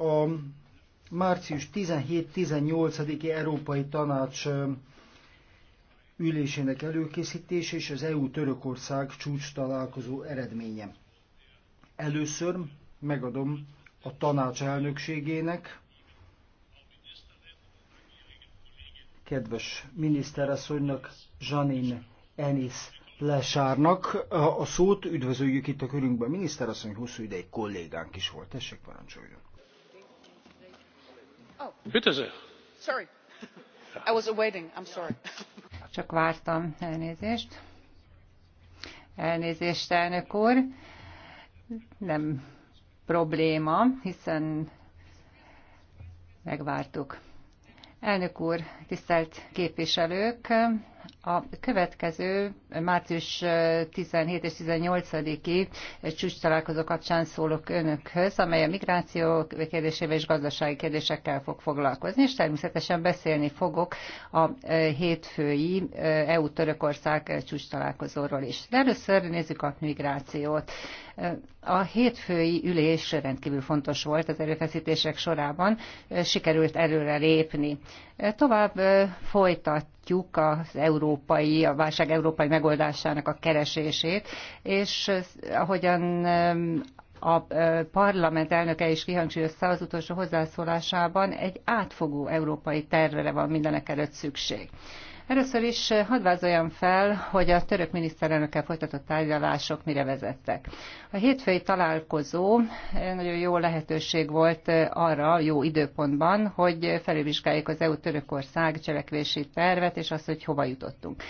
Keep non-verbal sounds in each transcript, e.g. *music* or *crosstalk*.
a március 17-18-i Európai Tanács ülésének előkészítése és az EU-Törökország csúcs találkozó eredménye. Először megadom a tanács elnökségének, kedves miniszterasszonynak, Janine Enis Lesárnak a szót. Üdvözöljük itt a körünkben. Miniszterasszony hosszú ideig kollégánk is volt. Tessék, parancsoljon. Oh. csak vártam elnézést elnézést elnök úr nem probléma hiszen megvártuk elnök úr tisztelt képviselők! A következő március 17 és 18-i csúcs találkozó kapcsán szólok önökhöz, amely a migráció kérdésével és gazdasági kérdésekkel fog foglalkozni, és természetesen beszélni fogok a hétfői EU-Törökország csúcs találkozóról is. De először nézzük a migrációt. A hétfői ülés rendkívül fontos volt az erőfeszítések sorában, sikerült előre lépni. Tovább folytatjuk az európai, a válság európai megoldásának a keresését, és ahogyan a parlament elnöke is kihangsúlyozta az utolsó hozzászólásában, egy átfogó európai tervre van mindenek előtt szükség. Először is eh, hadd vázoljam fel, hogy a török miniszterelnökkel folytatott tárgyalások mire vezettek. A hétfői találkozó eh, nagyon jó lehetőség volt eh, arra jó időpontban, hogy felülvizsgáljuk az EU-Törökország cselekvési tervet, és azt, hogy hova jutottunk.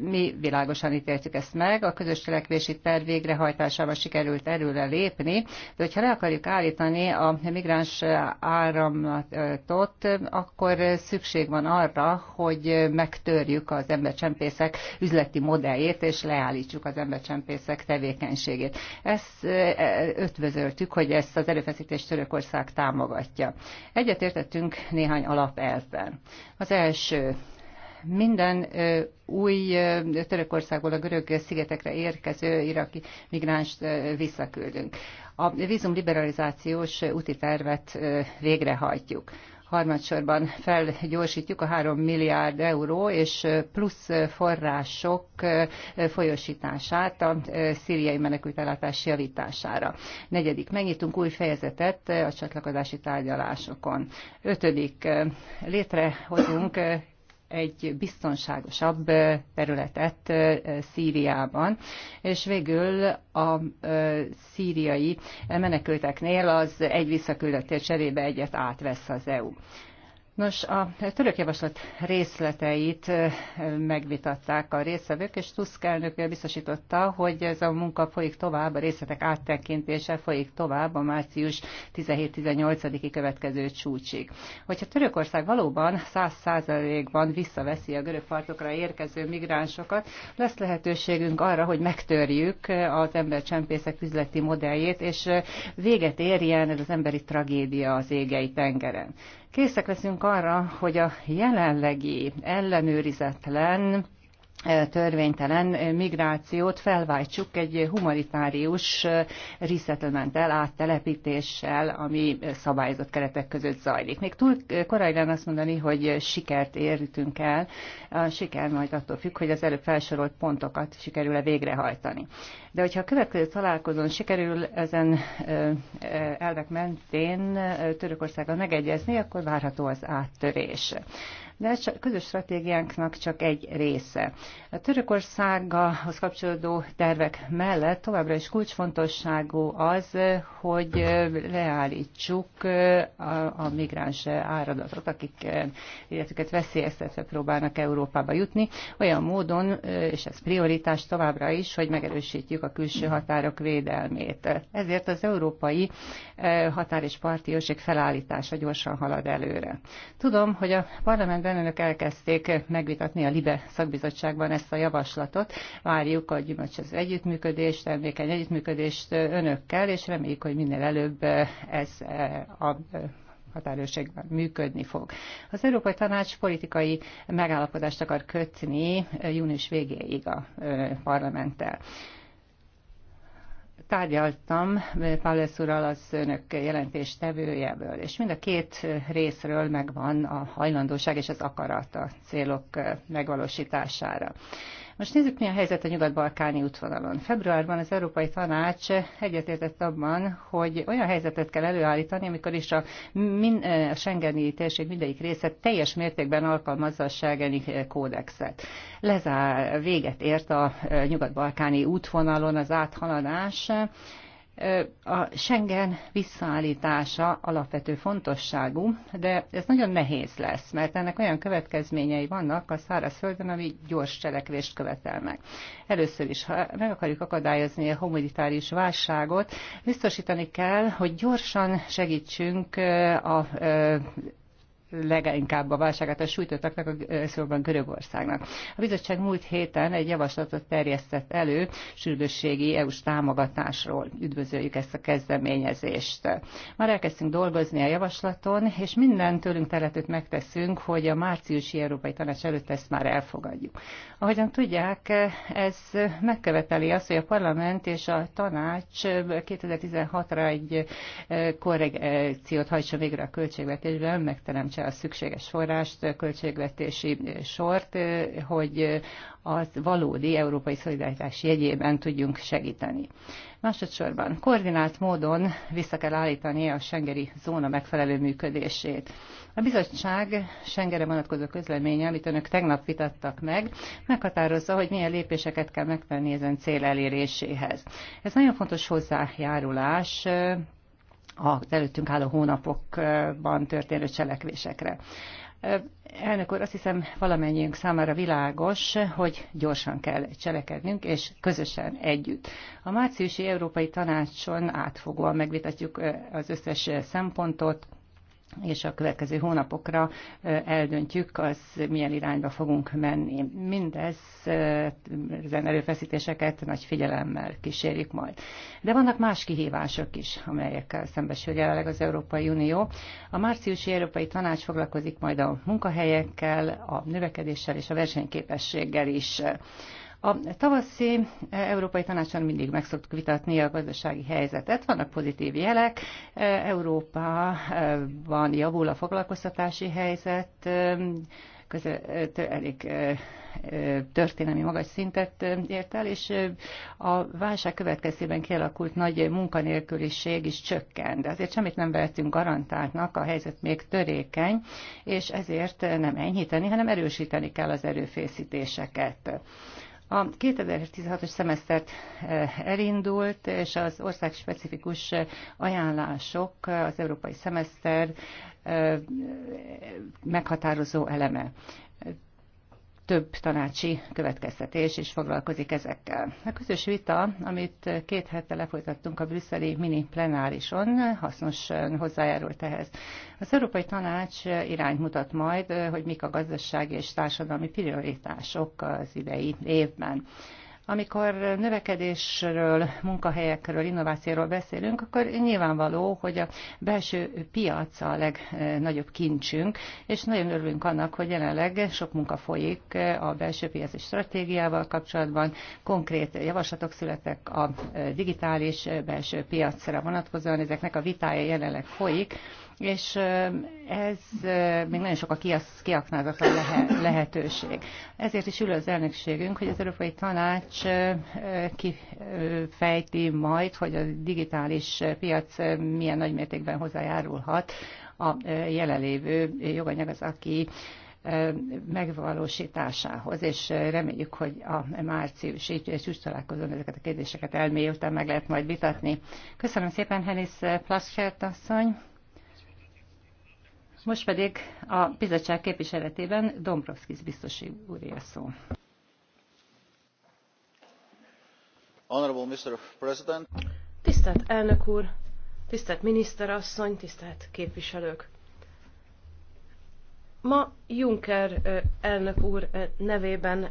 Mi világosan ítéltük ezt meg, a közös cselekvési terv végrehajtásában sikerült erőre lépni, de hogyha le akarjuk állítani a migráns áramlatot, akkor szükség van arra, hogy meg megtörjük az embercsempészek üzleti modelljét, és leállítsuk az embercsempészek tevékenységét. Ezt eh, ötvözöltük, hogy ezt az erőfeszítést Törökország támogatja. Egyetértettünk néhány alapelvben. Az első, minden eh, új eh, Törökországból a görög szigetekre érkező iraki migránst visszaküldünk. A vízum liberalizációs úti tervet végrehajtjuk harmadsorban felgyorsítjuk a 3 milliárd euró és plusz források folyosítását a szíriai menekültelátás javítására. Negyedik, megnyitunk új fejezetet a csatlakozási tárgyalásokon. Ötödik, létrehozunk egy biztonságosabb területet Szíriában, és végül a szíriai menekülteknél az egy visszaküldettél cserébe egyet átvesz az EU. Nos, a török javaslat részleteit megvitatták a részvevők, és Tusk elnök biztosította, hogy ez a munka folyik tovább, a részletek áttekintése folyik tovább a március 17-18-i következő csúcsig. Hogyha Törökország valóban 100%-ban visszaveszi a görög partokra érkező migránsokat, lesz lehetőségünk arra, hogy megtörjük az embercsempészek üzleti modelljét, és véget érjen ez az emberi tragédia az égei tengeren. Készek leszünk arra, hogy a jelenlegi ellenőrizetlen e, törvénytelen migrációt felváltsuk egy humanitárius e, resettlementtel, áttelepítéssel, ami szabályozott keretek között zajlik. Még túl korai lenne azt mondani, hogy sikert értünk el. A siker majd attól függ, hogy az előbb felsorolt pontokat sikerül-e végrehajtani. De hogyha a következő találkozón sikerül ezen elvek mentén Törökországgal megegyezni, akkor várható az áttörés de ez csak, közös stratégiánknak csak egy része. A Törökországhoz kapcsolódó tervek mellett továbbra is kulcsfontosságú az, hogy leállítsuk a, a migráns áradatot, akik életüket veszélyeztetve próbálnak Európába jutni, olyan módon, és ez prioritás továbbra is, hogy megerősítjük a külső határok védelmét. Ezért az európai eh, határ és parti őrség felállítása gyorsan halad előre. Tudom, hogy a parlamentben önök elkezdték megvitatni a LIBE szakbizottságban ezt a javaslatot. Várjuk a gyümölcsöző együttműködést, termékeny együttműködést eh, önökkel, és reméljük, hogy minél előbb eh, ez a határőrségben működni fog. Az Európai Tanács politikai megállapodást akar kötni június végéig a parlamenttel tárgyaltam Pálesz úrral az önök jelentéstevőjeből, és mind a két részről megvan a hajlandóság és az akarat a célok megvalósítására. Most nézzük, mi a helyzet a nyugat-balkáni útvonalon. Februárban az Európai Tanács egyetértett abban, hogy olyan helyzetet kell előállítani, amikor is a, min, a Schengeni térség mindegyik része teljes mértékben alkalmazza a Schengeni kódexet. Lezár, véget ért a nyugat-balkáni útvonalon az áthaladás, a Schengen visszaállítása alapvető fontosságú, de ez nagyon nehéz lesz, mert ennek olyan következményei vannak a szárazföldön, ami gyors cselekvést követel meg. Először is, ha meg akarjuk akadályozni a humanitárius válságot, biztosítani kell, hogy gyorsan segítsünk a leginkább a válságát a sújtottaknak, a szóban Görögországnak. A bizottság múlt héten egy javaslatot terjesztett elő sürgősségi EU-s támogatásról. Üdvözöljük ezt a kezdeményezést. Már elkezdtünk dolgozni a javaslaton, és minden tőlünk teletőt megteszünk, hogy a márciusi Európai Tanács előtt ezt már elfogadjuk. Ahogyan tudják, ez megköveteli azt, hogy a parlament és a tanács 2016-ra egy korrekciót hajtson végre a költségvetésben, megteremtse megteremtse a szükséges forrást, költségvetési sort, hogy az valódi európai szolidaritás jegyében tudjunk segíteni. Másodszorban koordinált módon vissza kell állítani a Schengeri zóna megfelelő működését. A bizottság Schengere vonatkozó közleménye, amit önök tegnap vitattak meg, meghatározza, hogy milyen lépéseket kell megtenni ezen cél eléréséhez. Ez nagyon fontos hozzájárulás az előttünk álló hónapokban történő cselekvésekre. Elnök úr, azt hiszem valamennyiünk számára világos, hogy gyorsan kell cselekednünk, és közösen együtt. A márciusi Európai Tanácson átfogóan megvitatjuk az összes szempontot, és a következő hónapokra eldöntjük, az milyen irányba fogunk menni. Mindez ezen erőfeszítéseket nagy figyelemmel kísérjük majd. De vannak más kihívások is, amelyekkel szembesül jelenleg az Európai Unió. A márciusi Európai Tanács foglalkozik majd a munkahelyekkel, a növekedéssel és a versenyképességgel is. A tavaszi eh, Európai Tanácson mindig meg szoktuk vitatni a gazdasági helyzetet. Vannak pozitív jelek. Eh, Európában javul a foglalkoztatási helyzet, eh, közel, elég történelmi magas szintet ért el, és a válság következtében kialakult nagy munkanélküliség is csökkent. De azért semmit nem vehetünk garantáltnak, a helyzet még törékeny, és ezért nem enyhíteni, hanem erősíteni kell az erőfészítéseket. A 2016-os szemesztert eh, elindult, és az ország specifikus eh, ajánlások az európai szemeszter eh, meghatározó eleme több tanácsi következtetés is foglalkozik ezekkel. A közös vita, amit két hete lefolytattunk a brüsszeli mini plenárison, hasznos hozzájárult ehhez. Az Európai Tanács irányt mutat majd, hogy mik a gazdasági és társadalmi prioritások az idei évben. Amikor növekedésről, munkahelyekről, innovációról beszélünk, akkor nyilvánvaló, hogy a belső piac a legnagyobb kincsünk, és nagyon örülünk annak, hogy jelenleg sok munka folyik a belső piaci stratégiával kapcsolatban. Konkrét javaslatok születtek a digitális belső piacra vonatkozóan, ezeknek a vitája jelenleg folyik és ez még nagyon sok a kiaknázatlan lehetőség. Ezért is ül az elnökségünk, hogy az Európai Tanács kifejti majd, hogy a digitális piac milyen nagymértékben hozzájárulhat a jelenlévő joganyag az, aki megvalósításához, és reméljük, hogy a márciusi úgy találkozom ezeket a kérdéseket elmélyültem, meg lehet majd vitatni. Köszönöm szépen, Helis Plaschert asszony! Most pedig a bizottság képviseletében Dombrovskis biztos úr a szó. Tisztelt elnök úr, tisztelt miniszterasszony, tisztelt képviselők! Ma Juncker elnök úr nevében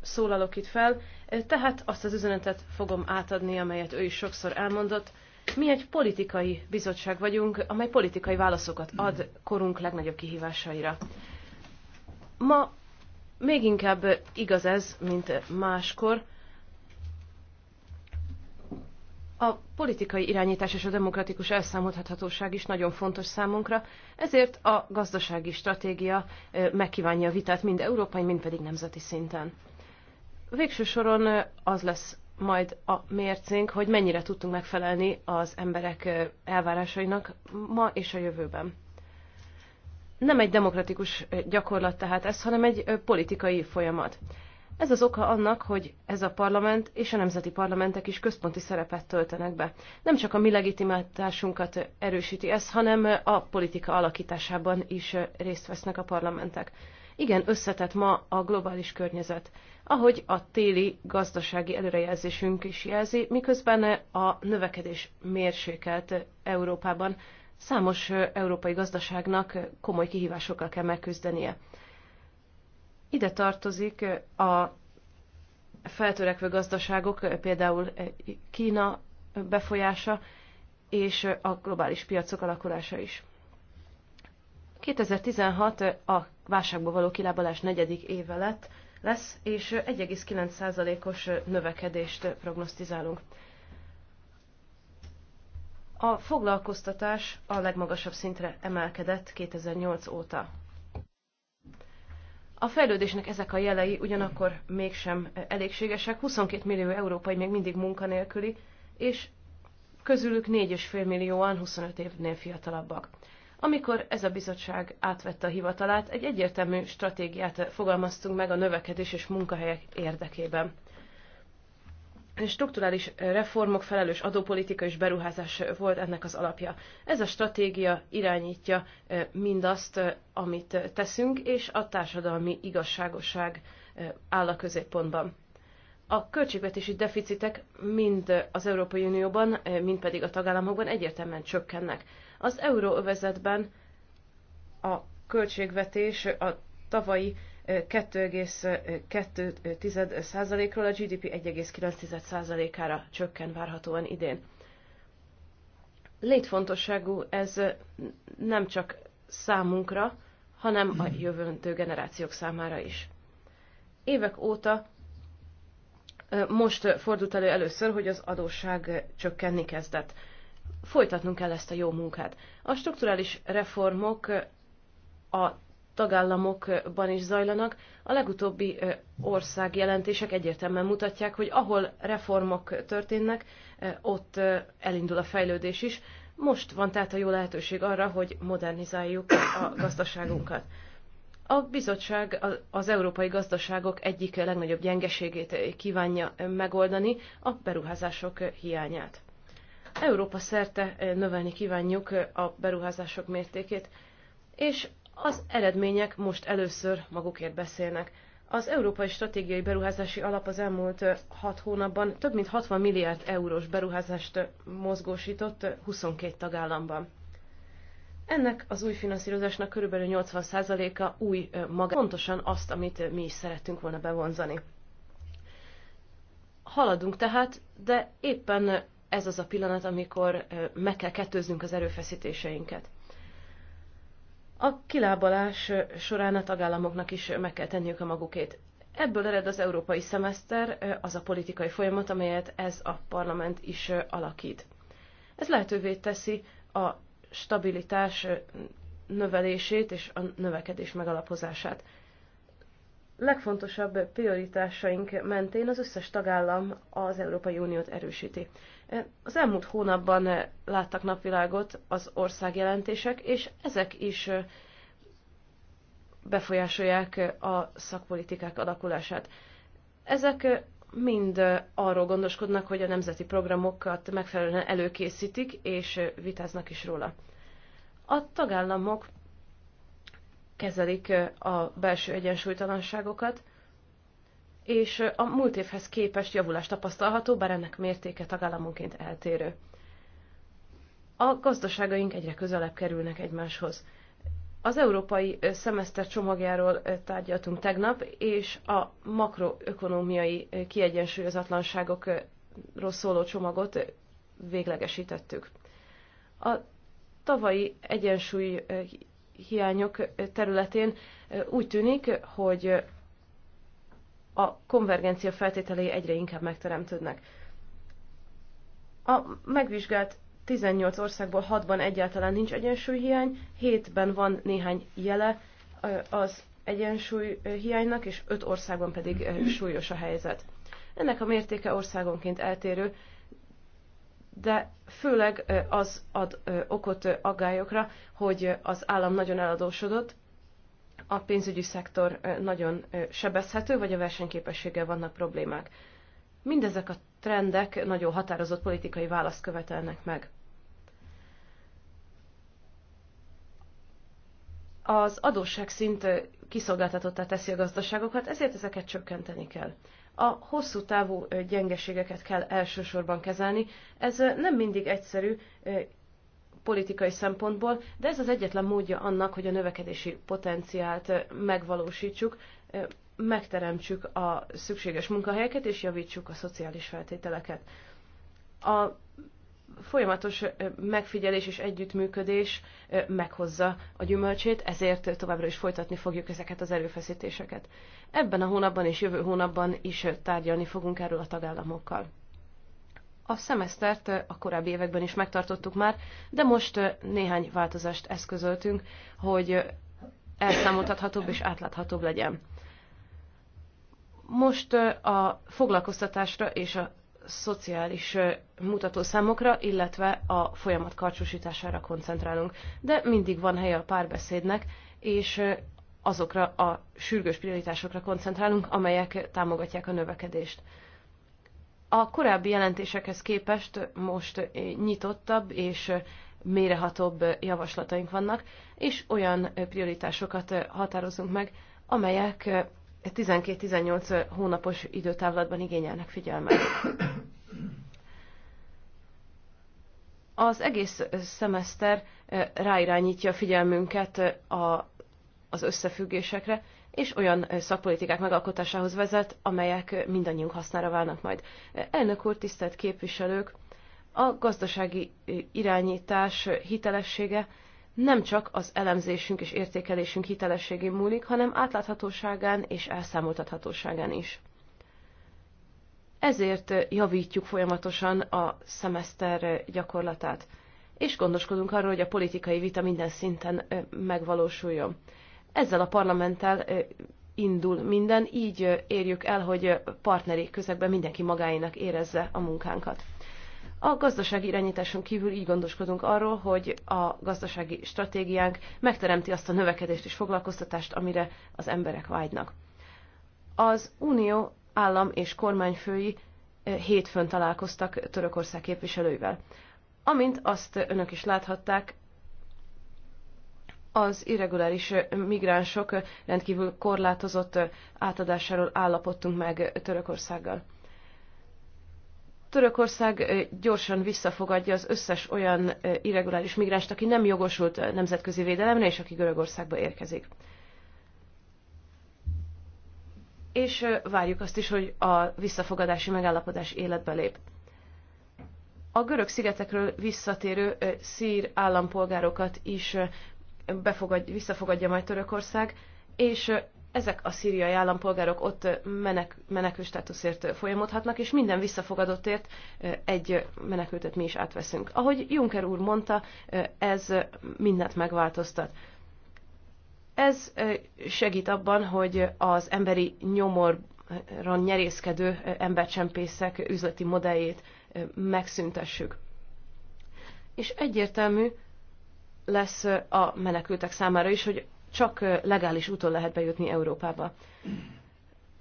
szólalok itt fel, tehát azt az üzenetet fogom átadni, amelyet ő is sokszor elmondott, mi egy politikai bizottság vagyunk, amely politikai válaszokat ad korunk legnagyobb kihívásaira. Ma még inkább igaz ez, mint máskor. A politikai irányítás és a demokratikus elszámolhatóság is nagyon fontos számunkra, ezért a gazdasági stratégia megkívánja a vitát mind európai, mind pedig nemzeti szinten. Végső soron az lesz majd a mércénk, hogy mennyire tudtunk megfelelni az emberek elvárásainak ma és a jövőben. Nem egy demokratikus gyakorlat tehát ez, hanem egy politikai folyamat. Ez az oka annak, hogy ez a parlament és a nemzeti parlamentek is központi szerepet töltenek be. Nem csak a mi legitimitásunkat erősíti ez, hanem a politika alakításában is részt vesznek a parlamentek. Igen, összetett ma a globális környezet ahogy a téli gazdasági előrejelzésünk is jelzi, miközben a növekedés mérsékelt Európában számos európai gazdaságnak komoly kihívásokkal kell megküzdenie. Ide tartozik a feltörekvő gazdaságok, például Kína befolyása és a globális piacok alakulása is. 2016 a válságból való kilábalás negyedik éve lett, lesz, és 1,9%-os növekedést prognosztizálunk. A foglalkoztatás a legmagasabb szintre emelkedett 2008 óta. A fejlődésnek ezek a jelei ugyanakkor mégsem elégségesek. 22 millió európai még mindig munkanélküli, és közülük 4,5 millióan 25 évnél fiatalabbak. Amikor ez a bizottság átvette a hivatalát, egy egyértelmű stratégiát fogalmaztunk meg a növekedés és munkahelyek érdekében. Strukturális reformok, felelős adópolitika és beruházás volt ennek az alapja. Ez a stratégia irányítja eh, mindazt, eh, amit teszünk, és a társadalmi igazságosság eh, áll a középpontban. A költségvetési deficitek mind az Európai Unióban, mind pedig a tagállamokban egyértelműen csökkennek. Az euróövezetben a költségvetés a tavalyi 2,2%-ról a GDP 1,9%-ára csökken várhatóan idén. Létfontosságú ez nem csak számunkra, hanem a jövőntő generációk számára is. Évek óta most fordult elő először, hogy az adósság csökkenni kezdett folytatnunk kell ezt a jó munkát. A strukturális reformok a tagállamokban is zajlanak. A legutóbbi országjelentések egyértelműen mutatják, hogy ahol reformok történnek, ott elindul a fejlődés is. Most van tehát a jó lehetőség arra, hogy modernizáljuk a gazdaságunkat. A bizottság az európai gazdaságok egyik legnagyobb gyengeségét kívánja megoldani, a beruházások hiányát. Európa szerte eh, növelni kívánjuk eh, a beruházások mértékét, és az eredmények most először magukért beszélnek. Az Európai Stratégiai Beruházási Alap az elmúlt eh, hat hónapban több mint 60 milliárd eurós beruházást mozgósított 22 tagállamban. Ennek az új finanszírozásnak körülbelül 80%-a új maga, pontosan azt, amit mi is szerettünk volna bevonzani. Haladunk tehát, de éppen ez az a pillanat, amikor meg kell kettőznünk az erőfeszítéseinket. A kilábalás során a tagállamoknak is meg kell tenniük a magukét. Ebből ered az európai szemeszter, az a politikai folyamat, amelyet ez a parlament is alakít. Ez lehetővé teszi a stabilitás növelését és a növekedés megalapozását. Legfontosabb prioritásaink mentén az összes tagállam az Európai Uniót erősíti. Az elmúlt hónapban eh, láttak napvilágot az országjelentések, és ezek is eh, befolyásolják eh, a szakpolitikák alakulását. Ezek mind arról gondoskodnak, hogy a nemzeti programokat megfelelően előkészítik, és vitáznak is róla. A tagállamok kezelik a belső egyensúlytalanságokat, és a múlt évhez képest javulás tapasztalható, bár ennek mértéke tagállamonként eltérő. A gazdaságaink egyre közelebb kerülnek egymáshoz. Az európai szemeszter csomagjáról tárgyaltunk tegnap, és a makroökonómiai kiegyensúlyozatlanságokról szóló csomagot véglegesítettük. A tavalyi egyensúly hiányok területén úgy tűnik, hogy a konvergencia feltételei egyre inkább megteremtődnek. A megvizsgált 18 országból 6-ban egyáltalán nincs egyensúlyhiány, 7-ben van néhány jele az egyensúlyhiánynak, és 5 országban pedig súlyos a helyzet. Ennek a mértéke országonként eltérő, de főleg az ad okot aggályokra, hogy az állam nagyon eladósodott, a pénzügyi szektor nagyon sebezhető, vagy a versenyképességgel vannak problémák. Mindezek a trendek nagyon határozott politikai választ követelnek meg. Az szint kiszolgáltatottá teszi a gazdaságokat, ezért ezeket csökkenteni kell. A hosszú távú gyengeségeket kell elsősorban kezelni. Ez nem mindig egyszerű, politikai szempontból, de ez az egyetlen módja annak, hogy a növekedési potenciált megvalósítsuk, megteremtsük a szükséges munkahelyeket és javítsuk a szociális feltételeket. A folyamatos megfigyelés és együttműködés meghozza a gyümölcsét, ezért továbbra is folytatni fogjuk ezeket az erőfeszítéseket. Ebben a hónapban és jövő hónapban is tárgyalni fogunk erről a tagállamokkal. A szemesztert a korábbi években is megtartottuk már, de most néhány változást eszközöltünk, hogy elszámoltathatóbb és átláthatóbb legyen. Most a foglalkoztatásra és a szociális mutatószámokra, illetve a folyamat karcsúsítására koncentrálunk. De mindig van helye a párbeszédnek, és azokra a sürgős prioritásokra koncentrálunk, amelyek támogatják a növekedést. A korábbi jelentésekhez képest most nyitottabb és mérehatóbb javaslataink vannak, és olyan prioritásokat határozunk meg, amelyek 12-18 hónapos időtávlatban igényelnek figyelmet. Az egész szemeszter ráirányítja a figyelmünket a, az összefüggésekre, és olyan szakpolitikák megalkotásához vezet, amelyek mindannyiunk hasznára válnak majd. Elnök úr, tisztelt képviselők, a gazdasági irányítás hitelessége nem csak az elemzésünk és értékelésünk hitelességén múlik, hanem átláthatóságán és elszámoltathatóságán is. Ezért javítjuk folyamatosan a szemeszter gyakorlatát, és gondoskodunk arról, hogy a politikai vita minden szinten megvalósuljon. Ezzel a parlamenttel indul minden, így érjük el, hogy partneri közegben mindenki magáinak érezze a munkánkat. A gazdasági irányításon kívül így gondoskodunk arról, hogy a gazdasági stratégiánk megteremti azt a növekedést és foglalkoztatást, amire az emberek vágynak. Az Unió állam és kormányfői hétfőn találkoztak Törökország képviselőivel. Amint azt önök is láthatták, az irreguláris migránsok rendkívül korlátozott átadásáról állapodtunk meg Törökországgal. Törökország gyorsan visszafogadja az összes olyan irreguláris migránst, aki nem jogosult nemzetközi védelemre, és aki Görögországba érkezik. És várjuk azt is, hogy a visszafogadási megállapodás életbe lép. A görög szigetekről visszatérő szír állampolgárokat is befogadja, visszafogadja majd Törökország, és ezek a szíriai állampolgárok ott menek, menekül státuszért folyamodhatnak, és minden visszafogadottért egy menekültet mi is átveszünk. Ahogy Juncker úr mondta, ez mindent megváltoztat. Ez segít abban, hogy az emberi nyomorra nyerészkedő embercsempészek üzleti modelljét megszüntessük. És egyértelmű, lesz a menekültek számára is, hogy csak legális úton lehet bejutni Európába.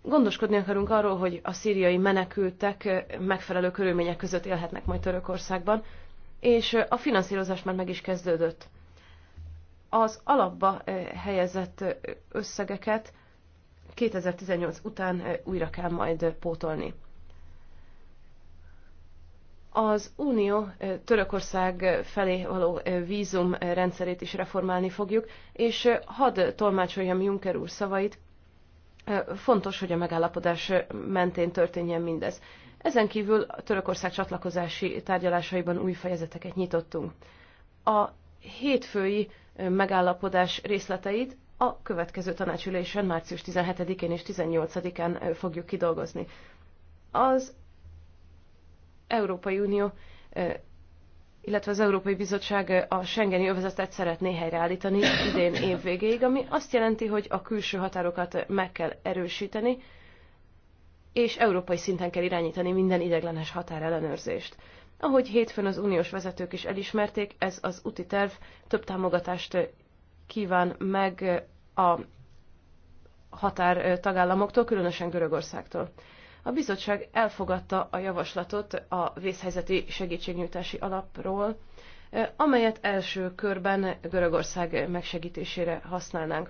Gondoskodni akarunk arról, hogy a szíriai menekültek megfelelő körülmények között élhetnek majd Törökországban, és a finanszírozás már meg is kezdődött. Az alapba helyezett összegeket 2018 után újra kell majd pótolni az Unió Törökország felé való vízum rendszerét is reformálni fogjuk, és hadd tolmácsoljam Juncker úr szavait, fontos, hogy a megállapodás mentén történjen mindez. Ezen kívül a Törökország csatlakozási tárgyalásaiban új fejezeteket nyitottunk. A hétfői megállapodás részleteit a következő tanácsülésen március 17-én és 18-án fogjuk kidolgozni. Az Európai Unió, illetve az Európai Bizottság a Schengeni övezetet szeretné helyreállítani idén év végéig, ami azt jelenti, hogy a külső határokat meg kell erősíteni, és európai szinten kell irányítani minden ideglenes határellenőrzést. Ahogy hétfőn az uniós vezetők is elismerték, ez az úti terv több támogatást kíván meg a határ tagállamoktól, különösen Görögországtól. A bizottság elfogadta a javaslatot a vészhelyzeti segítségnyújtási alapról, eh, amelyet első körben Görögország megsegítésére használnánk.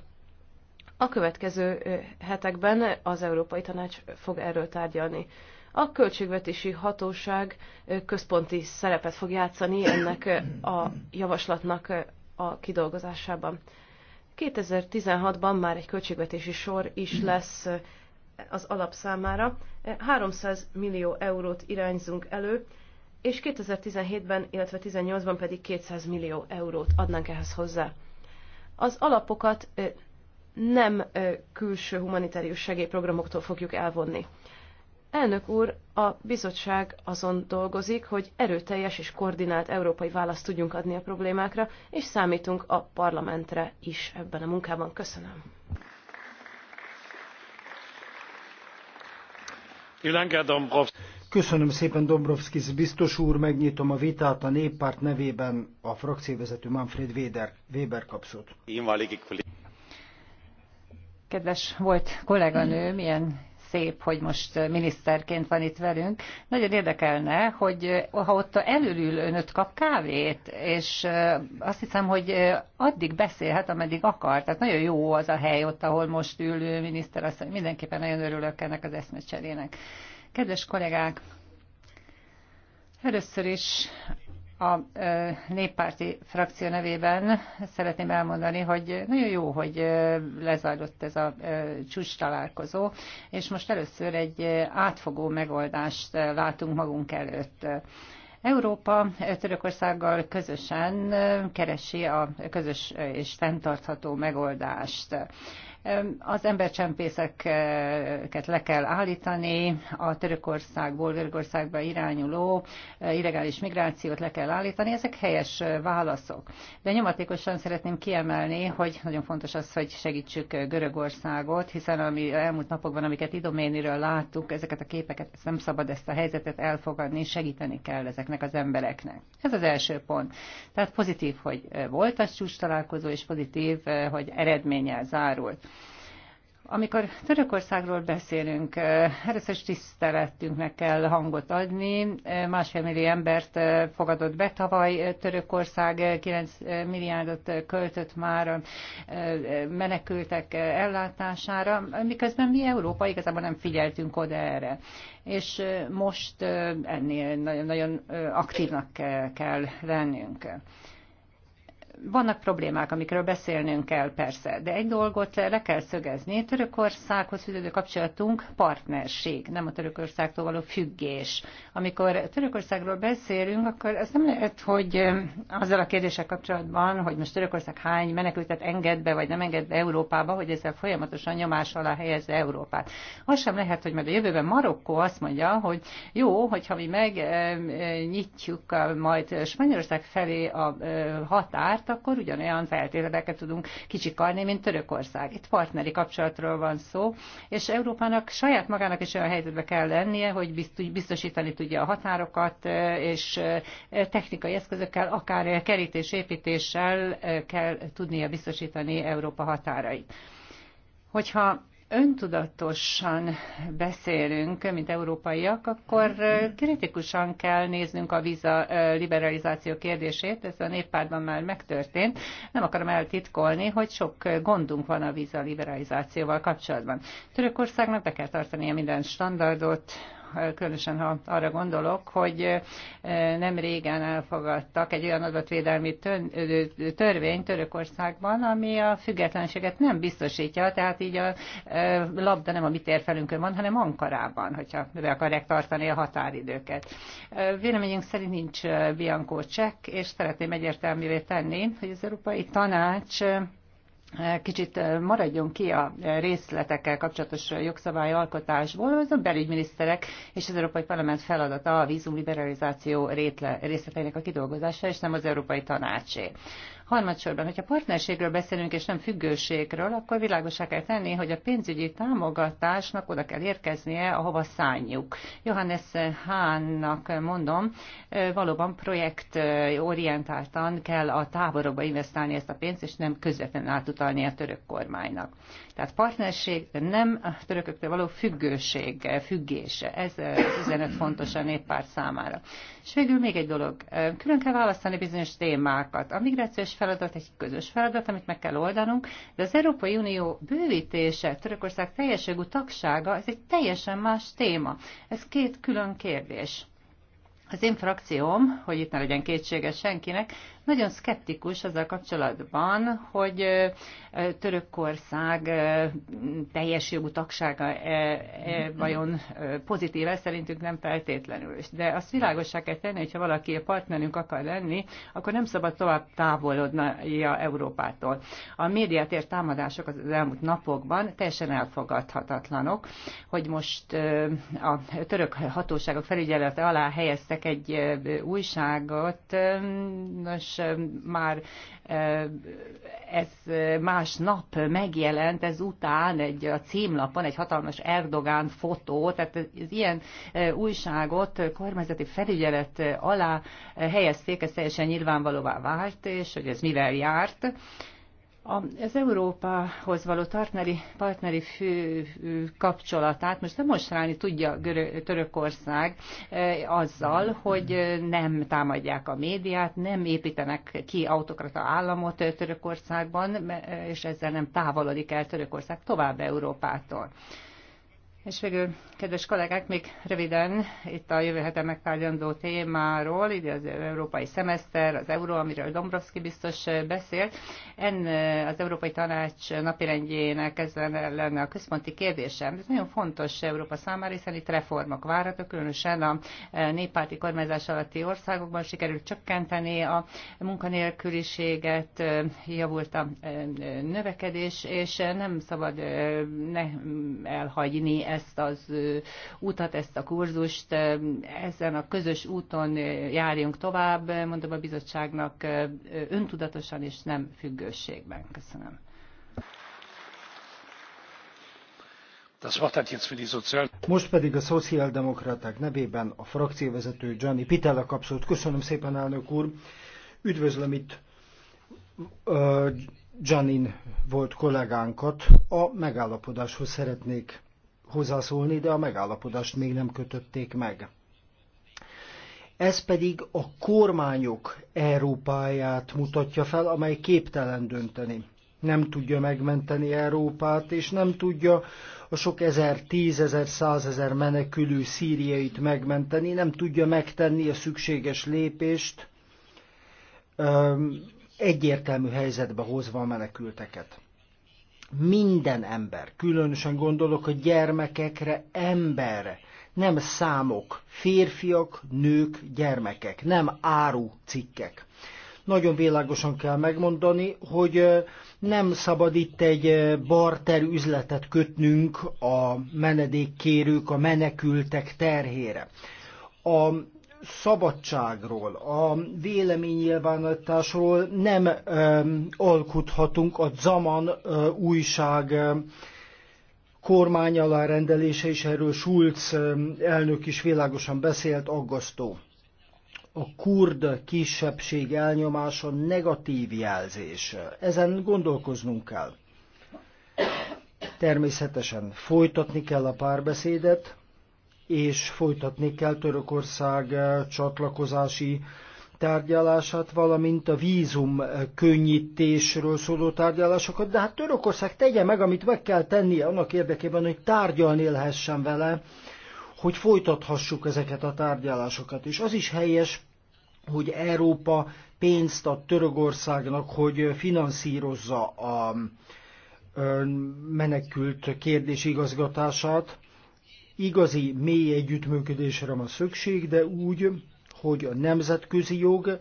A következő eh, hetekben az Európai Tanács fog erről tárgyalni. A költségvetési hatóság eh, központi szerepet fog játszani ennek a javaslatnak a kidolgozásában. 2016-ban már egy költségvetési sor is lesz az számára, 300 eh, millió eurót irányzunk elő, és 2017-ben, illetve 2018-ban pedig 200 millió eurót adnánk ehhez hozzá. Az alapokat eh, nem eh, külső humanitárius segélyprogramoktól fogjuk elvonni. Elnök úr, a bizottság azon dolgozik, hogy erőteljes és koordinált európai választ tudjunk adni a problémákra, és számítunk a parlamentre is ebben a munkában. Köszönöm. Köszönöm szépen, Dombrovskis biztos úr, megnyitom a vitát a néppárt nevében a frakcióvezető Manfred Weber, Weber kapszót. Kedves volt kolléganőm, ilyen szép, hogy most miniszterként van itt velünk. Nagyon érdekelne, hogy ha ott előül önöt kap kávét, és azt hiszem, hogy addig beszélhet, ameddig akar. Tehát nagyon jó az a hely ott, ahol most ül miniszter, azt mindenképpen nagyon örülök ennek az eszmecserének. Kedves kollégák, először is a néppárti frakció nevében szeretném elmondani, hogy nagyon jó, hogy lezajlott ez a csúcs találkozó, és most először egy átfogó megoldást látunk magunk előtt. Európa Törökországgal közösen keresi a közös és fenntartható megoldást. Az embercsempészeket le kell állítani, a Törökországból Görögországba irányuló illegális migrációt le kell állítani. Ezek helyes válaszok. De nyomatékosan szeretném kiemelni, hogy nagyon fontos az, hogy segítsük Görögországot, hiszen ami elmúlt napokban, amiket idoméniről láttuk, ezeket a képeket, ezt nem szabad ezt a helyzetet elfogadni, segíteni kell ezeknek az embereknek. Ez az első pont. Tehát pozitív, hogy volt a csúcs találkozó, és pozitív, hogy eredménnyel zárult. Amikor Törökországról beszélünk, eh, először is kell hangot adni. Eh, másfél millió embert eh, fogadott be tavaly Törökország, 9 milliárdot költött már menekültek ellátására, miközben mi Európa igazából nem figyeltünk oda erre. És most ennél nagyon nagyon aktívnak kell lennünk vannak problémák, amikről beszélnünk kell persze, de egy dolgot le kell szögezni. Törökországhoz fűződő kapcsolatunk partnerség, nem a Törökországtól való függés. Amikor Törökországról beszélünk, akkor ez nem lehet, hogy azzal a kérdések kapcsolatban, hogy most Törökország hány menekültet enged be, vagy nem enged be Európába, hogy ezzel folyamatosan nyomás alá helyezze Európát. Az sem lehet, hogy majd a jövőben Marokkó azt mondja, hogy jó, hogyha mi megnyitjuk majd Spanyolország felé a határt, mert hát akkor ugyanolyan feltételeket tudunk kicsikarni, mint Törökország. Itt partneri kapcsolatról van szó, és Európának saját magának is olyan helyzetbe kell lennie, hogy biztosítani tudja a határokat, és technikai eszközökkel, akár kerítés építéssel kell tudnia biztosítani Európa határait. Hogyha öntudatosan beszélünk, mint európaiak, akkor kritikusan kell néznünk a víza liberalizáció kérdését. Ez a néppárban már megtörtént. Nem akarom eltitkolni, hogy sok gondunk van a víza liberalizációval kapcsolatban. Törökországnak be kell tartania minden standardot, különösen ha arra gondolok, hogy eh, nem régen elfogadtak egy olyan adatvédelmi törvény Törökországban, ami a függetlenséget nem biztosítja, tehát így a eh, labda nem a mi térfelünkön van, hanem Ankarában, hogyha be akarják tartani a határidőket. Eh, véleményünk szerint nincs biankó csekk, és szeretném egyértelművé tenni, hogy az Európai Tanács kicsit maradjon ki a részletekkel kapcsolatos alkotásból, az a belügyminiszterek és az Európai Parlament feladata a vízumliberalizáció részleteinek a kidolgozása, és nem az Európai Tanácsé. Harmadsorban, hogyha partnerségről beszélünk, és nem függőségről, akkor világosá kell tenni, hogy a pénzügyi támogatásnak oda kell érkeznie, ahova szálljuk. Johannes Hánnak mondom, valóban projektorientáltan kell a táborokba investálni ezt a pénzt, és nem közvetlenül átutalni a török kormánynak. Tehát partnerség, nem a törököktől való függőség, függése. Ez az üzenet fontos a néppárt számára. És végül még egy dolog. Külön kell választani bizonyos témákat. A migrációs feladat egy közös feladat, amit meg kell oldanunk, de az Európai Unió bővítése, Törökország teljes jogú tagsága, ez egy teljesen más téma. Ez két külön kérdés. Az én frakcióm, hogy itt ne legyen kétsége senkinek, nagyon szkeptikus azzal kapcsolatban, hogy Törökország teljes jogú tagsága vajon pozitíve, szerintünk nem feltétlenül. De azt világosá kell tenni, hogyha valaki a partnerünk akar lenni, akkor nem szabad tovább távolodnia Európától. A médiátért támadások az elmúlt napokban teljesen elfogadhatatlanok, hogy most a török hatóságok felügyelete alá helyeztek egy újságot, nos, már ez másnap megjelent, ez után egy, a címlapon egy hatalmas Erdogán fotó, tehát az ilyen újságot kormányzati felügyelet alá helyezték, ez teljesen nyilvánvalóvá vált, és hogy ez mivel járt az Európához való partneri, partneri fő kapcsolatát most demonstrálni tudja Görö- Törökország e, azzal, hogy nem támadják a médiát, nem építenek ki autokrata államot Törökországban, e, és ezzel nem távolodik el Törökország tovább Európától. És végül, kedves kollégák, még röviden itt a jövő heten megtárgyandó témáról, ide az európai szemeszter, az euró, amiről Dombrovski biztos beszélt. En az Európai Tanács napirendjének ez lenne a központi kérdésem. Ez nagyon fontos Európa számára, hiszen itt reformok várhatók, különösen a néppárti kormányzás alatti országokban sikerült csökkenteni a munkanélküliséget, javult a növekedés, és nem szabad ne elhagyni ezt az útat, ezt a kurzust, ezen a közös úton járjunk tovább, mondom a bizottságnak öntudatosan és nem függőségben. Köszönöm. Most pedig a szociáldemokraták nevében a frakcióvezető Gianni Pitella kapszót. Köszönöm szépen, elnök úr. Üdvözlöm itt Gianni volt kollégánkat. A megállapodáshoz szeretnék hozzászólni, de a megállapodást még nem kötötték meg. Ez pedig a kormányok Európáját mutatja fel, amely képtelen dönteni. Nem tudja megmenteni Európát, és nem tudja a sok ezer, tízezer, százezer menekülő szíriait megmenteni, nem tudja megtenni a szükséges lépést, egyértelmű helyzetbe hozva a menekülteket minden ember, különösen gondolok a gyermekekre, emberre, nem számok, férfiak, nők, gyermekek, nem áru cikkek. Nagyon világosan kell megmondani, hogy nem szabad itt egy barter üzletet kötnünk a menedékkérők, a menekültek terhére. A szabadságról, a véleménynyilvánításról nem ö, alkuthatunk a Zaman ö, újság ö, kormány alá rendelése, és erről Schulz ö, elnök is világosan beszélt, aggasztó. A kurd kisebbség elnyomása negatív jelzés. Ezen gondolkoznunk kell. Természetesen folytatni kell a párbeszédet, és folytatni kell Törökország eh, csatlakozási tárgyalását, valamint a vízum eh, könnyítésről szóló tárgyalásokat, de hát Törökország tegye meg, amit meg kell tennie annak érdekében, hogy tárgyalni lehessen vele, hogy folytathassuk ezeket a tárgyalásokat. És az is helyes, hogy Európa pénzt ad Törökországnak, hogy finanszírozza a menekült kérdés igazgatását, Igazi mély együttműködésre van szükség, de úgy, hogy a nemzetközi jog,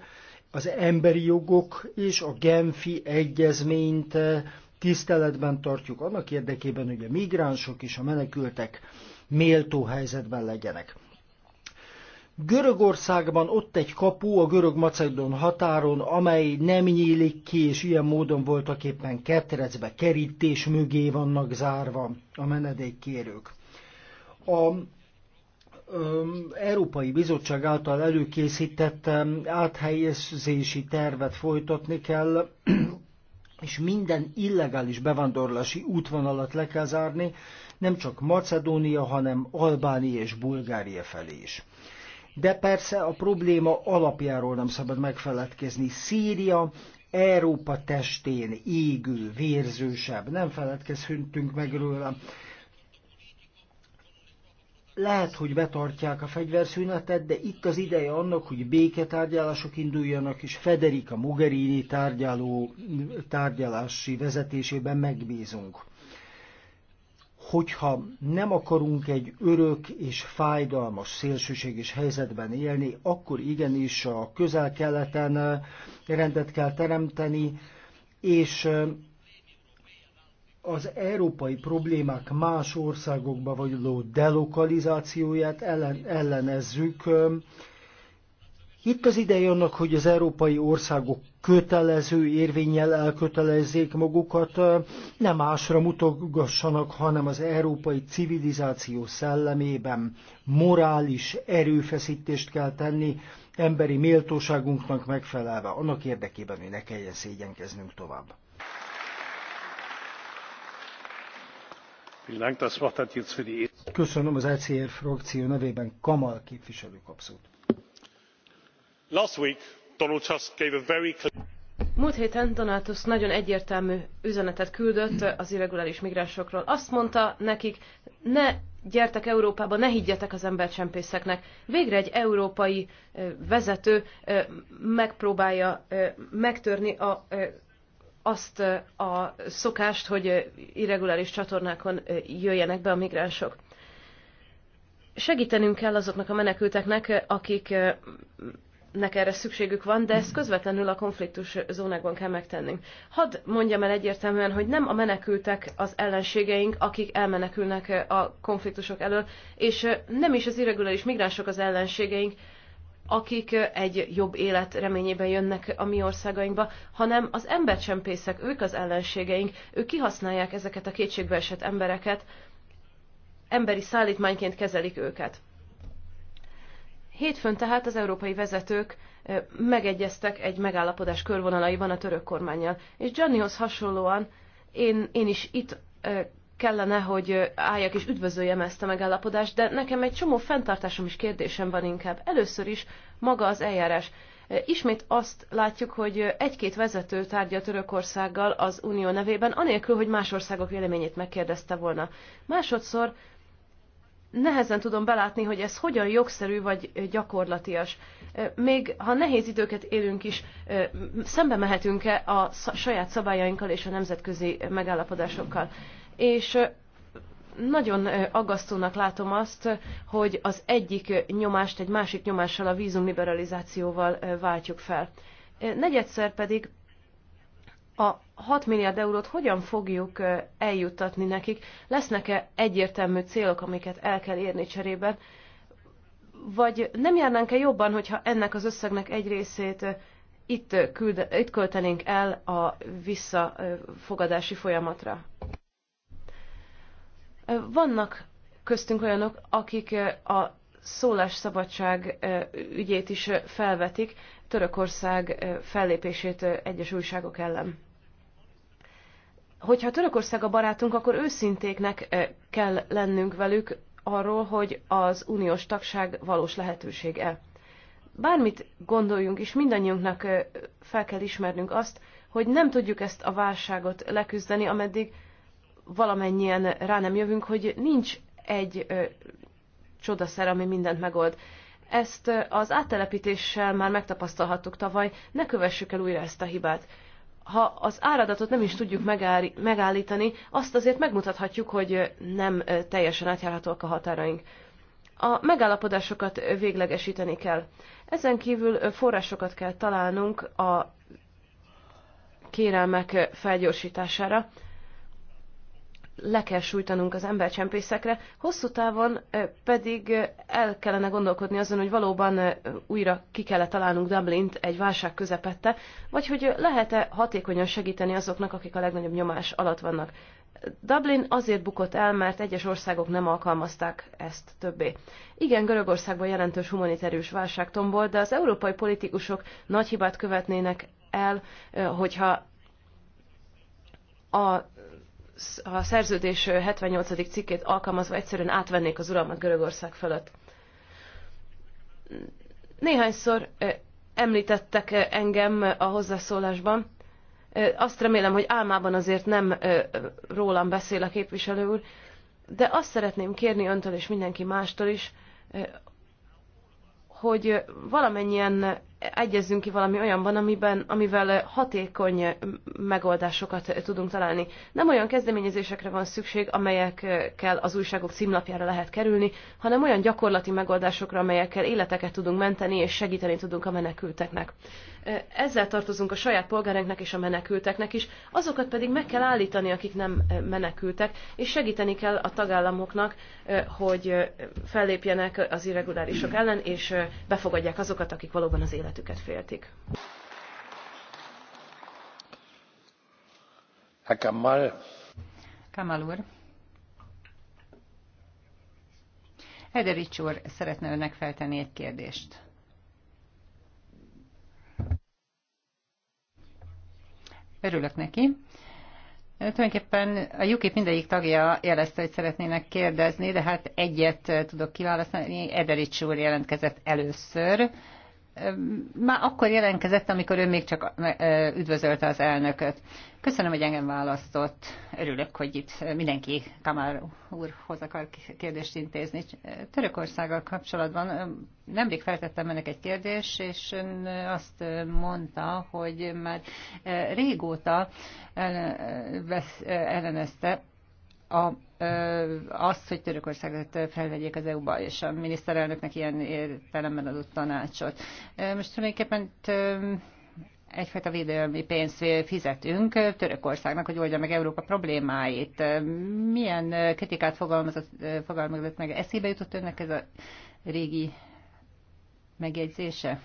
az emberi jogok és a Genfi egyezményt eh, tiszteletben tartjuk annak érdekében, hogy a migránsok és a menekültek méltó helyzetben legyenek. Görögországban ott egy kapu a görög-macedon határon, amely nem nyílik ki, és ilyen módon voltak éppen ketrecbe, kerítés mögé vannak zárva a menedékkérők. A Európai Bizottság által előkészített áthelyezési tervet folytatni kell, *clears throat* és minden illegális bevándorlási útvonalat le kell zárni, nem csak Macedónia, hanem Albánia és Bulgária felé is. De persze a probléma alapjáról nem szabad megfeledkezni. Szíria Európa testén égő, vérzősebb, nem feledkezhetünk meg róla lehet, hogy betartják a fegyverszünetet, de itt az ideje annak, hogy béketárgyalások induljanak, és Federica Mogherini tárgyaló, tárgyalási vezetésében megbízunk. Hogyha nem akarunk egy örök és fájdalmas szélsőséges helyzetben élni, akkor igenis a közel-keleten rendet kell teremteni, és az európai problémák más országokba való delokalizációját ellen, ellenezzük. Itt az ideje annak, hogy az európai országok kötelező érvényel elkötelezzék magukat, nem másra mutogassanak, hanem az európai civilizáció szellemében morális erőfeszítést kell tenni, emberi méltóságunknak megfelelve, annak érdekében, hogy ne kelljen szégyenkeznünk tovább. E- Köszönöm az ECR frakció nevében Kamal képviselő kapszót. Múlt héten Donald Tusk nagyon egyértelmű üzenetet küldött az irreguláris migránsokról. Azt mondta nekik, ne gyertek Európába, ne higgyetek az embercsempészeknek. Végre egy európai vezető megpróbálja megtörni a azt a szokást, hogy irreguláris csatornákon jöjjenek be a migránsok. Segítenünk kell azoknak a menekülteknek, akiknek erre szükségük van, de ezt közvetlenül a konfliktus zónákban kell megtennünk. Hadd mondjam el egyértelműen, hogy nem a menekültek az ellenségeink, akik elmenekülnek a konfliktusok elől, és nem is az irreguláris migránsok az ellenségeink, akik egy jobb élet reményében jönnek a mi országainkba, hanem az embercsempészek, ők az ellenségeink, ők kihasználják ezeket a kétségbeesett embereket, emberi szállítmányként kezelik őket. Hétfőn tehát az európai vezetők megegyeztek egy megállapodás körvonalaiban a török kormányjal. És Giannihoz hasonlóan én, én is itt kellene, hogy álljak és üdvözöljem ezt a megállapodást, de nekem egy csomó fenntartásom is kérdésem van inkább. Először is maga az eljárás. Ismét azt látjuk, hogy egy-két vezető tárgya Törökországgal az unió nevében, anélkül, hogy más országok véleményét megkérdezte volna. Másodszor nehezen tudom belátni, hogy ez hogyan jogszerű vagy gyakorlatias. Még ha nehéz időket élünk is, szembe mehetünk-e a saját szabályainkkal és a nemzetközi megállapodásokkal és nagyon aggasztónak látom azt, hogy az egyik nyomást egy másik nyomással, a vízumliberalizációval váltjuk fel. Negyedszer pedig a 6 milliárd eurót hogyan fogjuk eljuttatni nekik? Lesznek-e egyértelmű célok, amiket el kell érni cserébe? Vagy nem járnánk-e jobban, hogyha ennek az összegnek egy részét itt, küld, itt költenénk el a visszafogadási folyamatra? Vannak köztünk olyanok, akik a szólásszabadság ügyét is felvetik Törökország fellépését egyes újságok ellen. Hogyha Törökország a barátunk, akkor őszintéknek kell lennünk velük arról, hogy az uniós tagság valós lehetősége. Bármit gondoljunk is, mindannyiunknak fel kell ismernünk azt, hogy nem tudjuk ezt a válságot leküzdeni, ameddig valamennyien rá nem jövünk, hogy nincs egy ö, csodaszer, ami mindent megold. Ezt az áttelepítéssel már megtapasztalhattuk tavaly, ne kövessük el újra ezt a hibát. Ha az áradatot nem is tudjuk megállítani, azt azért megmutathatjuk, hogy nem teljesen átjárhatóak a határaink. A megállapodásokat véglegesíteni kell. Ezen kívül forrásokat kell találnunk a kérelmek felgyorsítására, le kell sújtanunk az embercsempészekre, hosszú távon pedig el kellene gondolkodni azon, hogy valóban újra ki kellene találnunk Dublint egy válság közepette, vagy hogy lehet-e hatékonyan segíteni azoknak, akik a legnagyobb nyomás alatt vannak. Dublin azért bukott el, mert egyes országok nem alkalmazták ezt többé. Igen, Görögországban jelentős humanitárius válság tombol, de az európai politikusok nagy hibát követnének el, hogyha a a szerződés 78. cikkét alkalmazva egyszerűen átvennék az uralmat Görögország fölött. Néhányszor említettek engem a hozzászólásban. Azt remélem, hogy álmában azért nem rólam beszél a képviselő úr, de azt szeretném kérni öntől és mindenki mástól is, hogy valamennyien egyezzünk ki valami olyanban, amiben, amivel hatékony megoldásokat tudunk találni. Nem olyan kezdeményezésekre van szükség, amelyekkel az újságok címlapjára lehet kerülni, hanem olyan gyakorlati megoldásokra, amelyekkel életeket tudunk menteni és segíteni tudunk a menekülteknek. Ezzel tartozunk a saját polgárainknak és a menekülteknek is, azokat pedig meg kell állítani, akik nem menekültek, és segíteni kell a tagállamoknak, hogy fellépjenek az irregulárisok ellen, és befogadják azokat, akik valóban az élet életüket féltik. Kamal. Kamal úr. Ederics úr szeretne önnek feltenni egy kérdést. Örülök neki. Tulajdonképpen a UKIP mindegyik tagja jelezte, hogy szeretnének kérdezni, de hát egyet tudok kiválasztani. Ederics úr jelentkezett először már akkor jelentkezett, amikor ő még csak üdvözölte az elnököt. Köszönöm, hogy engem választott. Örülök, hogy itt mindenki Kamár úrhoz akar kérdést intézni. Törökországgal kapcsolatban nemrég feltettem ennek egy kérdést, és ön azt mondta, hogy már régóta ellenezte a, azt, hogy Törökországot felvegyék az EU-ba, és a miniszterelnöknek ilyen értelemben adott tanácsot. Most tulajdonképpen egyfajta védelmi pénzt fizetünk Törökországnak, hogy oldja meg Európa problémáit. Milyen kritikát fogalmazott, fogalmazott meg? Eszébe jutott önnek ez a régi megjegyzése?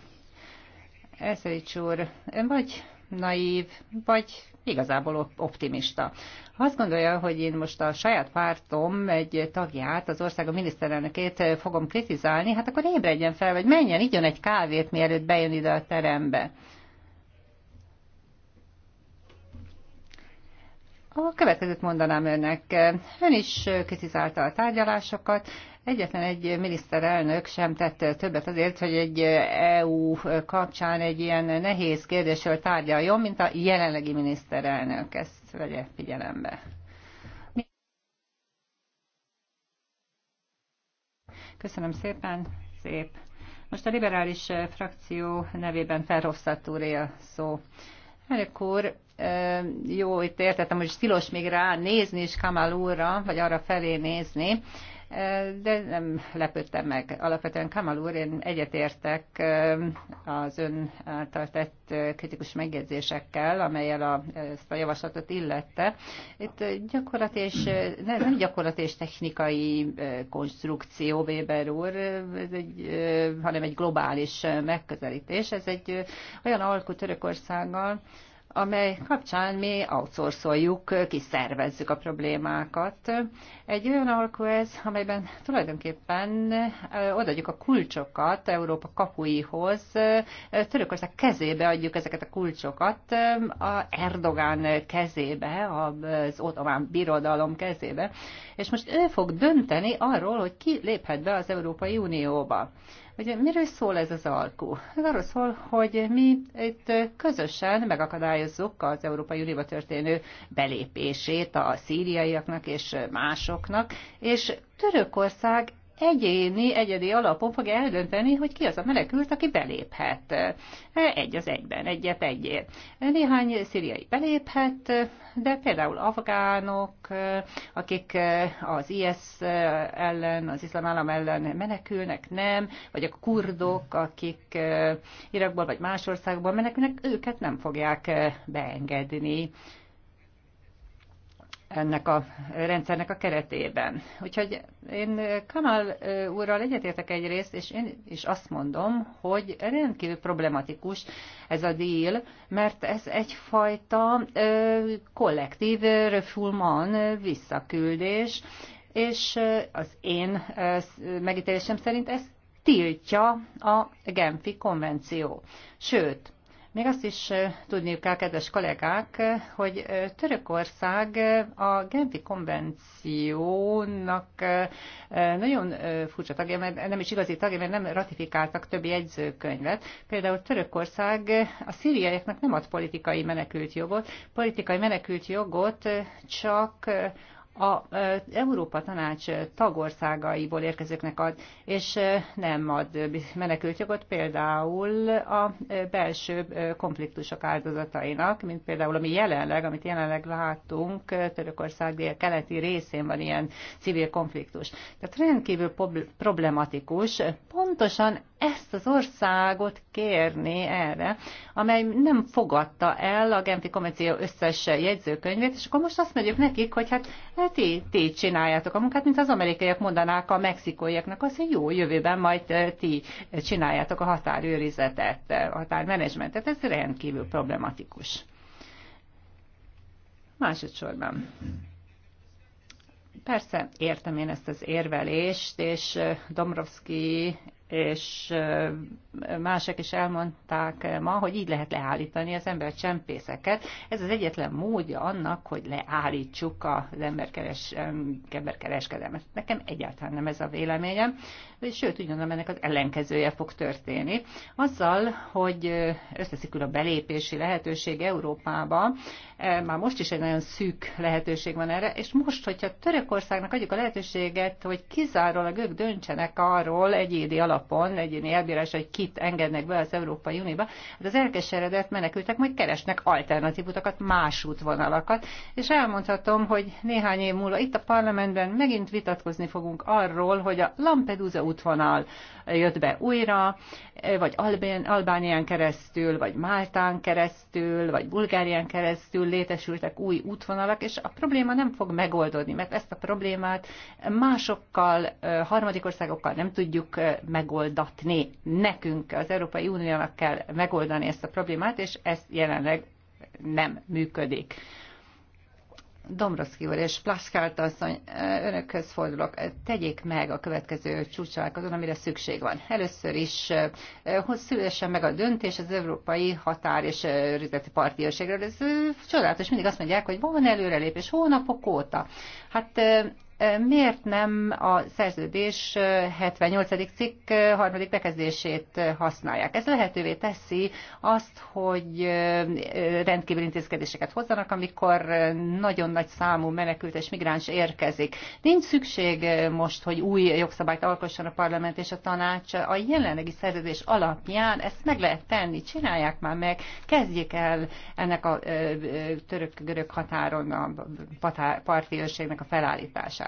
Eszerics úr, ön vagy naív, vagy igazából optimista. Ha azt gondolja, hogy én most a saját pártom egy tagját, az országa miniszterelnökét fogom kritizálni, hát akkor ébredjen fel, vagy menjen, igyon egy kávét, mielőtt bejön ide a terembe. A következőt mondanám önnek. Ön is kritizálta a tárgyalásokat, egyetlen egy miniszterelnök sem tett többet azért, hogy egy EU kapcsán egy ilyen nehéz kérdésről tárgyaljon, mint a jelenlegi miniszterelnök. Ezt vegye figyelembe. Köszönöm szépen, szép. Most a liberális frakció nevében Ferhofstadt a szó. Elnök úr, jó, itt értettem, hogy tilos még rá nézni is Kamal úrra, vagy arra felé nézni, de nem lepődtem meg. Alapvetően Kamal úr, én egyetértek az ön által tett kritikus megjegyzésekkel, amelyel a, ezt a javaslatot illette. Itt gyakorlat és, nem gyakorlat és technikai konstrukció, Weber úr, ez egy, hanem egy globális megközelítés. Ez egy olyan alkú Törökországgal, amely kapcsán mi outsourcoljuk, kiszervezzük a problémákat. Egy olyan alkó ez, amelyben tulajdonképpen odaadjuk a kulcsokat Európa kapuihoz, Törökország kezébe adjuk ezeket a kulcsokat, a Erdogán kezébe, az ottomán birodalom kezébe, és most ő fog dönteni arról, hogy ki léphet be az Európai Unióba. Ugye miről szól ez az alkú? Ez arról szól, hogy mi itt közösen megakadályozzuk az Európai Unióba történő belépését a szíriaiaknak és másoknak, és Törökország egyéni, egyedi alapon fogja eldönteni, hogy ki az a menekült, aki beléphet. E, egy az egyben, egyet egyért. Néhány szíriai beléphet, de például afgánok, e, akik e, az IS ellen, az iszlám állam ellen menekülnek, nem, vagy a kurdok, akik Irakból vagy más országból menekülnek, őket nem fogják beengedni ennek a rendszernek a keretében. Úgyhogy én Kamal úrral egyetértek egyrészt, és én is azt mondom, hogy rendkívül problematikus ez a díl, mert ez egyfajta ö, kollektív refulman visszaküldés, és az én megítélésem szerint ez tiltja a Genfi konvenció. Sőt, még azt is tudniuk kell, kedves kollégák, hogy Törökország a Genfi konvenciónak nagyon furcsa tagja, mert nem is igazi tagja, mert nem ratifikáltak többi jegyzőkönyvet. Például Törökország a szíriaiaknak nem ad politikai menekült jogot, politikai menekült jogot csak a Európa Tanács tagországaiból érkezőknek ad, és nem ad menekültjogot például a belső konfliktusok áldozatainak, mint például ami jelenleg, amit jelenleg látunk, Törökország dél-keleti részén van ilyen civil konfliktus. Tehát rendkívül problematikus, pontosan ezt az országot kérni erre, amely nem fogadta el a Genfi konvenció összes jegyzőkönyvét, és akkor most azt mondjuk nekik, hogy hát, hát ti, ti csináljátok a munkát, mint az amerikaiak mondanák a mexikóiaknak azt, hogy jó, jövőben majd eh, ti csináljátok a határőrizetet, eh, a határmenedzsmentet. Ez rendkívül problematikus. Másodszorban. Persze, értem én ezt az érvelést, és eh, Domrovski és mások is elmondták ma, hogy így lehet leállítani az ember csempészeket. Ez az egyetlen módja annak, hogy leállítsuk az emberkeres, emberkereskedelmet. Nekem egyáltalán nem ez a véleményem, és sőt, úgy gondolom, ennek az ellenkezője fog történni. Azzal, hogy összeszikül a belépési lehetőség Európába, Eh, már most is egy nagyon szűk lehetőség van erre, és most, hogyha Törökországnak adjuk a lehetőséget, hogy kizárólag ők döntsenek arról egyédi alapon, egyéni elbírás, hogy kit engednek be az Európai Unióba, hát az elkeseredett menekültek majd keresnek alternatív utakat, más útvonalakat, és elmondhatom, hogy néhány év múlva itt a parlamentben megint vitatkozni fogunk arról, hogy a Lampedusa útvonal, jött be újra, vagy Albán, Albánián keresztül, vagy Máltán keresztül, vagy Bulgárián keresztül létesültek új útvonalak, és a probléma nem fog megoldódni, mert ezt a problémát másokkal, harmadik országokkal nem tudjuk megoldatni. Nekünk, az Európai Uniónak kell megoldani ezt a problémát, és ez jelenleg nem működik. Domroszki úr és Plaskárt asszony, önökhöz fordulok. Tegyék meg a következő csúcsalálkozón, amire szükség van. Először is hogy szülessen meg a döntés az Európai Határ és Rüzleti Parti Ez csodálatos, mindig azt mondják, hogy van előrelépés hónapok óta. Hát miért nem a szerződés 78. cikk harmadik bekezdését használják. Ez lehetővé teszi azt, hogy rendkívül intézkedéseket hozzanak, amikor nagyon nagy számú menekült és migráns érkezik. Nincs szükség most, hogy új jogszabályt alkosson a parlament és a tanács. A jelenlegi szerződés alapján ezt meg lehet tenni, csinálják már meg, kezdjék el ennek a török-görög határon a parti a felállítását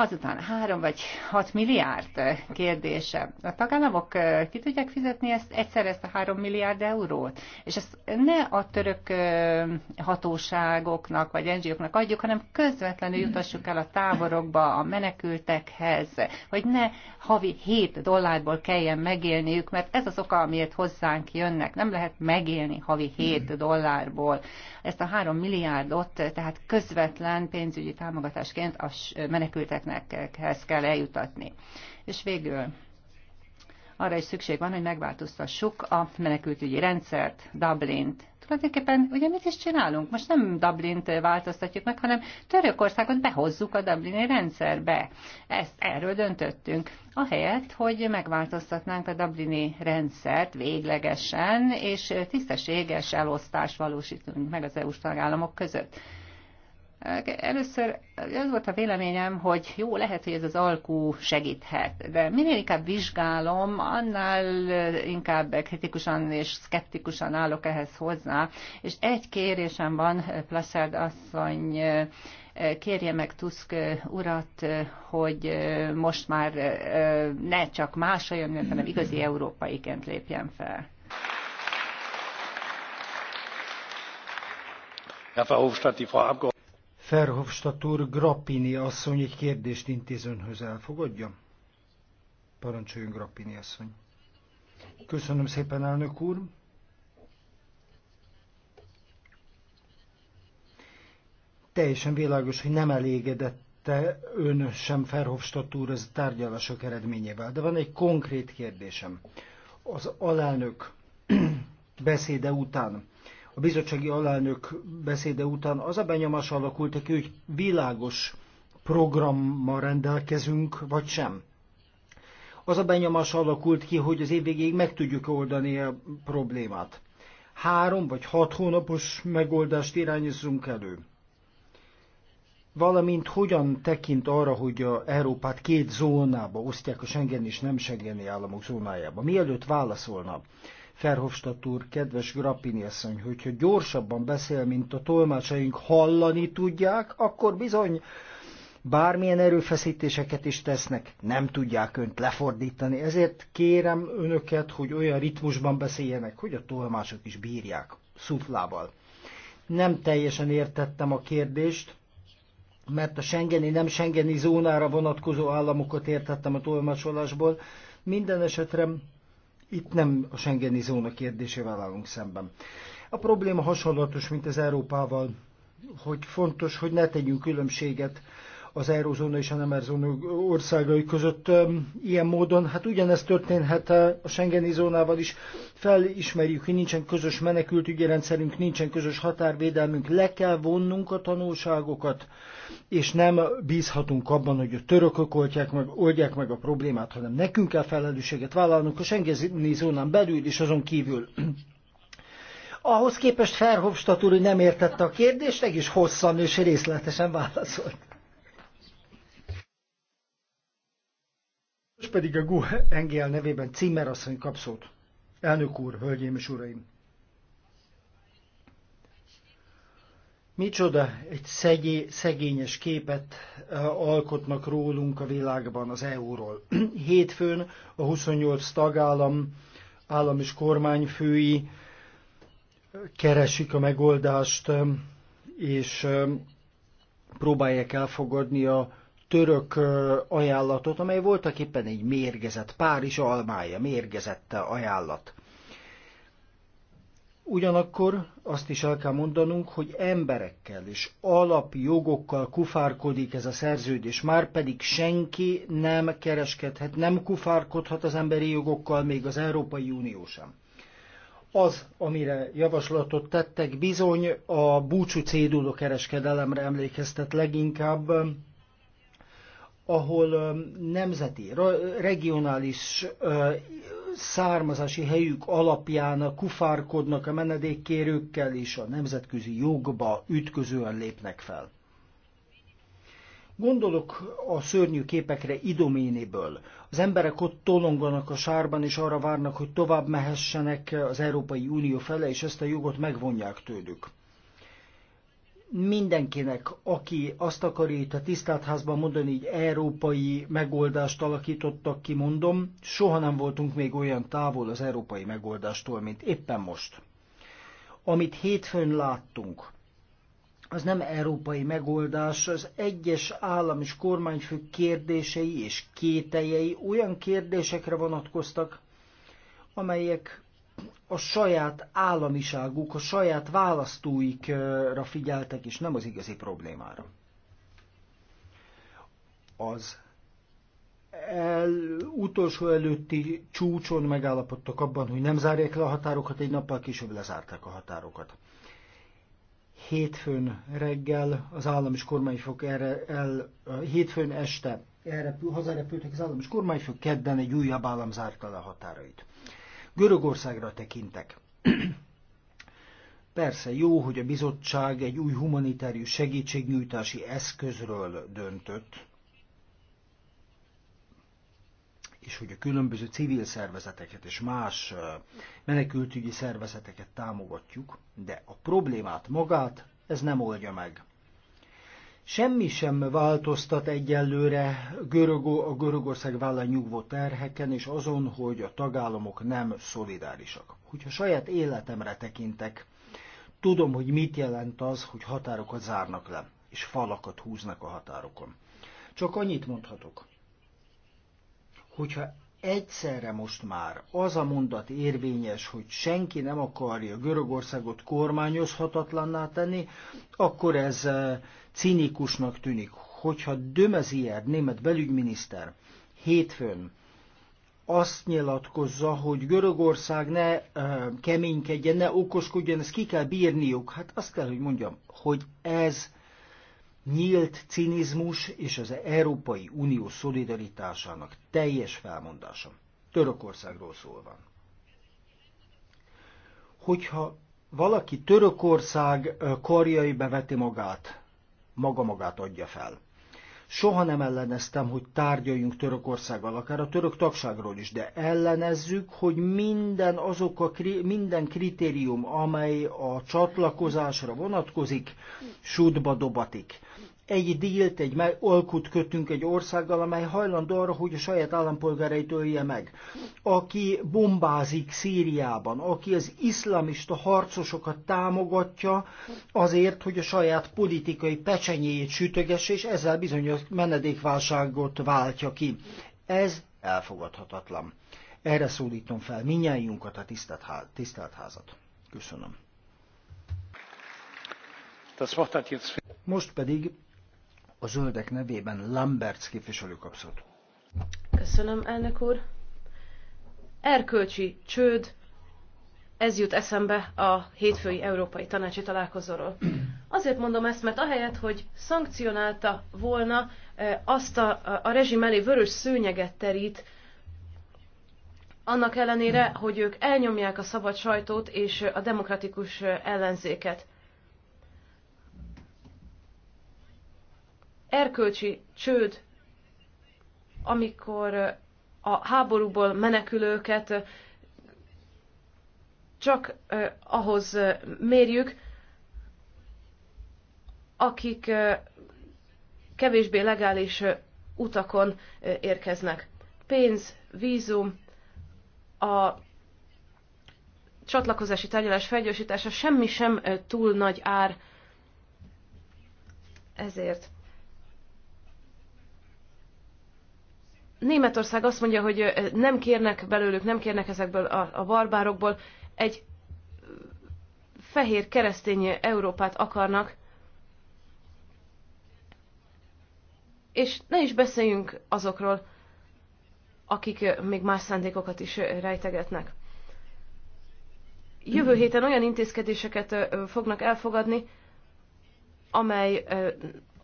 Azután három vagy hat milliárd kérdése. A tagállamok ki tudják fizetni ezt egyszer ezt a három milliárd eurót? És ezt ne a török hatóságoknak vagy NGO-knak adjuk, hanem közvetlenül jutassuk el a táborokba, a menekültekhez, hogy ne havi 7 dollárból kelljen megélniük, mert ez az oka, amiért hozzánk jönnek. Nem lehet megélni havi 7 dollárból. Ezt a három milliárdot, tehát közvetlen pénzügyi támogatásként a menekülteknek embereknekhez kell eljutatni. És végül arra is szükség van, hogy megváltoztassuk a menekültügyi rendszert, Dublint. Tulajdonképpen ugye mit is csinálunk? Most nem Dublint változtatjuk meg, hanem Törökországot behozzuk a Dublini rendszerbe. Ezt erről döntöttünk. Ahelyett, hogy megváltoztatnánk a Dublini rendszert véglegesen, és tisztességes elosztást valósítunk meg az EU-s tagállamok között. Először az volt a véleményem, hogy jó, lehet, hogy ez az alkú segíthet, de minél inkább vizsgálom, annál eh, inkább kritikusan és szkeptikusan állok ehhez hozzá, és egy kérésem van, eh, Plaszárd asszony, eh, kérje meg Tusk urat, hogy most már ne csak másoljon, hanem igazi európaiként lépjen fel. herr verhofstadt die frau abgeordnete Ferhofstadt úr Grappini asszony egy kérdést intéz önhöz elfogadja? Parancsoljon Grappini asszony. Köszönöm szépen, elnök úr. Teljesen világos, hogy nem elégedette ön sem Ferhofstadt úr az tárgyalások eredményével, de van egy konkrét kérdésem. Az alelnök *clears throat* beszéde után a bizottsági alelnök beszéde után az a benyomás alakult ki, hogy világos programmal rendelkezünk, vagy sem. Az a benyomás alakult ki, hogy az év végéig meg tudjuk oldani a problémát. Három vagy hat hónapos megoldást irányozzunk elő. Valamint hogyan tekint arra, hogy a Európát két zónába osztják a Schengen és nem Schengeni államok zónájába. Mielőtt válaszolna, Ferhofstadt úr, kedves Grappini asszony, hogyha gyorsabban beszél, mint a tolmácsaink hallani tudják, akkor bizony bármilyen erőfeszítéseket is tesznek, nem tudják önt lefordítani. Ezért kérem önöket, hogy olyan ritmusban beszéljenek, hogy a tolmások is bírják szuflával. Nem teljesen értettem a kérdést, mert a Schengeni, nem Schengeni zónára vonatkozó államokat értettem a tolmácsolásból. Minden esetre itt nem a Schengeni zóna kérdésével állunk szemben. A probléma hasonlatos, mint az Európával, hogy fontos, hogy ne tegyünk különbséget az Eurózóna és a nem eurozóna országai között ilyen módon. Hát ugyanezt történhet a Schengeni zónával is. Felismerjük, hogy nincsen közös menekültügyi rendszerünk, nincsen közös határvédelmünk, le kell vonnunk a tanulságokat, és nem bízhatunk abban, hogy a törökök oldják meg, oldják meg a problémát, hanem nekünk kell felelősséget vállalnunk a Schengeni zónán belül és azon kívül. Ahhoz képest Ferhofstadt úr nem értette a kérdést, meg is hosszan és részletesen válaszolt. Most pedig a Guh Engel nevében Cimmer asszony kap szót. Elnök úr, hölgyeim és uraim! Micsoda egy szegé, szegényes képet alkotnak rólunk a világban az EU-ról. *clears throat* Hétfőn a 28 tagállam állam és kormányfői keresik a megoldást, és próbálják elfogadni a török ajánlatot, amely voltak éppen egy mérgezett, Párizs almája, mérgezett ajánlat. Ugyanakkor azt is el kell mondanunk, hogy emberekkel és alapjogokkal kufárkodik ez a szerződés, már pedig senki nem kereskedhet, nem kufárkodhat az emberi jogokkal, még az Európai Unió sem. Az, amire javaslatot tettek, bizony a búcsú céduló kereskedelemre emlékeztet leginkább, ahol nemzeti, regionális származási helyük alapján kufárkodnak a menedékkérőkkel, és a nemzetközi jogba ütközően lépnek fel. Gondolok a szörnyű képekre Idoméniből. Az emberek ott tolonganak a sárban, és arra várnak, hogy tovább mehessenek az Európai Unió fele, és ezt a jogot megvonják tőlük mindenkinek, aki azt akarja itt a tisztelt házban mondani, hogy európai megoldást alakítottak ki, mondom, soha nem voltunk még olyan távol az európai megoldástól, mint éppen most. Amit hétfőn láttunk, az nem európai megoldás, az egyes állam és kormányfő kérdései és kételjei olyan kérdésekre vonatkoztak, amelyek a saját államiságuk, a saját választóikra figyeltek, és nem az igazi problémára. Az el, utolsó előtti csúcson megállapodtak abban, hogy nem zárják le a határokat, egy nappal később lezárták a határokat. Hétfőn reggel az állam és kormányfők erre el, hétfőn este hazarepültek az állam és kormányfők, kedden egy újabb állam zárta le a határait. Görögországra tekintek. *clears throat* Persze jó, hogy a bizottság egy új humanitárius segítségnyújtási eszközről döntött, és hogy a különböző civil szervezeteket és más menekültügyi szervezeteket támogatjuk, de a problémát magát ez nem oldja meg. Semmi sem változtat egyelőre Görögó, a Görögország vállal nyugvó terheken, és azon, hogy a tagállamok nem szolidárisak. Hogyha saját életemre tekintek, tudom, hogy mit jelent az, hogy határokat zárnak le, és falakat húznak a határokon. Csak annyit mondhatok, hogyha egyszerre most már az a mondat érvényes, hogy senki nem akarja Görögországot kormányozhatatlanná tenni, akkor ez eh, cinikusnak tűnik, hogyha Dömezier, német belügyminiszter, hétfőn azt nyilatkozza, hogy Görögország ne ö, keménykedjen, ne okoskodjon, ezt ki kell bírniuk. Hát azt kell, hogy mondjam, hogy ez nyílt cinizmus és az Európai Unió szolidaritásának teljes felmondása. Törökországról szólva. Hogyha valaki Törökország karjaibe veti magát, maga magát adja fel. Soha nem elleneztem, hogy tárgyaljunk Törökországgal, akár a török tagságról is, de ellenezzük, hogy minden, azok a, minden kritérium, amely a csatlakozásra vonatkozik, sútba dobatik egy dílt, egy alkut kötünk egy országgal, amely hajlandó arra, hogy a saját állampolgárait ölje meg. Aki bombázik Szíriában, aki az iszlamista harcosokat támogatja azért, hogy a saját politikai pecsenyéjét sütöges, és ezzel bizonyos menedékválságot váltja ki. Ez elfogadhatatlan. Erre szólítom fel minnyájunkat a tisztelt házat. Köszönöm. Most pedig a zöldek nevében Lamberts képviselő kapszott. Köszönöm, elnök úr. Erkölcsi csőd, ez jut eszembe a hétfői európai tanácsi találkozóról. Azért mondom ezt, mert ahelyett, hogy szankcionálta volna e, azt a, a rezsim elé vörös szőnyeget terít, annak ellenére, hogy ők elnyomják a szabad sajtót és a demokratikus e, ellenzéket. erkölcsi csőd, amikor a háborúból menekülőket csak ahhoz mérjük, akik kevésbé legális utakon érkeznek. Pénz, vízum, a csatlakozási tárgyalás felgyorsítása semmi sem túl nagy ár ezért. Németország azt mondja, hogy nem kérnek belőlük, nem kérnek ezekből a, a barbárokból, egy fehér keresztény Európát akarnak, és ne is beszéljünk azokról, akik még más szándékokat is rejtegetnek. Jövő héten olyan intézkedéseket fognak elfogadni, amely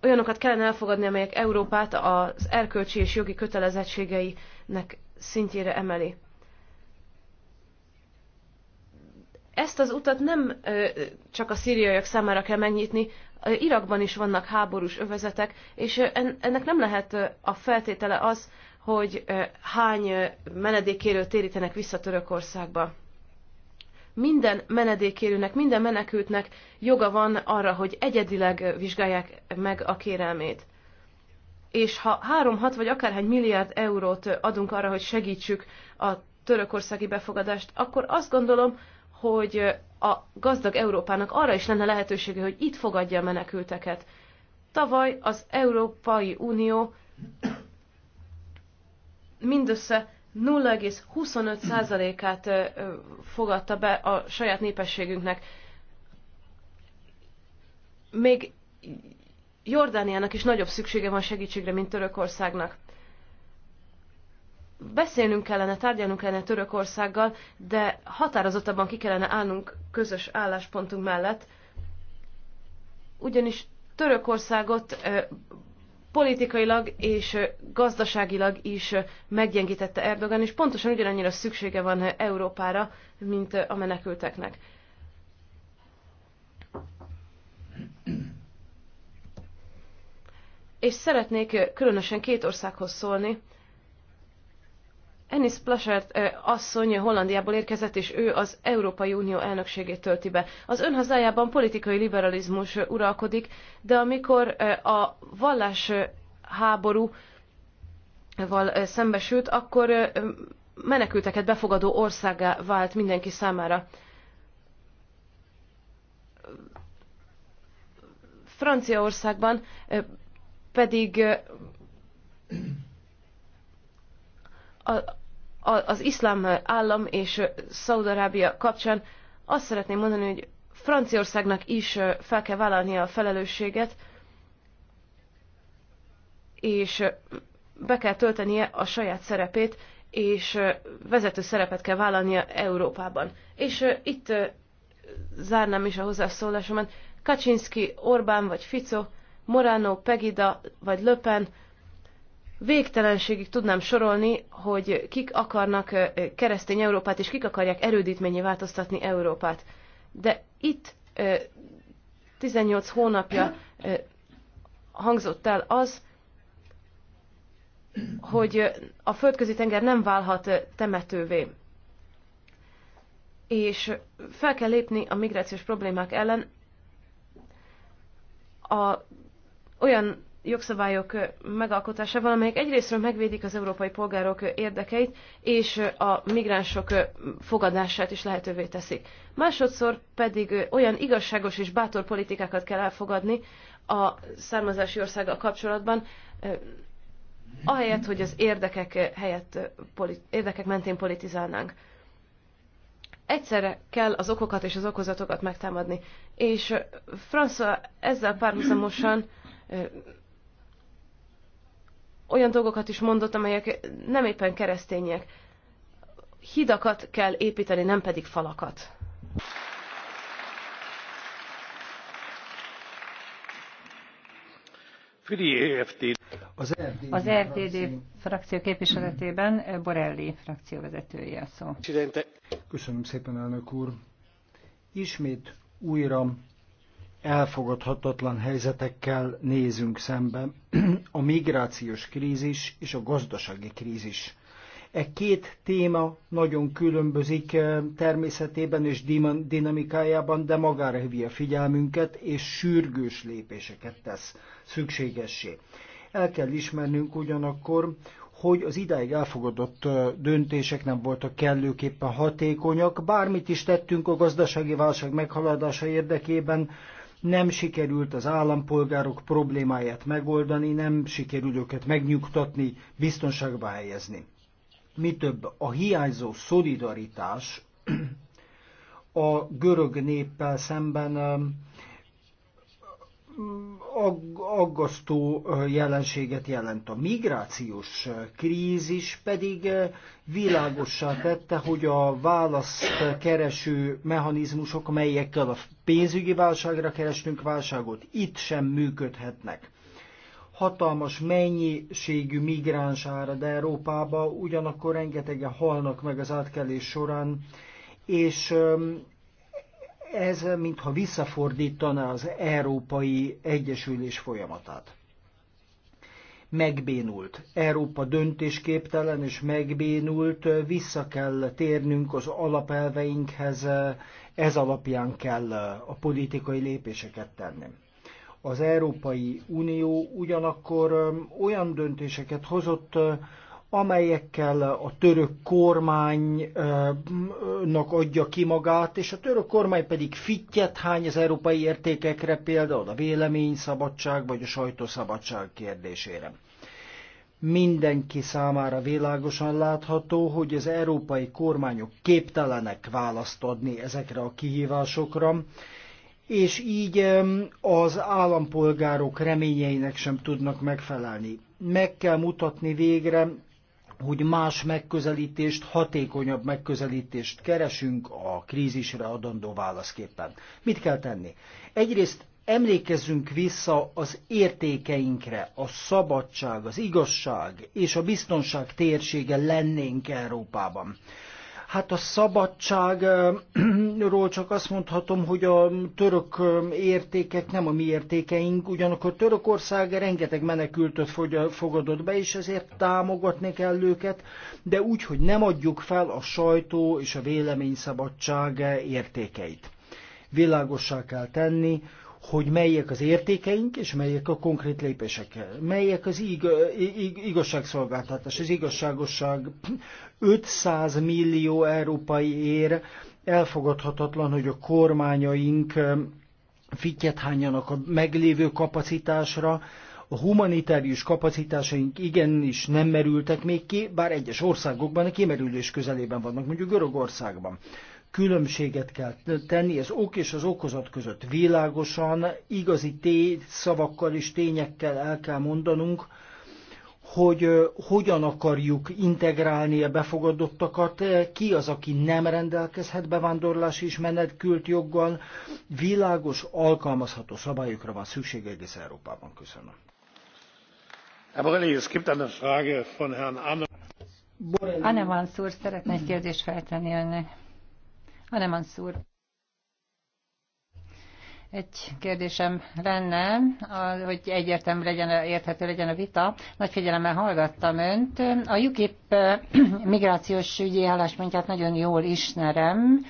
olyanokat kellene elfogadni, amelyek Európát az erkölcsi és jogi kötelezettségeinek szintjére emeli. Ezt az utat nem csak a szíriaiak számára kell megnyitni, Irakban is vannak háborús övezetek, és ennek nem lehet a feltétele az, hogy hány menedékkérőt térítenek vissza Törökországba minden menedékkérőnek, minden menekültnek joga van arra, hogy egyedileg vizsgálják meg a kérelmét. És ha 3-6 vagy akárhány milliárd eurót adunk arra, hogy segítsük a törökországi befogadást, akkor azt gondolom, hogy a gazdag Európának arra is lenne lehetősége, hogy itt fogadja a menekülteket. Tavaly az Európai Unió mindössze 0,25%-át fogadta be a saját népességünknek. Még Jordániának is nagyobb szüksége van segítségre, mint Törökországnak. Beszélnünk kellene, tárgyalnunk kellene Törökországgal, de határozottabban ki kellene állnunk közös álláspontunk mellett, ugyanis Törökországot politikailag és gazdaságilag is meggyengítette Erdogan, és pontosan ugyanannyira szüksége van Európára, mint a menekülteknek. És szeretnék különösen két országhoz szólni, Ennis Plashert asszony Hollandiából érkezett, és ő az Európai Unió elnökségét tölti be. Az ön hazájában politikai liberalizmus uralkodik, de amikor a vallás háború szembesült, akkor menekülteket befogadó országá vált mindenki számára. Franciaországban pedig a, a, az iszlám állam és Szaudarábia kapcsán azt szeretném mondani, hogy Franciaországnak is fel kell vállalnia a felelősséget, és be kell töltenie a saját szerepét, és vezető szerepet kell vállalnia Európában. És itt zárnám is a hozzászólásomat. Kaczynski, Orbán vagy Fico, Morano, Pegida vagy Löpen, végtelenségig tudnám sorolni, hogy kik akarnak keresztény Európát, és kik akarják erődítményi változtatni Európát. De itt 18 hónapja hangzott el az, hogy a földközi tenger nem válhat temetővé. És fel kell lépni a migrációs problémák ellen. A, olyan jogszabályok megalkotásával, amelyek egyrésztről megvédik az európai polgárok érdekeit, és a migránsok fogadását is lehetővé teszik. Másodszor pedig olyan igazságos és bátor politikákat kell elfogadni a származási országgal kapcsolatban, ahelyett, hogy az érdekek, helyett, érdekek mentén politizálnánk egyszerre kell az okokat és az okozatokat megtámadni. És François ezzel párhuzamosan olyan dolgokat is mondott, amelyek nem éppen keresztények. Hidakat kell építeni, nem pedig falakat. E az RTD, e az RTD e frakció képviseletében Borelli frakció vezetője szó. Köszönöm szépen, elnök úr. Ismét újra elfogadhatatlan helyzetekkel nézünk szembe, a migrációs krízis és a gazdasági krízis. E két téma nagyon különbözik eh, természetében és dinamikájában, de magára hívja a figyelmünket, és sürgős lépéseket tesz szükségessé. El kell ismernünk ugyanakkor, hogy az idáig elfogadott eh, döntések nem voltak kellőképpen hatékonyak. Bármit is tettünk a gazdasági válság meghaladása érdekében, nem sikerült az állampolgárok problémáját megoldani, nem sikerült őket megnyugtatni, biztonságba helyezni. Mi több, a hiányzó szolidaritás a görög néppel szemben um, ag- aggasztó jelenséget jelent. A migrációs krízis pedig világossá tette, hogy a választ kereső mechanizmusok, melyekkel a pénzügyi válságra kerestünk válságot, itt sem működhetnek. Hatalmas mennyiségű migráns árad Európába, ugyanakkor rengetegen halnak meg az átkelés során, és ez mintha visszafordítaná az európai egyesülés folyamatát. Megbénult. Európa döntésképtelen és megbénult, vissza kell térnünk az alapelveinkhez, ez alapján kell a politikai lépéseket tenni. Az Európai Unió ugyanakkor um, olyan döntéseket hozott, amelyekkel a török kormánynak adja ki magát, és a török kormány pedig fittyet hány az európai értékekre, például a véleményszabadság vagy a sajtószabadság kérdésére. Mindenki számára világosan látható, hogy az európai kormányok képtelenek választ adni ezekre a kihívásokra, és így az állampolgárok reményeinek sem tudnak megfelelni. Meg kell mutatni végre, hogy más megközelítést, hatékonyabb megközelítést keresünk a krízisre adandó válaszképpen. Mit kell tenni? Egyrészt emlékezzünk vissza az értékeinkre, a szabadság, az igazság és a biztonság térsége lennénk Európában. Hát a szabadságról csak azt mondhatom, hogy a török um, értékek nem a mi értékeink, ugyanakkor Törökország rengeteg menekültöt fogadott be, és ezért támogatni kell őket, de úgy, hogy nem adjuk fel a sajtó és a véleményszabadság értékeit. Világossá kell tenni, hogy melyek az értékeink, és melyek a konkrét lépések, melyek az ig- ig- igazságszolgáltatás, az igazságosság. 500 millió európai ér, elfogadhatatlan, hogy a kormányaink um, fittyet hányanak a meglévő kapacitásra, a humanitárius kapacitásaink igenis nem merültek még ki, bár egyes országokban a kimerülés közelében vannak, mondjuk Görögországban különbséget kell tenni az ok és az okozat között. Világosan, igazi tény, szavakkal és tényekkel el kell mondanunk, hogy hogyan akarjuk integrálni a befogadottakat, ki az, aki nem rendelkezhet bevándorlási és menetkült joggal. Világos, alkalmazható szabályokra van szükség egész Európában. Köszönöm. Borelli, es gibt eine Frage von Herrn Anne. Anne Mansur szeretne egy kérdést feltenni önnek hanem Mansur. Egy kérdésem lenne, hogy egyértelmű legyen, érthető legyen a vita. Nagy figyelemmel hallgattam önt. A UKIP eh, *clears throat* migrációs ügyi álláspontját nagyon jól ismerem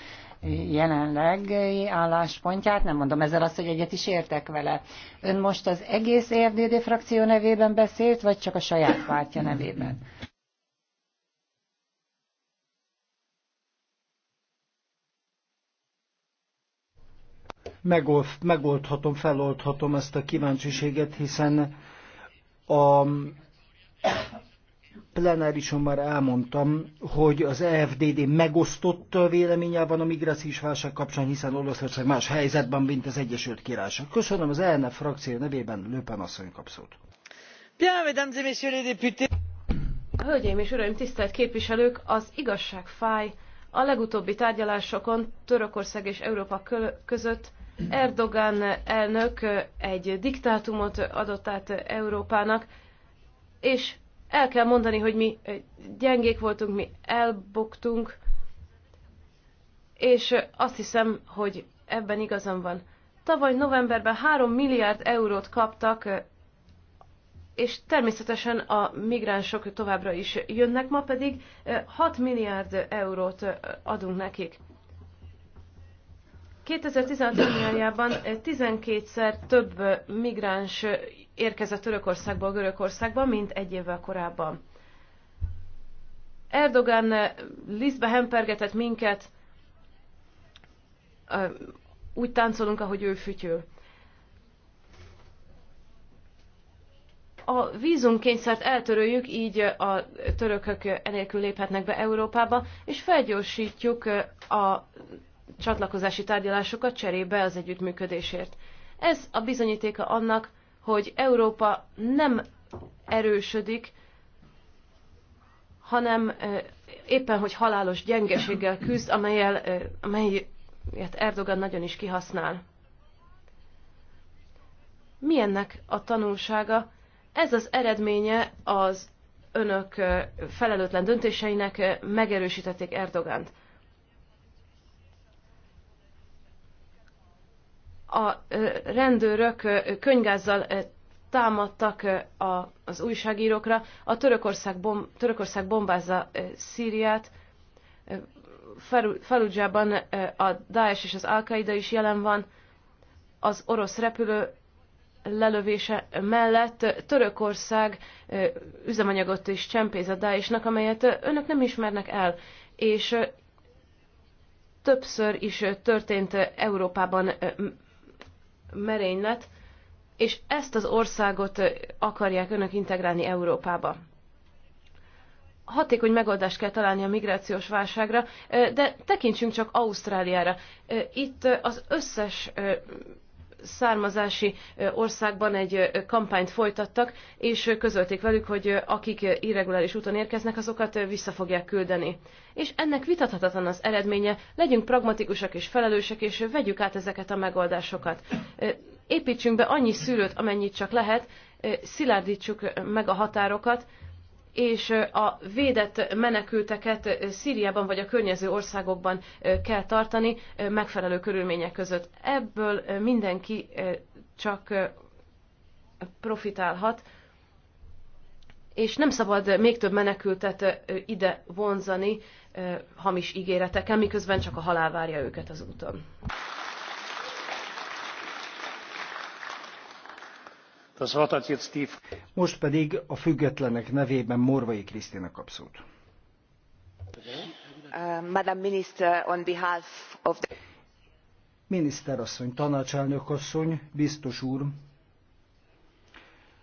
jelenleg álláspontját, nem mondom ezzel azt, hogy egyet is értek vele. Ön most az egész EFDD frakció nevében beszélt, vagy csak a saját pártja nevében? megold, megoldhatom, feloldhatom ezt a kíváncsiséget, hiszen a plenárison már elmondtam, hogy az EFDD megosztott véleménye van a migrációs válság kapcsán, hiszen Olaszország más helyzetben, mint az Egyesült Királyság. Köszönöm az ELNE frakció nevében, Löpen asszony kapszót. Hölgyeim és uraim, tisztelt képviselők, az igazság fáj. A legutóbbi tárgyalásokon Törökország és Európa között Erdogan elnök egy diktátumot adott át Európának, és el kell mondani, hogy mi gyengék voltunk, mi elbuktunk, és azt hiszem, hogy ebben igazam van. Tavaly novemberben 3 milliárd eurót kaptak, és természetesen a migránsok továbbra is jönnek, ma pedig 6 eh, milliárd eurót eh, adunk nekik. 2016 januárjában 12-szer több eh, migráns eh, érkezett Törökországból Görögországba, mint egy évvel korábban. Erdogan eh, lisztbe hempergetett minket, úgy táncolunk, ahogy ő fütyül. a vízumkényszert eltöröljük, így a törökök enélkül léphetnek be Európába, és felgyorsítjuk a csatlakozási tárgyalásokat cserébe az együttműködésért. Ez a bizonyítéka annak, hogy Európa nem erősödik, hanem éppen, hogy halálos gyengeséggel küzd, amelyel, amelyet Erdogan nagyon is kihasznál. Milyennek a tanulsága? Ez az eredménye az önök felelőtlen döntéseinek megerősítették Erdogánt. a rendőrök könygázzal támadtak az újságírókra, a Törökország, bom, Törökország bombázza Szíriát, Faludzsában a Daesh és az Al-Qaida is jelen van, az orosz repülő lelövése mellett Törökország üzemanyagot is csempéz a Daesh-nak, amelyet önök nem ismernek el, és többször is történt Európában merénylet, és ezt az országot akarják önök integrálni Európába. Hatékony megoldást kell találni a migrációs válságra, de tekintsünk csak Ausztráliára. Itt az összes származási országban egy kampányt folytattak, és közölték velük, hogy akik irreguláris úton érkeznek, azokat vissza fogják küldeni. És ennek vitathatatlan az eredménye, legyünk pragmatikusak és felelősek, és vegyük át ezeket a megoldásokat. Építsünk be annyi szűrőt, amennyit csak lehet, szilárdítsuk meg a határokat, és a védett menekülteket Szíriában vagy a környező országokban kell tartani megfelelő körülmények között. Ebből mindenki csak profitálhat, és nem szabad még több menekültet ide vonzani hamis ígéretekkel, miközben csak a halál várja őket az úton. Most pedig a függetlenek nevében Morvai Krisztina kap szót. Uh, Madam Minister, on behalf of the... Miniszterasszony, tanácselnök asszony, biztos úr,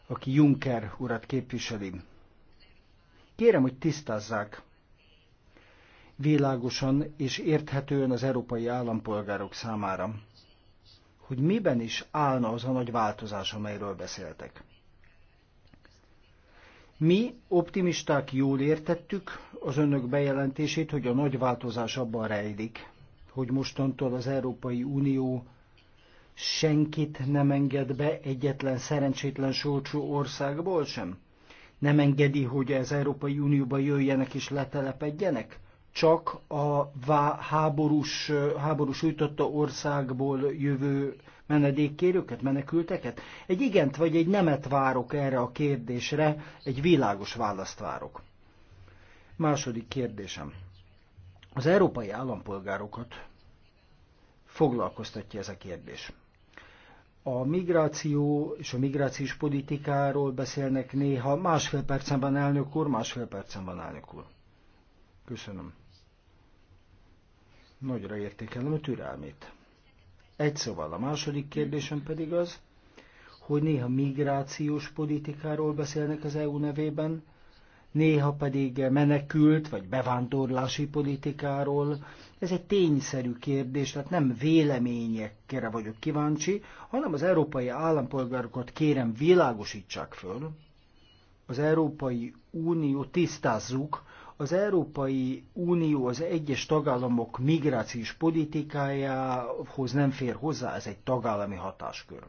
aki Juncker urat képviseli. Kérem, hogy tisztázzák világosan és érthetően az európai állampolgárok számára hogy miben is állna az a nagy változás, amelyről beszéltek. Mi, optimisták, jól értettük az önök bejelentését, hogy a nagy változás abban rejlik, hogy mostantól az Európai Unió senkit nem enged be egyetlen szerencsétlen sorcsú országból sem? Nem engedi, hogy az Európai Unióba jöjjenek és letelepedjenek? csak a háborús, háborús újtotta országból jövő menedékkérőket, menekülteket? Egy igent vagy egy nemet várok erre a kérdésre, egy világos választ várok. Második kérdésem. Az európai állampolgárokat foglalkoztatja ez a kérdés. A migráció és a migrációs politikáról beszélnek néha. Másfél percen van elnök úr, másfél percen van elnök úr. Köszönöm. Nagyra értékelem a türelmét. Egy szóval a második kérdésem pedig az, hogy néha migrációs politikáról beszélnek az EU nevében, néha pedig menekült vagy bevándorlási politikáról. Ez egy tényszerű kérdés, tehát nem véleményekre vagyok kíváncsi, hanem az európai állampolgárokat kérem világosítsák föl. Az Európai Unió tisztázzuk, az Európai Unió az egyes tagállamok migrációs politikájához nem fér hozzá, ez egy tagállami hatáskör.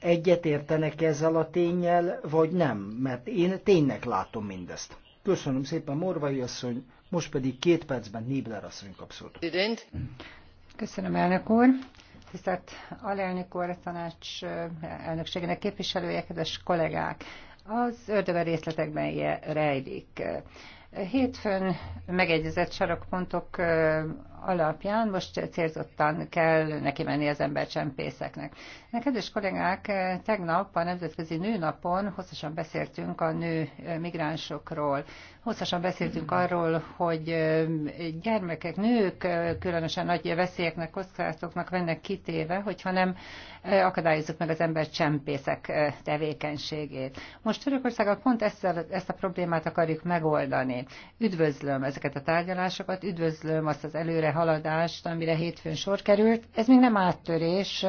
Egyetértenek ezzel a tényel, vagy nem? Mert én ténynek látom mindezt. Köszönöm szépen, Morvai asszony, most pedig két percben Nibler asszony kap szót. Köszönöm, elnök úr. Tisztelt alelnök úr, tanács eh, elnökségének képviselője, kedves kollégák! az ördöve részletekben rejlik. Hétfőn megegyezett sarokpontok alapján most célzottan kell neki menni az embercsempészeknek. Kedves kollégák, tegnap a Nemzetközi Nőnapon hosszasan beszéltünk a nő migránsokról. Hosszasan beszéltünk arról, hogy gyermekek, nők különösen nagy veszélyeknek, kockázatoknak vennek kitéve, hogyha nem akadályozzuk meg az embercsempészek tevékenységét. Most Törökországgal pont ezt a, ezt a problémát akarjuk megoldani. Üdvözlöm ezeket a tárgyalásokat, üdvözlöm azt az előre előrehaladást, amire hétfőn sor került. Ez még nem áttörés,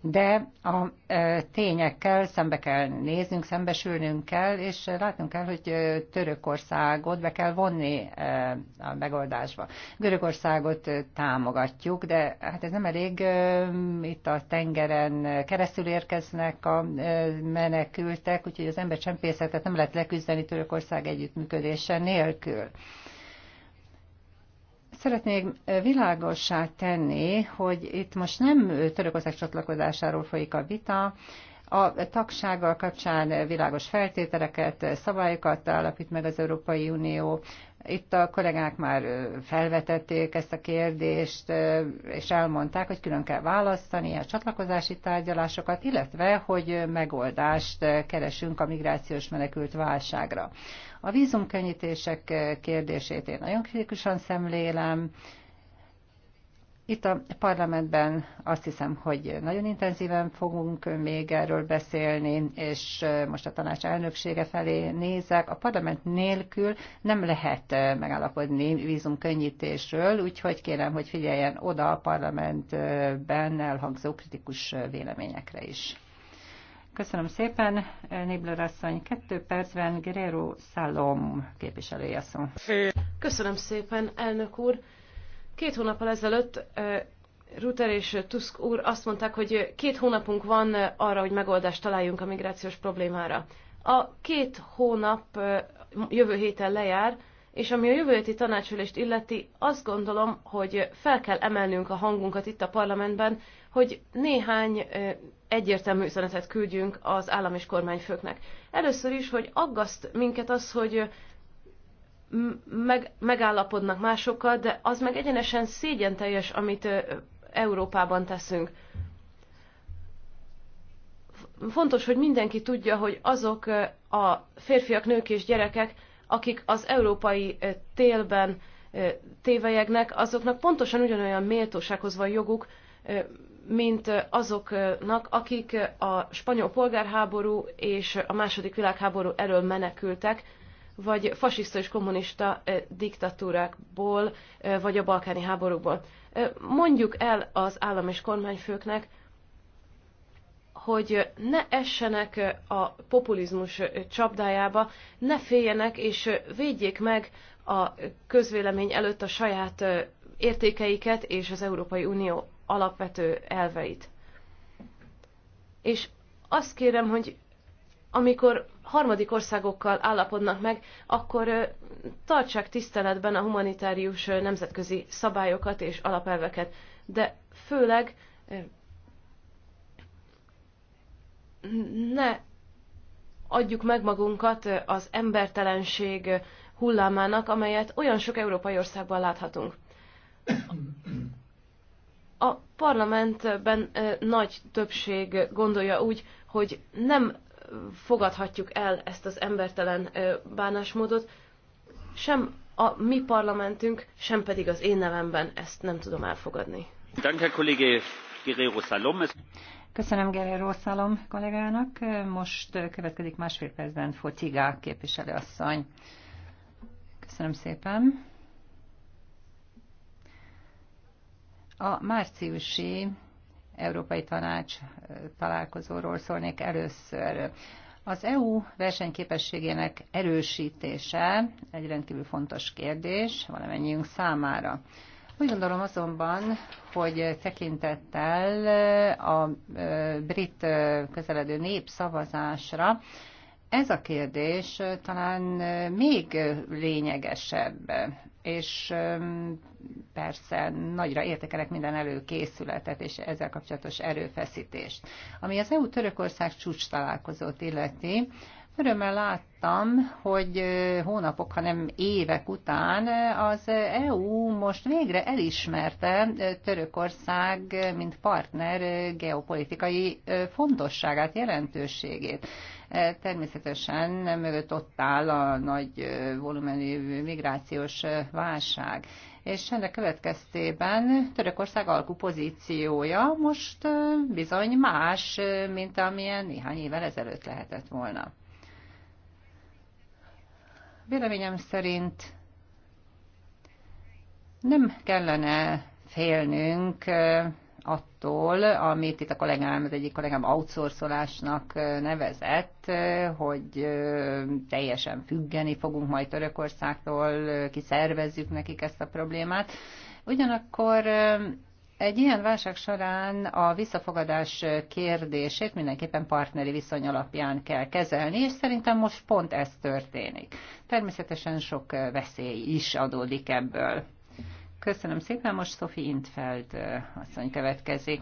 de a e, tényekkel szembe kell néznünk, szembesülnünk kell, és látnunk kell, hogy e, Törökországot be kell vonni e, a megoldásba. Görögországot támogatjuk, de hát ez nem elég, itt a tengeren keresztül érkeznek a menekültek, úgyhogy az ember csempészetet nem lehet leküzdeni Törökország együttműködése nélkül. Szeretnék világossá tenni, hogy itt most nem Törökország csatlakozásáról folyik a vita, a tagsággal kapcsán világos feltételeket, szabályokat alapít meg az Európai Unió. Itt a kollégák már felvetették ezt a kérdést, és elmondták, hogy külön kell választani a csatlakozási tárgyalásokat, illetve, hogy megoldást keresünk a migrációs menekült válságra. A vízumkönnyítések eh, kérdését én nagyon kritikusan szemlélem. Itt a parlamentben azt hiszem, hogy nagyon intenzíven fogunk még erről beszélni, és eh, most a tanács elnöksége felé nézek. A parlament nélkül nem lehet eh, megállapodni vízumkönnyítésről, úgyhogy kérem, hogy figyeljen oda a parlamentben elhangzó kritikus véleményekre is. Köszönöm szépen, Nébler asszony. Kettő percben Guerrero Szalom képviselője szó. Köszönöm szépen, elnök úr. Két hónappal ezelőtt Ruter és Tusk úr azt mondták, hogy két hónapunk van arra, hogy megoldást találjunk a migrációs problémára. A két hónap jövő héten lejár, és ami a jövő héti tanácsülést illeti, azt gondolom, hogy fel kell emelnünk a hangunkat itt a parlamentben, hogy néhány egyértelmű üzenetet küldjünk az állam és kormányfőknek. Először is, hogy aggaszt minket az, hogy meg, megállapodnak másokkal, de az meg egyenesen szégyen teljes, amit Európában teszünk. Fontos, hogy mindenki tudja, hogy azok a férfiak, nők és gyerekek, akik az európai télben tévejegnek, azoknak pontosan ugyanolyan méltósághoz van joguk, mint azoknak, akik a spanyol polgárháború és a második világháború elől menekültek, vagy fasiszta és kommunista diktatúrákból, vagy a balkáni háborúból. Mondjuk el az állam és kormányfőknek, hogy ne essenek a populizmus csapdájába, ne féljenek és védjék meg a közvélemény előtt a saját értékeiket és az Európai Unió alapvető elveit. És azt kérem, hogy amikor harmadik országokkal állapodnak meg, akkor tartsák tiszteletben a humanitárius nemzetközi szabályokat és alapelveket. De főleg ne adjuk meg magunkat az embertelenség hullámának, amelyet olyan sok európai országban láthatunk. A parlamentben nagy többség gondolja úgy, hogy nem fogadhatjuk el ezt az embertelen bánásmódot, sem a mi parlamentünk, sem pedig az én nevemben ezt nem tudom elfogadni. Köszönöm Guerrero Szalom kollégának. Most következik másfél percben Fotiga képviselőasszony. Köszönöm szépen. A márciusi Európai Tanács eh, találkozóról szólnék először. Az EU versenyképességének erősítése egy rendkívül fontos kérdés valamennyiünk számára. Úgy gondolom azonban, hogy tekintettel eh, a eh, brit közeledő népszavazásra ez a kérdés talán még lényegesebb és persze nagyra értekelek minden előkészületet és ezzel kapcsolatos erőfeszítést. Ami az EU-Törökország csúcs találkozót illeti, Örömmel láttam, hogy hónapok, hanem évek után az EU most végre elismerte Törökország, mint partner geopolitikai fontosságát, jelentőségét. E, természetesen mögött ott áll a nagy e, volumenű migrációs e, válság és ennek következtében Törökország alkupozíciója most bizony más, mint amilyen néhány évvel ezelőtt lehetett volna. Véleményem szerint nem kellene félnünk attól, amit itt a kollégám, az egyik kollégám outsourcolásnak nevezett, hogy teljesen függeni fogunk majd Törökországtól, kiszervezzük nekik ezt a problémát. Ugyanakkor egy ilyen válság során a visszafogadás kérdését mindenképpen partneri viszony alapján kell kezelni, és szerintem most pont ez történik. Természetesen sok veszély is adódik ebből. Köszönöm szépen, most Sophie Intfeld eh, asszony következik.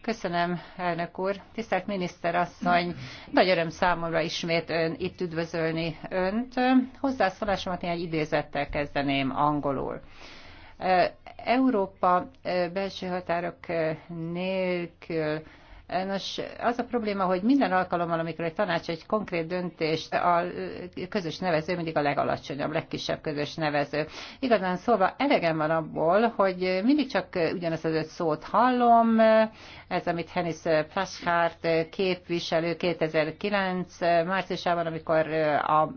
Köszönöm, elnök úr. Tisztelt miniszter asszony, nagy öröm számomra ismét ön, itt üdvözölni önt. Hozzászólásomat néhány idézettel kezdeném angolul. Eh, Európa eh, belső határok nélkül Nos, az a probléma, hogy minden alkalommal, amikor egy tanács egy konkrét döntést, a közös nevező mindig a legalacsonyabb, legkisebb közös nevező. Igazán szóval elegem van abból, hogy mindig csak ugyanazt az öt szót hallom, ez, amit Henis Plaschart képviselő 2009 márciusában, amikor a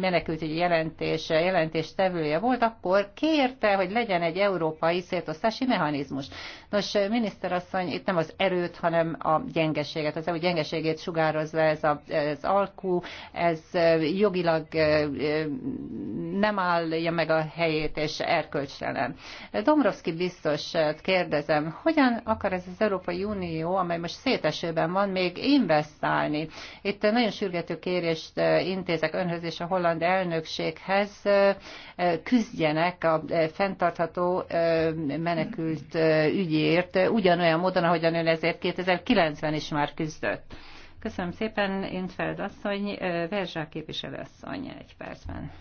menekültügyi jelentés jelentéstevője volt, akkor kérte, hogy legyen egy európai szétosztási mechanizmus. Nos, miniszterasszony, itt nem az erőt, hanem a gyengeséget, az EU gyengeségét sugározza ez a, az alkú, ez jogilag nem állja meg a helyét, és erkölcstelen. Domrovski biztos kérdezem, hogyan akar ez az Európai Unió, amely most szétesőben van, még investálni? Itt nagyon sürgető kérést intézek önhöz és a holland elnökséghez, küzdjenek a fenntartható menekült ügyi segélyért, ugyanolyan módon, ahogyan ön ezért 2090 is már küzdött. Köszönöm szépen, Intfeld asszony, Verzsá képviselő asszony egy percben.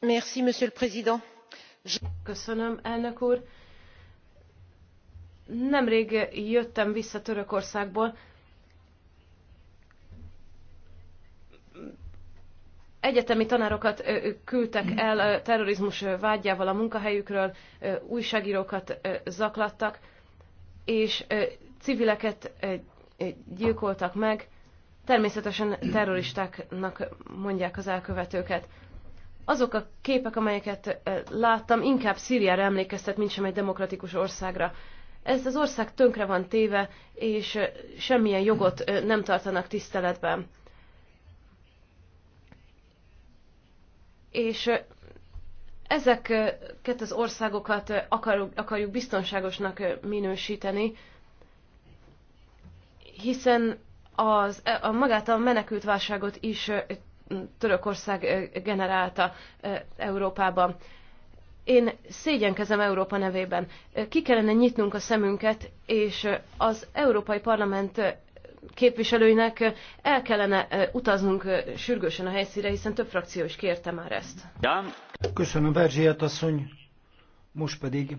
Merci, monsieur le président. Köszönöm, elnök úr. Nemrég jöttem vissza Törökországból, egyetemi tanárokat küldtek el terrorizmus vágyával a munkahelyükről, újságírókat zaklattak, és civileket gyilkoltak meg. Természetesen terroristáknak mondják az elkövetőket. Azok a képek, amelyeket láttam, inkább Szíriára emlékeztet, mint sem egy demokratikus országra. Ez az ország tönkre van téve, és semmilyen jogot nem tartanak tiszteletben és ezeket az országokat akarjuk, akarjuk biztonságosnak minősíteni, hiszen az, a magát a menekült válságot is Törökország generálta Európában. Én szégyenkezem Európa nevében. Ki kellene nyitnunk a szemünket, és az Európai Parlament képviselőinek el kellene utaznunk sürgősen a helyszíre, hiszen több frakció is kérte már ezt. Köszönöm, Verzsiát asszony. Most pedig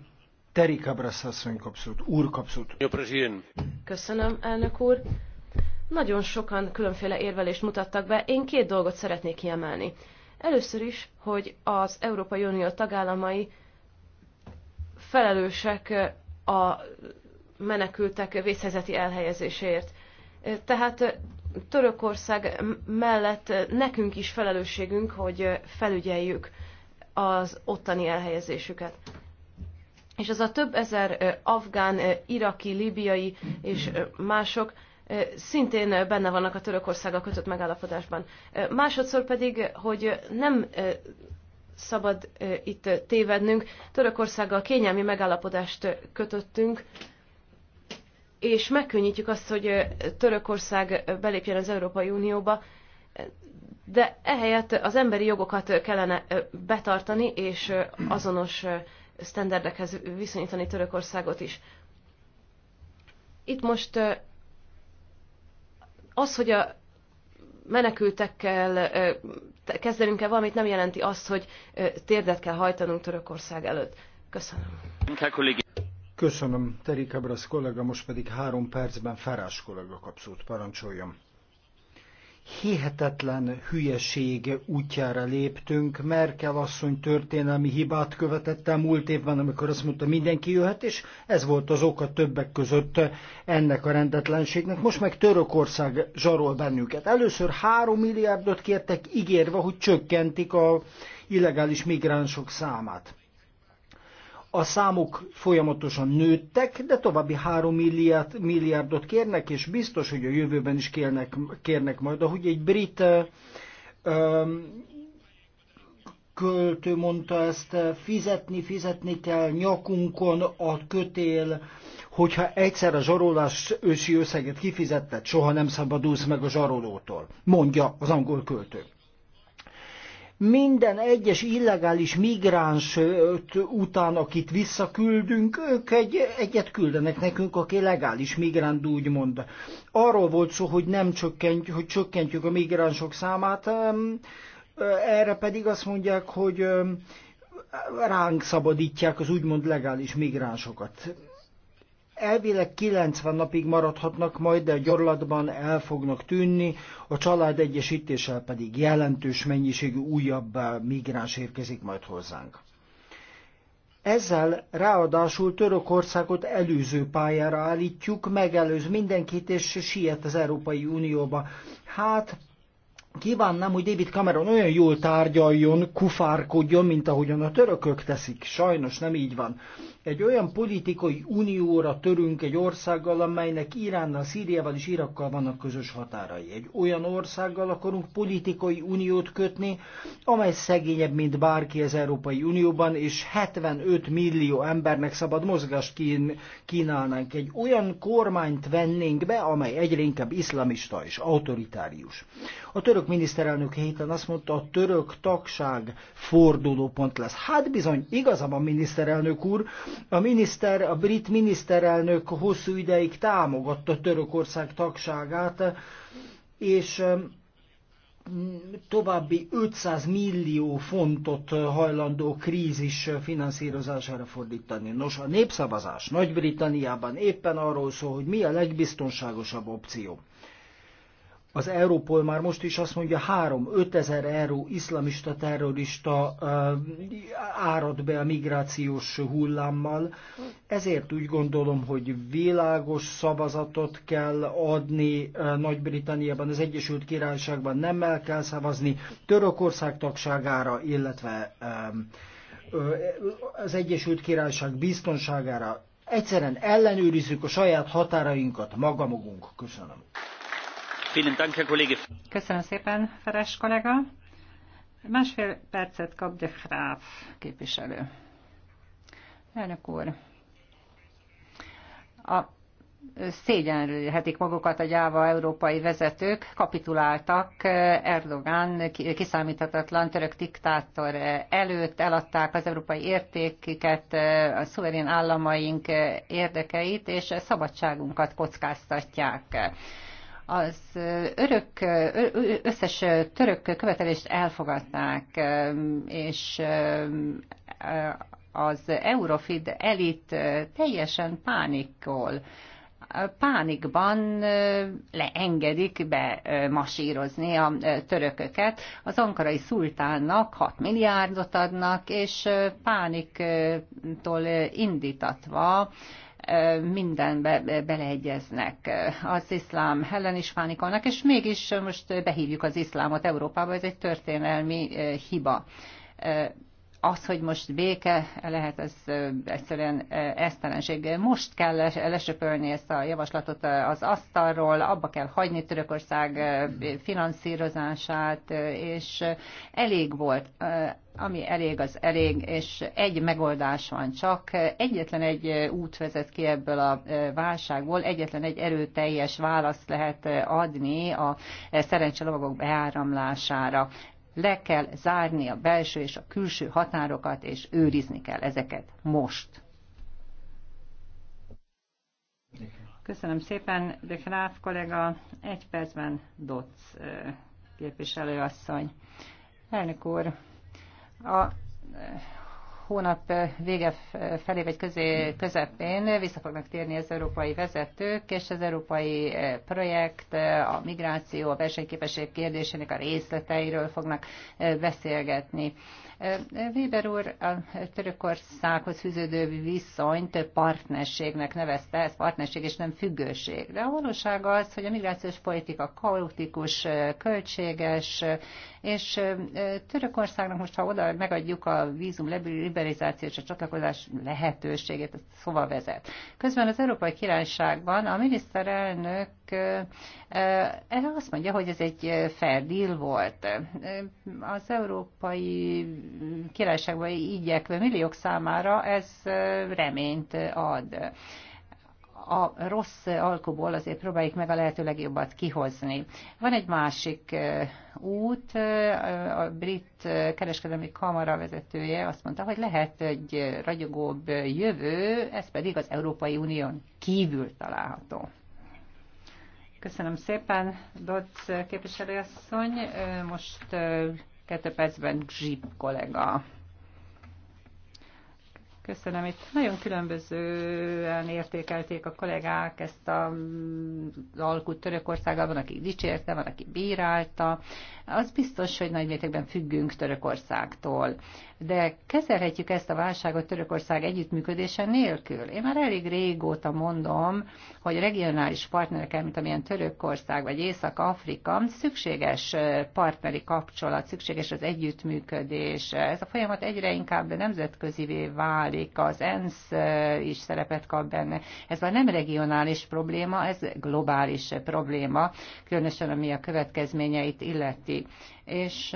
Teri Cabras asszony kapszót, úr kapszót. Köszönöm, elnök úr. Nagyon sokan különféle érvelést mutattak be. Én két dolgot szeretnék kiemelni. Először is, hogy az Európai Unió tagállamai felelősek a menekültek vészhelyzeti elhelyezéséért. Tehát Törökország mellett nekünk is felelősségünk, hogy felügyeljük az ottani elhelyezésüket. És az a több ezer afgán, iraki, libiai és mások szintén benne vannak a Törökországgal kötött megállapodásban. Másodszor pedig, hogy nem szabad itt tévednünk, Törökországgal kényelmi megállapodást kötöttünk, és megkönnyítjük azt, hogy Törökország belépjen az Európai Unióba, de ehelyett az emberi jogokat kellene betartani, és azonos sztenderdekhez viszonyítani Törökországot is. Itt most az, hogy a menekültekkel kezdenünk el valamit, nem jelenti azt, hogy térdet kell hajtanunk Törökország előtt. Köszönöm. Köszönöm, Terik Ebrasz kollega, most pedig három percben Ferás kollega kap szót, Hihetetlen hülyeség útjára léptünk. Merkel asszony történelmi hibát követett el múlt évben, amikor azt mondta, mindenki jöhet, és ez volt az oka többek között ennek a rendetlenségnek. Most meg Törökország zsarol bennünket. Először három milliárdot kértek, ígérve, hogy csökkentik a illegális migránsok számát a számok folyamatosan nőttek, de további 3 milliárd, milliárdot kérnek, és biztos, hogy a jövőben is kérnek, kérnek majd, ahogy egy brit um, költő mondta ezt, fizetni, fizetni kell nyakunkon a kötél, hogyha egyszer a zsarolás ősi összeget kifizetted, soha nem szabadulsz meg a zsarolótól, mondja az angol költő minden egyes illegális migráns után, akit visszaküldünk, ők egy, egyet küldenek nekünk, aki legális migránt úgymond. Arról volt szó, hogy nem csökkent, hogy csökkentjük a migránsok számát, erre pedig azt mondják, hogy ránk szabadítják az úgymond legális migránsokat elvileg 90 napig maradhatnak majd, de a gyarlatban el fognak tűnni, a család egyesítéssel pedig jelentős mennyiségű újabb eh, migráns érkezik majd hozzánk. Ezzel ráadásul Törökországot előző pályára állítjuk, megelőz mindenkit, és siet az Európai Unióba. Hát kívánnám, hogy David Cameron olyan jól tárgyaljon, kufárkodjon, mint ahogyan a törökök teszik. Sajnos nem így van. Egy olyan politikai unióra törünk egy országgal, amelynek Iránnal, Szíriával és Irakkal vannak közös határai. Egy olyan országgal akarunk politikai uniót kötni, amely szegényebb, mint bárki az Európai Unióban, és 75 millió embernek szabad mozgást kín- kínálnánk. Egy olyan kormányt vennénk be, amely egyre inkább iszlamista és autoritárius. A török miniszterelnök héten azt mondta, a török tagság fordulópont lesz. Hát bizony, igazam a miniszterelnök úr, a, miniszter, a brit miniszterelnök hosszú ideig támogatta Törökország tagságát, és um, további 500 millió fontot hajlandó krízis finanszírozására fordítani. Nos, a népszavazás Nagy-Britanniában éppen arról szól, hogy mi a legbiztonságosabb opció. Az Európol már most is azt mondja, 3-5 ezer euró iszlamista terrorista árad be a migrációs hullámmal. Ezért úgy gondolom, hogy világos szavazatot kell adni Nagy-Britanniában, az Egyesült Királyságban nem el kell szavazni Törökország tagságára, illetve az Egyesült Királyság biztonságára. Egyszerűen ellenőrizzük a saját határainkat magamogunk. Köszönöm. Köszönöm szépen, Feres kollega. Másfél percet kap de Graaf képviselő. Elnök úr, a szégyenhetik magukat a gyáva európai vezetők, kapituláltak Erdogán kiszámíthatatlan török diktátor előtt, eladták az európai értékeket, a szuverén államaink érdekeit, és szabadságunkat kockáztatják az örök, összes török követelést elfogadták, és eh, az Eurofid elit teljesen pánikol. Pánikban eh, leengedik be masírozni a eh, törököket. Az ankarai szultánnak 6 milliárdot adnak, és pániktól indítatva mindenbe beleegyeznek. Az iszlám ellen is fánikolnak, és mégis most behívjuk az iszlámot Európába, ez egy történelmi hiba az, hogy most béke lehet, ez egyszerűen esztelenség. Most kell lesöpölni ezt a javaslatot az asztalról, abba kell hagyni Törökország finanszírozását, és elég volt, ami elég, az elég, és egy megoldás van csak. Egyetlen egy út vezet ki ebből a válságból, egyetlen egy erőteljes választ lehet adni a szerencselovagok beáramlására le kell zárni a belső és a külső határokat, és őrizni kell ezeket most. Köszönöm szépen, de Kráv kollega, egy percben Doc képviselőasszony. Elnök úr, a hónap vége felé vagy közé, közepén vissza fognak térni az európai vezetők, és az európai eh, projekt, eh, a migráció, a versenyképesség kérdésének a részleteiről fognak eh, beszélgetni. Weber úr a Törökországhoz fűződő viszonyt partnerségnek nevezte, ez partnerség és nem függőség. De a valóság az, hogy a migrációs politika kaotikus, költséges, és Törökországnak most, ha oda megadjuk a vízum liberalizáció és a csatlakozás lehetőségét, szóva vezet. Közben az Európai Királyságban a miniszterelnök erre azt mondja, hogy ez egy fair deal volt. Az Európai Királyságban igyekvő milliók számára ez reményt ad a rossz alkuból azért próbáljuk meg a lehető legjobbat kihozni. Van egy másik út, a brit kereskedelmi kamara vezetője azt mondta, hogy lehet egy ragyogóbb jövő, ez pedig az Európai Unión kívül található. Köszönöm szépen, Dodds képviselőasszony. Most kettő percben Zsip kollega. Köszönöm. Itt nagyon különbözően értékelték a kollégák ezt a, az mm, alkut Törökországgal, van, aki dicsérte, van, aki bírálta. Az biztos, hogy nagy mértékben függünk Törökországtól de kezelhetjük ezt a válságot Törökország együttműködése nélkül. Én már elég régóta mondom, hogy regionális partnerekkel, mint amilyen Törökország vagy Észak-Afrika, szükséges eh, partneri kapcsolat, szükséges az együttműködés. Ez a folyamat egyre inkább nemzetközivé válik, az ENSZ eh, is szerepet kap benne. Ez már nem regionális probléma, ez globális probléma, különösen ami a következményeit illeti. És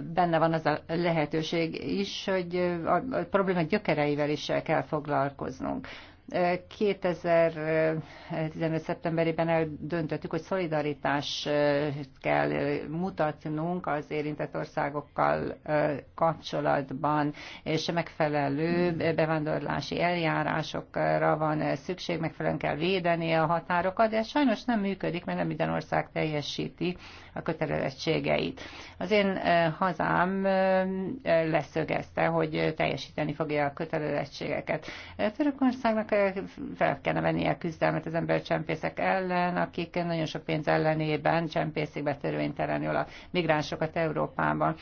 benne van az a lehetőség is, hogy a probléma gyökereivel is kell foglalkoznunk. 2015. szeptemberében eldöntöttük, hogy szolidaritást kell mutatnunk az érintett országokkal kapcsolatban, és megfelelő bevándorlási eljárásokra van szükség, megfelelően kell védeni a határokat, de ez sajnos nem működik, mert nem minden ország teljesíti a kötelezettségeit. Az én hazám leszögezte, hogy teljesíteni fogja a kötelezettségeket. Törökországnak fel kellene venni a küzdelmet az csempészek ellen, akik nagyon sok pénz ellenében csempészik be törvénytelenül a migránsokat Európában.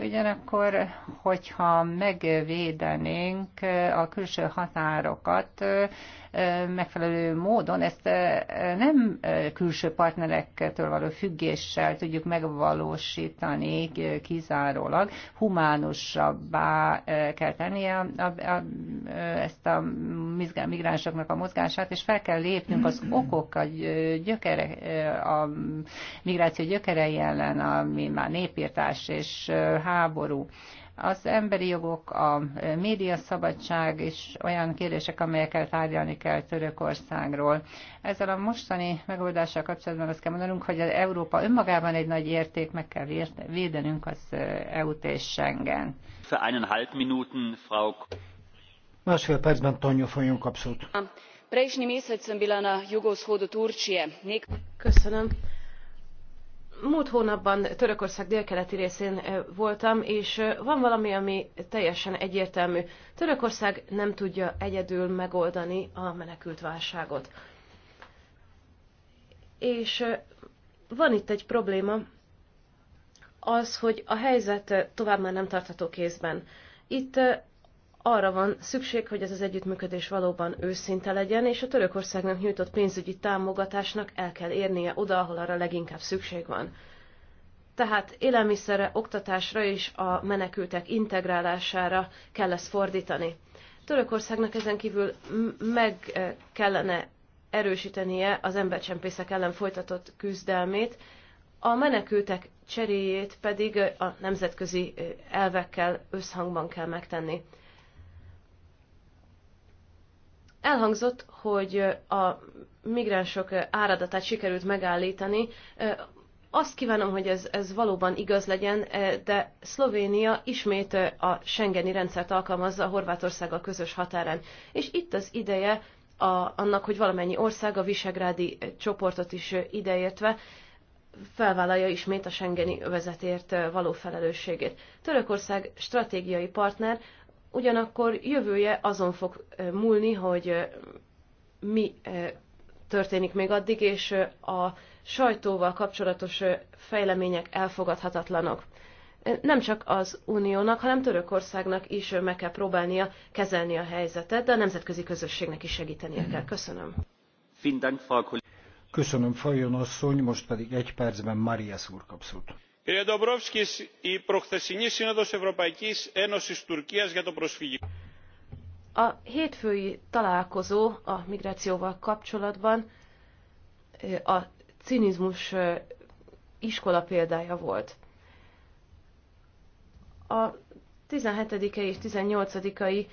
Ugyanakkor, hogyha megvédenénk a külső határokat, megfelelő módon ezt nem külső partnerektől való függéssel tudjuk megvalósítani kizárólag, humánusabbá kell tennie a, a, a, ezt a migránsoknak a mozgását, és fel kell lépnünk az okok, a gyökere, a migráció gyökerei ellen, ami már népírtás és háború. Az emberi jogok, a médiaszabadság és olyan kérdések, amelyekkel tárgyalni kell Törökországról. Ezzel a mostani megoldással kapcsolatban azt kell mondanunk, hogy az Európa önmagában egy nagy érték, meg kell védenünk az EU-t és Schengen. Für eineinhalb Minuten, Frau... Másfél percben Tanja Fajon kapszót. Prejšnji mesec sem bila na jugovzhodu Turčije. Nek... Köszönöm múlt hónapban Törökország délkeleti részén eh, voltam, és eh, van valami, ami teljesen egyértelmű. Törökország nem tudja egyedül megoldani a menekült válságot. És eh, van itt egy probléma, az, hogy a helyzet tovább már nem tartható kézben. Itt arra van szükség, hogy ez az együttműködés valóban őszinte legyen, és a Törökországnak nyújtott pénzügyi támogatásnak el kell érnie oda, ahol arra leginkább szükség van. Tehát élelmiszerre, oktatásra és a menekültek integrálására kell ezt fordítani. Törökországnak ezen kívül meg eh, kellene erősítenie az embercsempészek ellen folytatott küzdelmét, a menekültek cseréjét pedig eh, a nemzetközi eh, elvekkel összhangban kell megtenni. Elhangzott, hogy a migránsok áradatát sikerült megállítani. Azt kívánom, hogy ez, ez valóban igaz legyen, de Szlovénia ismét a Schengeni rendszert alkalmazza a Horvátországgal közös határán. És itt az ideje a, annak, hogy valamennyi ország a visegrádi csoportot is ideértve felvállalja ismét a Schengeni övezetért való felelősségét. Törökország stratégiai partner, ugyanakkor jövője azon fog múlni, hogy mi történik még addig, és a sajtóval kapcsolatos fejlemények elfogadhatatlanok. Nem csak az Uniónak, hanem Törökországnak is meg kell próbálnia kezelni a helyzetet, de a nemzetközi közösségnek is segítenie kell. Köszönöm. Köszönöm, Fajon asszony, most pedig egy percben Maria Szúr kapszult. Κύριε Ντομπρόφσκι, η προχθεσινή Σύνοδος Ευρωπαϊκής Ένωσης Τουρκίας για το προσφυγικό. A hétfői találkozó a migrációval kapcsolatban a cinizmus iskola példája volt. A 17 -e és 18-ai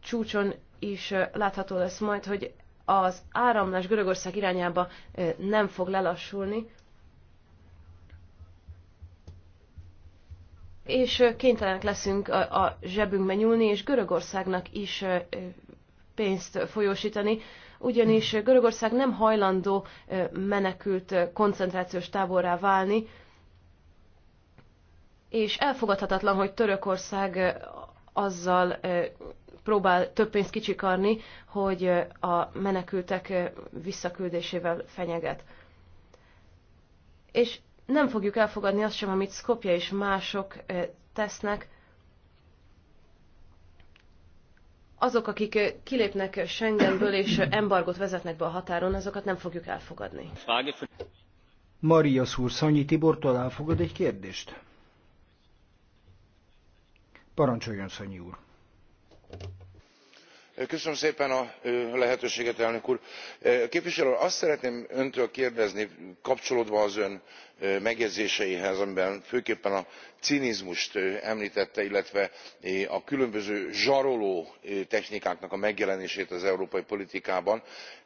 csúcson is látható lesz majd, hogy az áramlás Görögország irányába nem fog lelassulni, és kénytelenek leszünk a zsebünkbe nyúlni, és Görögországnak is pénzt folyósítani, ugyanis Görögország nem hajlandó menekült koncentrációs táborrá válni, és elfogadhatatlan, hogy Törökország azzal próbál több pénzt kicsikarni, hogy a menekültek visszaküldésével fenyeget. És nem fogjuk elfogadni azt sem, amit Skopje és mások tesznek. Azok, akik kilépnek Schengenből és embargot vezetnek be a határon, azokat nem fogjuk elfogadni. Maria Szúr Szanyi Tibortól elfogad egy kérdést. Parancsoljon, Szanyi úr! köszönöm szépen a lehetőséget képviselő úr azt szeretném öntől kérdezni kapcsolódva az ön megjegyzéseihez amiben főképpen a cinizmust emltette illetve a különböző zsaroló technikáknak a megjelenését az európai politikában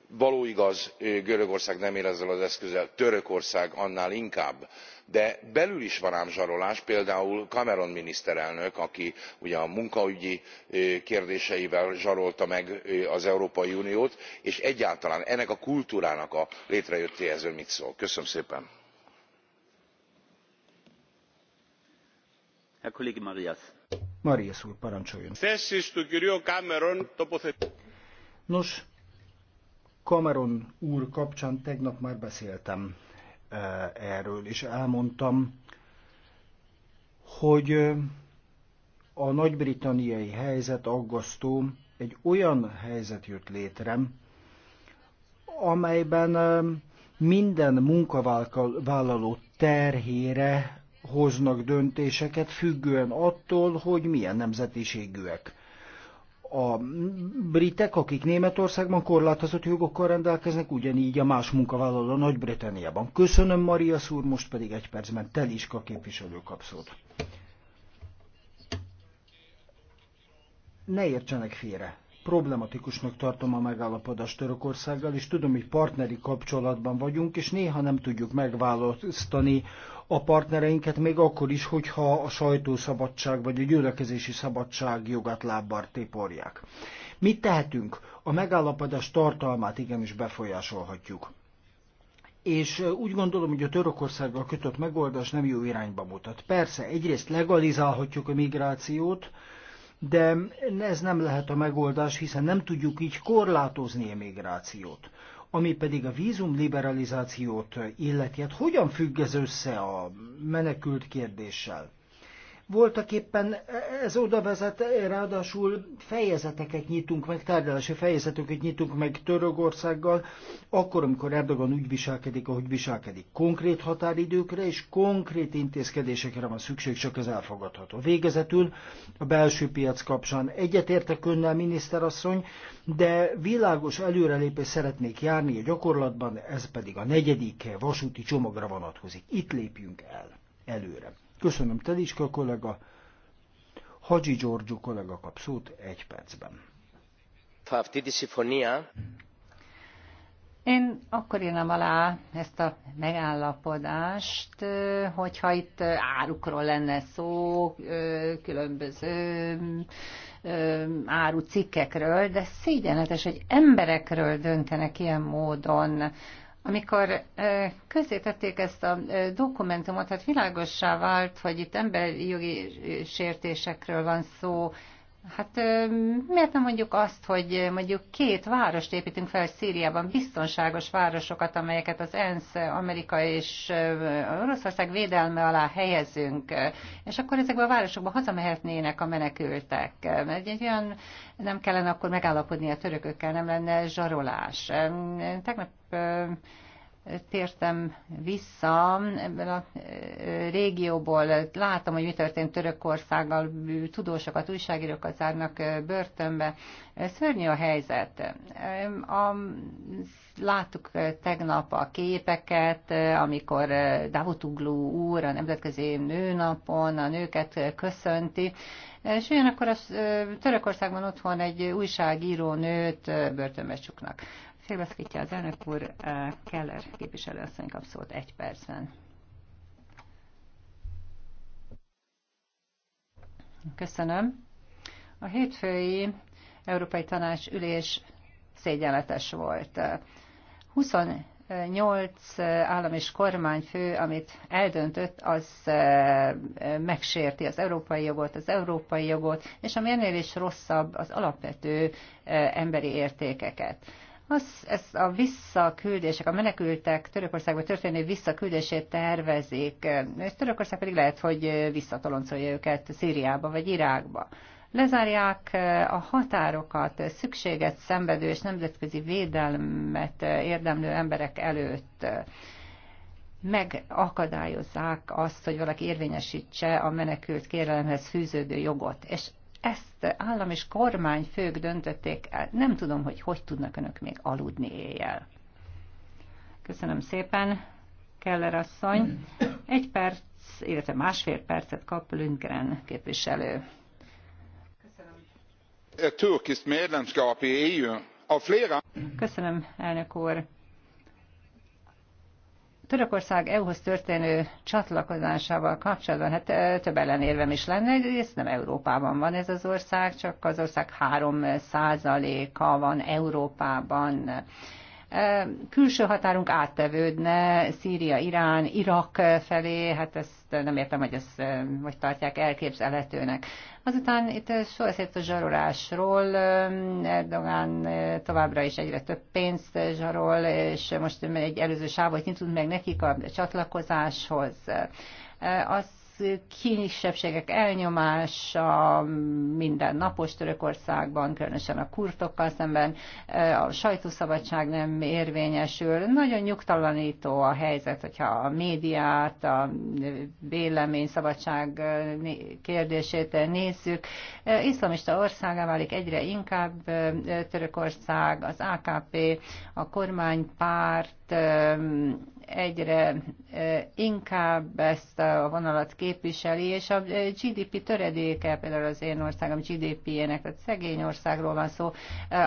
való igaz görögország nem él ezzel az eszközzel törökország annál inkább de belül is van ám zsarolás például cameron miniszterelnök aki ugye a munkaügyi kérdéseivel zsarolta meg az európai uniót és egyáltalán ennek a kultúrának a létrejöttéhez ön mit szól? Nos, Cameron úr kapcsán tegnap már beszéltem. Eh, erről, és elmondtam, hogy eh, a nagy-britanniai helyzet aggasztó, egy olyan helyzet jött létre, amelyben eh, minden munkavállaló terhére hoznak döntéseket, függően attól, hogy milyen nemzetiségűek a britek, akik Németországban korlátozott jogokkal rendelkeznek, ugyanígy a más munkavállaló a Nagy-Britanniában. Köszönöm, Maria Szúr, most pedig egy percben Teliska képviselő kapszót. Ne értsenek félre problematikusnak tartom a megállapodást Törökországgal, és tudom, hogy partneri kapcsolatban vagyunk, és néha nem tudjuk megválasztani a partnereinket, még akkor is, hogyha a sajtószabadság vagy a gyülekezési szabadság jogát lábbal téporják. Mit tehetünk? A megállapodás tartalmát igenis befolyásolhatjuk. És úgy gondolom, hogy a Törökországgal kötött megoldás nem jó irányba mutat. Persze, egyrészt legalizálhatjuk a migrációt, de ez nem lehet a megoldás, hiszen nem tudjuk így korlátozni a migrációt. Ami pedig a vízum liberalizációt illeti, hát hogyan függ ez össze a menekült kérdéssel? Voltak éppen ez oda vezet, ráadásul fejezeteket nyitunk meg, tárgyalási fejezeteket nyitunk meg Törökországgal, akkor, amikor Erdogan úgy viselkedik, ahogy viselkedik. Konkrét határidőkre és konkrét intézkedésekre van szükség, csak ez elfogadható. Végezetül a belső piac kapcsán egyetértek önnel, miniszterasszony, de világos előrelépés szeretnék járni a gyakorlatban, ez pedig a negyedik vasúti csomagra vonatkozik. Itt lépjünk el előre. Köszönöm, Teliska kollega. Hagyi Giorgio kollega kap szót egy percben. Én akkor írnám alá ezt a megállapodást, hogyha itt árukról lenne szó, különböző árucikkekről, de szégyenletes, hogy emberekről döntenek ilyen módon amikor közzétették ezt a dokumentumot, hát világossá vált, hogy itt emberi jogi sértésekről van szó, Hát miért nem mondjuk azt, hogy mondjuk két várost építünk fel Szíriában, biztonságos városokat, amelyeket az ENSZ, Amerika és Oroszország védelme alá helyezünk, és akkor ezekbe a városokba hazamehetnének a menekültek. Egy, egy olyan nem kellene akkor megállapodni a törökökkel, nem lenne zsarolás. Tegnap tértem vissza ebben a régióból, látom, hogy mi történt Törökországgal, tudósokat, újságírókat zárnak börtönbe. Szörnyű a helyzet. A, láttuk tegnap a képeket, amikor Davutuglu úr a Nemzetközi Nőnapon a nőket köszönti, és ugyanakkor a Törökországban otthon egy újságíró nőt börtönbe csuknak. Szélbeszkítja az elnök úr, eh, Keller képviselőasszony kap szót egy percben. Köszönöm. A hétfői Európai Tanács ülés szégyenletes volt. 28 állam és kormányfő, amit eldöntött, az eh, megsérti az európai jogot, az európai jogot, és ami ennél is rosszabb, az alapvető eh, emberi értékeket az, ez a visszaküldések, a menekültek Törökországba történő visszaküldését tervezik, és Törökország pedig lehet, hogy visszatoloncolja őket Szíriába vagy Irákba. Lezárják eh, a határokat szükséget szenvedő és nemzetközi védelmet eh, érdemlő emberek előtt eh, megakadályozzák azt, hogy valaki érvényesítse a menekült kérelemhez fűződő jogot. És ezt állam és fők döntötték el. Nem tudom, hogy hogy tudnak önök még aludni éjjel. Köszönöm szépen, Keller asszony. Egy perc, illetve másfél percet kap Lundgren képviselő. Köszönöm. Köszönöm, elnök úr Törökország EU-hoz történő csatlakozásával kapcsolatban hát több ellenérvem is lenne, ez nem Európában van ez az ország, csak az ország 3 a van Európában külső határunk áttevődne Szíria, Irán, Irak felé, hát ezt nem értem, hogy ezt hogy tartják elképzelhetőnek. Azután itt szét a zsarolásról, Erdogan továbbra is egyre több pénzt zsarol, és most egy előző sávot nyitunk meg nekik a csatlakozáshoz. Az kisebbségek elnyomása minden napos Törökországban, különösen a kurtokkal szemben, a sajtószabadság nem érvényesül. Nagyon nyugtalanító a helyzet, hogyha a médiát, a vélemény szabadság kérdését nézzük. Iszlamista országá válik egyre inkább Törökország, az AKP, a kormánypárt, egyre inkább ezt a vonalat képviseli, és a GDP töredéke, például az én országom GDP-jének, tehát szegény országról van szó,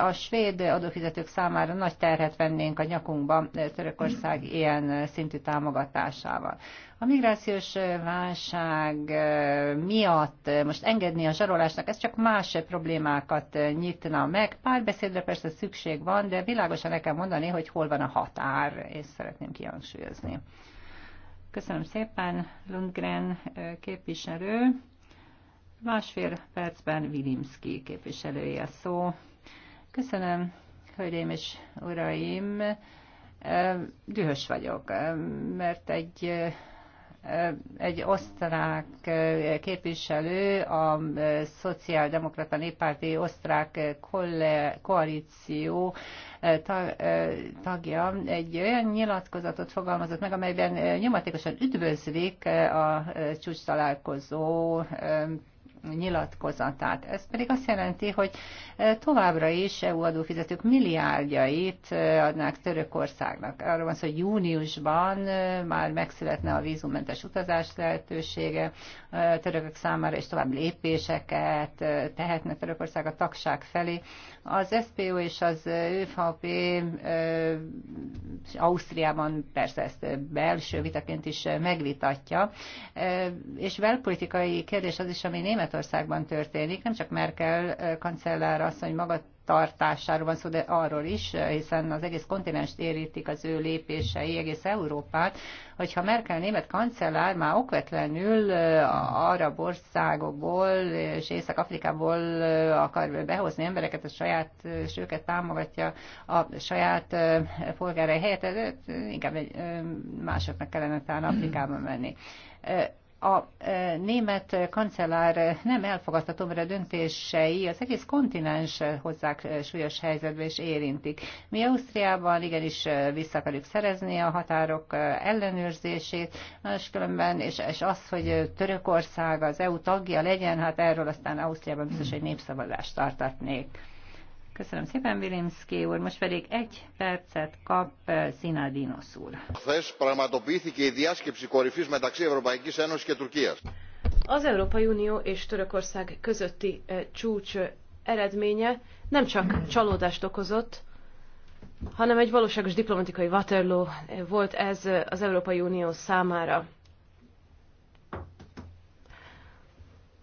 a svéd adófizetők számára nagy terhet vennénk a nyakunkba Törökország ilyen szintű támogatásával. A migrációs válság eh, miatt most engedni a zsarolásnak, ez csak más problémákat nyitna meg. Párbeszédre persze szükség van, de világosan nekem mondani, hogy hol van a határ, és szeretném kihangsúlyozni. Köszönöm szépen, Lundgren eh, képviselő. Másfél percben Vilimski képviselője a szó. Köszönöm, hölgyeim és uraim! Eh, dühös vagyok, mert egy egy osztrák képviselő, a Szociáldemokrata Néppárti Osztrák Koalíció tagja egy olyan nyilatkozatot fogalmazott meg, amelyben nyomatékosan üdvözlik a csúcs találkozó nyilatkozatát. Ez pedig azt jelenti, hogy e, továbbra is EU adófizetők milliárdjait e, adnák Törökországnak. Arról van szó, hogy júniusban e, már megszületne a vízummentes utazás lehetősége a törökök számára, és tovább lépéseket tehetne Törökország a tagság felé. Az SPO és az ÖVP Ausztriában persze ezt belső vitaként is megvitatja, és belpolitikai kérdés az is, ami német Németországban történik. Nem csak Merkel kancellár asszony maga tartásáról van szó, de arról is, hiszen az egész kontinens érítik az ő lépései, egész Európát, hogyha Merkel német kancellár már okvetlenül arab országokból és Észak-Afrikából akar behozni embereket a saját, és őket támogatja a saját polgárai helyett, inkább másoknak kellene talán Afrikába menni a e, német kancellár nem elfogadta mert a döntései az egész kontinens hozzák e, súlyos helyzetbe és érintik. Mi Ausztriában igenis e, vissza akarjuk szerezni a határok ellenőrzését, és különben, és, és az, hogy Törökország az EU tagja legyen, hát erről aztán Ausztriában biztos, hogy népszavazást tartatnék. Köszönöm szépen, Vilimszki úr. Most pedig egy percet kap Sinadinos úr. Az Európai Unió és Törökország közötti csúcs eredménye nem csak csalódást okozott, hanem egy valóságos diplomatikai Waterloo volt ez az Európai Unió számára.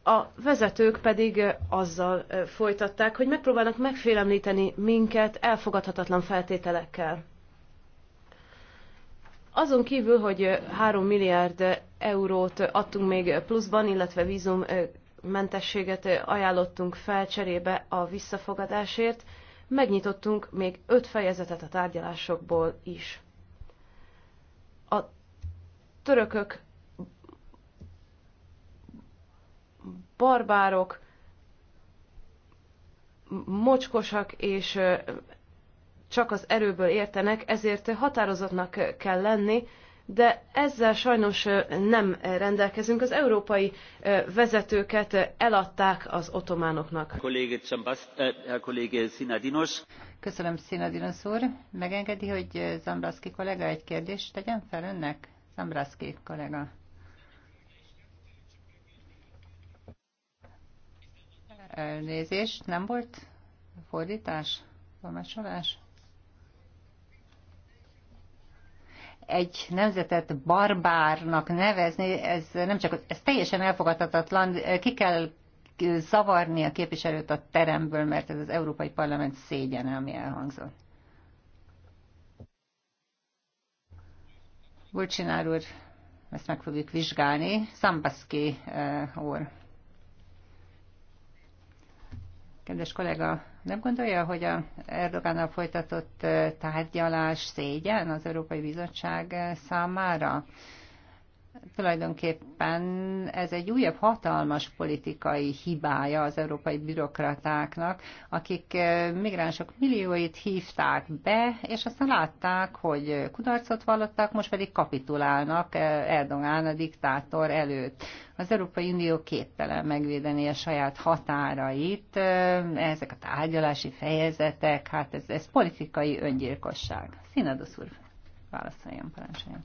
a vezetők pedig azzal folytatták, hogy megpróbálnak megfélemlíteni minket elfogadhatatlan feltételekkel. Azon kívül, hogy 3 milliárd eurót adtunk még pluszban, illetve vízummentességet ajánlottunk fel cserébe a visszafogadásért, megnyitottunk még öt fejezetet a tárgyalásokból is. A törökök barbárok, mocskosak és csak az erőből értenek, ezért határozatnak kell lenni, de ezzel sajnos nem rendelkezünk. Az európai vezetőket eladták az ottománoknak. Eh, eh, Köszönöm, Sinadinos úr. Megengedi, hogy Zambraszki kollega egy kérdést tegyen fel önnek? Zambraszki kollega. Elnézést, nem volt fordítás, tolmácsolás? egy nemzetet barbárnak nevezni, ez nem csak, ez teljesen elfogadhatatlan, ki kell zavarni a képviselőt a teremből, mert ez az Európai Parlament szégyen, ami elhangzott. Bulcsinár úr, ezt meg fogjuk vizsgálni. Szambaszki eh, úr. Kedves kollega, nem gondolja, hogy a Erdogánnal folytatott tárgyalás szégyen az Európai Bizottság számára? tulajdonképpen ez egy újabb hatalmas politikai hibája az európai bürokratáknak, akik eh, migránsok millióit hívták be, és aztán látták, hogy kudarcot vallottak, most pedig kapitulálnak eh, Erdogán a diktátor előtt. Az Európai Unió képtelen megvédeni a saját határait, eh, ezek a tárgyalási fejezetek, hát ez, ez politikai öngyilkosság. Színadosz úr! válaszoljon, parancsoljon.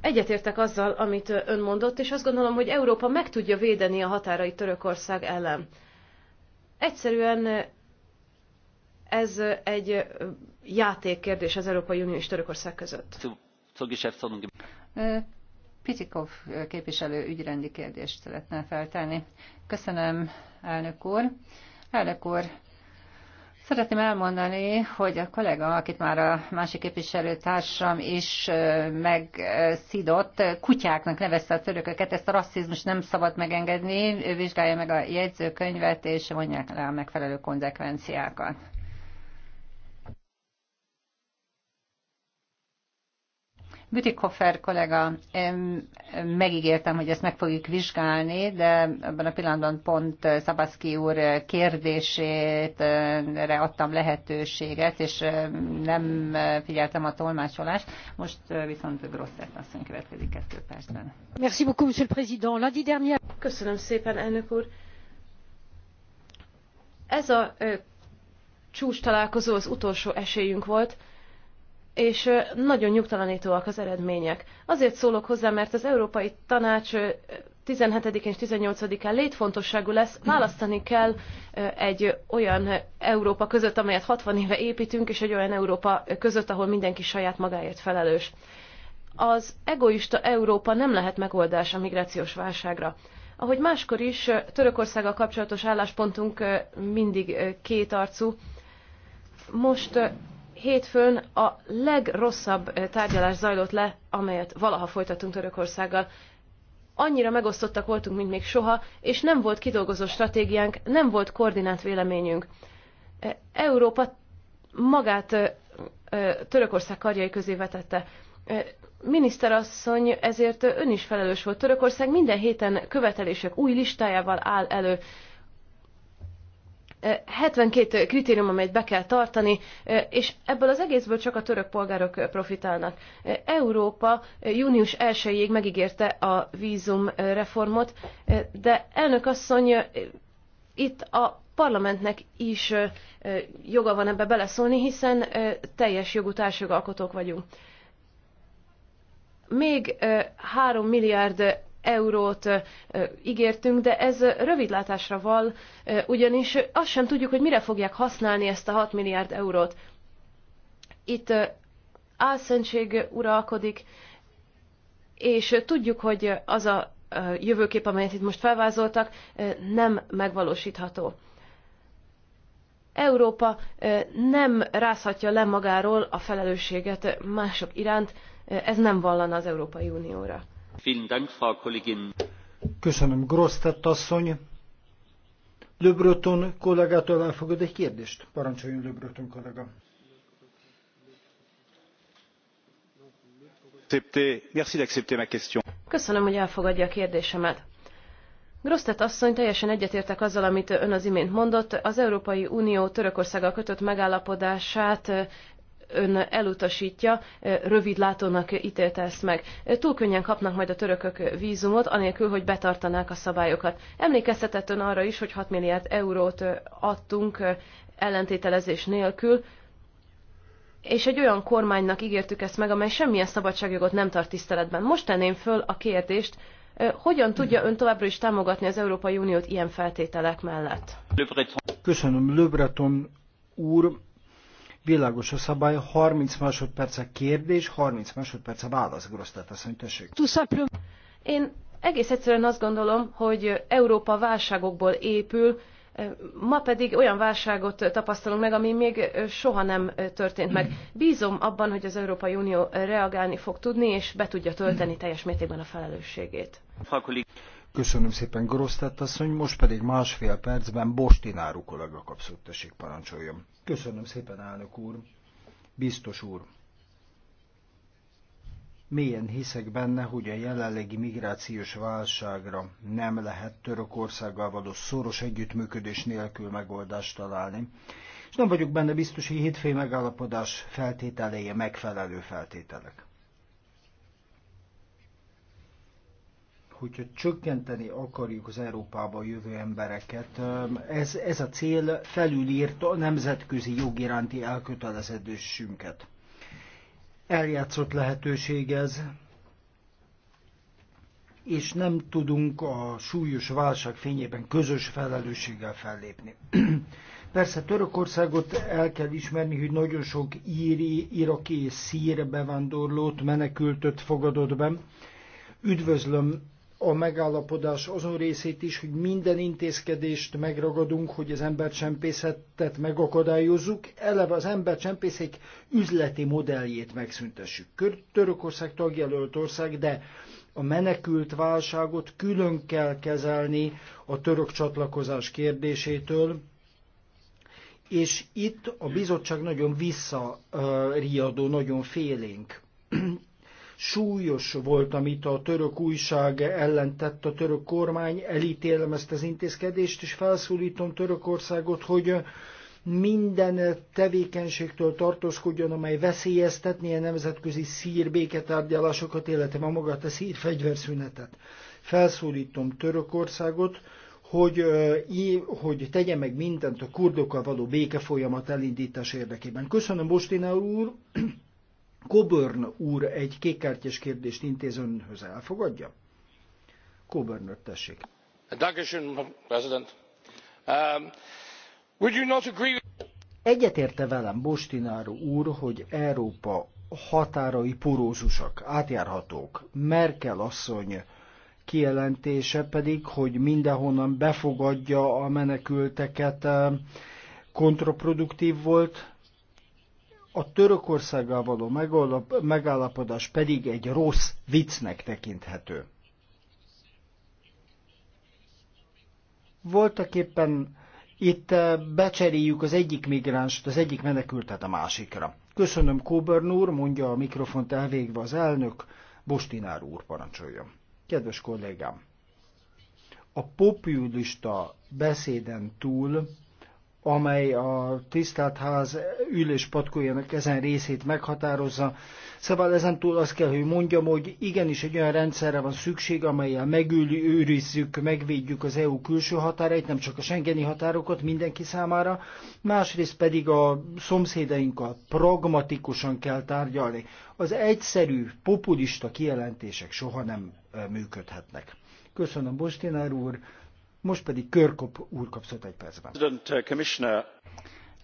Egyetértek azzal, amit ön mondott, és azt gondolom, hogy Európa meg tudja védeni a határait Törökország ellen. Egyszerűen ez egy játékkérdés az Európai Unió és Törökország között. Pitikov képviselő ügyrendi kérdést szeretne feltenni. Köszönöm, elnök úr. Elnök úr, Szeretném elmondani, hogy a kollega, akit már a másik képviselőtársam is megszidott, kutyáknak nevezte a törököket, ezt a rasszizmus nem szabad megengedni, vizsgálja meg a jegyzőkönyvet, és mondják le a megfelelő konzekvenciákat. Bütikofer kollega, megígértem, hogy ezt meg fogjuk vizsgálni, de ebben a pillanatban pont Szabaszki úr kérdését eh, adtam lehetőséget, és eh, nem figyeltem a tolmácsolást. Most eh, viszont Grosszett asszony következik kettő percben. Merci beaucoup, monsieur le président. Lundi dernier... Köszönöm szépen, elnök úr. Ez a ö, csúcs találkozó az utolsó esélyünk volt, és nagyon nyugtalanítóak az eredmények. Azért szólok hozzá, mert az Európai Tanács 17 és 18-án létfontosságú lesz, választani kell egy olyan Európa között, amelyet 60 éve építünk, és egy olyan Európa között, ahol mindenki saját magáért felelős. Az egoista Európa nem lehet megoldás a migrációs válságra. Ahogy máskor is, Törökországgal kapcsolatos álláspontunk mindig kétarcú. Most hétfőn a legrosszabb tárgyalás zajlott le, amelyet valaha folytattunk Törökországgal. Annyira megosztottak voltunk, mint még soha, és nem volt kidolgozó stratégiánk, nem volt koordinált véleményünk. Európa magát Törökország karjai közé vetette. Miniszterasszony, ezért ön is felelős volt. Törökország minden héten követelések új listájával áll elő 72 kritérium, amelyet be kell tartani, és ebből az egészből csak a török polgárok profitálnak. Európa június 1-ig megígérte a vízumreformot, de elnök asszony, itt a parlamentnek is joga van ebbe beleszólni, hiszen teljes jogú társjogalkotók vagyunk. Még 3 milliárd eurót ígértünk, de ez rövidlátásra val, ugyanis azt sem tudjuk, hogy mire fogják használni ezt a 6 milliárd eurót. Itt álszentség uralkodik, és tudjuk, hogy az a jövőkép, amelyet itt most felvázoltak, nem megvalósítható. Európa nem rázhatja le magáról a felelősséget mások iránt, ez nem vallana az Európai Unióra. Köszönöm, Grosztett asszony. Le kollégától elfogad egy kérdést. Parancsoljon Le Breton kollega. Köszönöm, hogy elfogadja a kérdésemet. Grosztet asszony teljesen egyetértek azzal, amit ön az imént mondott. Az Európai Unió Törökországgal kötött megállapodását ön elutasítja, rövidlátónak ítélte ezt meg. Túl könnyen kapnak majd a törökök vízumot, anélkül, hogy betartanák a szabályokat. Emlékeztetett ön arra is, hogy 6 milliárd eurót adtunk ellentételezés nélkül, és egy olyan kormánynak ígértük ezt meg, amely semmilyen szabadságjogot nem tart tiszteletben. Most tenném föl a kérdést, hogyan tudja ön továbbra is támogatni az Európai Uniót ilyen feltételek mellett? Köszönöm, Löbreton úr. Világos a szabály, 30 másodperc a kérdés, 30 másodperc a válasz, Grosztát asszony, tessék. Én egész egyszerűen azt gondolom, hogy Európa válságokból épül, Ma pedig olyan válságot tapasztalunk meg, ami még soha nem történt meg. Bízom abban, hogy az Európai Unió reagálni fog tudni, és be tudja tölteni teljes mértékben a felelősségét. Köszönöm szépen, Grosztett asszony, most pedig másfél percben Bostináru kollega kapszott, tessék parancsoljon. Köszönöm szépen, elnök úr. Biztos úr. Mélyen hiszek benne, hogy a jelenlegi migrációs válságra nem lehet Törökországgal való szoros együttműködés nélkül megoldást találni, és nem vagyok benne biztos, hogy hétfői megállapodás feltételei megfelelő feltételek. hogyha csökkenteni akarjuk az Európába jövő embereket, ez, ez a cél felülírta a nemzetközi jog iránti elkötelezedésünket. Eljátszott lehetőség ez, és nem tudunk a súlyos válság fényében közös felelősséggel fellépni. *clears throat* Persze Törökországot el kell ismerni, hogy nagyon sok íri, iraki és szír bevándorlót, menekültöt fogadott be. Üdvözlöm a megállapodás azon részét is, hogy minden intézkedést megragadunk, hogy az embercsempészetet megakadályozzuk, eleve az embercsempészek üzleti modelljét megszüntessük. Törökország tagjelölt ország, de a menekült válságot külön kell kezelni a török csatlakozás kérdésétől, és itt a bizottság nagyon visszariadó, nagyon félénk súlyos volt, amit a török újság ellen tett a török kormány, elítélem ezt az intézkedést, és felszólítom Törökországot, hogy minden tevékenységtől tartózkodjon, amely veszélyeztetné a nemzetközi szír béketárgyalásokat, illetve magát a szír fegyverszünetet. Felszólítom Törökországot, hogy, hogy tegye meg mindent a kurdokkal való béke folyamat elindítás érdekében. Köszönöm, Bostina úr! Coburn úr egy kékkártyás kérdést intéz önhöz. Elfogadja? Coburn úr, tessék. Um, Egyetérte velem Bostináró úr, hogy Európa határai porózusak, átjárhatók. Merkel asszony kijelentése pedig, hogy mindenhonnan befogadja a menekülteket, um, kontraproduktív volt, a Törökországgal való megállapodás pedig egy rossz viccnek tekinthető. Voltak éppen itt eh, becseréljük az egyik migránst, az egyik menekültet a másikra. Köszönöm, Kóbern úr, mondja a mikrofont elvégve az elnök, Bostinár úr parancsolja. Kedves kollégám, a populista beszéden túl amely a tisztelt ház ülés patkójának ezen részét meghatározza. Szóval ezen túl azt kell, hogy mondjam, hogy igenis egy olyan rendszerre van szükség, amelyel megőrizzük, megvédjük az EU külső határait, nem csak a Schengeni határokat mindenki számára, másrészt pedig a szomszédainkkal pragmatikusan kell tárgyalni. Az egyszerű, populista kijelentések soha nem működhetnek. Köszönöm, Bostinár úr! Most pedig Körkop úr szót egy percben. Uh,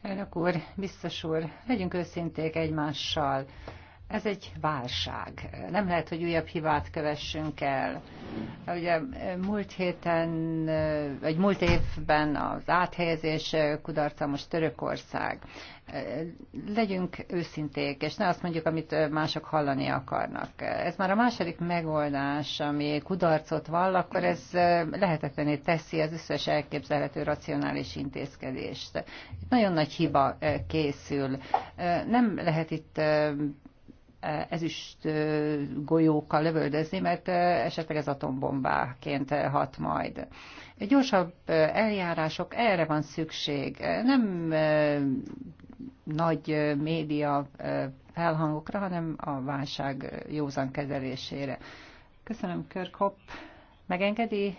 Elnök úr, biztos úr, legyünk őszinték egymással ez egy válság. Nem lehet, hogy újabb hibát kövessünk el. Ugye múlt héten, vagy múlt évben az áthelyezés kudarca most Törökország. Legyünk őszinték, és ne azt mondjuk, amit mások hallani akarnak. Ez már a második megoldás, ami kudarcot vall, akkor ez lehetetlené teszi az összes elképzelhető racionális intézkedést. Itt nagyon nagy hiba készül. Nem lehet itt ezüst golyókkal lövöldözni, mert esetleg ez atombombáként hat majd. Gyorsabb eljárások, erre van szükség. Nem nagy média felhangokra, hanem a válság józan kezelésére. Köszönöm, Körkop. Megengedi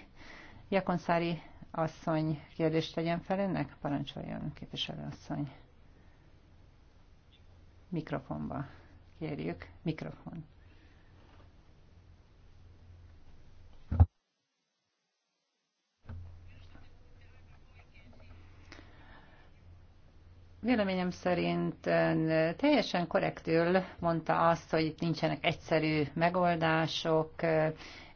Jakonszári asszony kérdést tegyen fel önnek? Parancsoljon, képviselő asszony. Mikrofonba. Kérjük, mikrofon. Véleményem szerint teljesen korrektül mondta azt, hogy itt nincsenek egyszerű megoldások,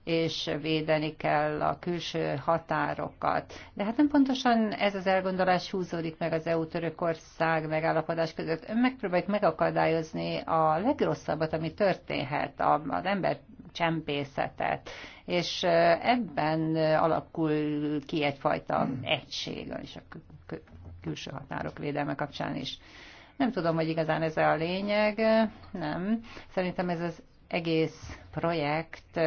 és védeni kell a külső határokat. De hát nem pontosan ez az elgondolás húzódik meg az EU-Törökország megállapodás között. Ön megpróbáljuk megakadályozni a legrosszabbat, ami történhet, az ember csempészetet, és eh, ebben alakul ki egyfajta egység, és a külső határok védelme kapcsán is. Nem tudom, hogy igazán ez a lényeg, nem. Szerintem ez az egész projekt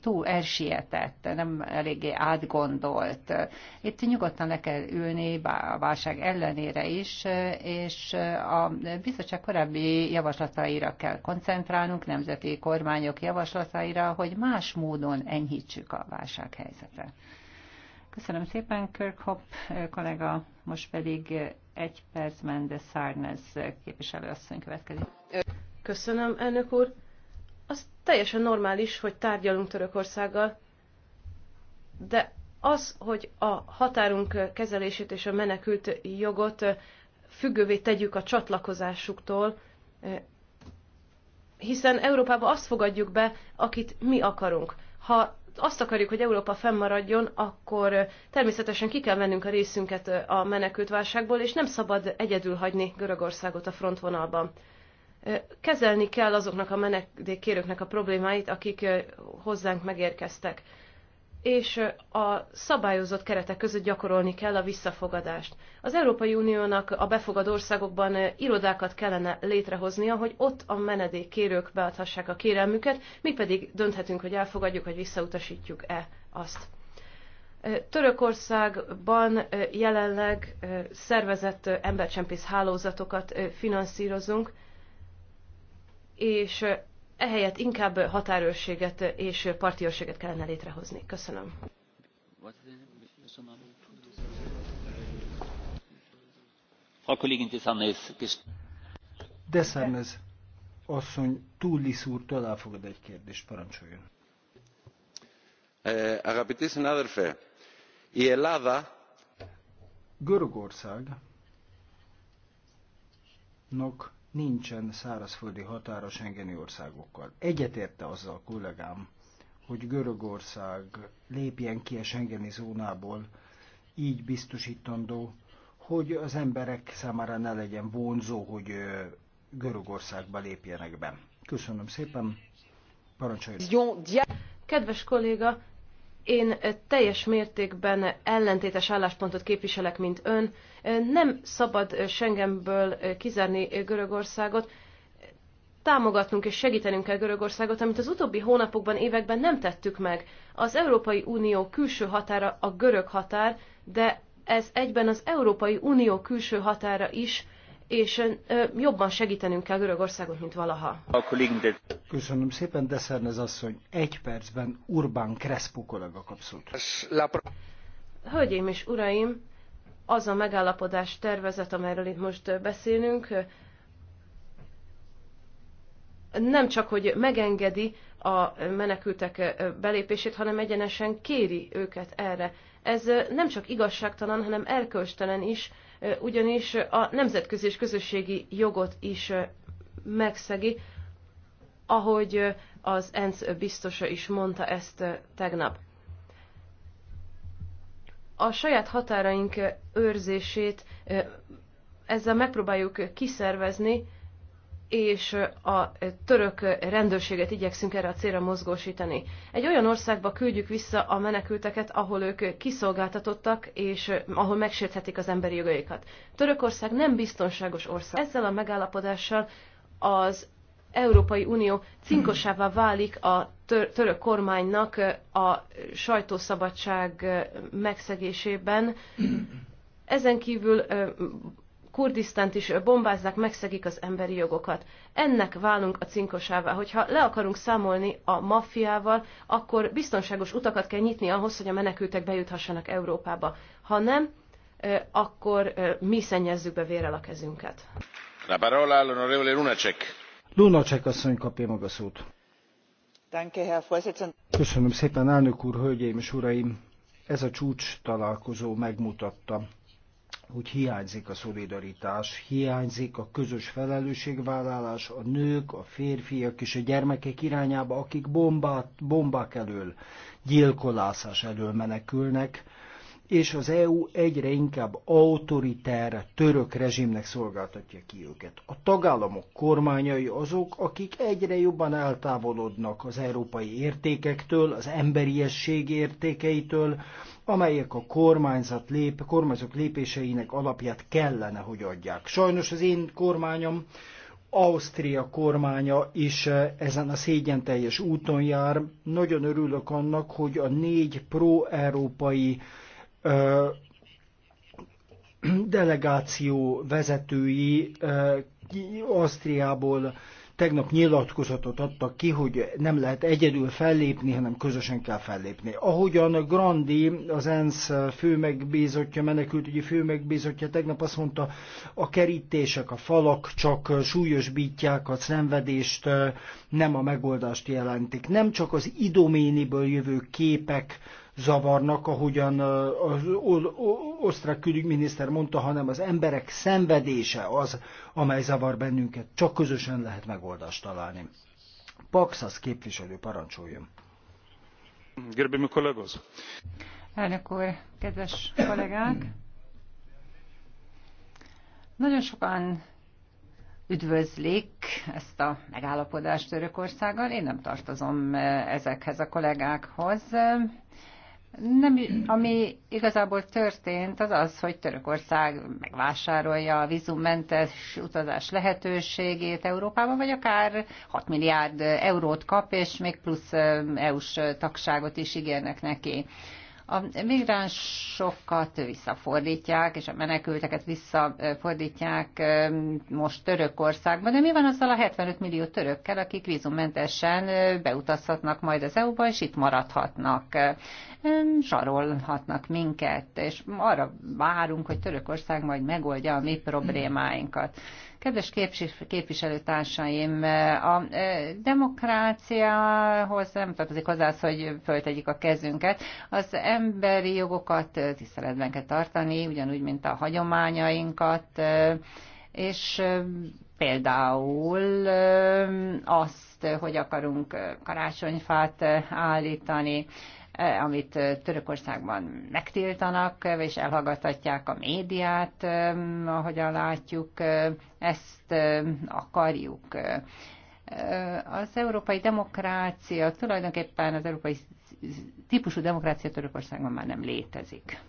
túl elsietett, nem eléggé átgondolt. Itt nyugodtan le kell ülni a válság ellenére is, és a bizottság korábbi javaslataira kell koncentrálnunk, nemzeti kormányok javaslataira, hogy más módon enyhítsük a helyzetet. Köszönöm szépen, Kirk Hopp kollega, most pedig egy percben de Sarnez képviselőasszony következik. Köszönöm, elnök úr az teljesen normális, hogy tárgyalunk Törökországgal, de az, hogy a határunk kezelését és a menekült jogot függővé tegyük a csatlakozásuktól, hiszen Európába azt fogadjuk be, akit mi akarunk. Ha azt akarjuk, hogy Európa fennmaradjon, akkor természetesen ki kell vennünk a részünket a menekültválságból, és nem szabad egyedül hagyni Görögországot a frontvonalban kezelni kell azoknak a menedékkérőknek a problémáit, akik hozzánk megérkeztek. És a szabályozott keretek között gyakorolni kell a visszafogadást. Az Európai Uniónak a befogadó országokban irodákat kellene létrehoznia, hogy ott a menedékkérők beadhassák a kérelmüket, mi pedig dönthetünk, hogy elfogadjuk vagy visszautasítjuk-e azt. Törökországban jelenleg szervezett embercsempész hálózatokat finanszírozunk, és ehelyett inkább határőrséget és partiőrséget kellene létrehozni. Köszönöm. De Sarnez asszony Lisz úrtól elfogad egy kérdést, parancsoljon. Eh, Görögországnak nincsen szárazföldi határa Schengeni országokkal. Egyetérte azzal a kollégám, hogy Görögország lépjen ki a Schengeni zónából, így biztosítandó, hogy az emberek számára ne legyen vonzó, hogy Görögországba lépjenek be. Köszönöm szépen, parancsoljon! Kedves kolléga, én teljes mértékben ellentétes álláspontot képviselek, mint ön. Nem szabad Schengenből kizárni Görögországot. Támogatnunk és segítenünk kell Görögországot, amit az utóbbi hónapokban, években nem tettük meg. Az Európai Unió külső határa a görög határ, de ez egyben az Európai Unió külső határa is, és jobban segítenünk kell Görögországot, mint valaha. Köszönöm szépen, Deszernez asszony. Egy percben Urbán Crespo kollega kapszult. Hölgyeim és uraim, az a megállapodás tervezet, amelyről itt most beszélünk, nem csak, hogy megengedi a menekültek belépését, hanem egyenesen kéri őket erre. Ez nem csak igazságtalan, hanem erkölcstelen is, ugyanis a nemzetközi és közösségi jogot is megszegi, ahogy az ENSZ biztosa is mondta ezt tegnap. A saját határaink őrzését ezzel megpróbáljuk kiszervezni, és a török rendőrséget igyekszünk erre a célra mozgósítani. Egy olyan országba küldjük vissza a menekülteket, ahol ők kiszolgáltatottak, és ahol megsérthetik az emberi jogaikat. Törökország nem biztonságos ország. Ezzel a megállapodással az Európai Unió cinkosává válik a tör- török kormánynak a sajtószabadság megszegésében. Ezen kívül Kurdisztánt is bombázzák, megszegik az emberi jogokat. Ennek válunk a cinkosává, hogyha le akarunk számolni a maffiával, akkor biztonságos utakat kell nyitni ahhoz, hogy a menekültek bejuthassanak Európába. Ha nem, akkor mi szennyezzük be vérrel a kezünket. La parola all'onorevole Lunacek. Lunacek asszony kapja maga szót. Köszönöm szépen, elnök úr, hölgyeim és uraim! Ez a csúcs találkozó megmutatta, hogy hiányzik a szolidaritás, hiányzik a közös felelősségvállalás a nők, a férfiak és a gyermekek irányába, akik bombát, bombák elől, gyilkolászás elől menekülnek, és az EU egyre inkább autoritár török rezsimnek szolgáltatja ki őket. A tagállamok kormányai azok, akik egyre jobban eltávolodnak az európai értékektől, az emberiesség értékeitől, amelyek a kormányzat lép, kormányzók lépéseinek alapját kellene, hogy adják. Sajnos az én kormányom, Ausztria kormánya is eh, ezen a szégyen teljes úton jár. Nagyon örülök annak, hogy a négy pro-európai delegáció vezetői Ausztriából tegnap nyilatkozatot adtak ki, hogy nem lehet egyedül fellépni, hanem közösen kell fellépni. Ahogyan Grandi, az ENSZ főmegbízottja, menekültügyi főmegbízottja tegnap azt mondta, a kerítések, a falak csak súlyosbítják a szenvedést, nem a megoldást jelentik. Nem csak az idoméniből jövő képek, zavarnak, ahogyan az osztrák külügyminiszter mondta, hanem az emberek szenvedése az, amely zavar bennünket. Csak közösen lehet megoldást találni. Paksas képviselő parancsoljon. Gerbimi kollégoz. Elnök úr, kedves kollégák! Nagyon sokan üdvözlik ezt a megállapodást Törökországgal. Én nem tartozom ezekhez a kollégákhoz. Nem, ami igazából történt, az az, hogy Törökország megvásárolja a vízummentes utazás lehetőségét Európában, vagy akár 6 milliárd eurót kap, és még plusz EU-s tagságot is ígérnek neki. A migránsokat visszafordítják, és a menekülteket visszafordítják most Törökországban. de mi van azzal a 75 millió törökkel, akik vízummentesen beutazhatnak majd az EU-ba, és itt maradhatnak, zsarolhatnak minket, és arra várunk, hogy Törökország majd megoldja a mi problémáinkat. Kedves képviselőtársaim, a demokráciához nem tartozik hozzá az, hogy föltegyük a kezünket. Az emberi jogokat tiszteletben kell tartani, ugyanúgy, mint a hagyományainkat, és például azt, hogy akarunk karácsonyfát állítani, E, amit e, Törökországban megtiltanak, és elhallgattatják a médiát, e, ahogyan látjuk, ezt akarjuk. Az európai demokrácia, tulajdonképpen az európai típusú demokrácia Törökországban már nem létezik.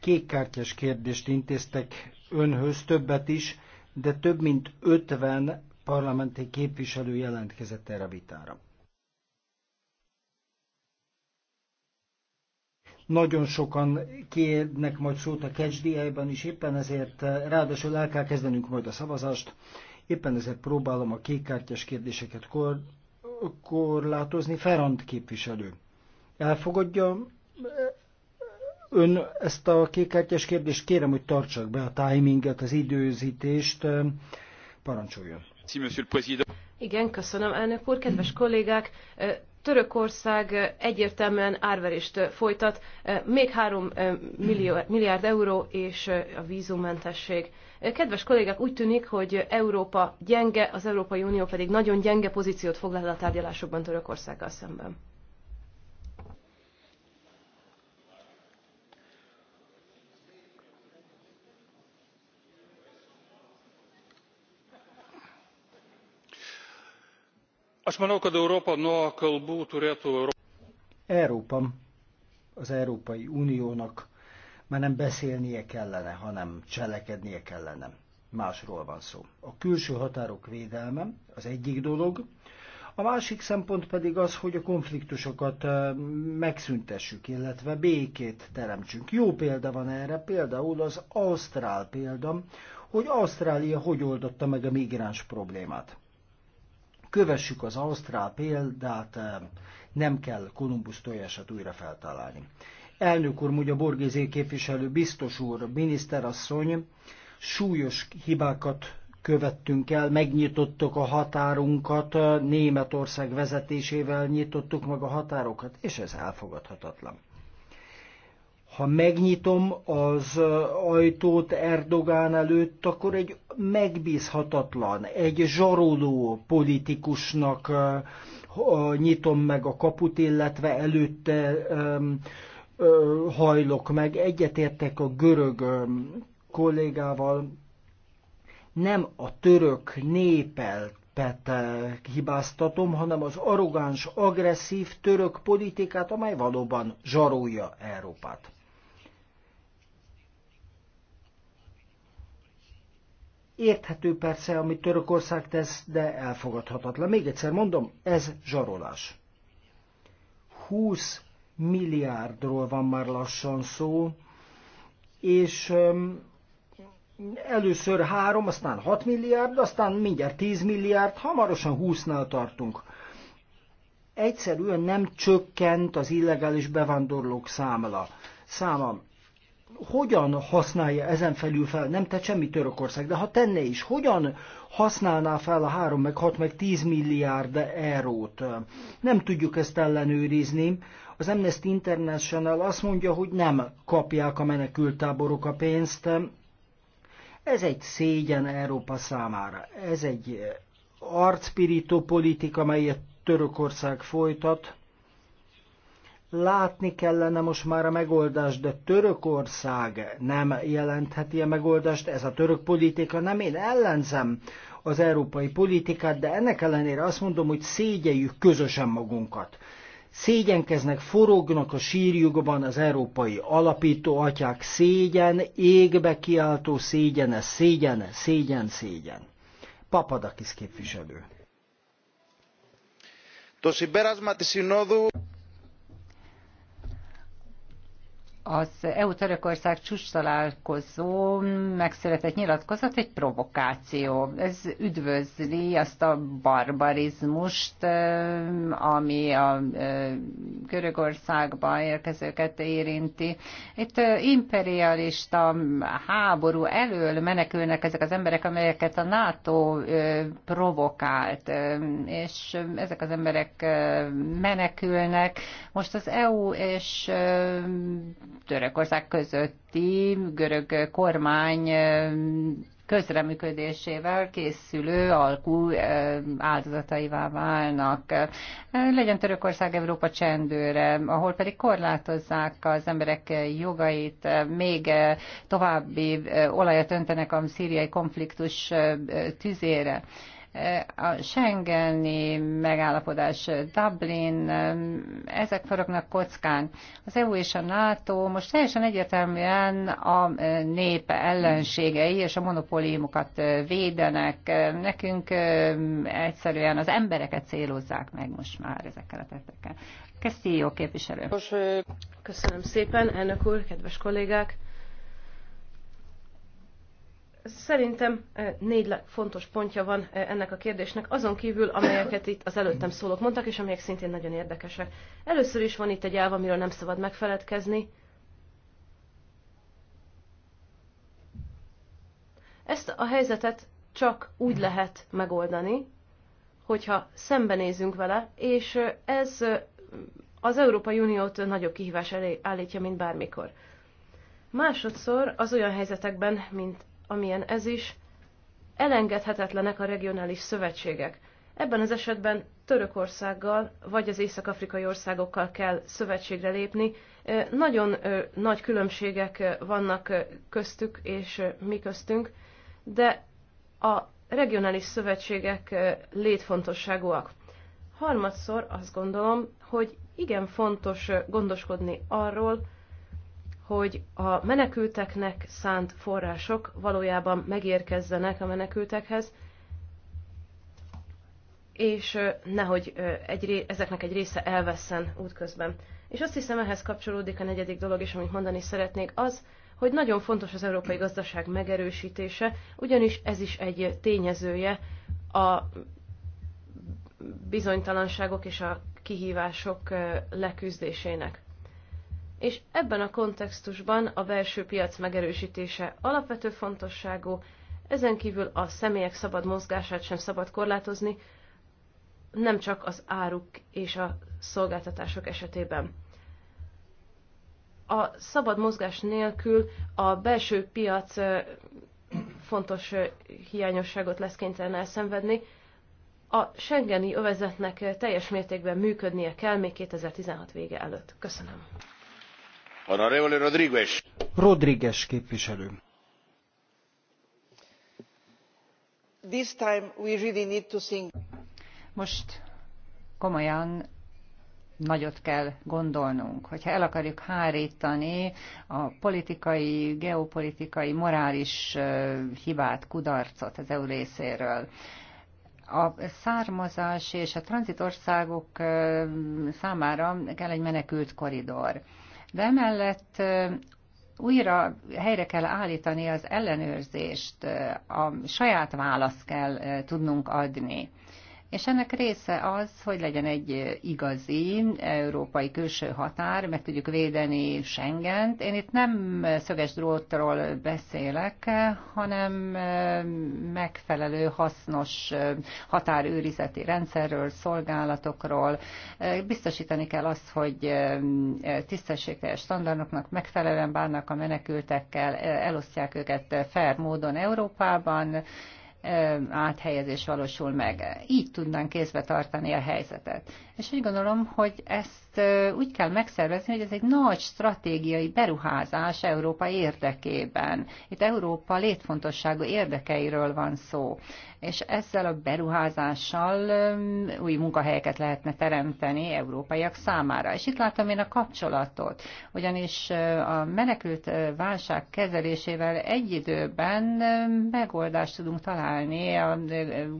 Kékkártyás kérdést intéztek önhöz többet is, de több mint 50 parlamenti képviselő jelentkezett erre a vitára. nagyon sokan kérnek majd szót a kecsdiájban is, éppen ezért eh, ráadásul el kell kezdenünk majd a szavazást, éppen ezért próbálom a kékkártyás kérdéseket kor, korlátozni. Ferrand képviselő, elfogadja eh, ön ezt a kékkártyás kérdést? Kérem, hogy tartsak be a timinget, az időzítést, eh, parancsoljon. Igen, köszönöm, elnök úr, kedves kollégák! Törökország egyértelműen árverést folytat, még 3 eh, millió, milliárd euró és eh, a vízummentesség. Kedves kollégák, úgy tűnik, hogy Európa gyenge, az Európai Unió pedig nagyon gyenge pozíciót foglal a tárgyalásokban Törökországgal szemben. Aš manau, kad Europa nuo kalbų turėtų. Európa, az Európai Uniónak már nem beszélnie kellene, hanem cselekednie kellene. Másról van szó. A külső határok védelme az egyik dolog, a másik szempont pedig az, hogy a konfliktusokat megszüntessük, illetve békét teremtsünk. Jó példa van erre, például az Ausztrál példa, hogy Ausztrália hogy oldotta meg a migráns problémát. Kövessük az Ausztrál példát, eh, nem kell Kolumbusz tojását újra feltalálni. Elnök úr, a Borgézé képviselő, biztos úr, miniszterasszony, súlyos hibákat követtünk el, megnyitottuk a határunkat, eh, Németország vezetésével nyitottuk meg a határokat, és ez elfogadhatatlan. Ha megnyitom az ajtót Erdogán előtt, akkor egy megbízhatatlan, egy zsaroló politikusnak nyitom meg a kaput, illetve előtte hajlok meg. Egyetértek a görög kollégával, nem a török népelt hibáztatom, hanem az arrogáns, agresszív török politikát, amely valóban zsarolja Európát. Érthető persze, amit Törökország tesz, de elfogadhatatlan. Még egyszer mondom, ez zsarolás. 20 milliárdról van már lassan szó, és először 3, aztán 6 milliárd, aztán mindjárt 10 milliárd, hamarosan 20-nál tartunk. Egyszerűen nem csökkent az illegális bevándorlók számla. Száma hogyan használja ezen felül fel, nem te semmi Törökország, de ha tenne is, hogyan használná fel a 3, meg 6, meg 10 milliárd eurót? Nem tudjuk ezt ellenőrizni. Az Amnesty International azt mondja, hogy nem kapják a menekültáborok a pénzt. Ez egy szégyen Európa számára. Ez egy arcpirító politika, melyet Törökország folytat látni kellene most már a megoldást, de Törökország nem jelentheti a megoldást, ez a török politika, nem én ellenzem az európai politikát, de ennek ellenére azt mondom, hogy szégyeljük közösen magunkat. Szégyenkeznek, forognak a sírjukban az európai alapító atyák, szégyen, égbe kiáltó szégyene, szégyen, szégyen, szégyen. Papadakis képviselő. Το συμπέρασμα της Συνόδου az EU-Törökország csúcs találkozó megszületett nyilatkozat egy provokáció. Ez üdvözli azt a barbarizmust, ami a Görögországba érkezőket érinti. Itt imperialista háború elől menekülnek ezek az emberek, amelyeket a NATO provokált, és ezek az emberek menekülnek. Most az EU és Törökország közötti görög kormány közreműködésével készülő alkú áldozataivá válnak. Legyen Törökország Európa csendőre, ahol pedig korlátozzák az emberek jogait, még további olajat öntenek a szíriai konfliktus tüzére a Schengeni megállapodás, Dublin, ezek forognak kockán. Az EU és a NATO most teljesen egyértelműen a népe ellenségei és a monopóliumokat védenek. Nekünk egyszerűen az embereket célozzák meg most már ezekkel a tettekkel. jó képviselő. Köszönöm szépen, elnök úr, kedves kollégák! Szerintem eh, négy fontos pontja van eh, ennek a kérdésnek, azon kívül, amelyeket itt az előttem szólók mondtak, és amelyek szintén nagyon érdekesek. Először is van itt egy elv, amiről nem szabad megfeledkezni. Ezt a helyzetet csak úgy lehet megoldani, hogyha szembenézünk vele, és eh, ez az Európai Uniót nagyobb kihívás elé állítja, mint bármikor. Másodszor az olyan helyzetekben, mint amilyen ez is, elengedhetetlenek a regionális szövetségek. Ebben az esetben Törökországgal vagy az észak-afrikai országokkal kell szövetségre lépni. Nagyon nagy különbségek vannak köztük és mi köztünk, de a regionális szövetségek létfontosságúak. Harmadszor azt gondolom, hogy igen fontos gondoskodni arról, hogy a menekülteknek szánt források valójában megérkezzenek a menekültekhez, és nehogy egy, ezeknek egy része elveszen útközben. És azt hiszem, ehhez kapcsolódik a negyedik dolog, és amit mondani szeretnék, az, hogy nagyon fontos az európai gazdaság megerősítése, ugyanis ez is egy tényezője a bizonytalanságok és a kihívások leküzdésének és ebben a kontextusban a belső piac megerősítése alapvető fontosságú, ezen kívül a személyek szabad mozgását sem szabad korlátozni, nem csak az áruk és a szolgáltatások esetében. A szabad mozgás nélkül a belső piac fontos hiányosságot lesz kénytelen elszenvedni. A Schengeni övezetnek teljes mértékben működnie kell még 2016 vége előtt. Köszönöm. Most komolyan nagyot kell gondolnunk. Hogyha el akarjuk hárítani a politikai, geopolitikai, morális hibát, kudarcot az EU részéről, a származás és a tranzitországok számára kell egy menekült koridor de emellett újra helyre kell állítani az ellenőrzést, a saját választ kell tudnunk adni. És ennek része az, hogy legyen egy igazi európai külső határ, meg tudjuk védeni Schengent. Én itt nem szöges drótról beszélek, hanem megfelelő, hasznos határőrizeti rendszerről, szolgálatokról. Biztosítani kell azt, hogy tisztességes standardoknak megfelelően bánnak a menekültekkel, elosztják őket fair módon Európában, áthelyezés valósul meg. Így tudnánk kézbe tartani a helyzetet. És úgy gondolom, hogy ezt ezt úgy kell megszervezni, hogy ez egy nagy stratégiai beruházás Európa érdekében. Itt Európa létfontosságú érdekeiről van szó. És ezzel a beruházással új munkahelyeket lehetne teremteni európaiak számára. És itt látom én a kapcsolatot, ugyanis a menekült válság kezelésével egy időben megoldást tudunk találni a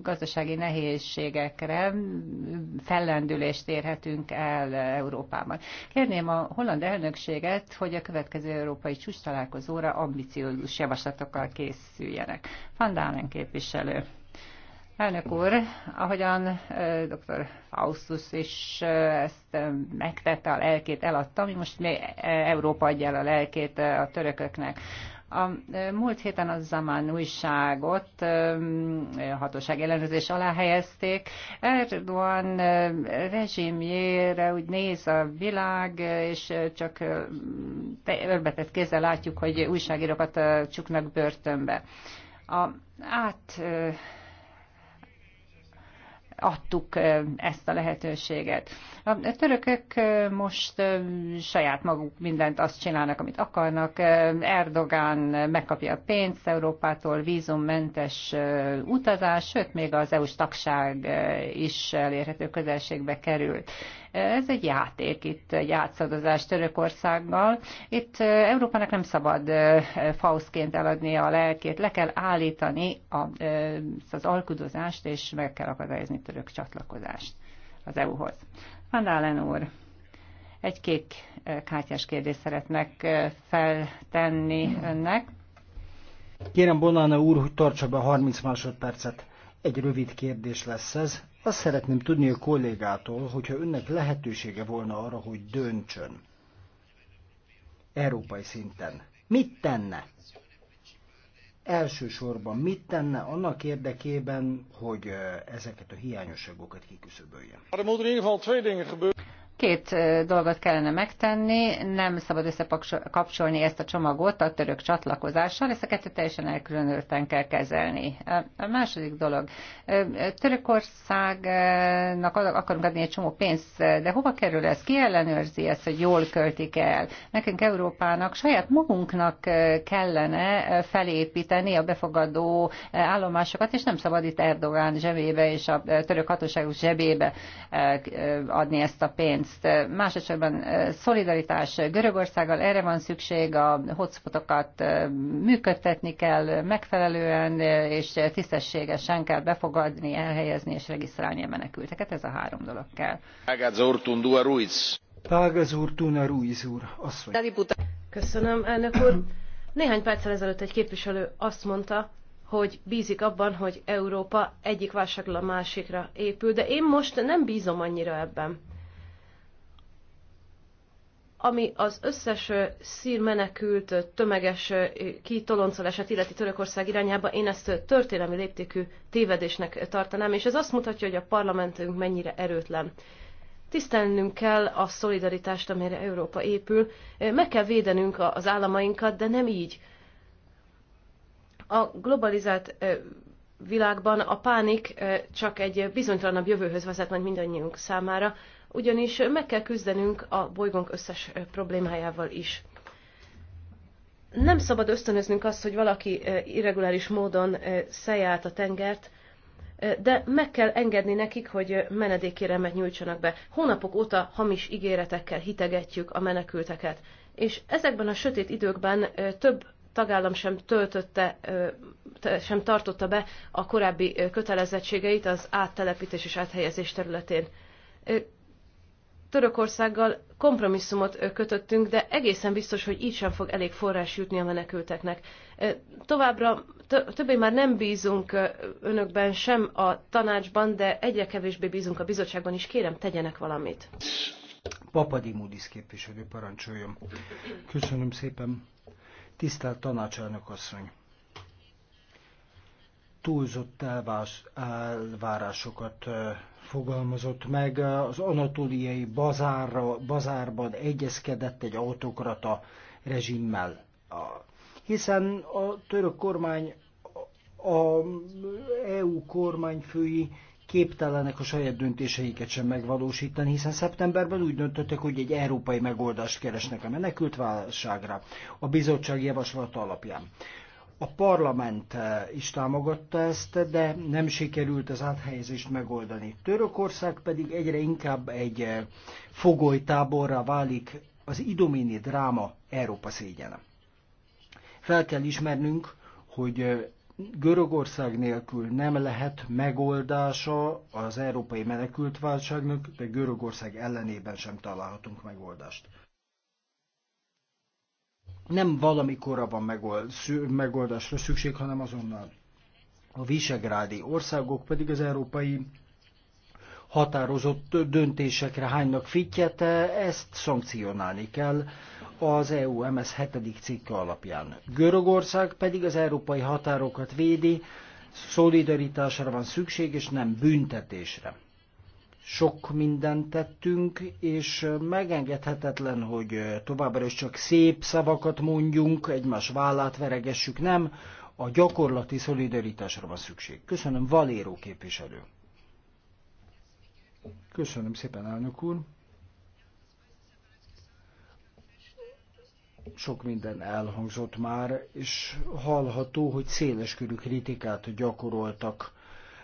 gazdasági nehézségekre, fellendülést érhetünk el Európában. Kérném a holland elnökséget, hogy a következő európai csúcs találkozóra ambiciózus javaslatokkal készüljenek. Van Dálen képviselő. Elnök úr, ahogyan dr. Faustus is ezt megtette, a lelkét eladta, mi most mi Európa adja el a lelkét a törököknek. A múlt héten a Zaman újságot hatóság ellenőrzés alá helyezték. Erdogan rezsimjére úgy néz a világ, és csak örbetett kézzel látjuk, hogy újságírókat csuknak börtönbe. A, át adtuk ezt a lehetőséget. A törökök most saját maguk mindent azt csinálnak, amit akarnak. Erdogán megkapja a pénzt Európától, vízummentes utazás, sőt, még az EU-s tagság is elérhető közelségbe került. Ez egy játék, itt egy játszadozás Törökországgal. Itt Európának nem szabad fauszként eladni a lelkét, le kell állítani az alkudozást, és meg kell akadályozni török csatlakozást az EU-hoz. Van úr, egy kék kártyás kérdést szeretnek feltenni önnek. Kérem Bonána úr, hogy tartsa be 30 másodpercet. Egy rövid kérdés lesz ez. Azt szeretném tudni a kollégától, hogyha önnek lehetősége volna arra, hogy döntsön európai szinten, mit tenne? Elsősorban mit tenne annak érdekében, hogy ezeket a hiányosságokat kiküszöbölje? Er Két dolgot kellene megtenni, nem szabad összekapcsolni ezt a csomagot a török csatlakozással, ezt a kettőt teljesen elkülönülten kell kezelni. A második dolog, Törökországnak akarunk adni egy csomó pénzt, de hova kerül ez? Ki ellenőrzi ezt, hogy jól költik el? Nekünk Európának saját magunknak kellene felépíteni a befogadó állomásokat, és nem szabad itt Erdogán zsebébe és a török hatóságok zsebébe adni ezt a pénzt pénzt, eh, más esetben eh, szolidaritás Görögországgal, erre van szükség, a hotspotokat eh, működtetni kell megfelelően, és tisztességesen kell befogadni, elhelyezni és regisztrálni a menekülteket. Ez a három dolog kell. Köszönöm, elnök úr. Néhány perccel ezelőtt egy képviselő azt mondta, hogy bízik abban, hogy Európa egyik válságról a másikra épül, de én most nem bízom annyira ebben ami az összes szír menekült tömeges eset illeti Törökország irányába, én ezt történelmi léptékű tévedésnek tartanám, és ez azt mutatja, hogy a parlamentünk mennyire erőtlen. Tisztelnünk kell a szolidaritást, amire Európa épül, meg kell védenünk az államainkat, de nem így. A globalizált világban a pánik csak egy bizonytalanabb jövőhöz vezet majd mindannyiunk számára, ugyanis meg kell küzdenünk a bolygónk összes problémájával is. Nem szabad ösztönöznünk azt, hogy valaki irreguláris módon szelje át a tengert, de meg kell engedni nekik, hogy menedékkéremet nyújtsanak be. Hónapok óta hamis ígéretekkel hitegetjük a menekülteket, és ezekben a sötét időkben több tagállam sem töltötte, sem tartotta be a korábbi kötelezettségeit az áttelepítés és áthelyezés területén. Törökországgal kompromisszumot kötöttünk, de egészen biztos, hogy így sem fog elég forrás jutni a menekülteknek. Továbbra többé már nem bízunk önökben sem a tanácsban, de egyre kevésbé bízunk a bizottságban is. Kérem, tegyenek valamit. Papadimudis képviselő parancsoljon. Köszönöm szépen. Tisztelt tanácselnök asszony! túlzott elvás, elvárásokat fogalmazott meg. Az anatóliai bazárra, bazárban egyezkedett egy autokrata rezsimmel. Hiszen a török kormány, a EU kormányfői képtelenek a saját döntéseiket sem megvalósítani, hiszen szeptemberben úgy döntöttek, hogy egy európai megoldást keresnek a menekültválságra válságra a bizottság javaslata alapján. A parlament eh, is támogatta ezt, de nem sikerült az áthelyezést megoldani. Törökország pedig egyre inkább egy eh, fogolytáborra válik az idomini dráma Európa szégyene. Fel kell ismernünk, hogy eh, Görögország nélkül nem lehet megoldása az európai menekültválságnak, de Görögország ellenében sem találhatunk megoldást nem valamikorra van megoldásra szükség, hanem azonnal. A visegrádi országok pedig az európai határozott döntésekre hánynak fitjet, ezt szankcionálni kell az EU-MS 7. cikke alapján. Görögország pedig az európai határokat védi, szolidaritásra van szükség, és nem büntetésre sok mindent tettünk, és megengedhetetlen, hogy továbbra is csak szép szavakat mondjunk, egymás vállát veregessük, nem, a gyakorlati szolidaritásra van szükség. Köszönöm, Valéró képviselő. Köszönöm szépen, elnök úr. Sok minden elhangzott már, és hallható, hogy széleskörű kritikát gyakoroltak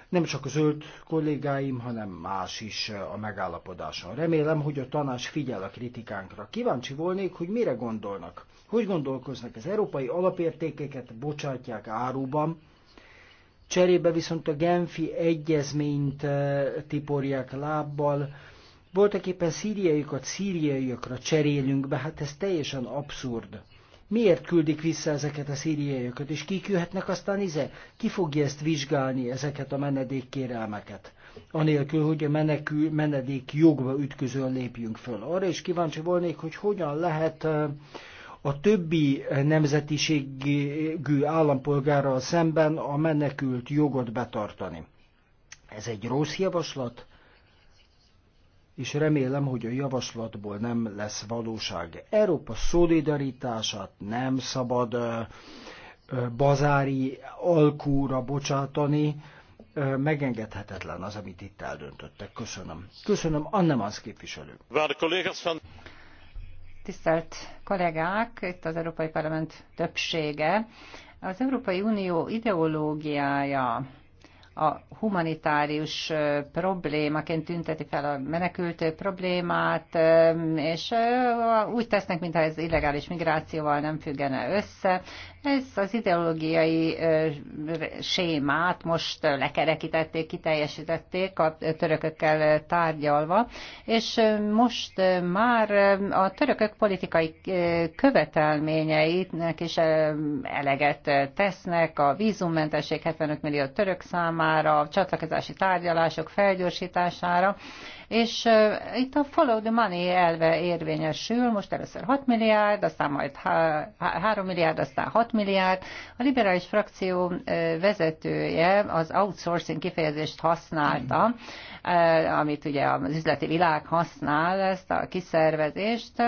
nem csak a zöld kollégáim, hanem más is eh, a megállapodáson. Remélem, hogy a tanács figyel a kritikánkra. Kíváncsi volnék, hogy mire gondolnak. Hogy gondolkoznak? Az európai alapértékeket bocsátják áruban, cserébe viszont a Genfi egyezményt eh, tiporják lábbal, voltak éppen szíriaiakat szíriaiakra cserélünk be, hát ez teljesen abszurd. Miért küldik vissza ezeket a szíriaiakat, és kik jöhetnek aztán ize? Ki fogja ezt vizsgálni, ezeket a menedékkérelmeket? Anélkül, hogy a menekül, menedék jogba ütközön lépjünk föl. Arra is kíváncsi volnék, hogy hogyan lehet a többi nemzetiségű állampolgárral szemben a menekült jogot betartani. Ez egy rossz javaslat, és remélem, hogy a javaslatból nem lesz valóság. Európa szolidaritását nem szabad bazári alkúra bocsátani, megengedhetetlen az, amit itt eldöntöttek. Köszönöm. Köszönöm, Annemans képviselő. Tisztelt kollégák, itt az Európai Parlament többsége. Az Európai Unió ideológiája a humanitárius problémaként tünteti fel a menekültő problémát, és úgy tesznek, mintha ez illegális migrációval nem függene össze. Ez az ideológiai sémát most lekerekítették, kiteljesítették a törökökkel tárgyalva, és most már a törökök politikai követelményeinek is eleget tesznek, a vízummentesség 75 millió török számára, a csatlakozási tárgyalások felgyorsítására, és itt a follow the money elve érvényesül, most először 6 milliárd, aztán majd 3 milliárd, aztán 6 milliárd. A liberális frakció vezetője az outsourcing kifejezést használta, amit ugye az üzleti világ használ, ezt a kiszervezést.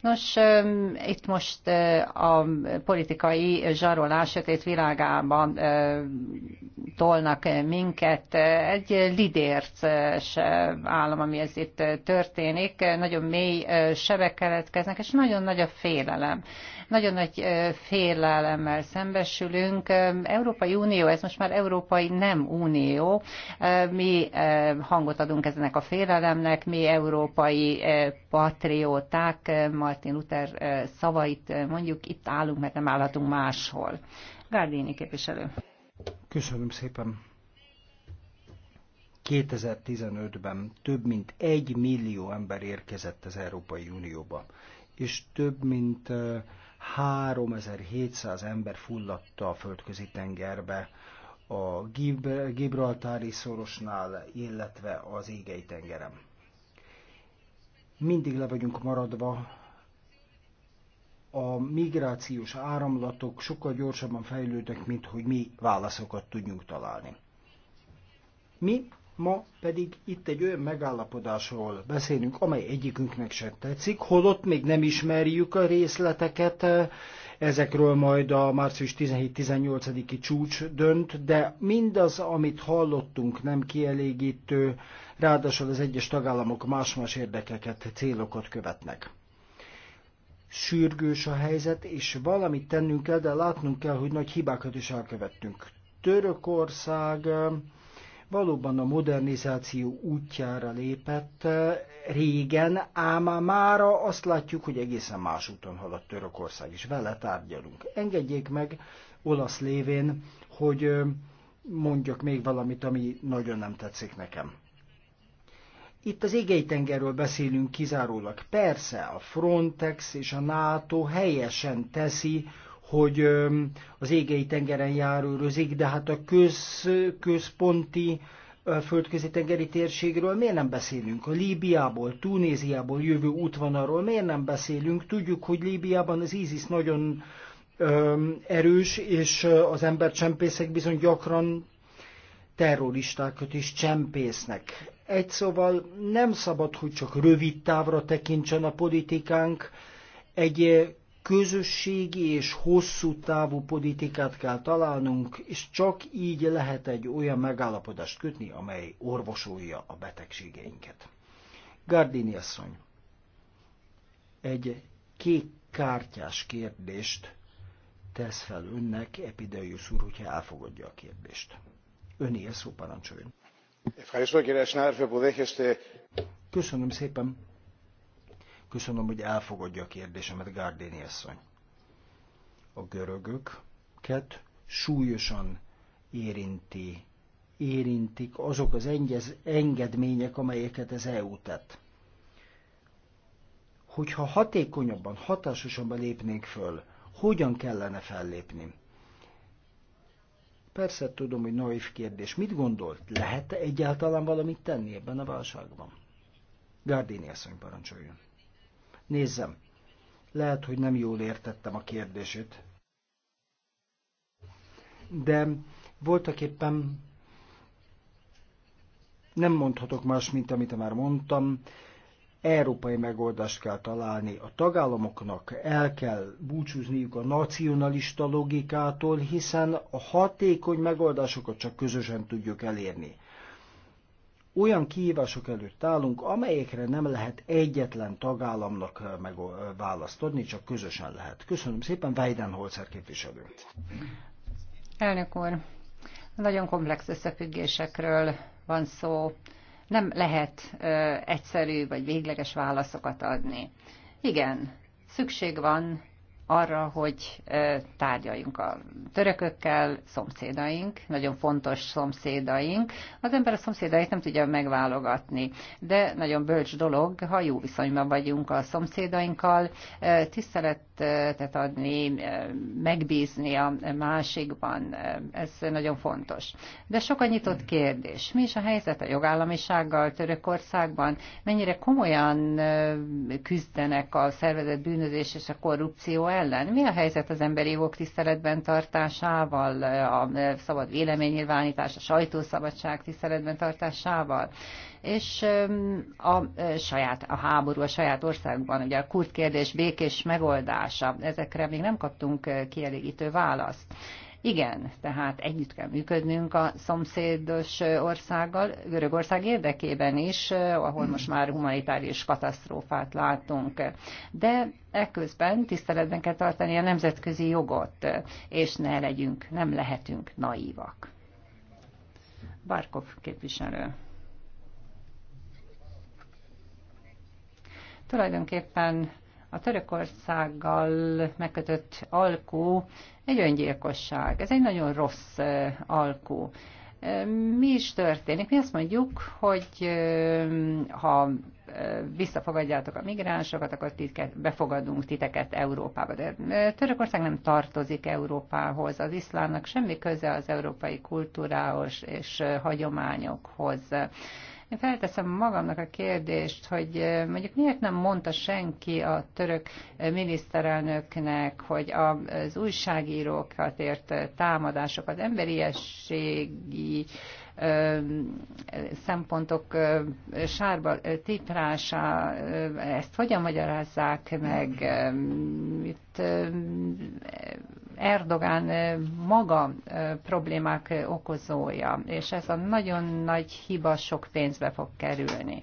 Nos, itt most a politikai zsarolás sötét uh, tolnak minket. Egy lidérces állam ami ez itt történik, nagyon mély sebek keletkeznek, és nagyon nagy a félelem. Nagyon nagy félelemmel szembesülünk. Európai Unió, ez most már Európai Nem Unió. Mi hangot adunk ezenek a félelemnek, mi európai patrióták, Martin Luther szavait mondjuk itt állunk, mert nem állhatunk máshol. Gárdini képviselő. Köszönöm szépen. 2015-ben több mint egy millió ember érkezett az Európai Unióba, és több mint 3700 ember fulladta a földközi tengerbe, a Gibraltári szorosnál, illetve az égei tengerem. Mindig le vagyunk maradva, a migrációs áramlatok sokkal gyorsabban fejlődnek, mint hogy mi válaszokat tudjunk találni. Mi Ma pedig itt egy olyan megállapodásról beszélünk, amely egyikünknek sem tetszik, holott még nem ismerjük a részleteket, ezekről majd a március 17-18-i csúcs dönt, de mindaz, amit hallottunk nem kielégítő, ráadásul az egyes tagállamok más-más érdekeket, célokat követnek. Sürgős a helyzet, és valamit tennünk kell, de látnunk kell, hogy nagy hibákat is elkövettünk. Törökország valóban a modernizáció útjára lépett eh, régen, ám mára azt látjuk, hogy egészen más úton haladt Törökország, és vele tárgyalunk. Engedjék meg, olasz lévén, hogy eh, mondjak még valamit, ami nagyon nem tetszik nekem. Itt az égei tengerről beszélünk kizárólag. Persze a Frontex és a NATO helyesen teszi, hogy az égei tengeren járőrözik, de hát a köz, központi földközi tengeri térségről miért nem beszélünk? A Líbiából, Tunéziából jövő útvonalról miért nem beszélünk? Tudjuk, hogy Líbiában az ISIS nagyon erős, és az embercsempészek bizony gyakran terroristákat is csempésznek. Egy szóval nem szabad, hogy csak rövid távra tekintsen a politikánk, egy közösségi és hosszú távú politikát kell találnunk, és csak így lehet egy olyan megállapodást kötni, amely orvosolja a betegségeinket. Gardini asszony, egy kék kártyás kérdést tesz fel önnek, Epideius úr, hogyha elfogadja a kérdést. Ön él szó parancsoljon. Köszönöm szépen. Köszönöm, hogy elfogadja a kérdésemet, Gárdéni asszony. A görögöket súlyosan érinti, érintik azok az engedmények, amelyeket az EU tett. Hogyha hatékonyabban, hatásosabban lépnénk föl, hogyan kellene fellépni? Persze tudom, hogy naív kérdés. Mit gondolt? lehet -e egyáltalán valamit tenni ebben a válságban? Gárdéni asszony parancsoljon. Nézzem, lehet, hogy nem jól értettem a kérdését. De voltak éppen nem mondhatok más, mint amit már mondtam. Európai megoldást kell találni. A tagállamoknak el kell búcsúzniuk a nacionalista logikától, hiszen a hatékony megoldásokat csak közösen tudjuk elérni olyan kihívások előtt állunk, amelyekre nem lehet egyetlen tagállamnak meg választ adni, csak közösen lehet. Köszönöm szépen, Weidenholzer képviselő. Elnök úr, nagyon komplex összefüggésekről van szó. Nem lehet ö, egyszerű vagy végleges válaszokat adni. Igen, szükség van arra, hogy tárgyaljunk a törökökkel, szomszédaink, nagyon fontos szomszédaink. Az ember a szomszédait nem tudja megválogatni, de nagyon bölcs dolog, ha jó viszonyban vagyunk a szomszédainkkal, tiszteletet adni, megbízni a másikban, ez nagyon fontos. De sok a nyitott kérdés. Mi is a helyzet a jogállamisággal Törökországban? Mennyire komolyan küzdenek a szervezett bűnözés és a korrupció ellen. Mi a helyzet az emberi jogok tiszteletben tartásával, a szabad véleménynyilvánítás, a sajtószabadság tiszteletben tartásával? és a saját, a háború a saját országban, ugye a kurt kérdés békés megoldása, ezekre még nem kaptunk kielégítő választ. Igen, tehát együtt kell működnünk a szomszédos országgal, Görögország érdekében is, ahol most már humanitárius katasztrófát látunk. De ekközben tiszteletben kell tartani a nemzetközi jogot, és ne legyünk, nem lehetünk naívak. Barkov képviselő. Tulajdonképpen a Törökországgal megkötött alkú egy öngyilkosság. Ez egy nagyon rossz alkú. Mi is történik? Mi azt mondjuk, hogy ha visszafogadjátok a migránsokat, akkor titket, befogadunk titeket Európába. De Törökország nem tartozik Európához, az iszlámnak semmi köze az európai kultúrához és hagyományokhoz én felteszem magamnak a kérdést, hogy mondjuk miért nem mondta senki a török miniszterelnöknek, hogy az újságírókat ért támadások, az emberiességi szempontok sárba tiprása, ezt hogyan magyarázzák meg? Itt Erdogán eh, maga eh, problémák eh, okozója, és ez a nagyon nagy hiba sok pénzbe fog kerülni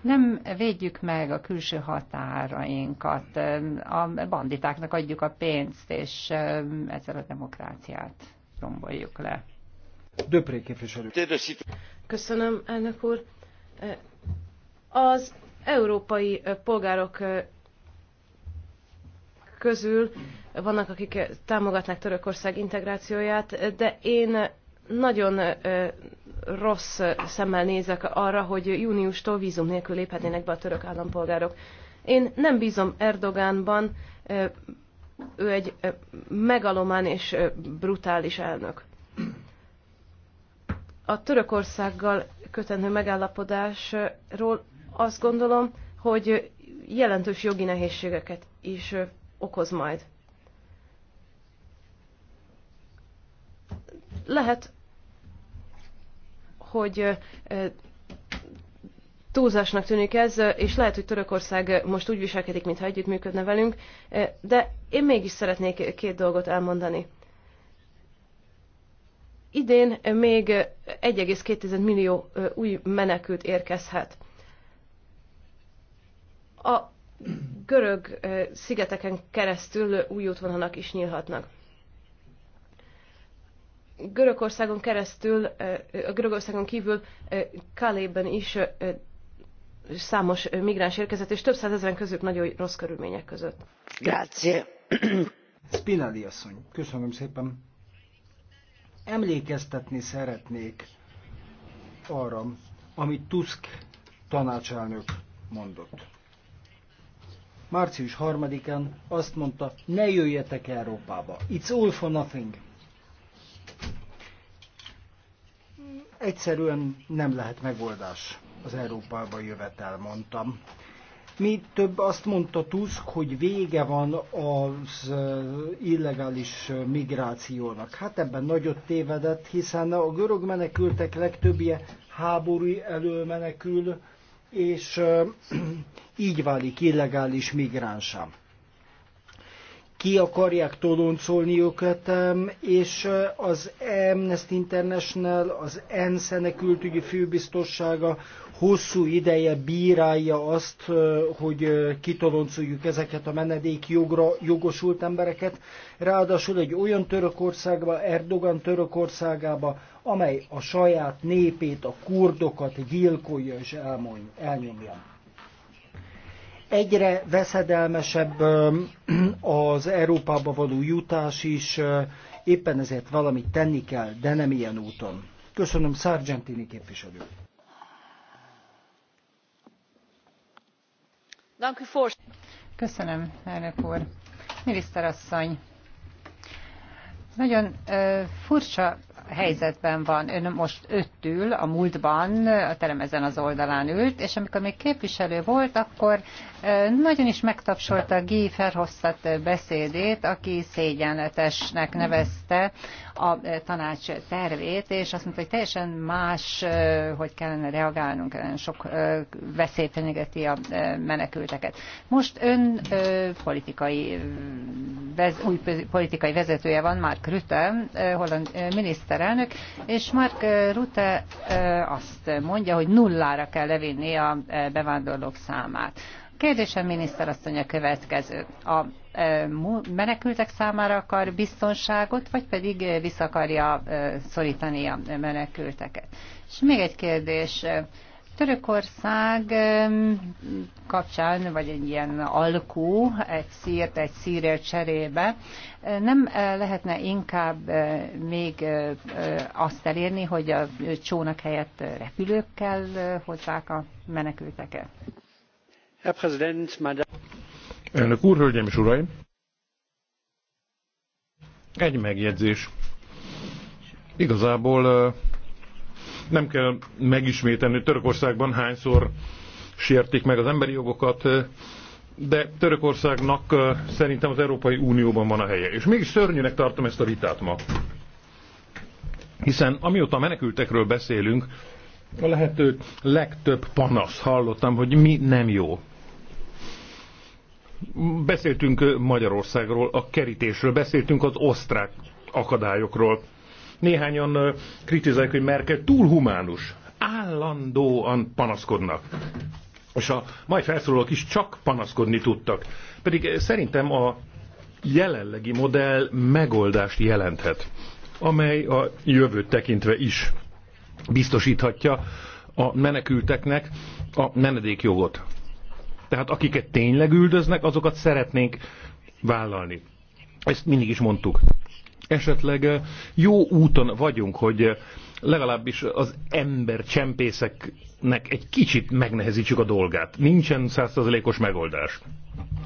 nem védjük meg a külső határainkat, a banditáknak adjuk a pénzt, és ezzel a demokráciát romboljuk le. Döpré képviselő. Köszönöm, elnök úr. Az európai polgárok közül vannak, akik támogatnák Törökország integrációját, de én nagyon rossz szemmel nézek arra, hogy júniustól vízum nélkül léphetnének be a török állampolgárok. Én nem bízom Erdogánban, ő egy megalomán és brutális elnök. A Törökországgal kötendő megállapodásról azt gondolom, hogy jelentős jogi nehézségeket is okoz majd. Lehet, hogy túlzásnak tűnik ez, és lehet, hogy Törökország most úgy viselkedik, mintha együttműködne velünk, de én mégis szeretnék két dolgot elmondani. Idén még 1,2 millió új menekült érkezhet. A görög szigeteken keresztül új útvonalak is nyílhatnak. Görögországon keresztül, a Görögországon kívül Kalében is számos migráns érkezett, és több százezeren közük nagyon rossz körülmények között. Grazie. Spinelli asszony, köszönöm szépen. Emlékeztetni szeretnék arra, amit Tusk tanácselnök mondott március 3-án azt mondta, ne jöjjetek Európába. It's all for nothing. Egyszerűen nem lehet megoldás az Európába jövetel, mondtam. Mi több azt mondta Tusk, hogy vége van az illegális migrációnak. Hát ebben nagyot tévedett, hiszen a görög menekültek legtöbbje háború elől menekül, és *clears throat* így válik illegális migránsá. Ki akarják toloncolni őket, és az Amnesty International, az ENSZ külügyi főbiztossága hosszú ideje bírálja azt, hogy kitoloncoljuk ezeket a menedék jogra jogosult embereket, ráadásul egy olyan Törökországba, Erdogan Törökországába, amely a saját népét, a kurdokat gyilkolja és elnyomja. Egyre veszedelmesebb az Európába való jutás is, éppen ezért valamit tenni kell, de nem ilyen úton. Köszönöm Sargentini képviselő. Köszönöm, elnök úr. Miniszter asszony, nagyon furcsa helyzetben van. Ön most öt ül, a múltban a terem ezen az oldalán ült, és amikor még képviselő volt, akkor nagyon is megtapsolta Guy Verhofstadt beszédét, aki szégyenletesnek nevezte a tanács tervét, és azt mondta, hogy teljesen más, hogy kellene reagálnunk, sok veszély fenyegeti a menekülteket. Most ön politikai, új politikai vezetője van, Mark Rutte, holland miniszterelnök, és Mark Rutte azt mondja, hogy nullára kell levinni a bevándorlók számát. Kérdésem azt mondja következő. A menekültek számára akar biztonságot, vagy pedig vissza akarja szorítani a menekülteket. És még egy kérdés. Törökország kapcsán, vagy egy ilyen alkú, egy szírt, egy szírért cserébe, nem lehetne inkább még azt elérni, hogy a csónak helyett repülőkkel hozzák a menekülteket? Herr Präsident, Madame. Elnök úr, hölgyeim és uraim! Egy megjegyzés. Igazából nem kell megismételni, hogy Törökországban hányszor sértik meg az emberi jogokat, de Törökországnak szerintem az Európai Unióban van a helye. És mégis szörnyűnek tartom ezt a vitát ma. Hiszen amióta a menekültekről beszélünk, a lehető legtöbb panasz hallottam, hogy mi nem jó. Beszéltünk Magyarországról, a kerítésről, beszéltünk az osztrák akadályokról. Néhányan kritizálják, hogy Merkel túl humánus. Állandóan panaszkodnak. És a mai felszólalók is csak panaszkodni tudtak. Pedig szerintem a jelenlegi modell megoldást jelenthet, amely a jövőt tekintve is biztosíthatja a menekülteknek a menedékjogot. Tehát akiket tényleg üldöznek, azokat szeretnénk vállalni. Ezt mindig is mondtuk. Esetleg eh, jó úton vagyunk, hogy eh, legalábbis az ember csempészeknek egy kicsit megnehezítsük a dolgát. Nincsen százszerzelékos megoldás.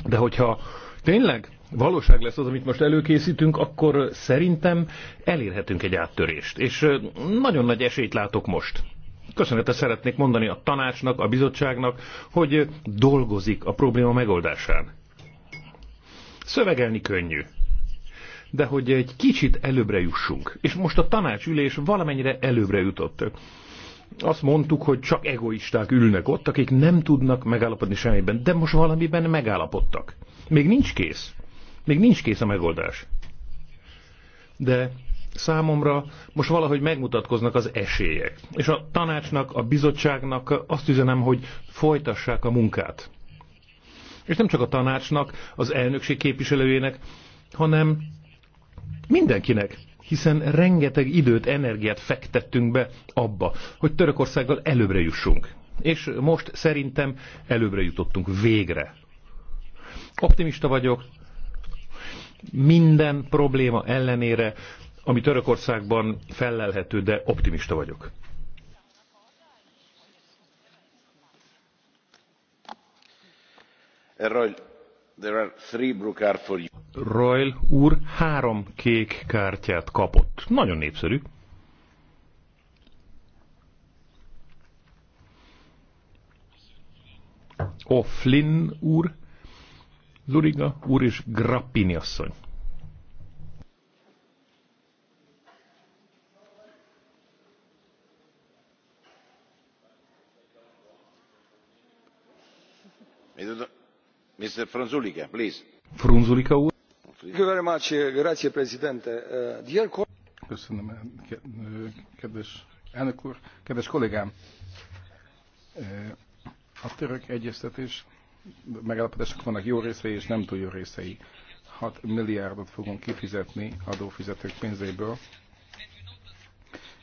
De hogyha tényleg valóság lesz az, amit most előkészítünk, akkor szerintem elérhetünk egy áttörést. És eh, nagyon nagy esélyt látok most köszönetet szeretnék mondani a tanácsnak, a bizottságnak, hogy dolgozik a probléma megoldásán. Szövegelni könnyű. De hogy egy kicsit előbbre jussunk. És most a tanácsülés valamennyire előbbre jutott. Azt mondtuk, hogy csak egoisták ülnek ott, akik nem tudnak megállapodni semmiben, de most valamiben megállapodtak. Még nincs kész. Még nincs kész a megoldás. De számomra most valahogy megmutatkoznak az esélyek. És a tanácsnak, a bizottságnak azt üzenem, hogy folytassák a munkát. És nem csak a tanácsnak, az elnökség képviselőjének, hanem mindenkinek, hiszen rengeteg időt, energiát fektettünk be abba, hogy Törökországgal előbbre jussunk. És most szerintem előbbre jutottunk végre. Optimista vagyok, minden probléma ellenére ami Törökországban fellelhető, de optimista vagyok. Royal, úr három kék kártyát kapott. Nagyon népszerű. O'Flynn úr, Zuriga úr és Grappini asszony. please. Thank you very much. Presidente. Dear Köszönöm, kedves elnök úr, kedves kollégám. E, a török egyeztetés megállapodásnak vannak jó részei és nem túl jó részei. 6 milliárdot fogunk kifizetni adófizetők pénzéből.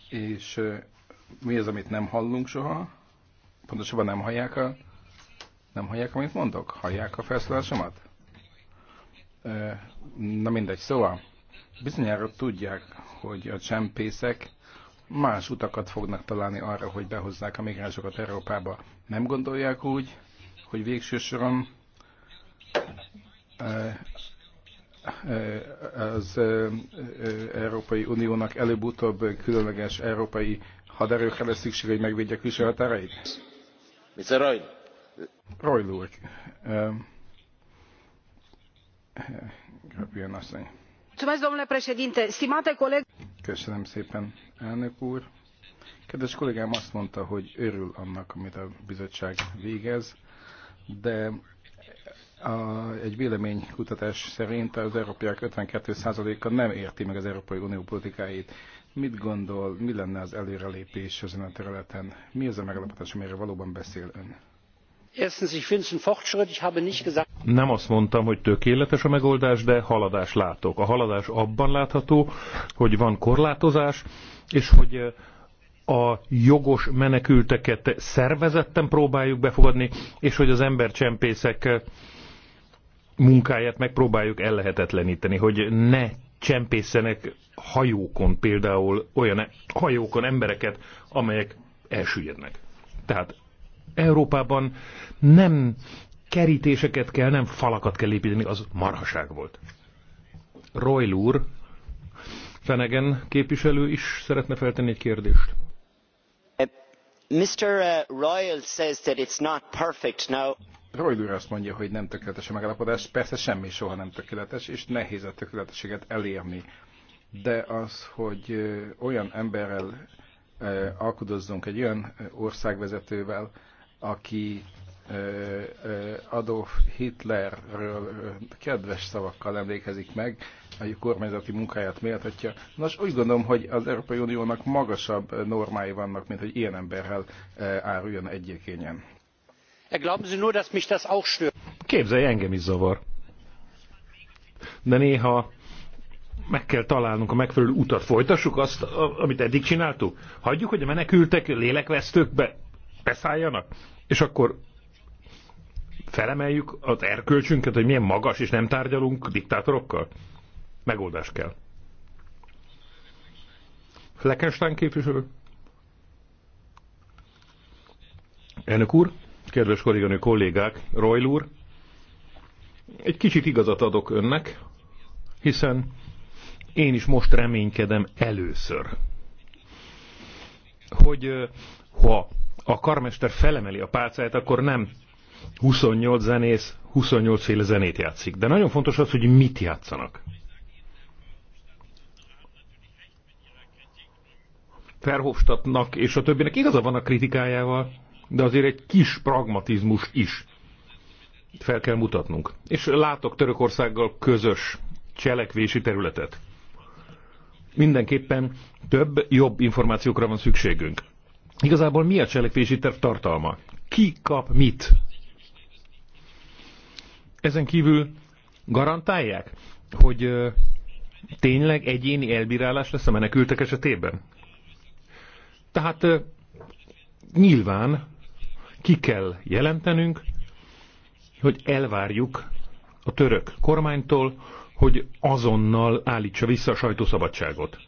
És e, mi az, amit nem hallunk soha? Pontosabban nem hallják a nem hallják, amit mondok? Hallják a felszólásomat? Na mindegy, szóval bizonyára tudják, hogy a csempészek más utakat fognak találni arra, hogy behozzák a migránsokat Európába. Nem gondolják úgy, hogy végső soron az Európai Uniónak előbb-utóbb különleges európai haderőkre lesz szükség, hogy megvédje külső határait? Mr. Roy. Rojl úr, um, Grapjön asszony. domnule președinte, stimate coleg... Köszönöm szépen, elnök úr. Kedves kollégám azt mondta, hogy örül annak, amit a bizottság végez, de a, egy véleménykutatás szerint az európaiak 52%-a nem érti meg az Európai Unió politikáit. Mit gondol, mi lenne az előrelépés ezen a területen? Mi az a megállapodás, amire valóban beszél ön? Nem azt mondtam, hogy tökéletes a megoldás, de haladás látok. A haladás abban látható, hogy van korlátozás, és hogy eh, a jogos menekülteket szervezetten próbáljuk befogadni, és hogy az embercsempészek eh, munkáját megpróbáljuk ellehetetleníteni, hogy ne csempészenek hajókon például olyan e- hajókon embereket, amelyek elsüllyednek. Tehát Európában nem kerítéseket kell, nem falakat kell építeni, az marhaság volt. Royl úr, Fenegen képviselő is szeretne feltenni egy kérdést. Uh, Mr. Uh, Royal says that it's not perfect now. Royal úr azt mondja, hogy nem tökéletes a megállapodás, persze semmi soha nem tökéletes, és nehéz a tökéletességet elérni. De az, hogy uh, olyan emberrel alkudozzunk, egy olyan országvezetővel, aki Adolf Hitlerről kedves szavakkal emlékezik meg, a kormányzati munkáját méltatja. Nos, úgy gondolom, hogy az Európai Uniónak magasabb normái vannak, mint hogy ilyen emberrel áruljon egyékényen. Képzelj, engem is zavar. De néha meg kell találnunk a megfelelő utat. Folytassuk azt, amit eddig csináltuk? Hagyjuk, hogy a menekültek lélekvesztőkbe beszálljanak, és akkor felemeljük az erkölcsünket, hogy milyen magas, és nem tárgyalunk diktátorokkal? Megoldás kell. Fleckenstein képviselő? Elnök úr, kedves kolléganő kollégák, Royl úr, egy kicsit igazat adok önnek, hiszen én is most reménykedem először, hogy ha a karmester felemeli a pálcáját, akkor nem 28 zenész 28 féle zenét játszik. De nagyon fontos az, hogy mit játszanak. Ferhofstadtnak és a többinek igaza van a kritikájával, de azért egy kis pragmatizmus is fel kell mutatnunk. És látok Törökországgal közös cselekvési területet. Mindenképpen több, jobb információkra van szükségünk. Igazából mi a cselekvési terv tartalma? Ki kap mit? Ezen kívül garantálják, hogy tényleg egyéni elbírálás lesz a menekültek esetében? Tehát nyilván ki kell jelentenünk, hogy elvárjuk a török kormánytól, hogy azonnal állítsa vissza a sajtószabadságot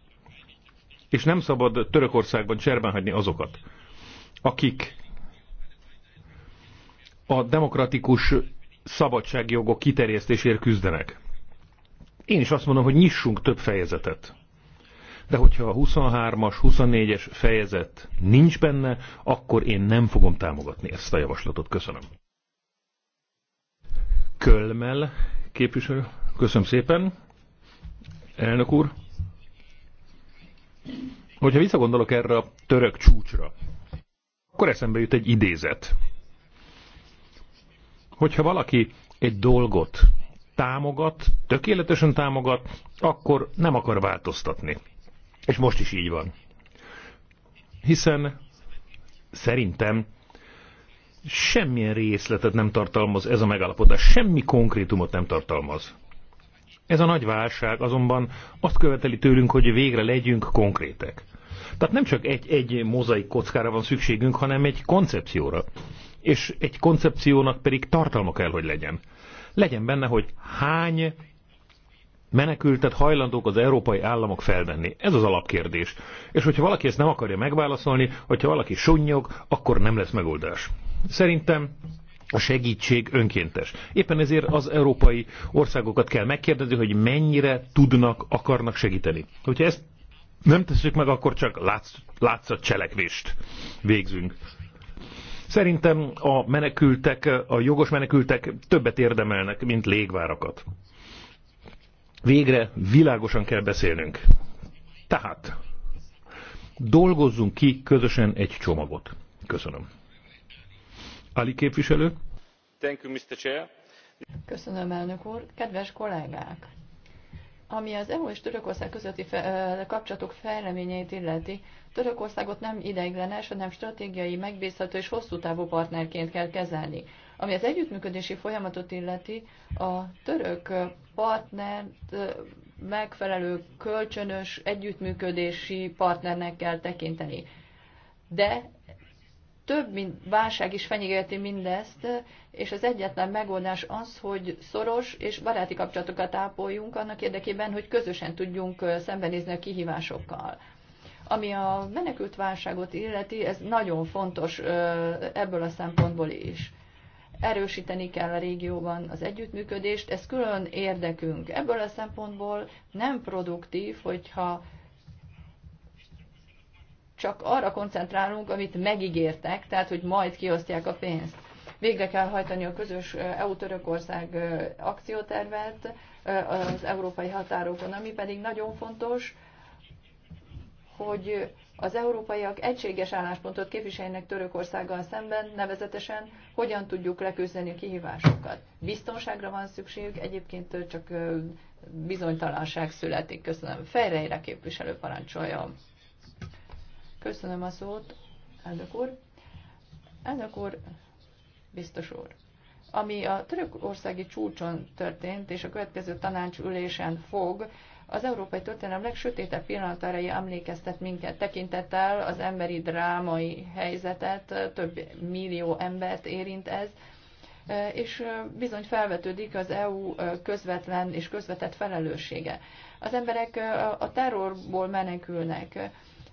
és nem szabad Törökországban cserben hagyni azokat, akik a demokratikus szabadságjogok kiterjesztésért küzdenek. Én is azt mondom, hogy nyissunk több fejezetet. De hogyha a 23-as, 24-es fejezet nincs benne, akkor én nem fogom támogatni ezt a javaslatot. Köszönöm. Kölmel képviselő. Köszönöm szépen. Elnök úr. Hogyha visszagondolok erre a török csúcsra, akkor eszembe jut egy idézet. Hogyha valaki egy dolgot támogat, tökéletesen támogat, akkor nem akar változtatni. És most is így van. Hiszen szerintem semmilyen részletet nem tartalmaz ez a megállapodás, semmi konkrétumot nem tartalmaz. Ez a nagy válság azonban azt követeli tőlünk, hogy végre legyünk konkrétek. Tehát nem csak egy, egy mozaik kockára van szükségünk, hanem egy koncepcióra. És egy koncepciónak pedig tartalma kell, hogy legyen. Legyen benne, hogy hány menekültet hajlandók az európai államok felvenni. Ez az alapkérdés. És hogyha valaki ezt nem akarja megválaszolni, hogyha valaki sunnyog, akkor nem lesz megoldás. Szerintem a segítség önkéntes. Éppen ezért az európai országokat kell megkérdezni, hogy mennyire tudnak, akarnak segíteni. Hogyha ezt nem tesszük meg, akkor csak látsz, látszat cselekvést végzünk. Szerintem a menekültek, a jogos menekültek többet érdemelnek, mint légvárakat. Végre világosan kell beszélnünk. Tehát dolgozzunk ki közösen egy csomagot. Köszönöm. Ali képviselő. Thank you, Mr. Chair. Köszönöm, elnök úr. Kedves kollégák! Ami az EU és Törökország közötti fe, kapcsolatok fejleményeit illeti, Törökországot nem ideiglenes, hanem stratégiai, megbízható és hosszú távú partnerként kell kezelni. Ami az együttműködési folyamatot illeti, a török partner megfelelő kölcsönös együttműködési partnernek kell tekinteni. De több mint válság is fenyegeti mindezt, és az egyetlen megoldás az, hogy szoros és baráti kapcsolatokat ápoljunk annak érdekében, hogy közösen tudjunk szembenézni a kihívásokkal. Ami a menekült válságot illeti, ez nagyon fontos ebből a szempontból is. Erősíteni kell a régióban az együttműködést, ez külön érdekünk. Ebből a szempontból nem produktív, hogyha csak arra koncentrálunk, amit megígértek, tehát hogy majd kiosztják a pénzt. Végre kell hajtani a közös EU-Törökország akciótervet az európai határokon, ami pedig nagyon fontos, hogy az európaiak egységes álláspontot képviseljenek Törökországgal szemben, nevezetesen hogyan tudjuk leküzdeni a kihívásokat. Biztonságra van szükségük, egyébként csak bizonytalanság születik. Köszönöm. Ferreira képviselő parancsolja. Köszönöm a szót, elnök úr. Elnök úr, biztos úr. Ami a törökországi csúcson történt, és a következő tanácsülésen fog, az európai történelem legsötétebb pillanatára emlékeztet minket tekintettel, az emberi drámai helyzetet, több millió embert érint ez, és bizony felvetődik az EU közvetlen és közvetett felelőssége. Az emberek a terrorból menekülnek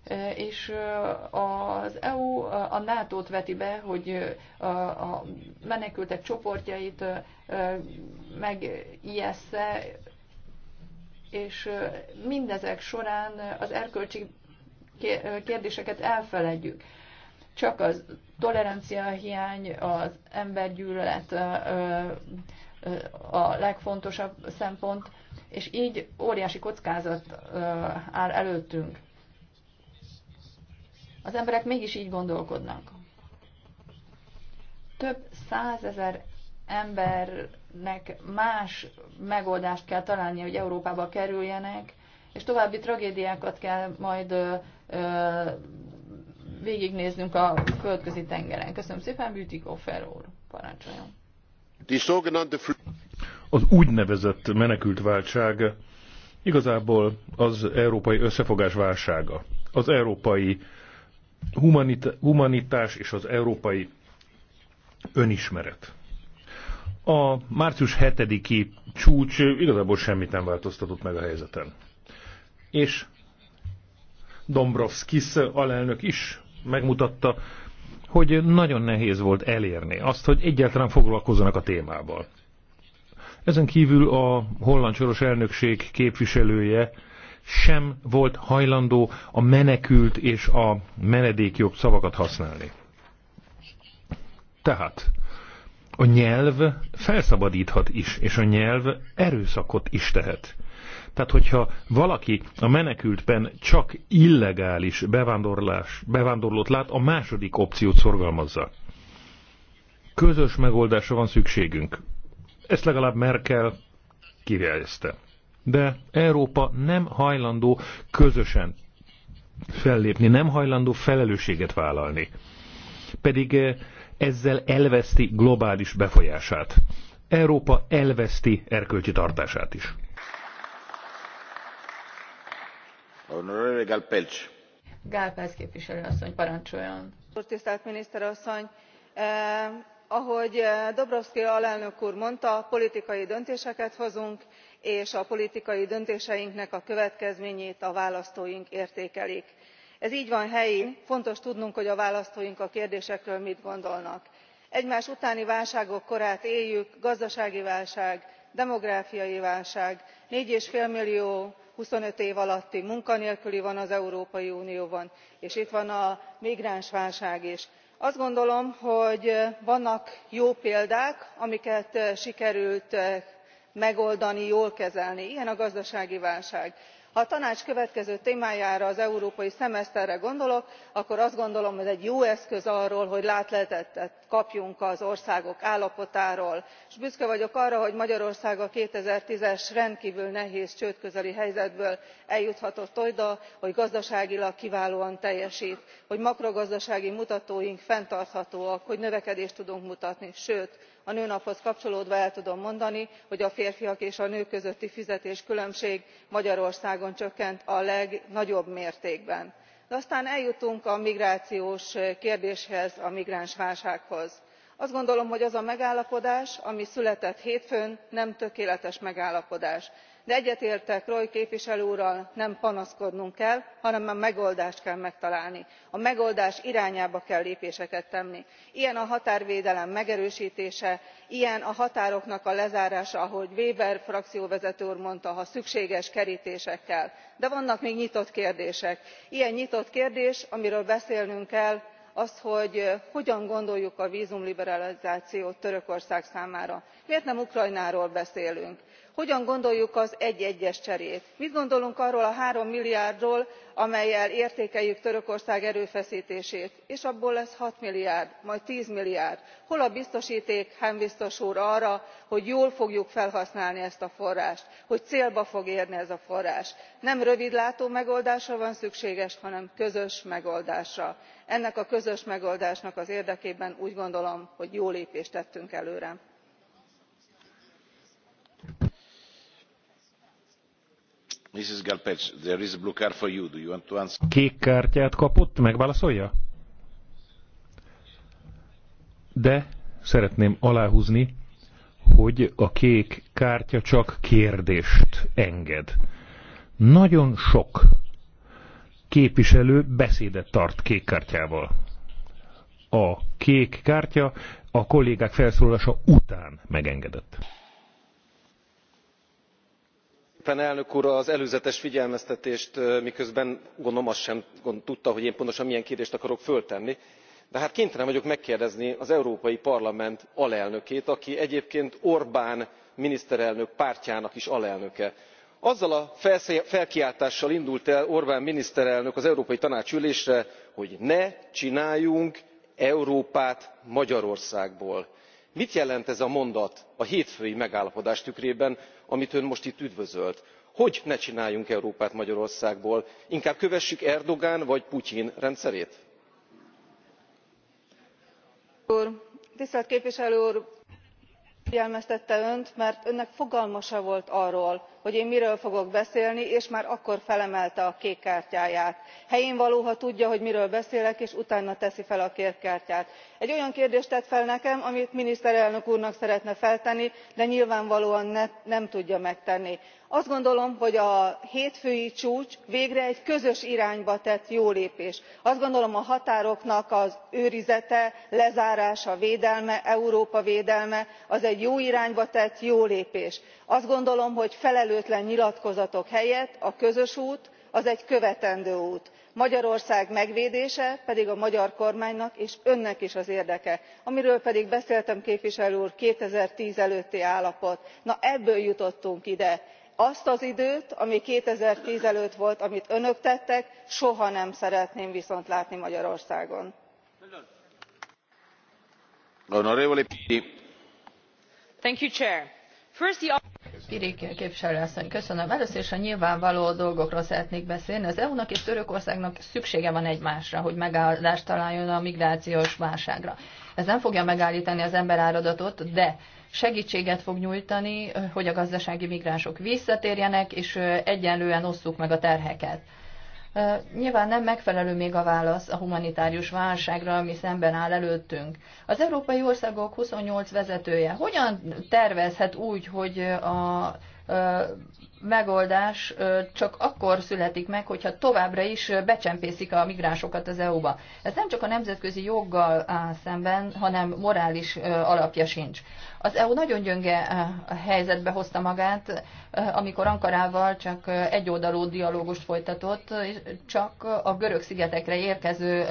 Eh, és eh, az EU eh, a NATO-t veti be, hogy a menekültek csoportjait megijeszze, és mindezek során az erkölcsi kérdéseket elfeledjük. Csak az tolerancia hiány, az embergyűlölet a legfontosabb szempont, és így óriási kockázat áll előttünk az emberek mégis így gondolkodnak. Több százezer embernek más megoldást kell találni, hogy Európába kerüljenek, és további tragédiákat kell majd ö, ö, végignéznünk a földközi tengeren. Köszönöm szépen, Bütikofer úr, parancsoljon. Az úgynevezett menekült válság igazából az európai összefogás válsága. Az európai humanita, humanitás és az európai önismeret. A március 7-i csúcs igazából semmit nem változtatott meg a helyzeten. És Dombrovskis alelnök is megmutatta, hogy nagyon nehéz volt elérni azt, hogy egyáltalán foglalkozzanak a témával. Ezen kívül a holland soros elnökség képviselője sem volt hajlandó a menekült és a menedékjog szavakat használni. Tehát a nyelv felszabadíthat is, és a nyelv erőszakot is tehet. Tehát, hogyha valaki a menekültben csak illegális bevándorlás, bevándorlót lát, a második opciót szorgalmazza. Közös megoldásra van szükségünk. Ezt legalább Merkel kirejelzte de Európa nem hajlandó közösen fellépni, nem hajlandó felelősséget vállalni. Pedig eh, ezzel elveszti globális befolyását. Európa elveszti erkölcsi tartását is. Honorary Galpelcs. Gálpász képviselő asszony, parancsoljon. Tisztelt miniszter asszony, eh, ahogy eh, Dobrovszki alelnök úr mondta, politikai döntéseket hozunk, és a politikai döntéseinknek a következményét a választóink értékelik. ez gy van helyén fontos tudnunk hogy a választóink a kérdésekről mit gondolnak. egymás utáni válságok korát éljük gazdasági válság demográfiai válság four five millió twenty five év alatti munkanélküli van az európai unióban és itt van a migránsválság is. azt gondolom hogy vannak jó példák amiket sikerült megoldani jól kezelni ilyen a gazdasági válság. ha a tanács következő témájára az európai szemeszterre gondolok akkor azt gondolom hogy ez egy jó eszköz arra hogy látlehetet kapjunk az országok állapotáról és büszke vagyok arra hogy magyarország a two thousand and ten es rendkvül nehéz csődközeli helyzetből eljuthatott oda hogy gazdaságilag kiválóan teljest hogy makrogazdasági mutatóink fenntarthatóak hogy növekedést tudunk mutatni sőt a nőnaphoz kapcsolódva el tudom mondani hogy a férfiak és a nők közötti fizetéskülönbség magyarországon csökkent a legnagyobb mértékben. de aztán eljutunk a migrációs kérdéshez a migránsválsághoz. azt gondolom hogy az a megállapodás ami született hétfőn nem tökéletes megállapodás de egyetértek reul képviselő úrral nem panaszkodnunk kell hanem a megoldást kell megtalálni a megoldás irányába kell lépéseket tenni. ilyen a határvédelem megerőstése ilyen a határoknak a lezárása ahogy weber frakcióvezető úr mondta ha szükséges kertésekkel. de vannak még nyitott kérdések. ilyen nyitott kérdés amiről beszélnünk kell az hogy hogyan gondoljuk a vzumliberalizációt törökország számára. miért nem ukrajnáról beszélünk? hogyan gondoljuk az egy egyes cserét? mit gondolunk arról a három milliárdról amellyel értékeljük törökország erőfesztését és abból lesz six milliárd majd ten milliárd hol a biztosték hahn biztos úr arra hogy jól fogjuk felhasználni ezt a forrást hogy célba fog érni ez a forrás? nem rövidlátó megoldásra van szükség hanem közös megoldásra. ennek a közös megoldásnak az érdekében úgy gondolom hogy jó lépést tettünk előre. Kék kártyát kapott, megválaszolja? De szeretném aláhúzni, hogy a kék kártya csak kérdést enged. Nagyon sok képviselő beszédet tart kék kártyával. A kék kártya a kollégák felszólalása után megengedett elnök úr az előzetes figyelmeztetést miközben gondolom azt sem tudta hogy én pontosan milyen kérdést akarok föltenni de hát kénytelen vagyok megkérdezni az európai parlament alelnökét aki egyébként orbán miniszterelnök pártjának is alelnöke. azzal a felkiáltással indult el orbán miniszterelnök az európai tanács ülésére hogy ne csináljunk európát magyarországból mit jelent ez a mondat a hétfői megállapodás tükrében amit ön most itt üdvözölt hogy ne csináljunk európát magyarországból inkább kövessük erdogan vagy putyin rendszerét? tisztelt képviselő úr! figyelmeztette önt mert önnek fogalma sem volt arról hogy én miről fogok beszélni és már akkor felemelte a kék kártyáját. helyénvaló ha tudja hogy miről beszélek és utána teszi fel a kék kártyát. egy olyan kérdést tett fel nekem amit miniszterelnök úrnak szeretne feltenni de nyilvánvalóan nem tudja megtenni. azt gondolom hogy a hétfői csúcs végre egy közös irányba tett jó lépés. azt gondolom a határoknak az őrizete lezárása védelme európa védelme az egy jó irányba tett jó lépés. azt gondolom hogy felelőtlen nyilatkozatok helyett a közös út az egy követendő út magyarország megvédése pedig a magyar kormánynak és önnek is az érdeke amiről pedig beszéltem képviselő úr two thousand and ten előtti állapot. na ebből jutottunk ide. azt az időt ami two thousand and ten előtt volt amit önök tettek soha nem szeretném viszont látni magyarországon. Pirikén asszony, köszönöm. Először is a nyilvánvaló dolgokról szeretnék beszélni. Az EU-nak és Törökországnak szüksége van egymásra, hogy megállást találjon a migrációs válságra. Ez nem fogja megállítani az emberáradatot, de segítséget fog nyújtani, hogy a gazdasági migránsok visszatérjenek, és egyenlően osszuk meg a terheket. Nyilván nem megfelelő még a válasz a humanitárius válságra, ami szemben áll előttünk. Az európai országok 28 vezetője hogyan tervezhet úgy, hogy a megoldás csak akkor születik meg, hogyha továbbra is becsempészik a migránsokat az EU-ba. Ez nem csak a nemzetközi joggal áll szemben, hanem morális alapja sincs. Az EU nagyon gyönge eh, helyzetbe hozta magát, eh, amikor Ankarával csak eh, egyoldalú dialógust folytatott, és csak a görög szigetekre érkező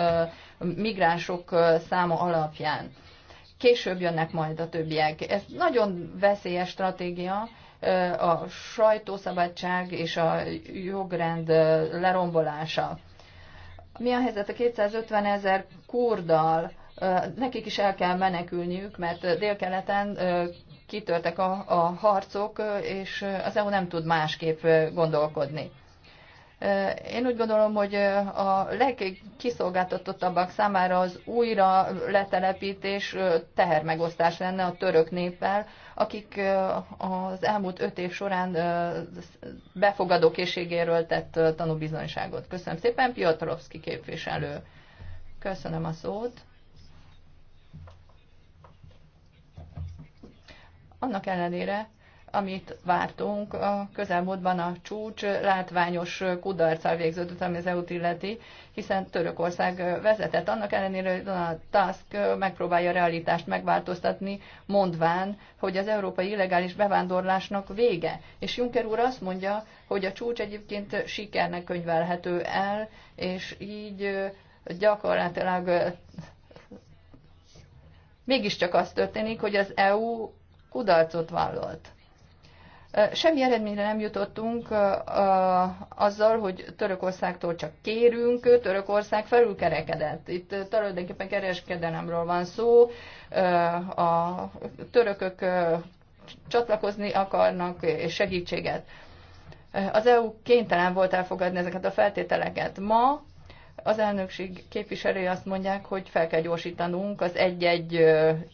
migránsok száma alapján. Később jönnek majd a többiek. Ez nagyon veszélyes stratégia, a sajtószabadság és a jogrend lerombolása. Mi a helyzet a 250 ezer kurdal, nekik is el kell menekülniük, mert délkeleten kitörtek a, a harcok, és az EU nem tud másképp gondolkodni. Én úgy gondolom, hogy a legkiszolgáltatottabbak számára az újra letelepítés tehermegosztás lenne a török néppel, akik az elmúlt öt év során befogadó készségéről tett tanúbizonyságot. Köszönöm szépen, Piotrowski képviselő. Köszönöm a szót. annak ellenére, amit vártunk, a közelmúltban a csúcs látványos kudarccal végződött, ami az EU-t illeti, hiszen Törökország vezetett. Annak ellenére, hogy Donald Tusk megpróbálja a realitást megváltoztatni, mondván, hogy az európai illegális bevándorlásnak vége. És Juncker úr azt mondja, hogy a csúcs egyébként sikernek könyvelhető el, és így gyakorlatilag mégiscsak az történik, hogy az EU kudarcot vállalt. Semmi eredményre nem jutottunk azzal, hogy Törökországtól csak kérünk, Törökország felülkerekedett. Itt tulajdonképpen kereskedelemről van szó, a törökök csatlakozni akarnak és segítséget. Az EU kénytelen volt elfogadni ezeket a feltételeket. Ma az elnökség képviselői azt mondják, hogy fel kell gyorsítanunk az egy-egy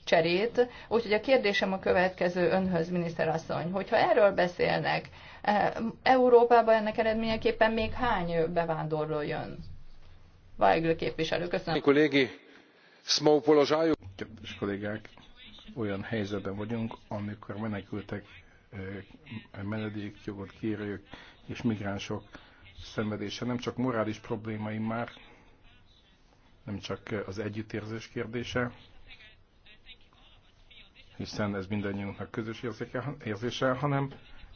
cserét. Úgyhogy a kérdésem a következő önhöz, miniszterasszony, hogyha erről beszélnek, e, Európában ennek eredményeképpen még hány bevándorló jön? Vajgő képviselő, köszönöm. Kollégi, smo Kedves kollégák, olyan helyzetben vagyunk, amikor menekültek, menedékjogot kérők és migránsok szenvedése nem csak morális problémaim már, nem csak az együttérzés kérdése, hiszen ez mindannyiunknak közös érzése, hanem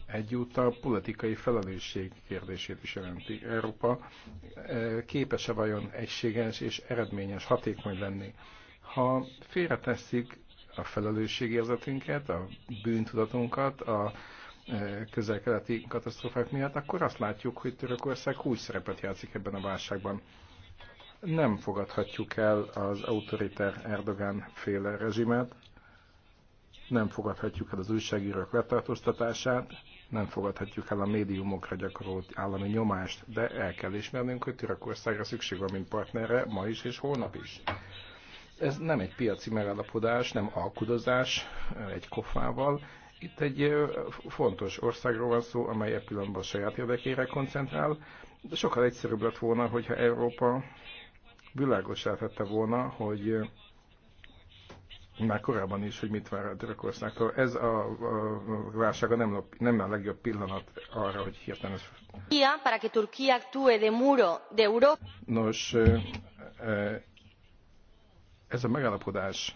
egyúttal politikai felelősség kérdését is jelenti. Európa e, képes-e vajon egységes és eredményes, hatékony lenni? Ha félretesszük a felelősségérzetünket, a bűntudatunkat, a közel-keleti katasztrofák miatt, akkor azt látjuk, hogy Törökország úgy szerepet játszik ebben a válságban. Nem fogadhatjuk el az autoriter Erdogan féle rezsimet, nem fogadhatjuk el az újságírók letartóztatását, nem fogadhatjuk el a médiumokra gyakorolt állami nyomást, de el kell ismernünk, hogy Törökországra szükség van, mint partnerre, ma is és holnap is. Ez nem egy piaci megállapodás, nem alkudozás egy kofával, itt egy fontos országról van szó, amely e pillanatban saját érdekére koncentrál. De sokkal egyszerűbb lett volna, hogyha Európa világosá tette volna, hogy már korábban is, hogy mit vár a Törökországtól. Ez a, a válsága nem, a, nem a legjobb pillanat arra, hogy hirtelen ez... Para que Turquía de muro de Europa. Nos, ez a megállapodás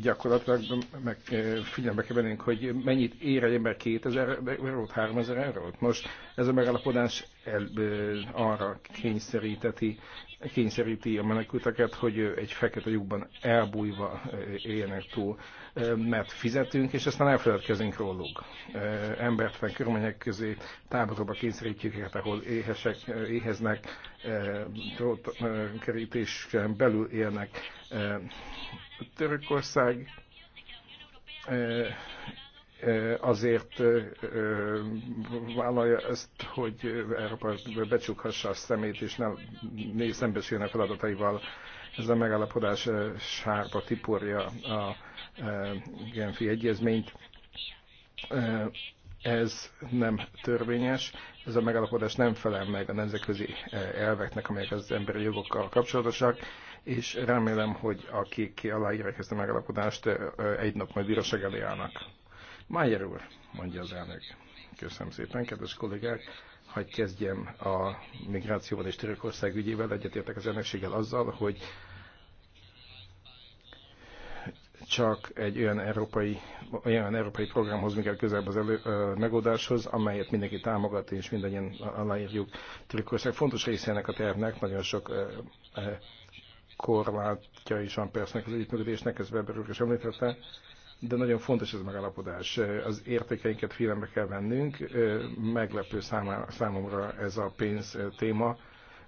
gyakorlatilag meg, figyelme kell bennünk, hogy mennyit ér egy ember 2000 eurót, 3000 eurót. Most ez a megállapodás el, arra kényszeríteti, kényszeríti a menekülteket, hogy egy fekete lyukban elbújva éljenek túl, mert fizetünk, és aztán elfeledkezünk róluk. Embertelen körülmények közé táborokba kényszerítjük őket, ahol éhesek, éheznek, kerítésen belül élnek, Törökország azért vállalja ezt, hogy Európa becsukhassa a szemét, és nem néz szembesüljön a feladataival. Ez a megállapodás sárba tiporja a Genfi egyezményt. Ez nem törvényes, ez a megállapodás nem felel meg a nemzetközi elveknek, amelyek az emberi jogokkal kapcsolatosak és remélem, hogy akik aláírják ezt a megalapodást, egy nap majd bíróság elé állnak. Májer úr, mondja az elnök. Köszönöm szépen, kedves kollégák! Hagy kezdjem a migrációval és Törökország ügyével. Egyetértek az elnökséggel azzal, hogy csak egy olyan európai, olyan európai programhoz mikor közelebb az elő, ö, megoldáshoz, amelyet mindenki támogat és mindannyian aláírjuk. Törökország fontos része ennek a tervnek, nagyon sok ö, ö, korlátja is van persze az együttműködésnek, ez Weber úr is említette, de nagyon fontos ez a megállapodás. Az értékeinket figyelembe kell vennünk, meglepő számomra ez a pénz eh, téma.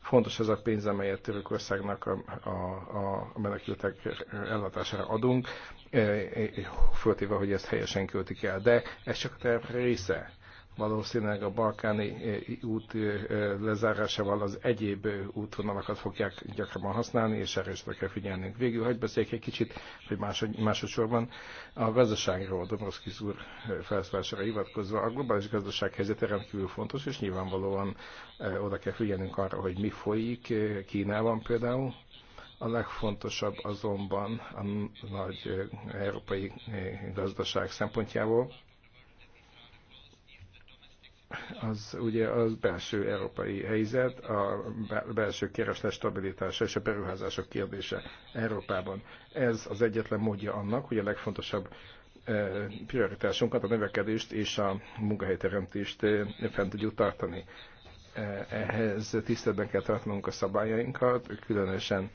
Fontos ez a pénz, amelyet Törökországnak a, a, a menekültek ellátására adunk, eh, eh, föltéve, hogy ezt helyesen költik el, de ez csak a terv része valószínűleg a balkáni eh, út eh, lezárásával az egyéb eh, útvonalakat fogják gyakrabban használni, és erre is kell figyelnünk. Végül hagyj beszéljek egy kicsit, hogy másodszorban a gazdaságról, Dombrovszki úr felszólására hivatkozva. A globális gazdaság helyzete rendkívül fontos, és nyilvánvalóan oda kell figyelnünk arra, hogy mi folyik Kínában például, a legfontosabb azonban a nagy európai gazdaság szempontjából az ugye az belső európai helyzet, a belső kereslet stabilitása és a beruházások kérdése Európában. Ez az egyetlen módja annak, hogy a legfontosabb e, prioritásunkat, a növekedést és a munkahelyteremtést e, fent tudjuk tartani. E, ehhez tiszteletben kell tartanunk a szabályainkat, különösen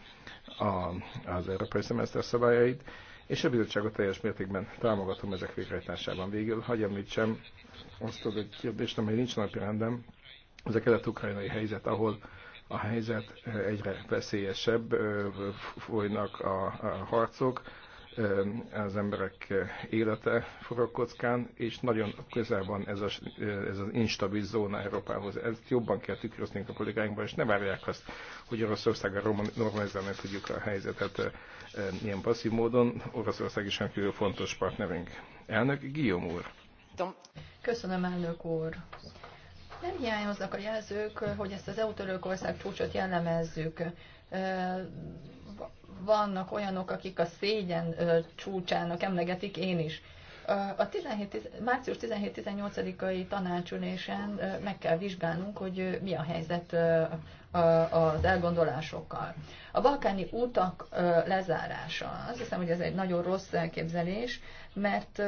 a, az európai szemeszter szabályait, és a bizottságot teljes mértékben támogatom ezek végrehajtásában. Végül, hagyj említsem osztod egy kérdést, amely nincs rendem, ez a kelet-ukrajnai helyzet, ahol a helyzet eh, egyre veszélyesebb, eh, folynak a harcok, eh, az emberek élete forog kockán, és nagyon közel van ez, a, ez az instabil zóna Európához. Ezt jobban kell tükröznünk a kollégáinkban, és ne várják azt, hogy Oroszországgal normalizálni tudjuk a helyzetet ilyen passzív módon. Oroszország is rendkívül fontos partnerünk. Elnök Guillaume úr. Köszönöm, elnök úr. Nem hiányoznak a jelzők, hogy ezt az EU-Törökország csúcsot jellemezzük. Vannak olyanok, akik a szégyen csúcsának emlegetik, én is. A 17, március 17-18-ai tanácsülésen meg kell vizsgálnunk, hogy mi a helyzet az elgondolásokkal. A balkáni útak lezárása. Azt hiszem, hogy ez egy nagyon rossz elképzelés, mert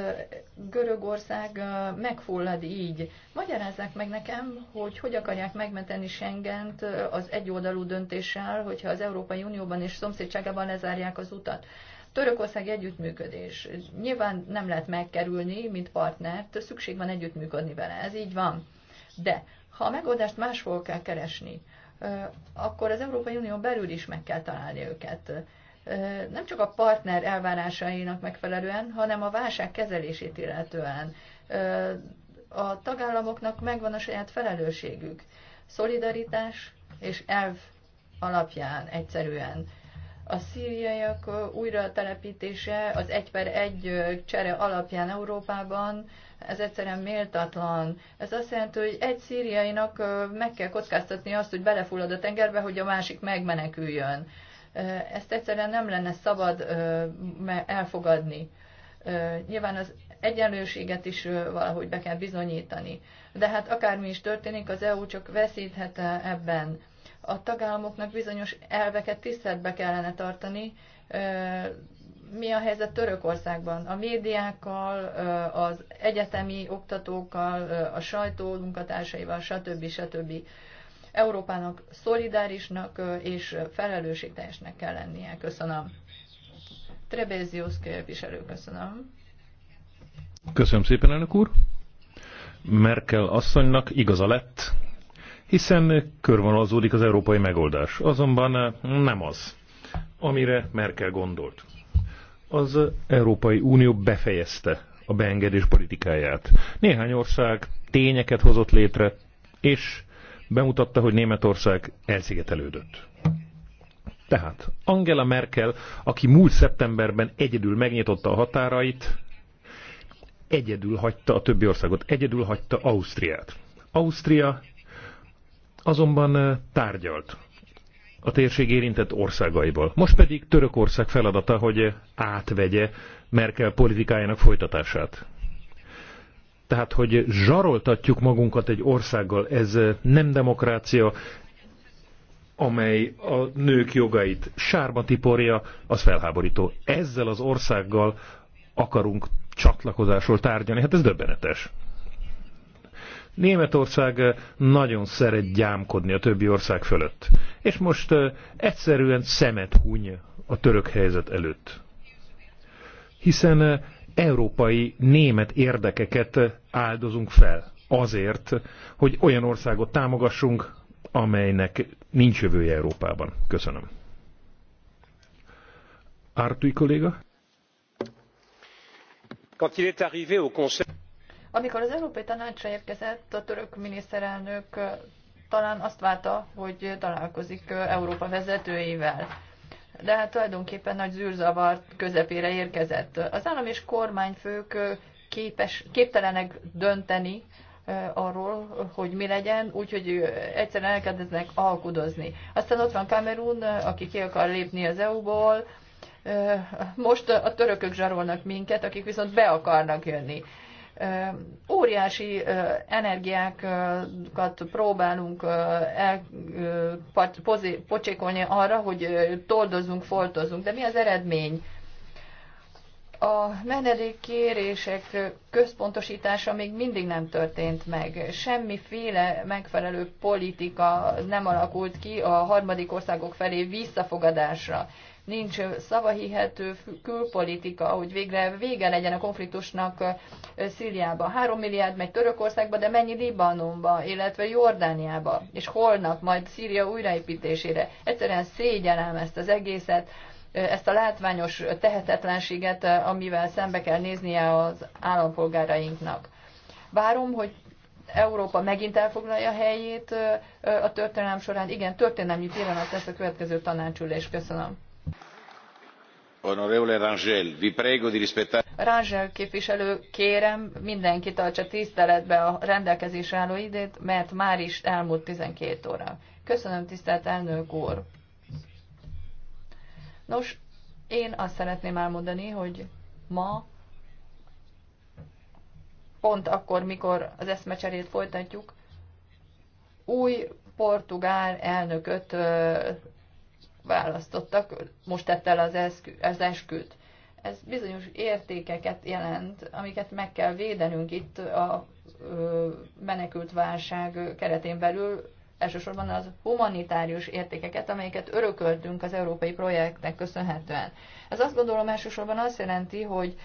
Görögország megfullad így. Magyarázzák meg nekem, hogy hogy akarják megmenteni Schengent az egyoldalú döntéssel, hogyha az Európai Unióban és szomszédságában lezárják az utat. Törökország együttműködés. Nyilván nem lehet megkerülni, mint partnert, szükség van együttműködni vele, ez így van. De ha a megoldást máshol kell keresni, akkor az Európai Unió belül is meg kell találni őket. Nem csak a partner elvárásainak megfelelően, hanem a válság kezelését illetően. A tagállamoknak megvan a saját felelősségük. Szolidaritás és elv alapján egyszerűen. A szíriaiak újra telepítése az egy per egy csere alapján Európában ez egyszerűen méltatlan. Ez azt jelenti, hogy egy szíriainak meg kell kockáztatni azt, hogy belefullad a tengerbe, hogy a másik megmeneküljön. Ezt egyszerűen nem lenne szabad elfogadni. Nyilván az egyenlőséget is valahogy be kell bizonyítani. De hát akármi is történik, az EU csak veszíthet -e ebben. A tagállamoknak bizonyos elveket tiszteletbe kellene tartani, mi a helyzet Törökországban. A médiákkal, az egyetemi oktatókkal, a sajtó munkatársaival, stb. stb. Európának szolidárisnak és felelősségteljesnek kell lennie. Köszönöm. Trebézius képviselő, köszönöm. Köszönöm szépen, elnök úr. Merkel asszonynak igaza lett, hiszen körvonalazódik az európai megoldás. Azonban nem az, amire Merkel gondolt az Európai Unió befejezte a beengedés politikáját. Néhány ország tényeket hozott létre, és bemutatta, hogy Németország elszigetelődött. Tehát Angela Merkel, aki múlt szeptemberben egyedül megnyitotta a határait, egyedül hagyta a többi országot, egyedül hagyta Ausztriát. Ausztria azonban tárgyalt a térség érintett országaiból. Most pedig Törökország feladata, hogy átvegye Merkel politikájának folytatását. Tehát, hogy zsaroltatjuk magunkat egy országgal, ez nem demokrácia, amely a nők jogait sárba tiporja, az felháborító. Ezzel az országgal akarunk csatlakozásról tárgyalni, hát ez döbbenetes. Németország eh, nagyon szeret gyámkodni a többi ország fölött. És most eh, egyszerűen szemet huny a török helyzet előtt. Hiszen eh, európai német érdekeket áldozunk fel azért, hogy olyan országot támogassunk, amelynek nincs jövője Európában. Köszönöm. Ártúj kolléga? Quand il est arrivé au Conseil... Amikor az Európai Tanácsra érkezett, a török miniszterelnök talán azt várta, hogy találkozik Európa vezetőivel. De hát tulajdonképpen nagy zűrzavar közepére érkezett. Az állam és kormányfők képes, képtelenek dönteni arról, hogy mi legyen, úgyhogy egyszerűen elkezdenek alkudozni. Aztán ott van Kamerun, aki ki akar lépni az EU-ból, most a törökök zsarolnak minket, akik viszont be akarnak jönni. Óriási energiákat próbálunk el, pocsékolni arra, hogy toldozunk, foltozunk. De mi az eredmény? A menedék kérések központosítása még mindig nem történt meg. Semmiféle megfelelő politika nem alakult ki a harmadik országok felé visszafogadásra nincs szavahihető külpolitika, hogy végre vége legyen a konfliktusnak Szíriába. Három milliárd megy Törökországba, de mennyi Libanonba, illetve Jordániába, és holnap majd Szíria újraépítésére. Egyszerűen szégyenem ezt az egészet, ezt a látványos tehetetlenséget, amivel szembe kell néznie az állampolgárainknak. Várom, hogy Európa megint elfoglalja a helyét a történelem során. Igen, történelmi pillanat lesz a következő tanácsülés. Köszönöm. Rangel képviselő, kérem, mindenki tartsa tiszteletben a rendelkezésre álló időt, mert már is elmúlt 12 óra. Köszönöm, tisztelt elnök úr! Nos, én azt szeretném elmondani, hogy ma pont akkor, mikor az eszmecserét folytatjuk, új portugál elnököt választottak, most tett el az, eszkü, az esküt. Ez bizonyos értékeket jelent, amiket meg kell védenünk itt a menekült válság keretén belül, elsősorban az humanitárius értékeket, amelyeket örököltünk az európai projektnek köszönhetően. Ez azt gondolom elsősorban azt jelenti, hogy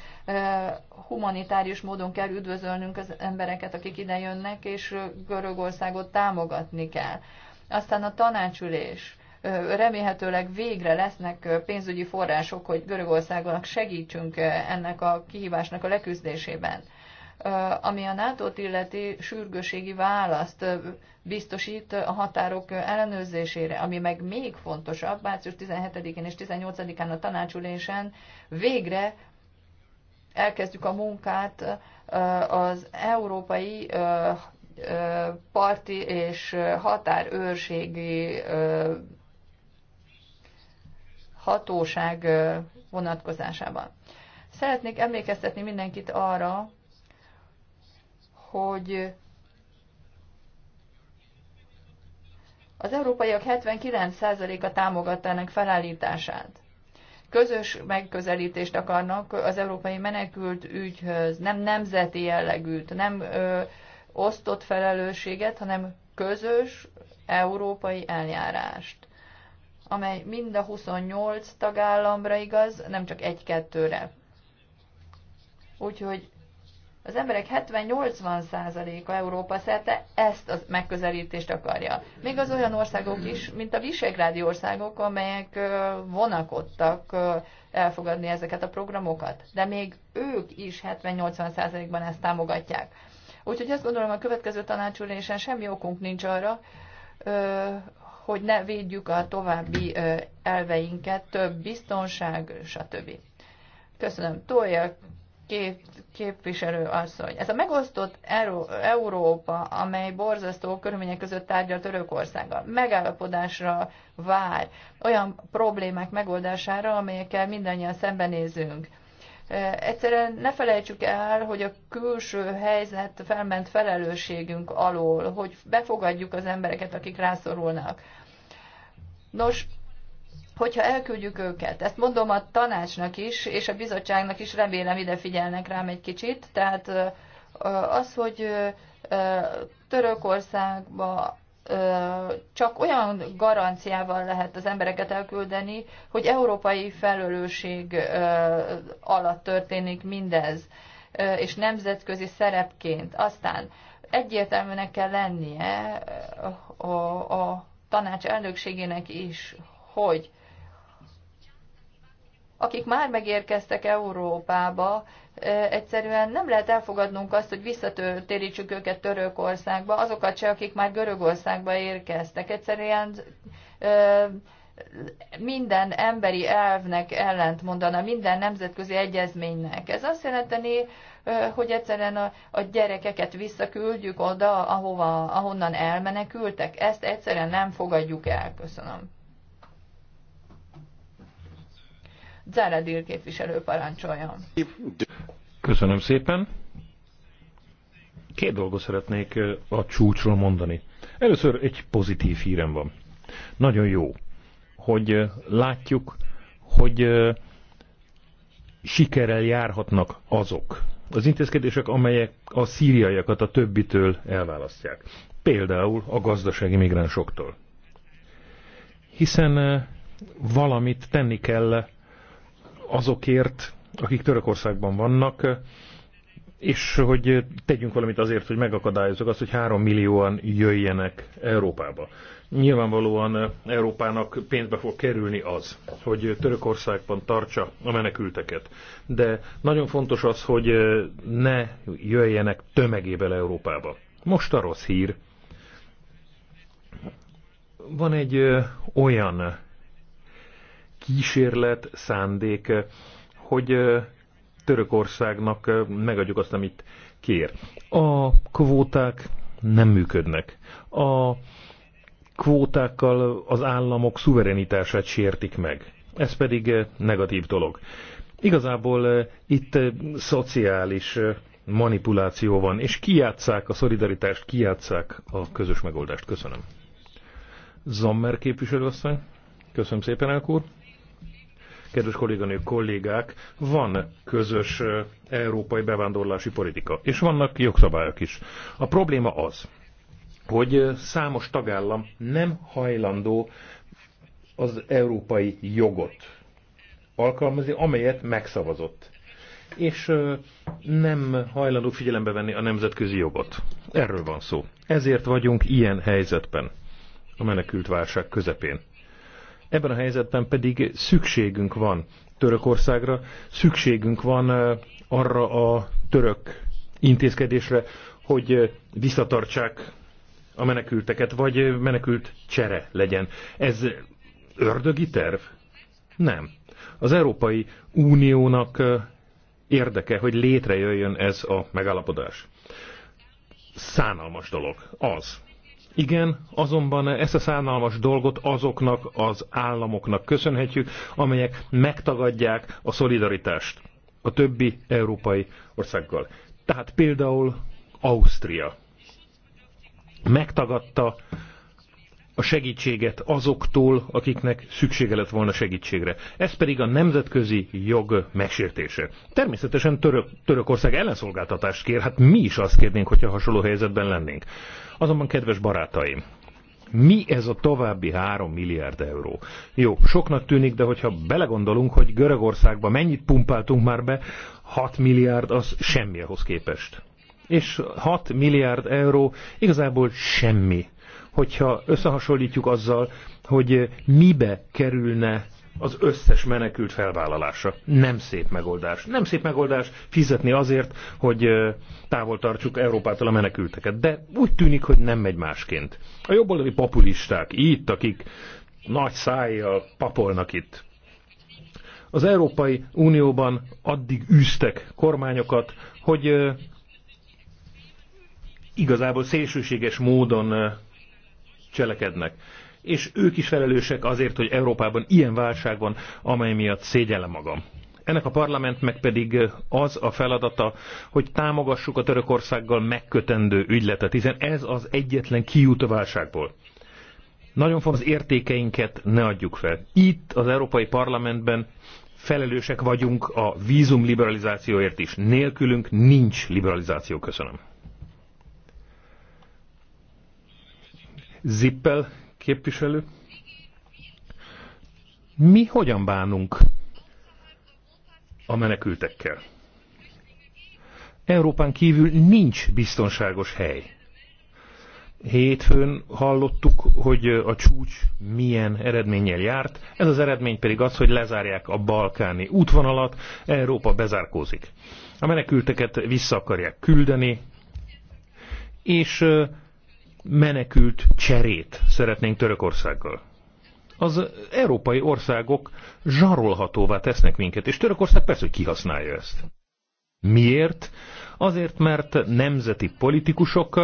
humanitárius módon kell üdvözölnünk az embereket, akik ide jönnek, és Görögországot támogatni kell. Aztán a tanácsülés remélhetőleg végre lesznek pénzügyi források, hogy Görögországonak segítsünk ennek a kihívásnak a leküzdésében. Ami a nato illeti sürgőségi választ biztosít a határok ellenőrzésére, ami meg még fontosabb, március 17-én és 18-án a tanácsülésen végre elkezdjük a munkát az európai parti és határőrségi hatóság vonatkozásában. Szeretnék emlékeztetni mindenkit arra, hogy az európaiak 79%-a támogatta ennek felállítását. Közös megközelítést akarnak az európai menekült ügyhöz, nem nemzeti jellegűt, nem ö, osztott felelősséget, hanem közös európai eljárást amely mind a 28 tagállamra igaz, nem csak egy-kettőre. Úgyhogy az emberek 70-80%-a Európa szerte ezt a megközelítést akarja. Még az olyan országok is, mint a visegrádi országok, amelyek vonakodtak elfogadni ezeket a programokat. De még ők is 70-80%-ban ezt támogatják. Úgyhogy azt gondolom, a következő tanácsülésen semmi okunk nincs arra, hogy ne védjük a további elveinket, több biztonság, stb. Köszönöm. Tolja kép, képviselő asszony. Ez a megosztott Európa, amely borzasztó körülmények között tárgyal Törökországgal, megállapodásra vár, olyan problémák megoldására, amelyekkel mindannyian szembenézünk. Egyszerűen ne felejtsük el, hogy a külső helyzet felment felelősségünk alól, hogy befogadjuk az embereket, akik rászorulnak. Nos, hogyha elküldjük őket, ezt mondom a tanácsnak is, és a bizottságnak is, remélem ide figyelnek rám egy kicsit, tehát az, hogy Törökországba csak olyan garanciával lehet az embereket elküldeni, hogy európai felelősség alatt történik mindez, és nemzetközi szerepként. Aztán egyértelműnek kell lennie a, a tanács elnökségének is, hogy akik már megérkeztek Európába, egyszerűen nem lehet elfogadnunk azt, hogy visszatérítsük őket Törökországba, azokat se, akik már Görögországba érkeztek. Egyszerűen minden emberi elvnek ellent mondana, minden nemzetközi egyezménynek. Ez azt jelenteni, hogy egyszerűen a, a gyerekeket visszaküldjük oda, ahova, ahonnan elmenekültek. Ezt egyszerűen nem fogadjuk el. Köszönöm. Záradil képviselő parancsoljon. Köszönöm szépen. Két dolgot szeretnék a csúcsról mondani. Először egy pozitív hírem van. Nagyon jó, hogy látjuk, hogy sikerrel járhatnak azok az intézkedések, amelyek a szíriaiakat a többitől elválasztják. Például a gazdasági migránsoktól. Hiszen valamit tenni kell azokért, akik Törökországban vannak, és hogy tegyünk valamit azért, hogy megakadályozzuk azt, hogy három millióan jöjjenek Európába. Nyilvánvalóan eh, Európának pénzbe fog kerülni az, hogy eh, Törökországban tartsa a menekülteket. De nagyon fontos az, hogy eh, ne jöjjenek tömegével Európába. Most a rossz hír. Van egy olyan kísérlet, szándék, hogy Törökországnak megadjuk azt, amit kér. A kvóták nem működnek. A kvótákkal az államok szuverenitását sértik meg. Ez pedig eh, negatív dolog. Igazából eh, itt eh, szociális manipuláció van, és kiátszák a szolidaritást, kiátszák a közös megoldást. Köszönöm. Zammer képviselőasszony, köszönöm szépen, elk úr. Kedves kolléganők, kollégák, van közös európai bevándorlási politika, és vannak jogszabályok is. A probléma az, hogy számos tagállam nem hajlandó az európai jogot alkalmazni, amelyet megszavazott. És nem hajlandó figyelembe venni a nemzetközi jogot. Erről van szó. Ezért vagyunk ilyen helyzetben, a menekült válság közepén. Ebben a helyzetben pedig szükségünk van Törökországra, szükségünk van arra a török intézkedésre, hogy visszatartsák a menekülteket, vagy menekült csere legyen. Ez ördögi terv? Nem. Az Európai Uniónak érdeke, hogy létrejöjjön ez a megállapodás. Szánalmas dolog. Az. Igen, azonban ezt a szánalmas dolgot azoknak az államoknak köszönhetjük, amelyek megtagadják a szolidaritást a többi európai országgal. Tehát például Ausztria megtagadta a segítséget azoktól, akiknek szüksége lett volna segítségre. Ez pedig a nemzetközi jog megsértése. Természetesen török, Törökország ellenszolgáltatást kér, hát mi is azt kérnénk, hogyha hasonló helyzetben lennénk. Azonban, kedves barátaim, mi ez a további 3 milliárd euró? Jó, soknak tűnik, de hogyha belegondolunk, hogy Görögországba mennyit pumpáltunk már be, 6 milliárd az semmi ahhoz képest és 6 milliárd euró igazából semmi, hogyha összehasonlítjuk azzal, hogy mibe kerülne az összes menekült felvállalása. Nem szép megoldás. Nem szép megoldás fizetni azért, hogy távol tartsuk Európától a menekülteket. De úgy tűnik, hogy nem megy másként. A jobboldali populisták itt, akik nagy szájjal papolnak itt. Az Európai Unióban addig űztek kormányokat, hogy igazából szélsőséges módon cselekednek. És ők is felelősek azért, hogy Európában ilyen válság van, amely miatt szégyellem magam. Ennek a parlamentnek pedig az a feladata, hogy támogassuk a Törökországgal megkötendő ügyletet, hiszen ez az egyetlen kiút a válságból. Nagyon fontos, az értékeinket ne adjuk fel. Itt az Európai Parlamentben felelősek vagyunk a vízum liberalizációért is. Nélkülünk nincs liberalizáció. Köszönöm. Zippel képviselő. Mi hogyan bánunk a menekültekkel? Európán kívül nincs biztonságos hely. Hétfőn hallottuk, hogy a csúcs milyen eredménnyel járt, ez az eredmény pedig az, hogy lezárják a balkáni útvonalat, Európa bezárkózik. A menekülteket vissza akarják küldeni, és menekült cserét szeretnénk Törökországgal. Az európai országok zsarolhatóvá tesznek minket, és Törökország persze, hogy kihasználja ezt. Miért? Azért, mert nemzeti politikusok,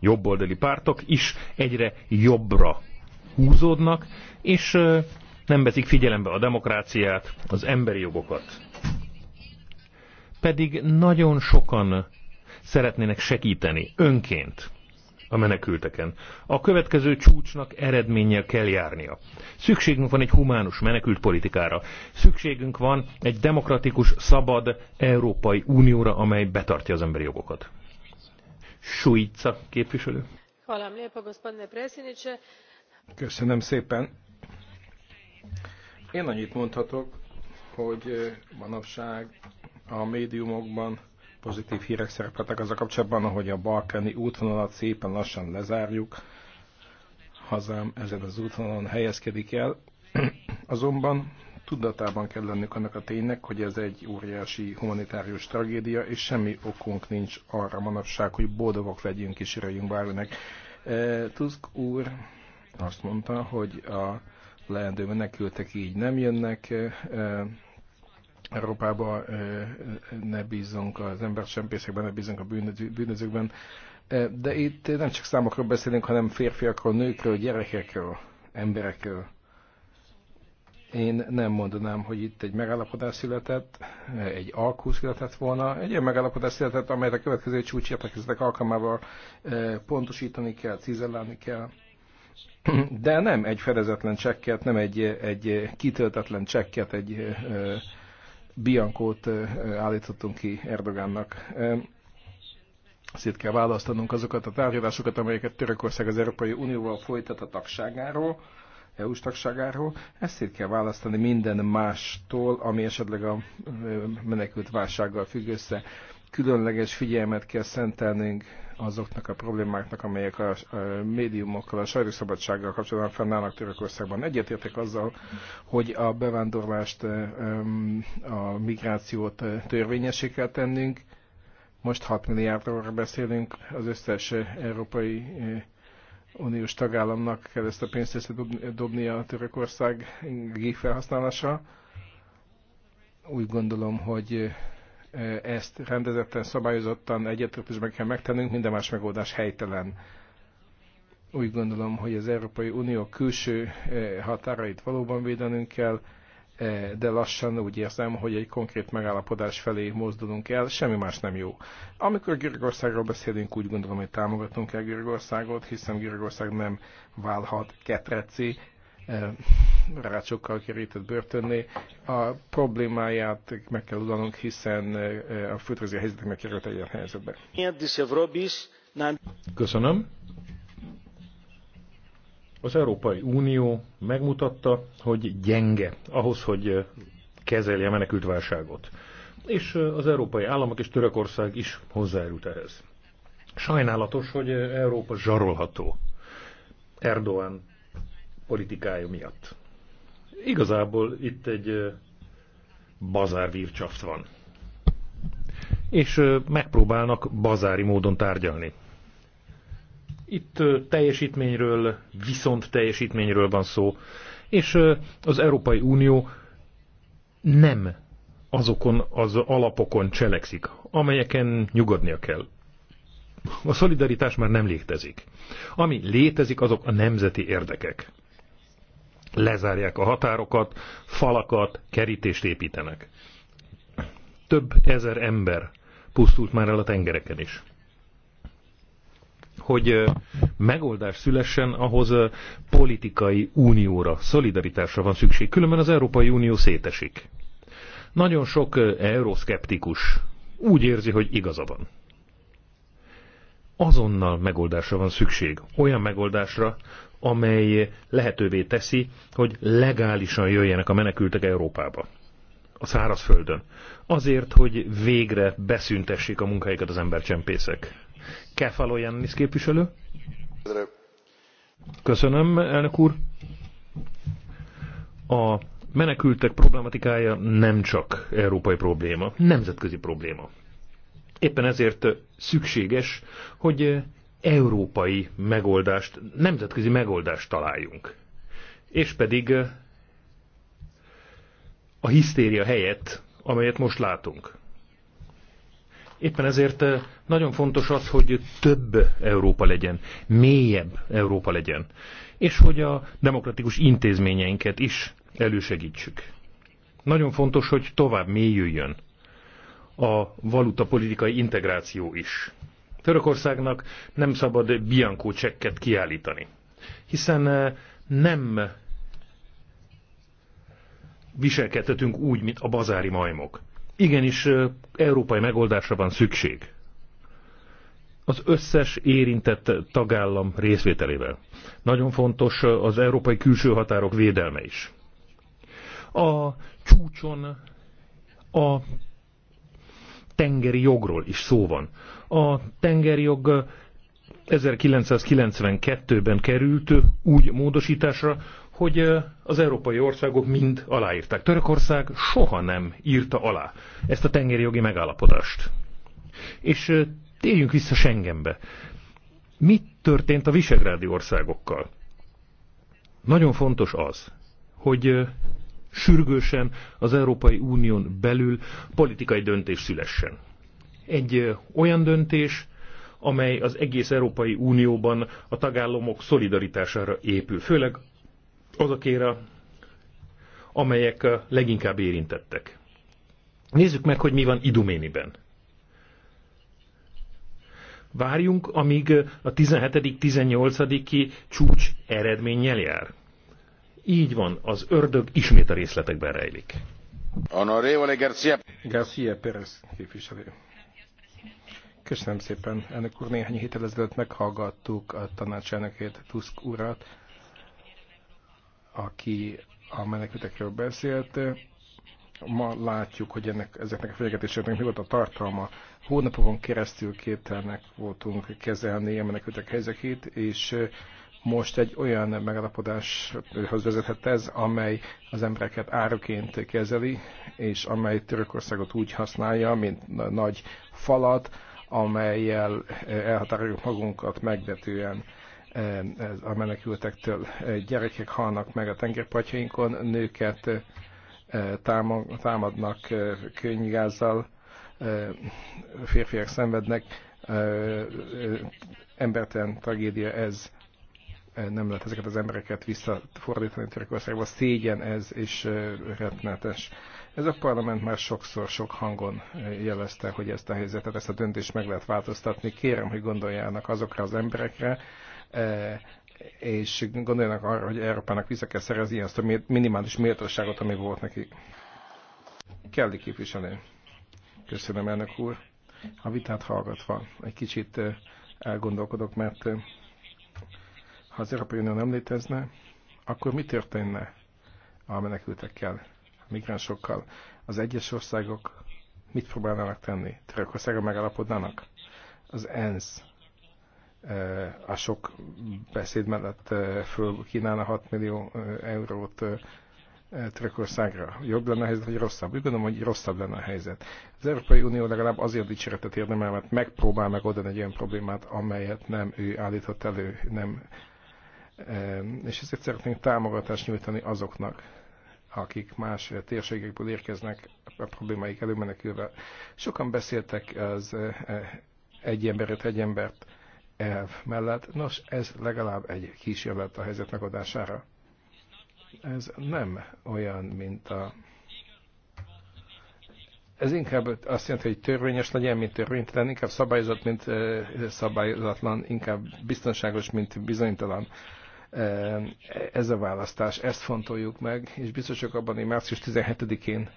jobboldali pártok is egyre jobbra húzódnak, és nem veszik figyelembe a demokráciát, az emberi jogokat. Pedig nagyon sokan szeretnének segíteni önként a menekülteken. A következő csúcsnak eredménnyel kell járnia. Szükségünk van egy humánus menekült politikára. Szükségünk van egy demokratikus, szabad Európai Unióra, amely betartja az emberi jogokat. Suica képviselő. Köszönöm szépen. Én annyit mondhatok, hogy eh, manapság a médiumokban pozitív hírek szerepeltek az a kapcsolatban, hogy a balkáni útvonalat szépen lassan lezárjuk. Hazám ezen az útvonalon helyezkedik el. *clears throat* Azonban tudatában kell lennünk annak a ténynek, hogy ez egy óriási humanitárius tragédia, és semmi okunk nincs arra manapság, hogy boldogok legyünk és örüljünk bárminek. E, Tusk úr azt mondta, hogy a leendő menekültek így nem jönnek e, Európába ne bízunk az embercsempészekben, ne bízunk a bűnözőkben. De itt nem csak számokról beszélünk, hanem férfiakról, nőkről, gyerekekről, emberekről. Én nem mondanám, hogy itt egy megállapodás született, egy alkú született volna. Egy ilyen megállapodás született, amelyet a következő csúcsértekezetek alkalmával pontosítani kell, cizellálni kell. De nem egy fedezetlen csekket, nem egy, egy kitöltetlen csekket, egy Biankót állítottunk ki Erdogánnak. Szét kell választanunk azokat a tárgyalásokat, amelyeket Törökország az Európai Unióval folytat a tagságáról, EU-s tagságáról. Ezt szét kell választani minden mástól, ami esetleg a menekült válsággal függ össze. Különleges figyelmet kell szentelnünk azoknak a problémáknak, amelyek a médiumokkal, a sajtószabadsággal kapcsolatban fennállnak Törökországban. Egyetértek azzal, hogy a bevándorlást, a migrációt törvényesé kell tennünk. Most 6 milliárdról beszélünk, az összes európai uniós tagállamnak kell ezt a pénzt összedobni a Törökország gép felhasználása. Úgy gondolom, hogy ezt rendezetten, szabályozottan, egyetőpözben kell megtennünk, minden más megoldás helytelen. Úgy gondolom, hogy az Európai Unió külső határait valóban védenünk kell, de lassan úgy érzem, hogy egy konkrét megállapodás felé mozdulunk el, semmi más nem jó. Amikor Görögországról beszélünk, úgy gondolom, hogy támogatunk el Görögországot, hiszen Görögország nem válhat ketreci. Eh, rácsokkal kerített börtönné. A problémáját meg kell udanunk, hiszen eh, a földrajzi helyzetek megkerült egy ilyen helyzetbe. Köszönöm. Az Európai Unió megmutatta, hogy gyenge ahhoz, hogy eh, kezelje a menekültválságot. És az európai államok és Törökország is hozzájárult ehhez. Sajnálatos, hogy Európa zsarolható. Erdoğan politikája miatt. Igazából itt egy bazárvírcsaft van. És megpróbálnak bazári módon tárgyalni. Itt teljesítményről, viszont teljesítményről van szó, és az Európai Unió nem azokon az alapokon cselekszik, amelyeken nyugodnia kell. A szolidaritás már nem létezik. Ami létezik, azok a nemzeti érdekek lezárják a határokat, falakat, kerítést építenek. Több ezer ember pusztult már el a tengereken is. Hogy megoldás szülessen, ahhoz politikai unióra, szolidaritásra van szükség, különben az Európai Unió szétesik. Nagyon sok euroszkeptikus úgy érzi, hogy igaza van. Azonnal megoldásra van szükség. Olyan megoldásra, amely lehetővé teszi, hogy legálisan jöjjenek a menekültek Európába, a szárazföldön. Azért, hogy végre beszüntessék a munkáikat az embercsempészek. Kefalo Jannis képviselő. Köszönöm, elnök úr. A menekültek problematikája nem csak európai probléma, nemzetközi probléma. Éppen ezért szükséges, hogy európai megoldást, nemzetközi megoldást találjunk. És pedig eh, a hisztéria helyett, amelyet most látunk. Éppen ezért eh, nagyon fontos az, hogy több Európa legyen, mélyebb Európa legyen, és hogy a demokratikus intézményeinket is elősegítsük. Nagyon fontos, hogy tovább mélyüljön a valutapolitikai integráció is. Törökországnak nem szabad biankó csekket kiállítani, hiszen eh, nem viselkedhetünk úgy, mint a bazári majmok. Igenis, eh, európai megoldásra van szükség. Az összes érintett tagállam részvételével. Nagyon fontos eh, az európai külső határok védelme is. A csúcson a tengeri jogról is szó van. A tengerjog 1992-ben került úgy módosításra, hogy az európai országok mind aláírták. Törökország soha nem írta alá ezt a tengerjogi megállapodást. És térjünk vissza Schengenbe. Mit történt a visegrádi országokkal? Nagyon fontos az, hogy sürgősen az Európai Unión belül politikai döntés szülessen egy olyan döntés, amely az egész Európai Unióban a tagállamok szolidaritására épül, főleg azokéra, amelyek leginkább érintettek. Nézzük meg, hogy mi van Iduméniben. Várjunk, amíg a 17.-18. csúcs eredménnyel jár. Így van, az ördög ismét a részletekben rejlik. Honorevole Garcia. Garcia képviselő. Köszönöm szépen, elnök úr. Néhány héttel ezelőtt meghallgattuk a tanácselnökét, Tusk urat, aki a menekültekről beszélt. Ma látjuk, hogy ennek, ezeknek a fenyegetéseknek mi volt a tartalma. Hónapokon keresztül képtelenek voltunk kezelni a menekültek helyzetét, és most egy olyan megalapodáshoz vezethet ez, amely az embereket áruként kezeli, és amely Törökországot úgy használja, mint nagy falat, amelyel eh, elhatároljuk magunkat megvetően eh, a menekültektől. Eh, gyerekek halnak meg a tengerpartjainkon, nőket támadnak könnygázzal, férfiak szenvednek. Embertelen tragédia ez. Nem lehet ezeket az embereket visszafordítani Törökországba. Szégyen ez, és rettenetes. Ez a parlament már sokszor, sok hangon eh, jelezte, hogy ezt a helyzetet, ezt a döntést meg lehet változtatni. Kérem, hogy gondoljának azokra az emberekre, eh, és gondoljanak arra, hogy Európának vissza kell szerezni azt a minimális méltóságot, ami volt neki. Kelly képviselő. Köszönöm, elnök úr. A vitát hallgatva egy kicsit eh, elgondolkodok, mert ha az Európai Unió nem létezne, akkor mi történne a menekültekkel? migránsokkal, az egyes országok mit próbálnának tenni? Törökországon megállapodnának? Az ENSZ eh, a sok beszéd mellett eh, fölkínálna 6 millió eh, eurót Törökországra. Jobb lenne a helyzet, vagy rosszabb? Úgy gondolom, hogy rosszabb lenne a helyzet. Az Európai Unió legalább azért dicséretet érdemel, mert megpróbál megoldani egy olyan problémát, amelyet nem ő állított elő, nem és ezért szeretnénk támogatást nyújtani azoknak, akik más térségekből érkeznek a problémáik előmenekülve. Sokan beszéltek az eh, egy emberet, egy embert elv mellett. Nos, ez legalább egy kísérlet a helyzet megoldására. Ez nem olyan, mint a... Ez inkább azt jelenti, hogy törvényes legyen, mint törvénytelen, inkább szabályozott, mint eh, szabályozatlan, inkább biztonságos, mint bizonytalan Ehm, ez a választás, ezt fontoljuk meg, és biztosak abban, hogy március 17-én,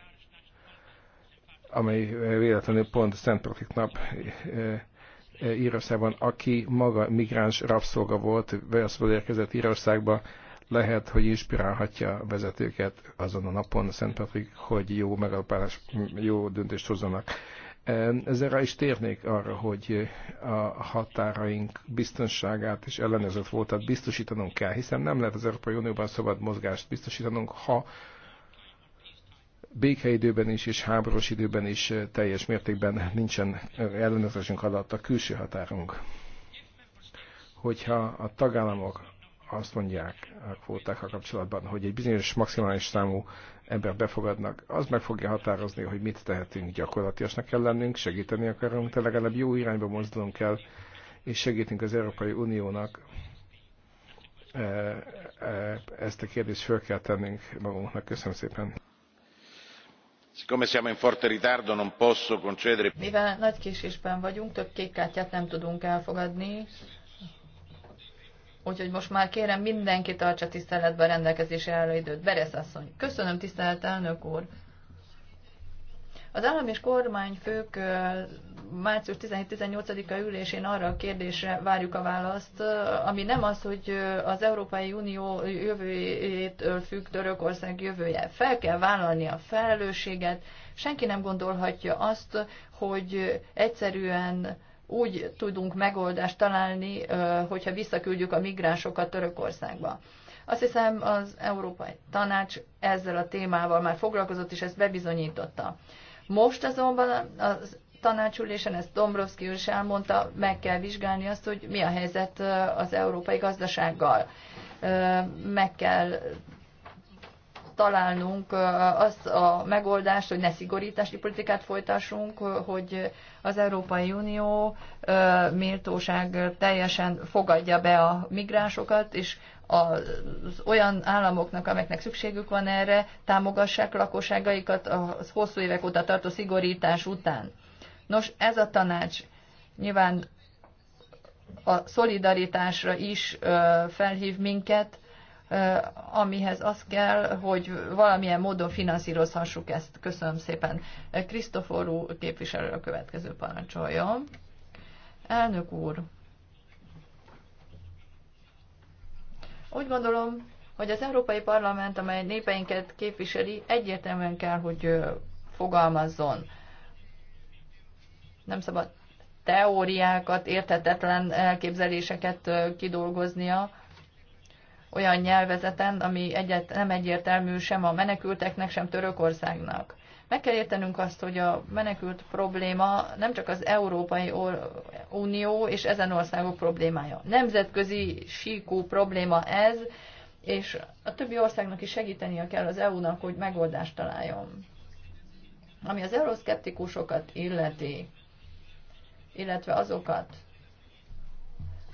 amely véletlenül pont Szent Profik nap eh, eh, Írországban, aki maga migráns rabszolga volt, Velszból érkezett Írországba, lehet, hogy inspirálhatja a vezetőket azon a napon, Szent Patrik, hogy jó megalapálás, jó döntést hozzanak. Ezzel rá is térnék arra, hogy eh, a határaink biztonságát és ellenőrzött voltat biztosítanunk kell, hiszen nem lehet az Európai Unióban szabad mozgást biztosítanunk, ha békeidőben is és háborús időben is eh, teljes mértékben nincsen eh, ellenőrzésünk alatt a külső határunk. Hogyha a tagállamok azt mondják a kvótákkal kapcsolatban, hogy egy bizonyos maximális számú ember befogadnak, az meg fogja határozni, hogy mit tehetünk. Gyakorlatilag kell lennünk, segíteni akarunk, de legalább jó irányba mozdulunk kell, és segítünk az Európai Uniónak. E, e, ezt a kérdést föl kell tennünk magunknak. Köszönöm szépen. Siccome siamo in forte ritardo, non posso concedere... Mivel nagy késésben vagyunk, több kék kártyát nem tudunk elfogadni. Úgyhogy most már kérem mindenki tartsa tiszteletben rendelkezésre álló időt. Beresz asszony. Köszönöm, tisztelt elnök úr. Az állam és fők március 17-18-a ülésén arra a kérdésre várjuk a választ, ami nem az, hogy az Európai Unió jövőjétől függ Törökország jövője. Fel kell vállalni a felelősséget. Senki nem gondolhatja azt, hogy egyszerűen úgy tudunk megoldást találni, hogyha visszaküldjük a migránsokat Törökországba. Azt hiszem az Európai Tanács ezzel a témával már foglalkozott, és ezt bebizonyította. Most azonban a tanácsülésen, ezt Dombrovszki úr is elmondta, meg kell vizsgálni azt, hogy mi a helyzet az európai gazdasággal. Meg kell találnunk azt a megoldást, hogy ne szigorítási politikát folytassunk, hogy az Európai Unió méltóság teljesen fogadja be a migránsokat, és az olyan államoknak, amelyeknek szükségük van erre, támogassák lakosságaikat a hosszú évek óta tartó szigorítás után. Nos, ez a tanács nyilván a szolidaritásra is felhív minket, Eh, amihez az kell, hogy valamilyen módon finanszírozhassuk ezt. Köszönöm szépen. Krisztoforú képviselő a következő parancsolja. Elnök úr, úgy gondolom, hogy az Európai Parlament, amely népeinket képviseli, egyértelműen kell, hogy fogalmazzon. Nem szabad teóriákat, érthetetlen elképzeléseket kidolgoznia, olyan nyelvezeten, ami egyet, nem egyértelmű sem a menekülteknek, sem Törökországnak. Meg kell értenünk azt, hogy a menekült probléma nem csak az Európai Unió és ezen országok problémája. Nemzetközi síkú probléma ez, és a többi országnak is segítenie kell az EU-nak, hogy megoldást találjon. Ami az euroszkeptikusokat illeti, illetve azokat,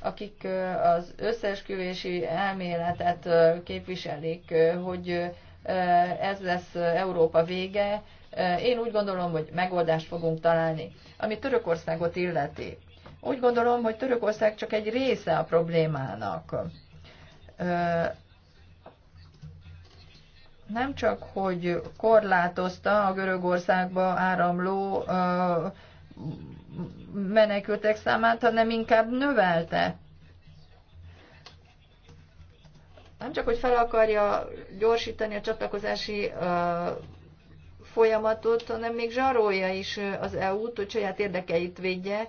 akik az összeesküvési elméletet képviselik, hogy ez lesz Európa vége, én úgy gondolom, hogy megoldást fogunk találni, ami Törökországot illeti. Úgy gondolom, hogy Törökország csak egy része a problémának. Nem csak, hogy korlátozta a Görögországba áramló menekültek számát, hanem inkább növelte. Nem csak, hogy fel akarja gyorsítani a csatlakozási folyamatot, hanem még zsarolja is az EU-t, hogy saját érdekeit védje,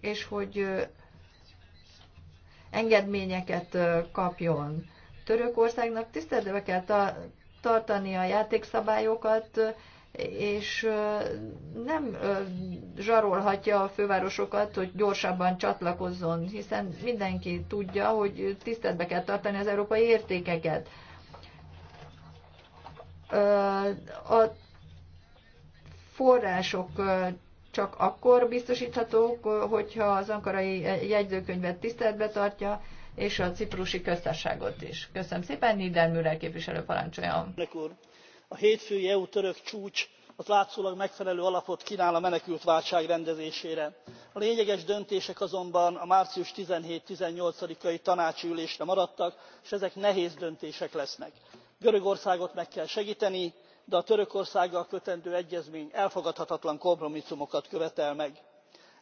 és hogy engedményeket kapjon. Törökországnak tiszteletbe kell ta- tartani a játékszabályokat, és nem zsarolhatja a fővárosokat, hogy gyorsabban csatlakozzon, hiszen mindenki tudja, hogy tiszteletbe kell tartani az európai értékeket. A források csak akkor biztosíthatók, hogyha az ankarai jegyzőkönyvet tiszteletbe tartja, és a ciprusi köztárságot is. Köszönöm szépen, Niedermüller képviselő parancsoljon a hétfői eu török csúcs az látszólag megfelelő alapot knál a menekültválság rendezésére. a lényeges döntések azonban a március seventeen eighteen i tanácsi ülésre maradtak és ezek nehéz döntések lesznek. görögországot meg kell segteni de a törökországgal kötendő egyezmény elfogadhatatlan kompromisszumokat követel meg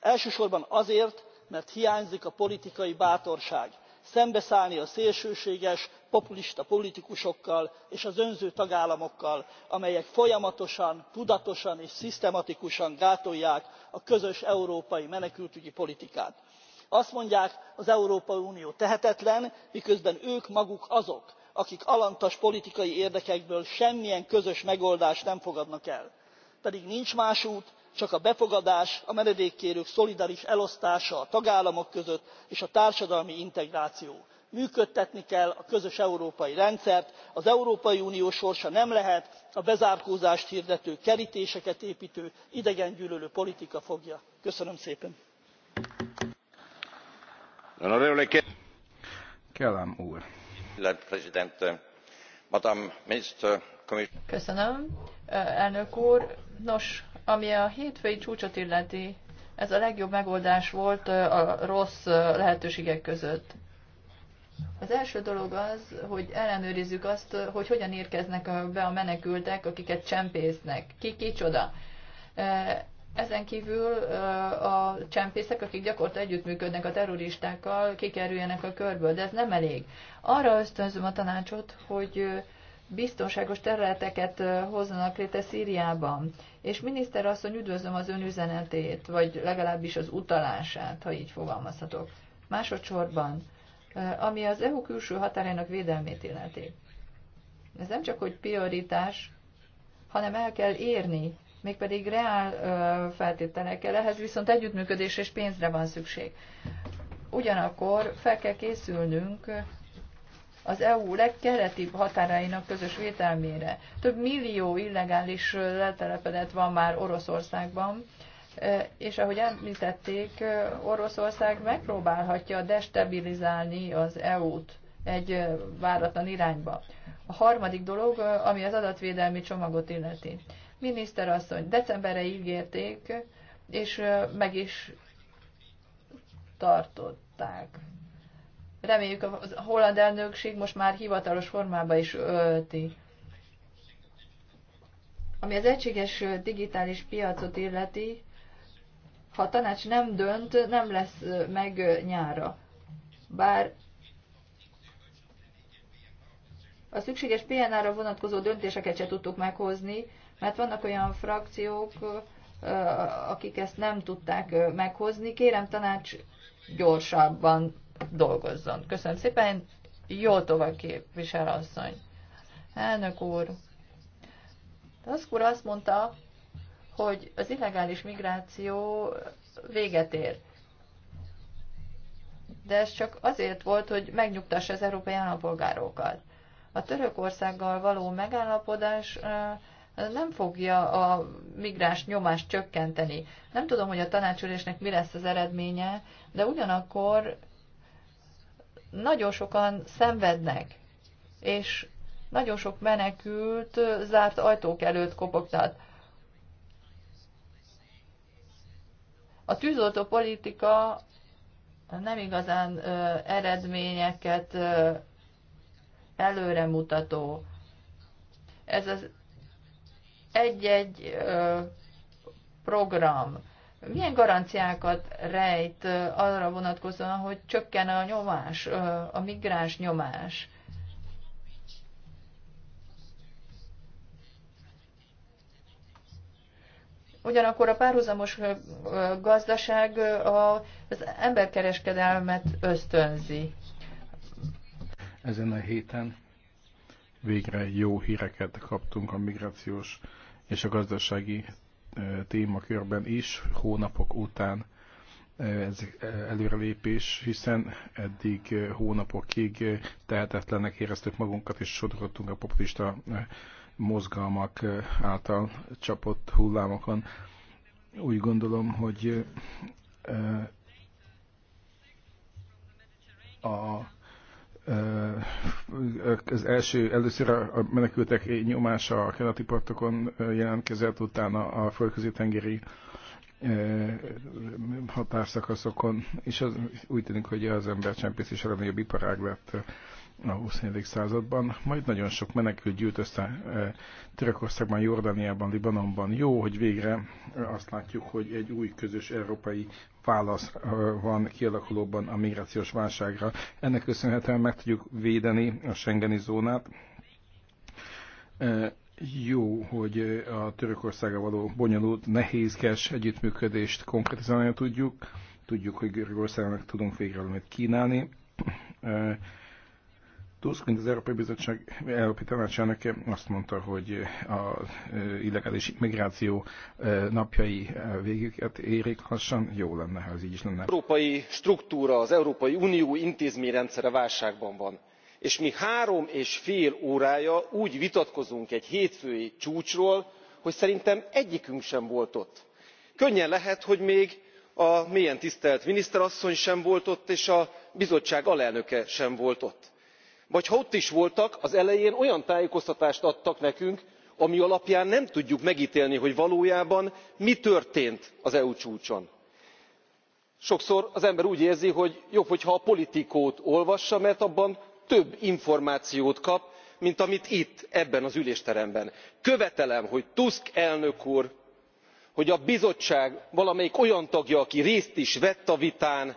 elsősorban azért mert hiányzik a politikai bátorság szembeszállni a szélsőséges populista politikusokkal és az önző tagállamokkal amelyek folyamatosan tudatosan és szisztematikusan gátolják a közös európai menekültügyi politikát. azt mondják az európai unió tehetetlen miközben ők maguk azok akik alantas politikai érdekekből semmilyen közös megoldást nem fogadnak el pedig nincs más út csak a befogadás a menedékkérők szolidaris elosztása a tagállamok között és a társadalmi integráció. működtetni kell a közös európai rendszert az európai unió sorsa nem lehet a bezárkózást hirdető kertéseket éptő idegengyűlölő politika fogja. köszönöm szépen! Köszönöm, elnök úr. Nos, ami a hétfői csúcsot illeti, ez a legjobb megoldás volt a rossz lehetőségek között. Az első dolog az, hogy ellenőrizzük azt, hogy hogyan érkeznek be a menekültek, akiket csempésznek. Ki kicsoda. Ezen kívül a csempészek, akik gyakorta együttműködnek a terroristákkal, kikerüljenek a körből, de ez nem elég. Arra ösztönzöm a tanácsot, hogy biztonságos területeket hozzanak létre Szíriában. És miniszter asszony, üdvözlöm az ön üzenetét, vagy legalábbis az utalását, ha így fogalmazhatok. Másodszorban, ami az EU külső határának védelmét illeti. Ez nem csak, hogy prioritás, hanem el kell érni, mégpedig reál feltételekkel, ehhez viszont együttműködés és pénzre van szükség. Ugyanakkor fel kell készülnünk az EU legkeletibb határainak közös vételmére. Több millió illegális letelepedett van már Oroszországban, e, és ahogy említették, e, Oroszország megpróbálhatja destabilizálni az EU-t egy e, váratlan irányba. A harmadik dolog, ami az adatvédelmi csomagot illeti. Miniszter asszony, decemberre ígérték, és meg is tartották reméljük a holland elnökség most már hivatalos formába is ölti. Ami az egységes digitális piacot illeti, ha a tanács nem dönt, nem lesz meg nyára. Bár a szükséges PNR-ra vonatkozó döntéseket se tudtuk meghozni, mert vannak olyan frakciók, akik ezt nem tudták meghozni. Kérem tanács gyorsabban dolgozzon. Köszönöm szépen, jó tovább képvisel asszony. Elnök úr, Az úr azt mondta, hogy az illegális migráció véget ér. De ez csak azért volt, hogy megnyugtassa az európai állampolgárokat. A Törökországgal való megállapodás nem fogja a migráns nyomást csökkenteni. Nem tudom, hogy a tanácsülésnek mi lesz az eredménye, de ugyanakkor nagyon sokan szenvednek, és nagyon sok menekült zárt ajtók előtt kopogtat. A tűzoltó politika nem igazán ö, eredményeket ö, előremutató. Ez az egy-egy program milyen garanciákat rejt arra vonatkozóan, hogy csökken a nyomás, a migráns nyomás? Ugyanakkor a párhuzamos gazdaság az emberkereskedelmet ösztönzi. Ezen a héten végre jó híreket kaptunk a migrációs és a gazdasági témakörben is hónapok után ez előrelépés, hiszen eddig hónapokig tehetetlenek éreztük magunkat, és sodorodtunk a populista mozgalmak által csapott hullámokon. Úgy gondolom, hogy a az első, először a menekültek nyomása a keleti partokon jelentkezett, utána a földközi tengeri határszakaszokon, és az, úgy tűnik, hogy az csempész is a legnagyobb iparág lett a 20. században. Majd nagyon sok menekült gyűlt össze Törökországban, Jordániában, Libanonban. Jó, hogy végre azt látjuk, hogy egy új közös európai válasz van kialakulóban a migrációs válságra. Ennek köszönhetően meg tudjuk védeni a Schengeni zónát. Jó, hogy a Törökországa való bonyolult, nehézkes együttműködést konkretizálni tudjuk. Tudjuk, hogy Görögországnak tudunk végre valamit kínálni Tusk, mint az Európai Bizottság Európai Tanácsának azt mondta, hogy a illegális migráció napjai végüket érik lassan, jó lenne, ha ez így is lenne. Az európai struktúra, az Európai Unió intézményrendszere válságban van. És mi három és fél órája úgy vitatkozunk egy hétfői csúcsról, hogy szerintem egyikünk sem volt ott. Könnyen lehet, hogy még a mélyen tisztelt miniszterasszony sem volt ott, és a bizottság alelnöke sem volt ott vagy ha ott is voltak az elején olyan tájékoztatást adtak nekünk ami alapján nem tudjuk megtélni hogy valójában mi történt az eu csúcson. sokszor az ember úgy érzi hogy jobb hogyha a politikót olvassa mert abban több információt kap mint amit itt ebben az ülésteremben. követelem hogy tusk elnök úr hogy a bizottság valamelyik olyan tagja aki részt is vett a vitán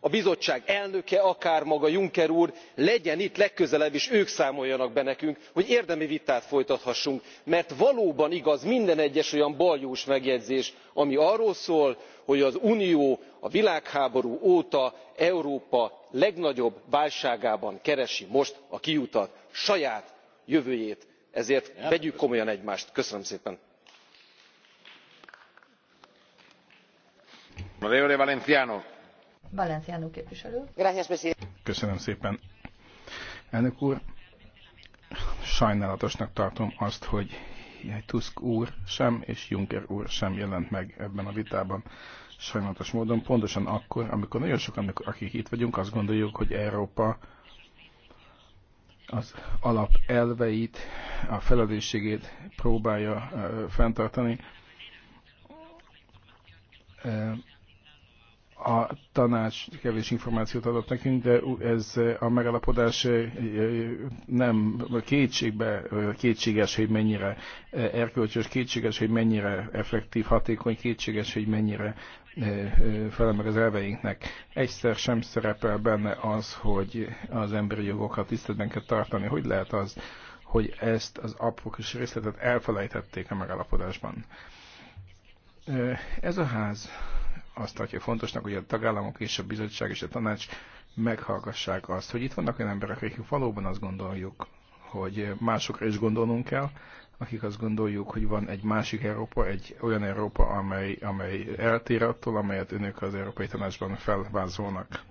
a bizottság elnöke maga juncker úr legyen itt legközelebb és ők számoljanak be nekünk hogy érdemi vitát folytathassunk mert valóban igaz minden egyes olyan baljós megjegyzés ami arról szól hogy az unió a világháború óta európa legnagyobb válságában keresi most a kiutat saját jövőjét. ezért vegyük komolyan egymást! köszönöm szépen! Valenciánó képviselő. Köszönöm szépen. Elnök úr, sajnálatosnak tartom azt, hogy Tusk úr sem és Juncker úr sem jelent meg ebben a vitában. Sajnálatos módon pontosan akkor, amikor nagyon sokan, akik itt vagyunk, azt gondoljuk, hogy Európa az alapelveit, a felelősségét próbálja fenntartani a tanács kevés információt adott nekünk, de ez eh, a megalapodás eh, eh, nem kétségbe, kétséges, hogy mennyire erkölcsös, kétséges, hogy mennyire effektív, hatékony, kétséges, hogy mennyire felel meg az elveinknek. Egyszer sem szerepel benne az, hogy az emberi jogokat tiszteletben kell tartani. Hogy lehet az, hogy ezt az és részletet elfelejtették a megalapodásban? Ez a ház azt tartja fontosnak, hogy a tagállamok és a bizottság és a tanács meghallgassák azt, hogy itt vannak olyan emberek, akik valóban azt gondoljuk, hogy másokra is gondolnunk kell, akik azt gondoljuk, hogy van egy másik Európa, egy olyan Európa, amely, amely eltér attól, amelyet önök az Európai Tanácsban felvázolnak.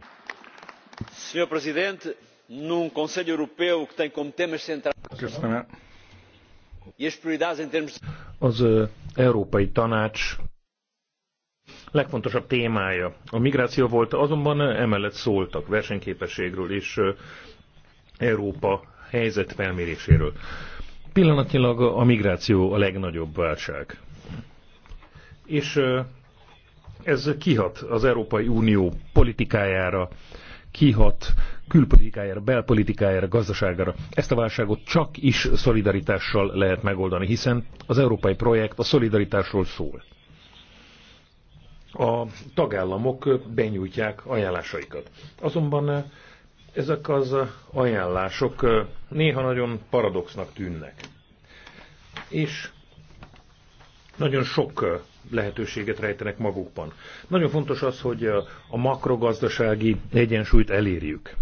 Senhor Presidente, num Conselho Europeu que tem como temas centrais Köszönöm. e Az Európai Tanács legfontosabb témája. A migráció volt, azonban emellett szóltak versenyképességről és Európa helyzet felméréséről. Pillanatnyilag a migráció a legnagyobb válság. És ez kihat az Európai Unió politikájára, kihat külpolitikájára, belpolitikájára, gazdaságára. Ezt a válságot csak is szolidaritással lehet megoldani, hiszen az európai projekt a szolidaritásról szól a tagállamok benyújtják ajánlásaikat. Azonban eh, ezek az ajánlások eh, néha nagyon paradoxnak tűnnek. És nagyon sok eh, lehetőséget rejtenek magukban. Nagyon fontos az, hogy a makrogazdasági egyensúlyt elérjük.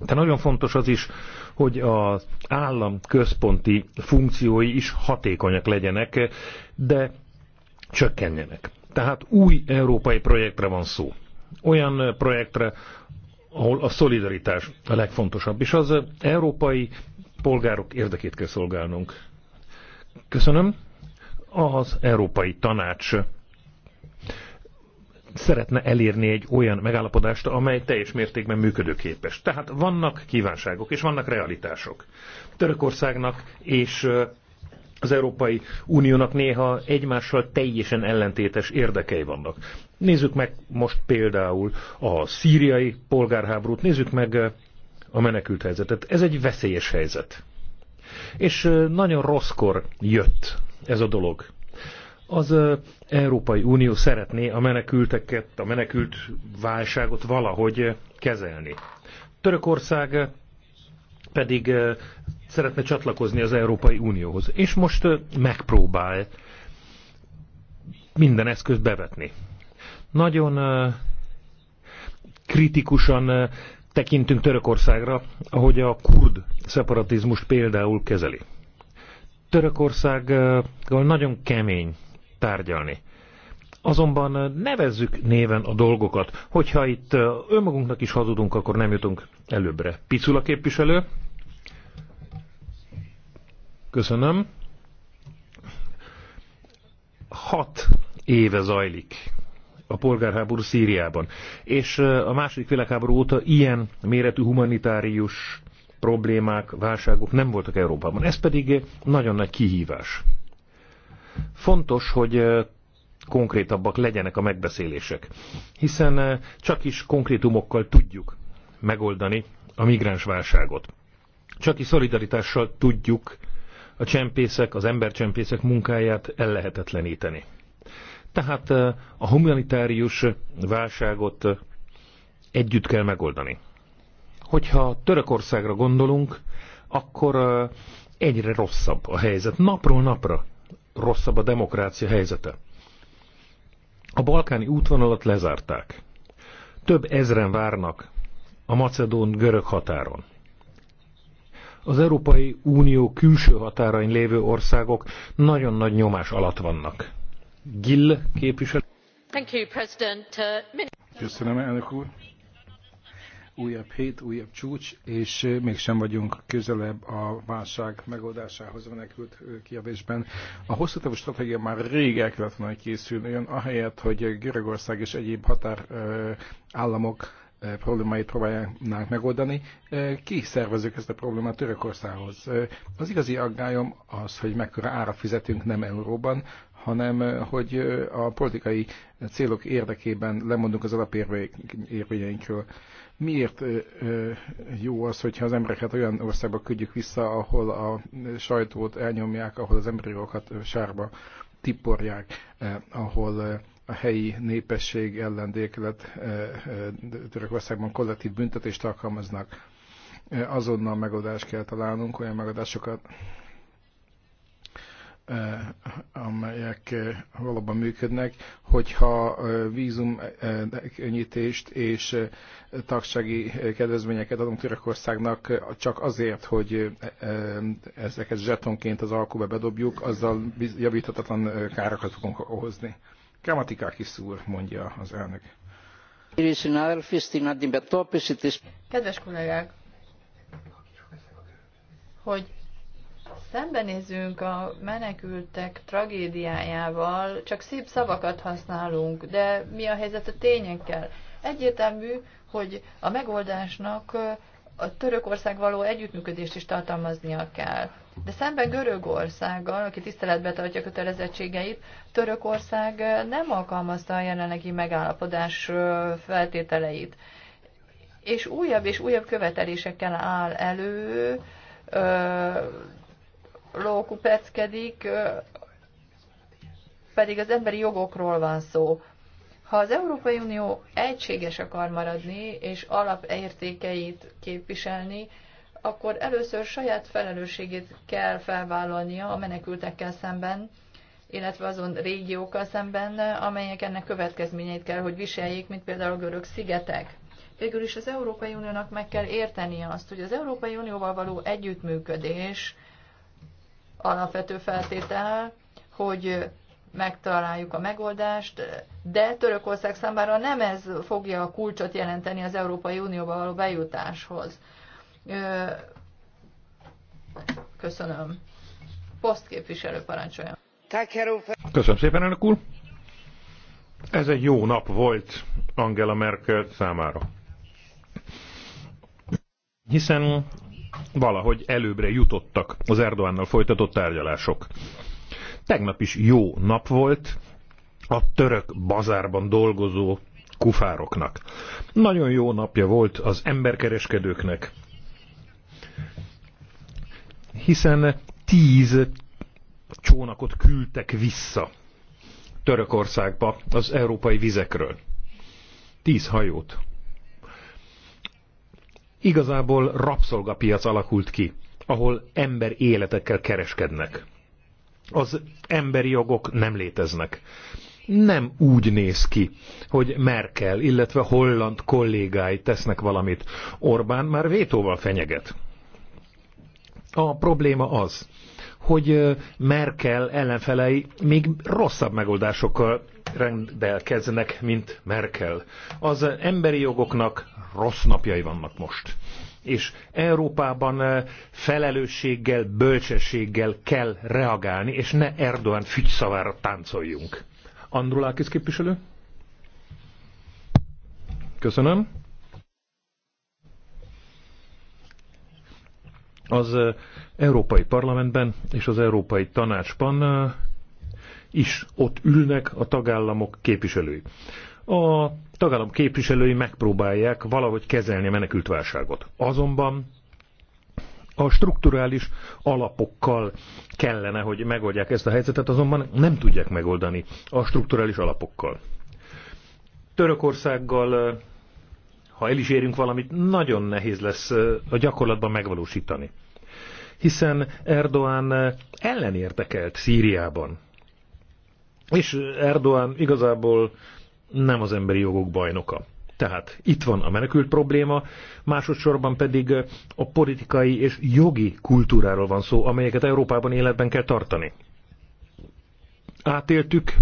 De nagyon fontos az is, hogy az állam központi funkciói is hatékonyak legyenek, de csökkenjenek. Tehát új európai projektre van szó. Olyan projektre, ahol a szolidaritás a legfontosabb, és az európai polgárok érdekét kell szolgálnunk. Köszönöm. Az Európai Tanács szeretne elérni egy olyan megállapodást, amely teljes mértékben működőképes. Tehát vannak kívánságok és vannak realitások. Törökországnak és az Európai Uniónak néha egymással teljesen ellentétes érdekei vannak. Nézzük meg most például a szíriai polgárháborút, nézzük meg eh, a menekült helyzetet. Ez egy veszélyes helyzet. És eh, nagyon rosszkor jött ez a dolog. Az eh, Európai Unió szeretné a menekülteket, a menekült válságot valahogy kezelni. Törökország pedig szeretne csatlakozni az Európai Unióhoz, és most megpróbál minden eszközt bevetni. Nagyon kritikusan tekintünk Törökországra, ahogy a kurd szeparatizmus például kezeli. Törökországgal nagyon kemény tárgyalni. Azonban nevezzük néven a dolgokat. Hogyha itt önmagunknak is hazudunk, akkor nem jutunk előbbre. Picula képviselő. Köszönöm. Hat éve zajlik a polgárháború Szíriában. És a második világháború óta ilyen méretű humanitárius problémák, válságok nem voltak Európában. Ez pedig nagyon nagy kihívás. Fontos, hogy konkrétabbak legyenek a megbeszélések, hiszen csak is konkrétumokkal tudjuk megoldani a migráns válságot. Csak is szolidaritással tudjuk a csempészek, az embercsempészek munkáját ellehetetleníteni. Tehát eh, a humanitárius válságot eh, együtt kell megoldani. Hogyha Törökországra gondolunk, akkor eh, egyre rosszabb a helyzet. Napról napra rosszabb a demokrácia helyzete. A balkáni útvonalat lezárták. Több ezren várnak a macedón-görög határon az Európai Unió külső határain lévő országok nagyon nagy nyomás alatt vannak. Gill képviselő. Uh, Köszönöm, elnök úr. Újabb hét, újabb csúcs, és uh, mégsem vagyunk közelebb a válság megoldásához menekült uh, kiadésben. A hosszú távú stratégia már rég el kellett volna készülni, ahelyett, hogy Görögország és egyéb határ államok E, problémáit próbálnánk megoldani. E, ki szervezők ezt a problémát Törökországhoz? E, az igazi aggályom az, hogy mekkora ára fizetünk nem euróban, hanem hogy a politikai célok érdekében lemondunk az alapérvényeinkről. Miért jó az, hogyha az embereket olyan országba küldjük vissza, ahol a sajtót elnyomják, ahol az emberi jogokat sárba tiporják, ahol a helyi népesség ellen délkelet eh, eh, Törökországban kollektív büntetést alkalmaznak. Eh, azonnal megoldást kell találnunk, olyan megoldásokat, amelyek valóban működnek, hogyha vízum könnyítést és tagsági kedvezményeket adunk Törökországnak csak azért, hogy ezeket zsetonként az alkóba bedobjuk, azzal javíthatatlan károkat fogunk okozni. Kematikákis úr, mondja az elnök. Kedves kollégák, hogy szembenézünk a menekültek tragédiájával, csak szép szavakat használunk, de mi a helyzet a tényekkel? Egyértelmű, hogy a megoldásnak a Törökország való együttműködést is tartalmaznia kell. De szemben Görögországgal, aki tiszteletbe tartja kötelezettségeit, Törökország nem alkalmazta a jelenlegi megállapodás feltételeit. És újabb és újabb követelésekkel áll elő, lókupeckedik, pedig az emberi jogokról van szó. Ha az Európai Unió egységes akar maradni és alapértékeit képviselni, akkor először saját felelősségét kell felvállalnia a menekültekkel szemben, illetve azon régiókkal szemben, amelyek ennek következményeit kell, hogy viseljék, mint például a görög szigetek. Végül is az Európai Uniónak meg kell érteni azt, hogy az Európai Unióval való együttműködés alapvető feltétel, hogy megtaláljuk a megoldást, de Törökország számára nem ez fogja a kulcsot jelenteni az Európai Unióval való bejutáshoz. Köszönöm. Posztképviselő parancsoljon. Köszönöm szépen, elnök úr. Ez egy jó nap volt Angela Merkel számára. Hiszen valahogy előbbre jutottak az Erdoánnal folytatott tárgyalások. Tegnap is jó nap volt a török bazárban dolgozó kufároknak. Nagyon jó napja volt az emberkereskedőknek, hiszen tíz csónakot küldtek vissza Törökországba az európai vizekről. Tíz hajót. Igazából rabszolgapiac alakult ki, ahol ember életekkel kereskednek. Az emberi jogok nem léteznek. Nem úgy néz ki, hogy Merkel, illetve holland kollégái tesznek valamit. Orbán már vétóval fenyeget. A probléma az, hogy Merkel ellenfelei még rosszabb megoldásokkal rendelkeznek, mint Merkel. Az emberi jogoknak rossz napjai vannak most. És Európában felelősséggel, bölcsességgel kell reagálni, és ne Erdogan fügyszavára táncoljunk. Andrulákis képviselő? Köszönöm. az Európai Parlamentben és az Európai Tanácsban is ott ülnek a tagállamok képviselői. A tagállam képviselői megpróbálják valahogy kezelni a válságot. Azonban a strukturális alapokkal kellene, hogy megoldják ezt a helyzetet, azonban nem tudják megoldani a strukturális alapokkal. Törökországgal ha el is érünk valamit, nagyon nehéz lesz a gyakorlatban megvalósítani. Hiszen Erdoğan ellenértekelt Szíriában. És Erdoğan igazából nem az emberi jogok bajnoka. Tehát itt van a menekült probléma, másodszorban pedig a politikai és jogi kultúráról van szó, amelyeket Európában életben kell tartani. Átéltük,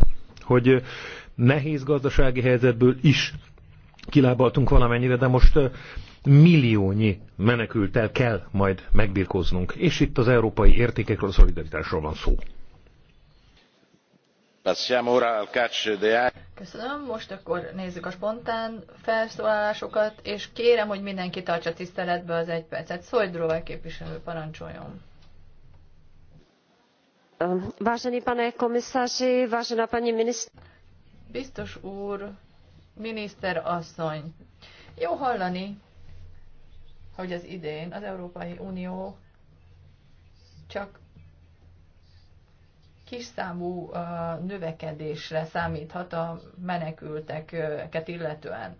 hogy nehéz gazdasági helyzetből is kilábaltunk valamennyire, de most milliónyi menekültel kell majd megbirkóznunk. És itt az európai értékekről, a szolidaritásról van szó. Köszönöm, most akkor nézzük a spontán felszólalásokat, és kérem, hogy mindenki tartsa tiszteletbe az egy percet. Szojdróval képviselő, parancsoljon. Vážený pane komisáři, vážená paní ministr... Biztos úr, miniszter asszony, jó hallani, hogy az idén az Európai Unió csak kis számú uh, növekedésre számíthat a menekülteket illetően.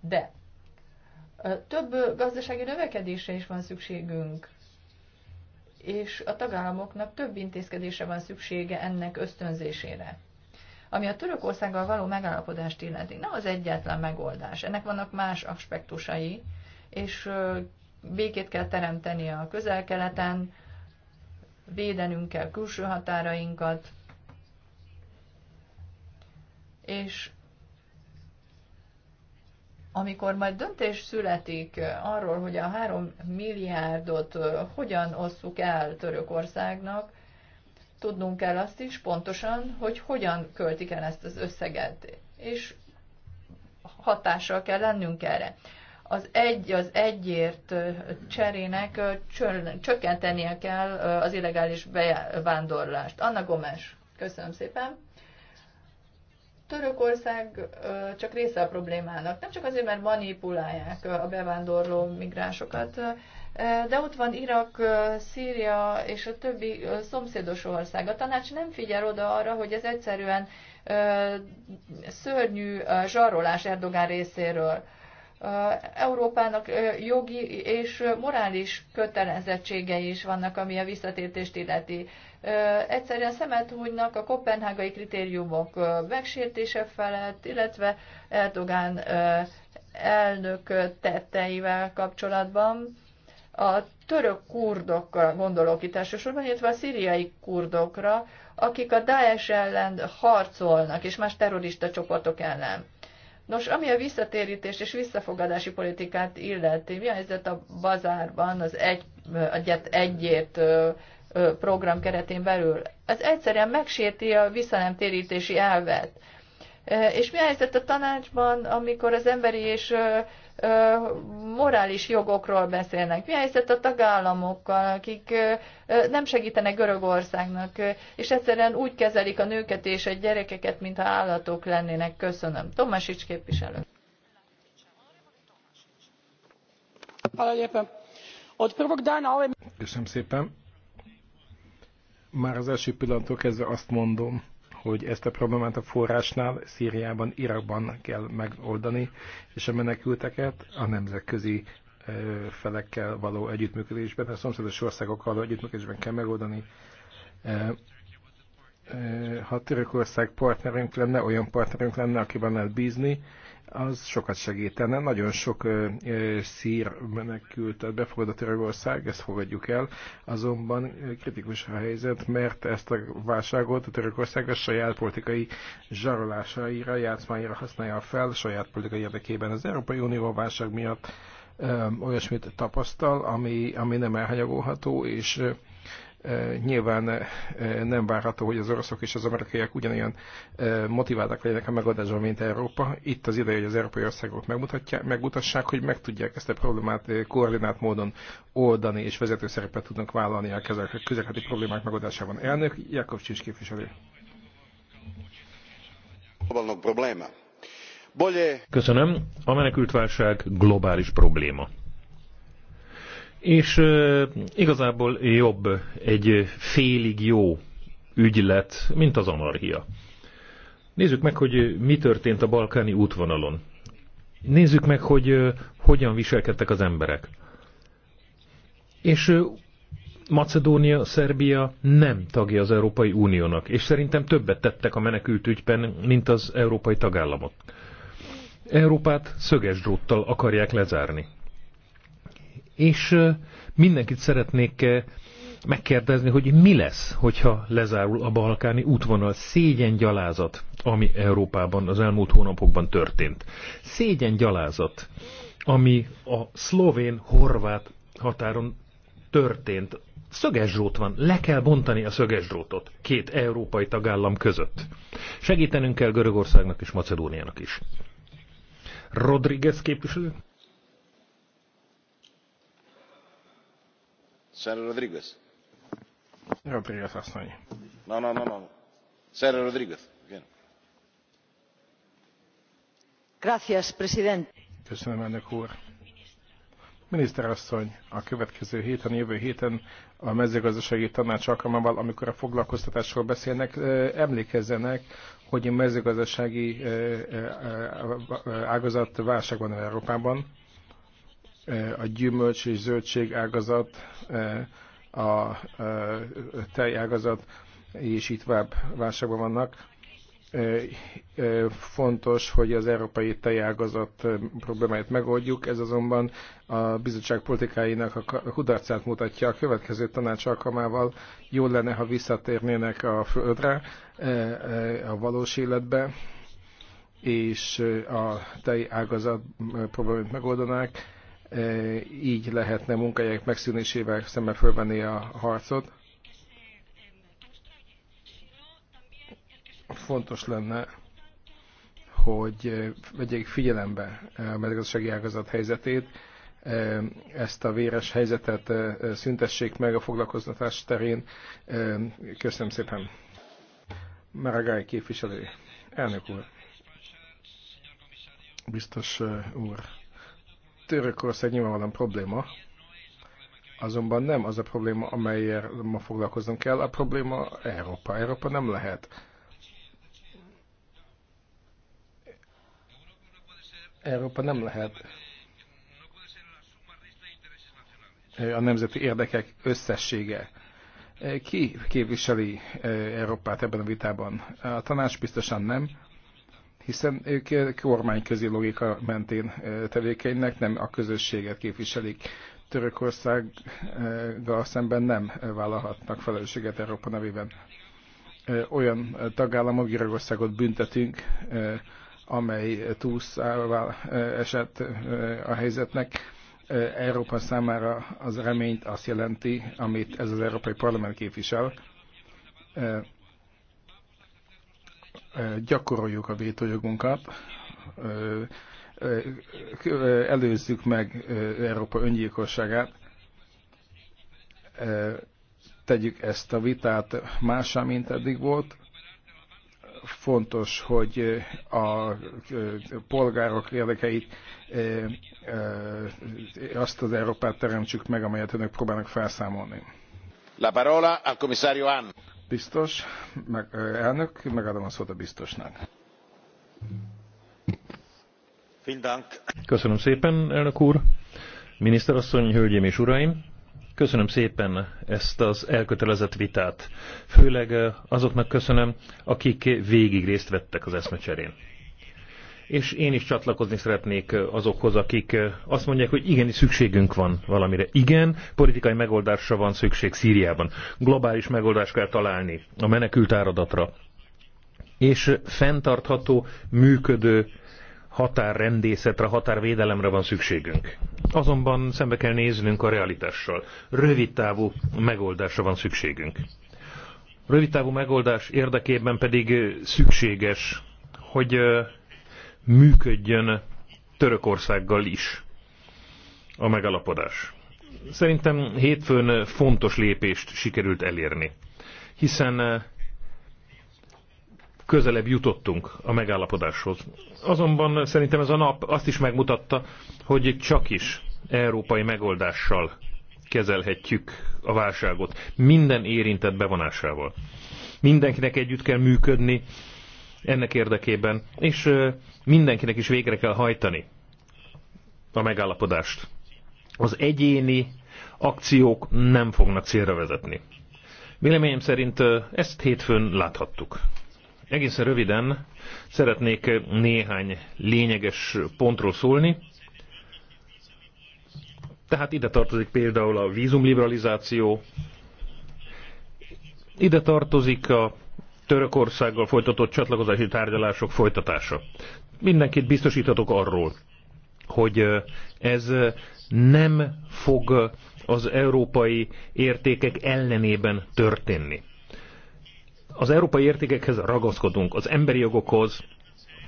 De uh, több gazdasági növekedésre is van szükségünk, és a tagállamoknak több intézkedése van szüksége ennek ösztönzésére. Ami a Törökországgal való megállapodást illeti, nem az egyetlen megoldás. Ennek vannak más aspektusai, és békét kell teremteni a közel-keleten, védenünk kell külső határainkat, és amikor majd döntés születik arról, hogy a három milliárdot hogyan osszuk el Törökországnak, tudnunk kell azt is pontosan, hogy hogyan költik el ezt az összeget, és hatással kell lennünk erre. Az egy az egyért cserének csökkentenie kell az illegális bevándorlást. Anna Gomes, köszönöm szépen. Törökország csak része a problémának. Nem csak azért, mert manipulálják a bevándorló migránsokat, de ott van Irak, Szíria és a többi szomszédos ország. A tanács nem figyel oda arra, hogy ez egyszerűen szörnyű zsarolás Erdogán részéről. Európának jogi és morális kötelezettségei is vannak, ami a visszatértést illeti. Egyszerűen szemet húgynak a kopenhágai kritériumok megsértése felett, illetve Erdogán elnök tetteivel kapcsolatban a török kurdokra gondolok itt elsősorban, illetve a szíriai kurdokra, akik a Daesh ellen harcolnak, és más terrorista csoportok ellen. Nos, ami a visszatérítés és visszafogadási politikát illeti, mi a helyzet a bazárban az egy, egyet, egyért program keretén belül? Ez egyszerűen megsérti a visszanemtérítési elvet. És mi a helyzet a tanácsban, amikor az emberi és ö, morális jogokról beszélnek. Mi a helyzet a tagállamokkal, akik ö, nem segítenek Görögországnak, ö, és egyszerűen úgy kezelik a nőket és a gyerekeket, mintha állatok lennének. Köszönöm. Tomasics képviselő. Köszönöm szépen. Már az első pillanatok kezdve azt mondom, hogy ezt a problémát a forrásnál, Szíriában, Irakban kell megoldani, és a menekülteket a nemzetközi felekkel való együttműködésben, a szomszédos országokkal való együttműködésben kell megoldani. Ha Törökország partnerünk lenne, olyan partnerünk lenne, akiben lehet bízni, az sokat segítene. Nagyon sok ö, ö, szír menekültet befogadott Törökország, ezt fogadjuk el, azonban kritikus a helyzet, mert ezt a válságot a Törökország a saját politikai zsarolásaira, játszmáira használja fel, saját politikai érdekében. Az Európai Unió válság miatt ö, olyasmit tapasztal, ami, ami nem elhanyagolható, és Nyilván nem várható, hogy az oroszok és az amerikaiak ugyanolyan motiváltak legyenek a megoldásban, mint Európa. Itt az ideje, hogy az európai országok megmutassák, hogy meg tudják ezt a problémát koordinált módon oldani, és vezető szerepet tudnak vállalni a közlekedési problémák megoldásában. Elnök Jakov Csincs képviselő. Köszönöm. A menekültválság globális probléma. És igazából jobb egy félig jó ügylet, mint az anarchia. Nézzük meg, hogy mi történt a balkáni útvonalon. Nézzük meg, hogy hogyan viselkedtek az emberek. És Macedónia, Szerbia nem tagja az Európai Uniónak, és szerintem többet tettek a menekült ügyben, mint az európai tagállamok. Európát szöges dróttal akarják lezárni. És mindenkit szeretnék megkérdezni, hogy mi lesz, hogyha lezárul a balkáni útvonal. Szégyen gyalázat, ami Európában az elmúlt hónapokban történt. Szégyen gyalázat, ami a szlovén-horvát határon történt. Szögesdrót van, le kell bontani a szögesdrótot két európai tagállam között. Segítenünk kell Görögországnak és Macedóniának is. Rodriguez képviselő? Sarah Rodríguez. Rodriguez asszony. No, no, no, no. Sarah Rodriguez. Bien. Gracias, president. Köszönöm, elnök úr. Miniszterasszony, a következő héten, jövő héten a mezőgazdasági tanács alkalmával, amikor a foglalkoztatásról beszélnek, emlékezzenek, hogy a mezőgazdasági ágazat válságban Európában a gyümölcs és zöldség ágazat, a tej ágazat, és itt tovább válságban vannak. Fontos, hogy az európai tejágazat problémáit megoldjuk, ez azonban a bizottság politikáinak a kudarcát mutatja a következő tanács alkalmával. Jó lenne, ha visszatérnének a földre, a valós életbe, és a tejágazat problémát megoldanák így lehetne munkahelyek megszűnésével szemben fölvenni a harcot. Fontos lenne, hogy vegyék figyelembe a mezőgazdasági ágazat helyzetét, ezt a véres helyzetet szüntessék meg a foglalkoztatás terén. Köszönöm szépen. Maragály képviselő, elnök úr, biztos úr. Törökország nyilvánvalóan probléma, azonban nem az a probléma, amelyel ma foglalkoznunk kell, a probléma Európa. Európa nem lehet. Európa nem lehet a nemzeti érdekek összessége. Ki képviseli Európát ebben a vitában? A tanács biztosan nem hiszen ők kormányközi logika mentén e, tevékenynek, nem a közösséget képviselik. Törökországgal szemben nem vállalhatnak felelősséget Európa nevében. E, olyan tagállamok, Görögországot büntetünk, e, amely túlszává esett a helyzetnek. Európa számára az reményt azt jelenti, amit ez az Európai Parlament képvisel gyakoroljuk a vétójogunkat, előzzük meg Európa öngyilkosságát, tegyük ezt a vitát másá, mint eddig volt. Fontos, hogy a polgárok érdekeit azt az Európát teremtsük meg, amelyet önök próbálnak felszámolni. La parola al commissario Hahn Biztos, meg, elnök, megadom a szót a biztosnak. Köszönöm szépen, elnök úr. Miniszterasszony, hölgyeim és uraim! Köszönöm szépen ezt az elkötelezett vitát. Főleg azoknak köszönöm, akik végig részt vettek az eszmecserén és én is csatlakozni szeretnék azokhoz, akik azt mondják, hogy igenis szükségünk van valamire. Igen, politikai megoldásra van szükség Szíriában. Globális megoldást kell találni a menekült áradatra. És fenntartható, működő határrendészetre, határvédelemre van szükségünk. Azonban szembe kell néznünk a realitással. Rövidtávú megoldásra van szükségünk. Rövidtávú megoldás érdekében pedig szükséges, hogy működjön Törökországgal is a megalapodás. Szerintem hétfőn fontos lépést sikerült elérni, hiszen eh, közelebb jutottunk a megállapodáshoz. Azonban szerintem ez a nap azt is megmutatta, hogy csak is európai megoldással kezelhetjük a válságot, minden érintett bevonásával. Mindenkinek együtt kell működni ennek érdekében, és eh, mindenkinek is végre kell hajtani a megállapodást. Az egyéni akciók nem fognak célra vezetni. Véleményem szerint ezt hétfőn láthattuk. Egészen röviden szeretnék néhány lényeges pontról szólni. Tehát ide tartozik például a vízumliberalizáció, ide tartozik a Törökországgal folytatott csatlakozási tárgyalások folytatása mindenkit biztosítatok arról, hogy ez nem fog az európai értékek ellenében történni. Az európai értékekhez ragaszkodunk, az emberi jogokhoz,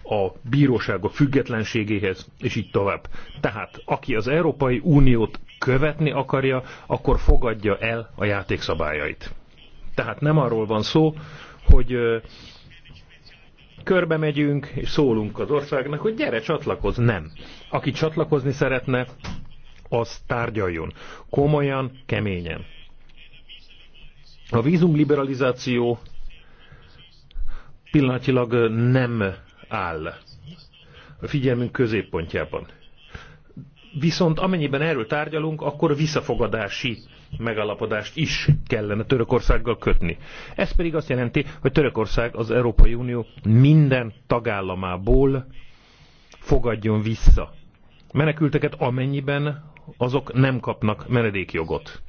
a bíróságok függetlenségéhez, és így tovább. Tehát, aki az Európai Uniót követni akarja, akkor fogadja el a játékszabályait. Tehát nem arról van szó, hogy körbe megyünk, és szólunk az országnak, hogy gyere, csatlakozz. Nem. Aki csatlakozni szeretne, az tárgyaljon. Komolyan, keményen. A vízumliberalizáció pillanatilag nem áll a figyelmünk középpontjában. Viszont amennyiben erről tárgyalunk, akkor visszafogadási megalapodást is kellene Törökországgal kötni. Ez pedig azt jelenti, hogy Törökország az Európai Unió minden tagállamából fogadjon vissza menekülteket, amennyiben azok nem kapnak menedékjogot.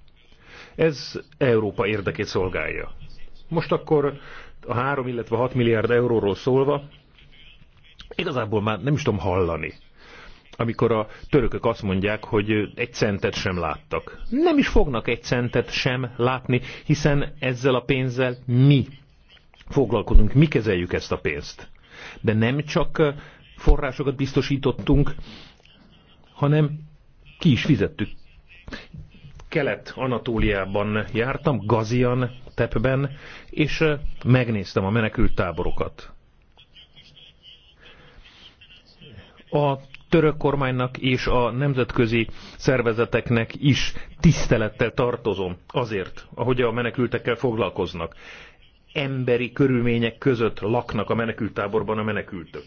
Ez Európa érdekét szolgálja. Most akkor a 3, illetve 6 milliárd euróról szólva, igazából már nem is tudom hallani amikor a törökök azt mondják, hogy egy centet sem láttak. Nem is fognak egy centet sem látni, hiszen ezzel a pénzzel mi foglalkozunk, mi kezeljük ezt a pénzt. De nem csak eh, forrásokat biztosítottunk, hanem ki is fizettük. Kelet-Anatóliában jártam, Gazian tepben, és eh, megnéztem a menekült táborokat. A török kormánynak és a nemzetközi szervezeteknek is tisztelettel tartozom azért, ahogy a menekültekkel foglalkoznak. Emberi körülmények között laknak a menekültáborban a menekültök.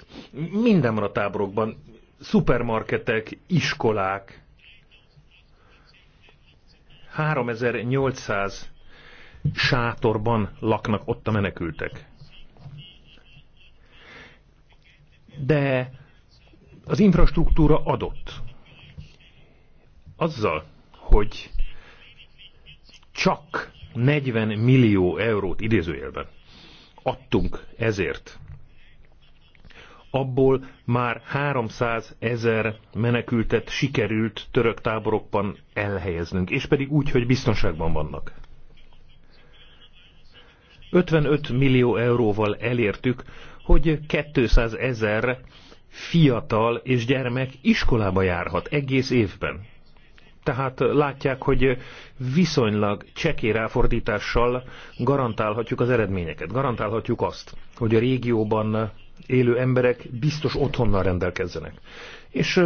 Minden van a táborokban, szupermarketek, iskolák. 3800 sátorban laknak ott a menekültek. De az infrastruktúra adott. Azzal, hogy csak 40 millió eurót idézőjelben adtunk ezért, abból már 300 ezer menekültet sikerült török táborokban elhelyeznünk, és pedig úgy, hogy biztonságban vannak. 55 millió euróval elértük, hogy 200 ezer fiatal és gyermek iskolába járhat egész évben. Tehát látják, hogy viszonylag cseké ráfordítással garantálhatjuk az eredményeket. Garantálhatjuk azt, hogy a régióban élő emberek biztos otthonnal rendelkezzenek. És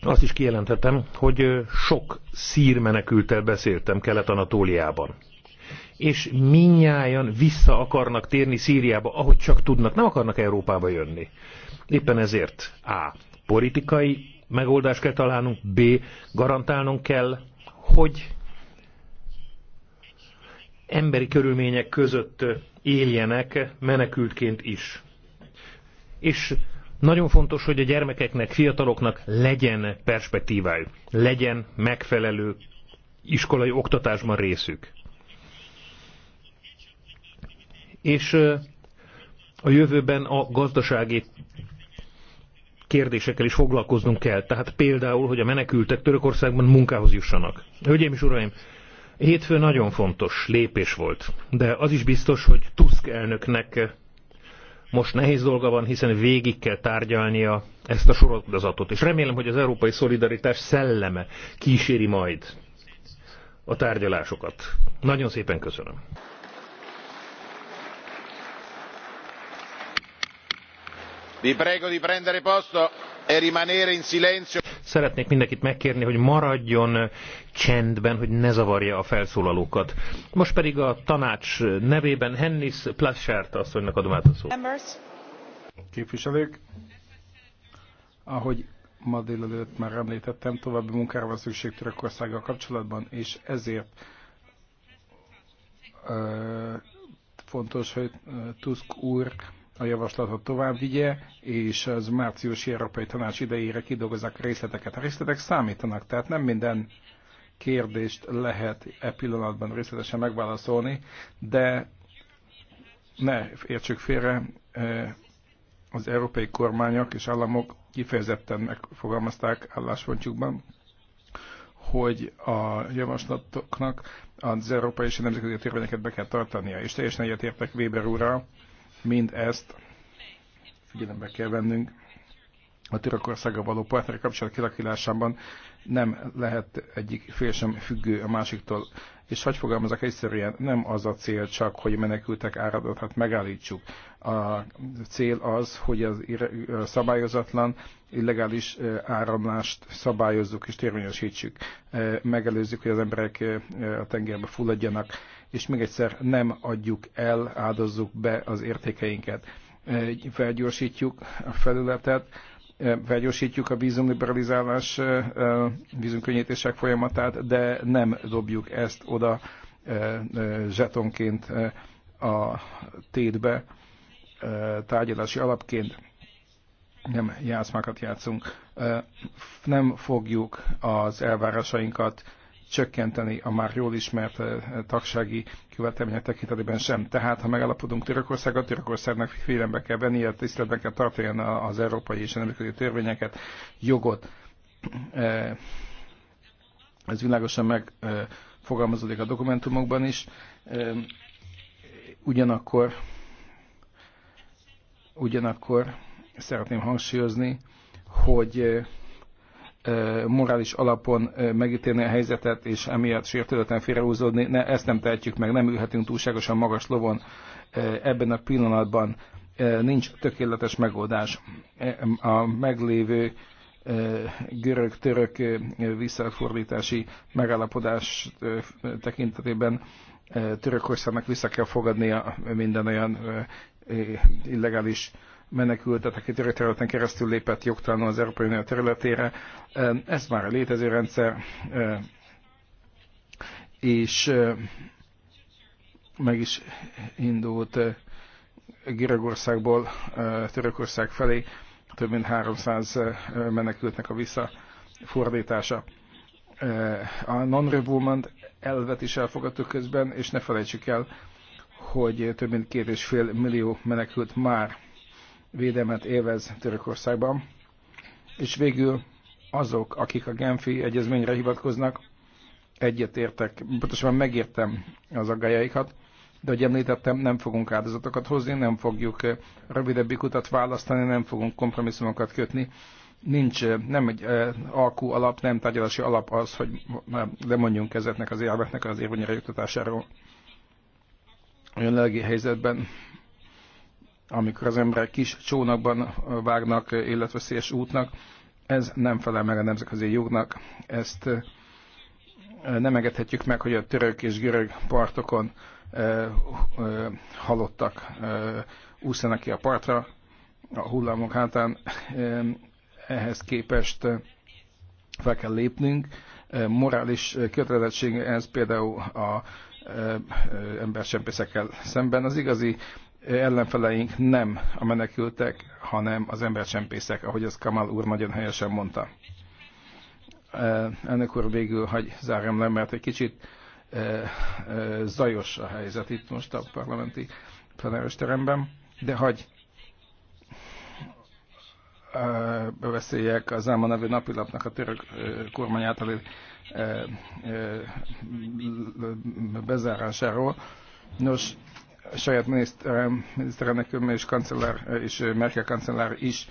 azt is kijelenthetem, hogy sok szír menekültel beszéltem Kelet-Anatóliában és minnyáján vissza akarnak térni Szíriába, ahogy csak tudnak, nem akarnak Európába jönni. Éppen ezért A. Politikai megoldást kell találnunk, B. Garantálnunk kell, hogy emberi körülmények között éljenek menekültként is. És nagyon fontos, hogy a gyermekeknek, fiataloknak legyen perspektívájuk, legyen megfelelő iskolai oktatásban részük és a jövőben a gazdasági kérdésekkel is foglalkoznunk kell. Tehát például, hogy a menekültek Törökországban munkához jussanak. Hölgyeim és uraim, hétfő nagyon fontos lépés volt, de az is biztos, hogy Tusk elnöknek most nehéz dolga van, hiszen végig kell tárgyalnia ezt a sorozatot. És remélem, hogy az európai szolidaritás szelleme kíséri majd a tárgyalásokat. Nagyon szépen köszönöm. E Szeretnék mindenkit megkérni, hogy maradjon csendben, hogy ne zavarja a felszólalókat. Most pedig a tanács nevében Hennis plasschaert asszonynak adom át a szót. Képviselők, ahogy ma délelőtt már említettem, további munkára van szükség Törökországgal kapcsolatban, és ezért ö, fontos, hogy Tusk úr a javaslatot tovább vigye, és az márciusi Európai Tanács idejére kidolgozzák a részleteket. A részletek számítanak, tehát nem minden kérdést lehet e pillanatban részletesen megválaszolni, de ne értsük félre, e, az európai kormányok és államok kifejezetten megfogalmazták álláspontjukban, hogy a javaslatoknak az európai és a nemzetközi törvényeket be kell tartania. És teljesen egyetértek Weber úrral, Mind ezt figyelembe kell vennünk a Törökországa való partneri kapcsolat kilakilásában nem lehet egyik fél sem függő a másiktól. És hogy fogalmazok egyszerűen, nem az a cél csak, hogy a menekültek áradatát megállítsuk. A cél az, hogy az szabályozatlan, illegális áramlást szabályozzuk és térvényesítsük. Megelőzzük, hogy az emberek a tengerbe fulladjanak, és még egyszer nem adjuk el, áldozzuk be az értékeinket. Felgyorsítjuk a felületet, felgyorsítjuk a vízumliberalizálás, vízumkönnyítések folyamatát, de nem dobjuk ezt oda zsetonként a tétbe, tárgyalási alapként nem játszmákat játszunk, nem fogjuk az elvárásainkat csökkenteni a már jól ismert eh, tagsági követelmények tekintetében sem. Tehát, ha megállapodunk Törökországot, Törökországnak félembe kell vennie, tiszteletben kell tartani az európai és nemzetközi törvényeket, jogot. Eh, ez világosan megfogalmazódik eh, a dokumentumokban is. Ugyanakkor ugyanakkor szeretném hangsúlyozni, hogy morális alapon megítélni a helyzetet, és emiatt sértődöten félrehúzódni, ne, ezt nem tehetjük meg, nem ülhetünk túlságosan magas lovon ebben a pillanatban. Nincs tökéletes megoldás. E, a meglévő görög-török visszafordítási megállapodás tekintetében Törökországnak vissza kell fogadnia minden olyan illegális menekültek egy területen keresztül lépett jogtalanul az Európai Unió területére. Ez már a létező rendszer, és meg is indult Görögországból Törökország felé több mint 300 menekültnek a visszafordítása. A non revolvement elvet is elfogadtuk közben, és ne felejtsük el, hogy több mint két és fél millió menekült már védelmet élvez Törökországban. És végül azok, akik a Genfi egyezményre hivatkoznak, egyetértek, pontosan megértem az aggájaikat, de ahogy említettem, nem fogunk áldozatokat hozni, nem fogjuk eh, rövidebbik utat választani, nem fogunk kompromisszumokat kötni. Nincs, eh, nem egy eh, alkú alap, nem tárgyalási alap az, hogy lemondjunk ezeknek az érveknek az érvényre juttatásáról. A jelenlegi helyzetben amikor az emberek kis csónakban vágnak életveszélyes útnak, ez nem felel meg a nemzetközi jognak. Ezt nem engedhetjük meg, hogy a török és görög partokon halottak úszanak ki a partra a hullámok hátán. Ehhez képest fel kell lépnünk. Morális kötelezettség ez például a embercsempészekkel szemben. Az igazi ellenfeleink nem a menekültek, hanem az embercsempészek, ahogy ez Kamal úr nagyon helyesen mondta. Ennek úr végül hagy zárjam le, mert egy kicsit e, e, zajos a helyzet itt most a parlamenti plenáros teremben, de hagy e, beszéljek az Álma nevű napilapnak a török kormány által bezárásáról. Nos, saját miniszterelnök és kancellár és Merkel kancellár is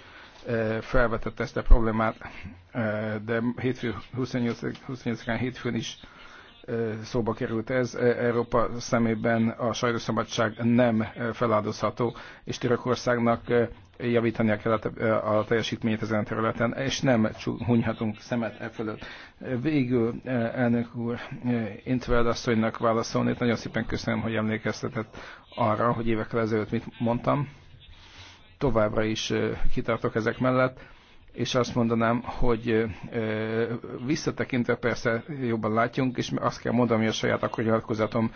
felvetette ezt a problémát, de hétfő, 28-án 28 hétfőn is szóba került ez, Európa szemében a sajtószabadság nem feláldozható, és Törökországnak javítania kell a teljesítményt ezen a területen, és nem hunyhatunk szemet e fölött. Végül, elnök úr, Intveld asszonynak válaszolni, nagyon szépen köszönöm, hogy emlékeztetett arra, hogy évekkel ezelőtt mit mondtam. Továbbra is kitartok ezek mellett és azt mondanám, hogy visszatekintve persze jobban látjunk, és azt kell mondanom, hogy a saját akkori nyilatkozatom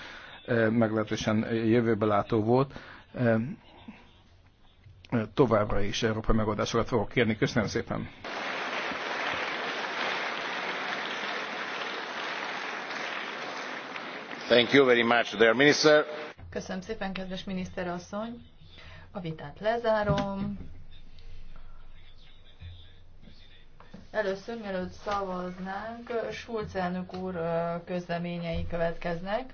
meglehetősen jövőbe látó volt. Továbbra is európai megoldásokat fogok kérni. Köszönöm szépen! Thank you very much, dear minister. Köszönöm szépen, kedves miniszter asszony! A vitát lezárom. Először, mielőtt szavaznánk, Schulz elnök úr közleményei következnek.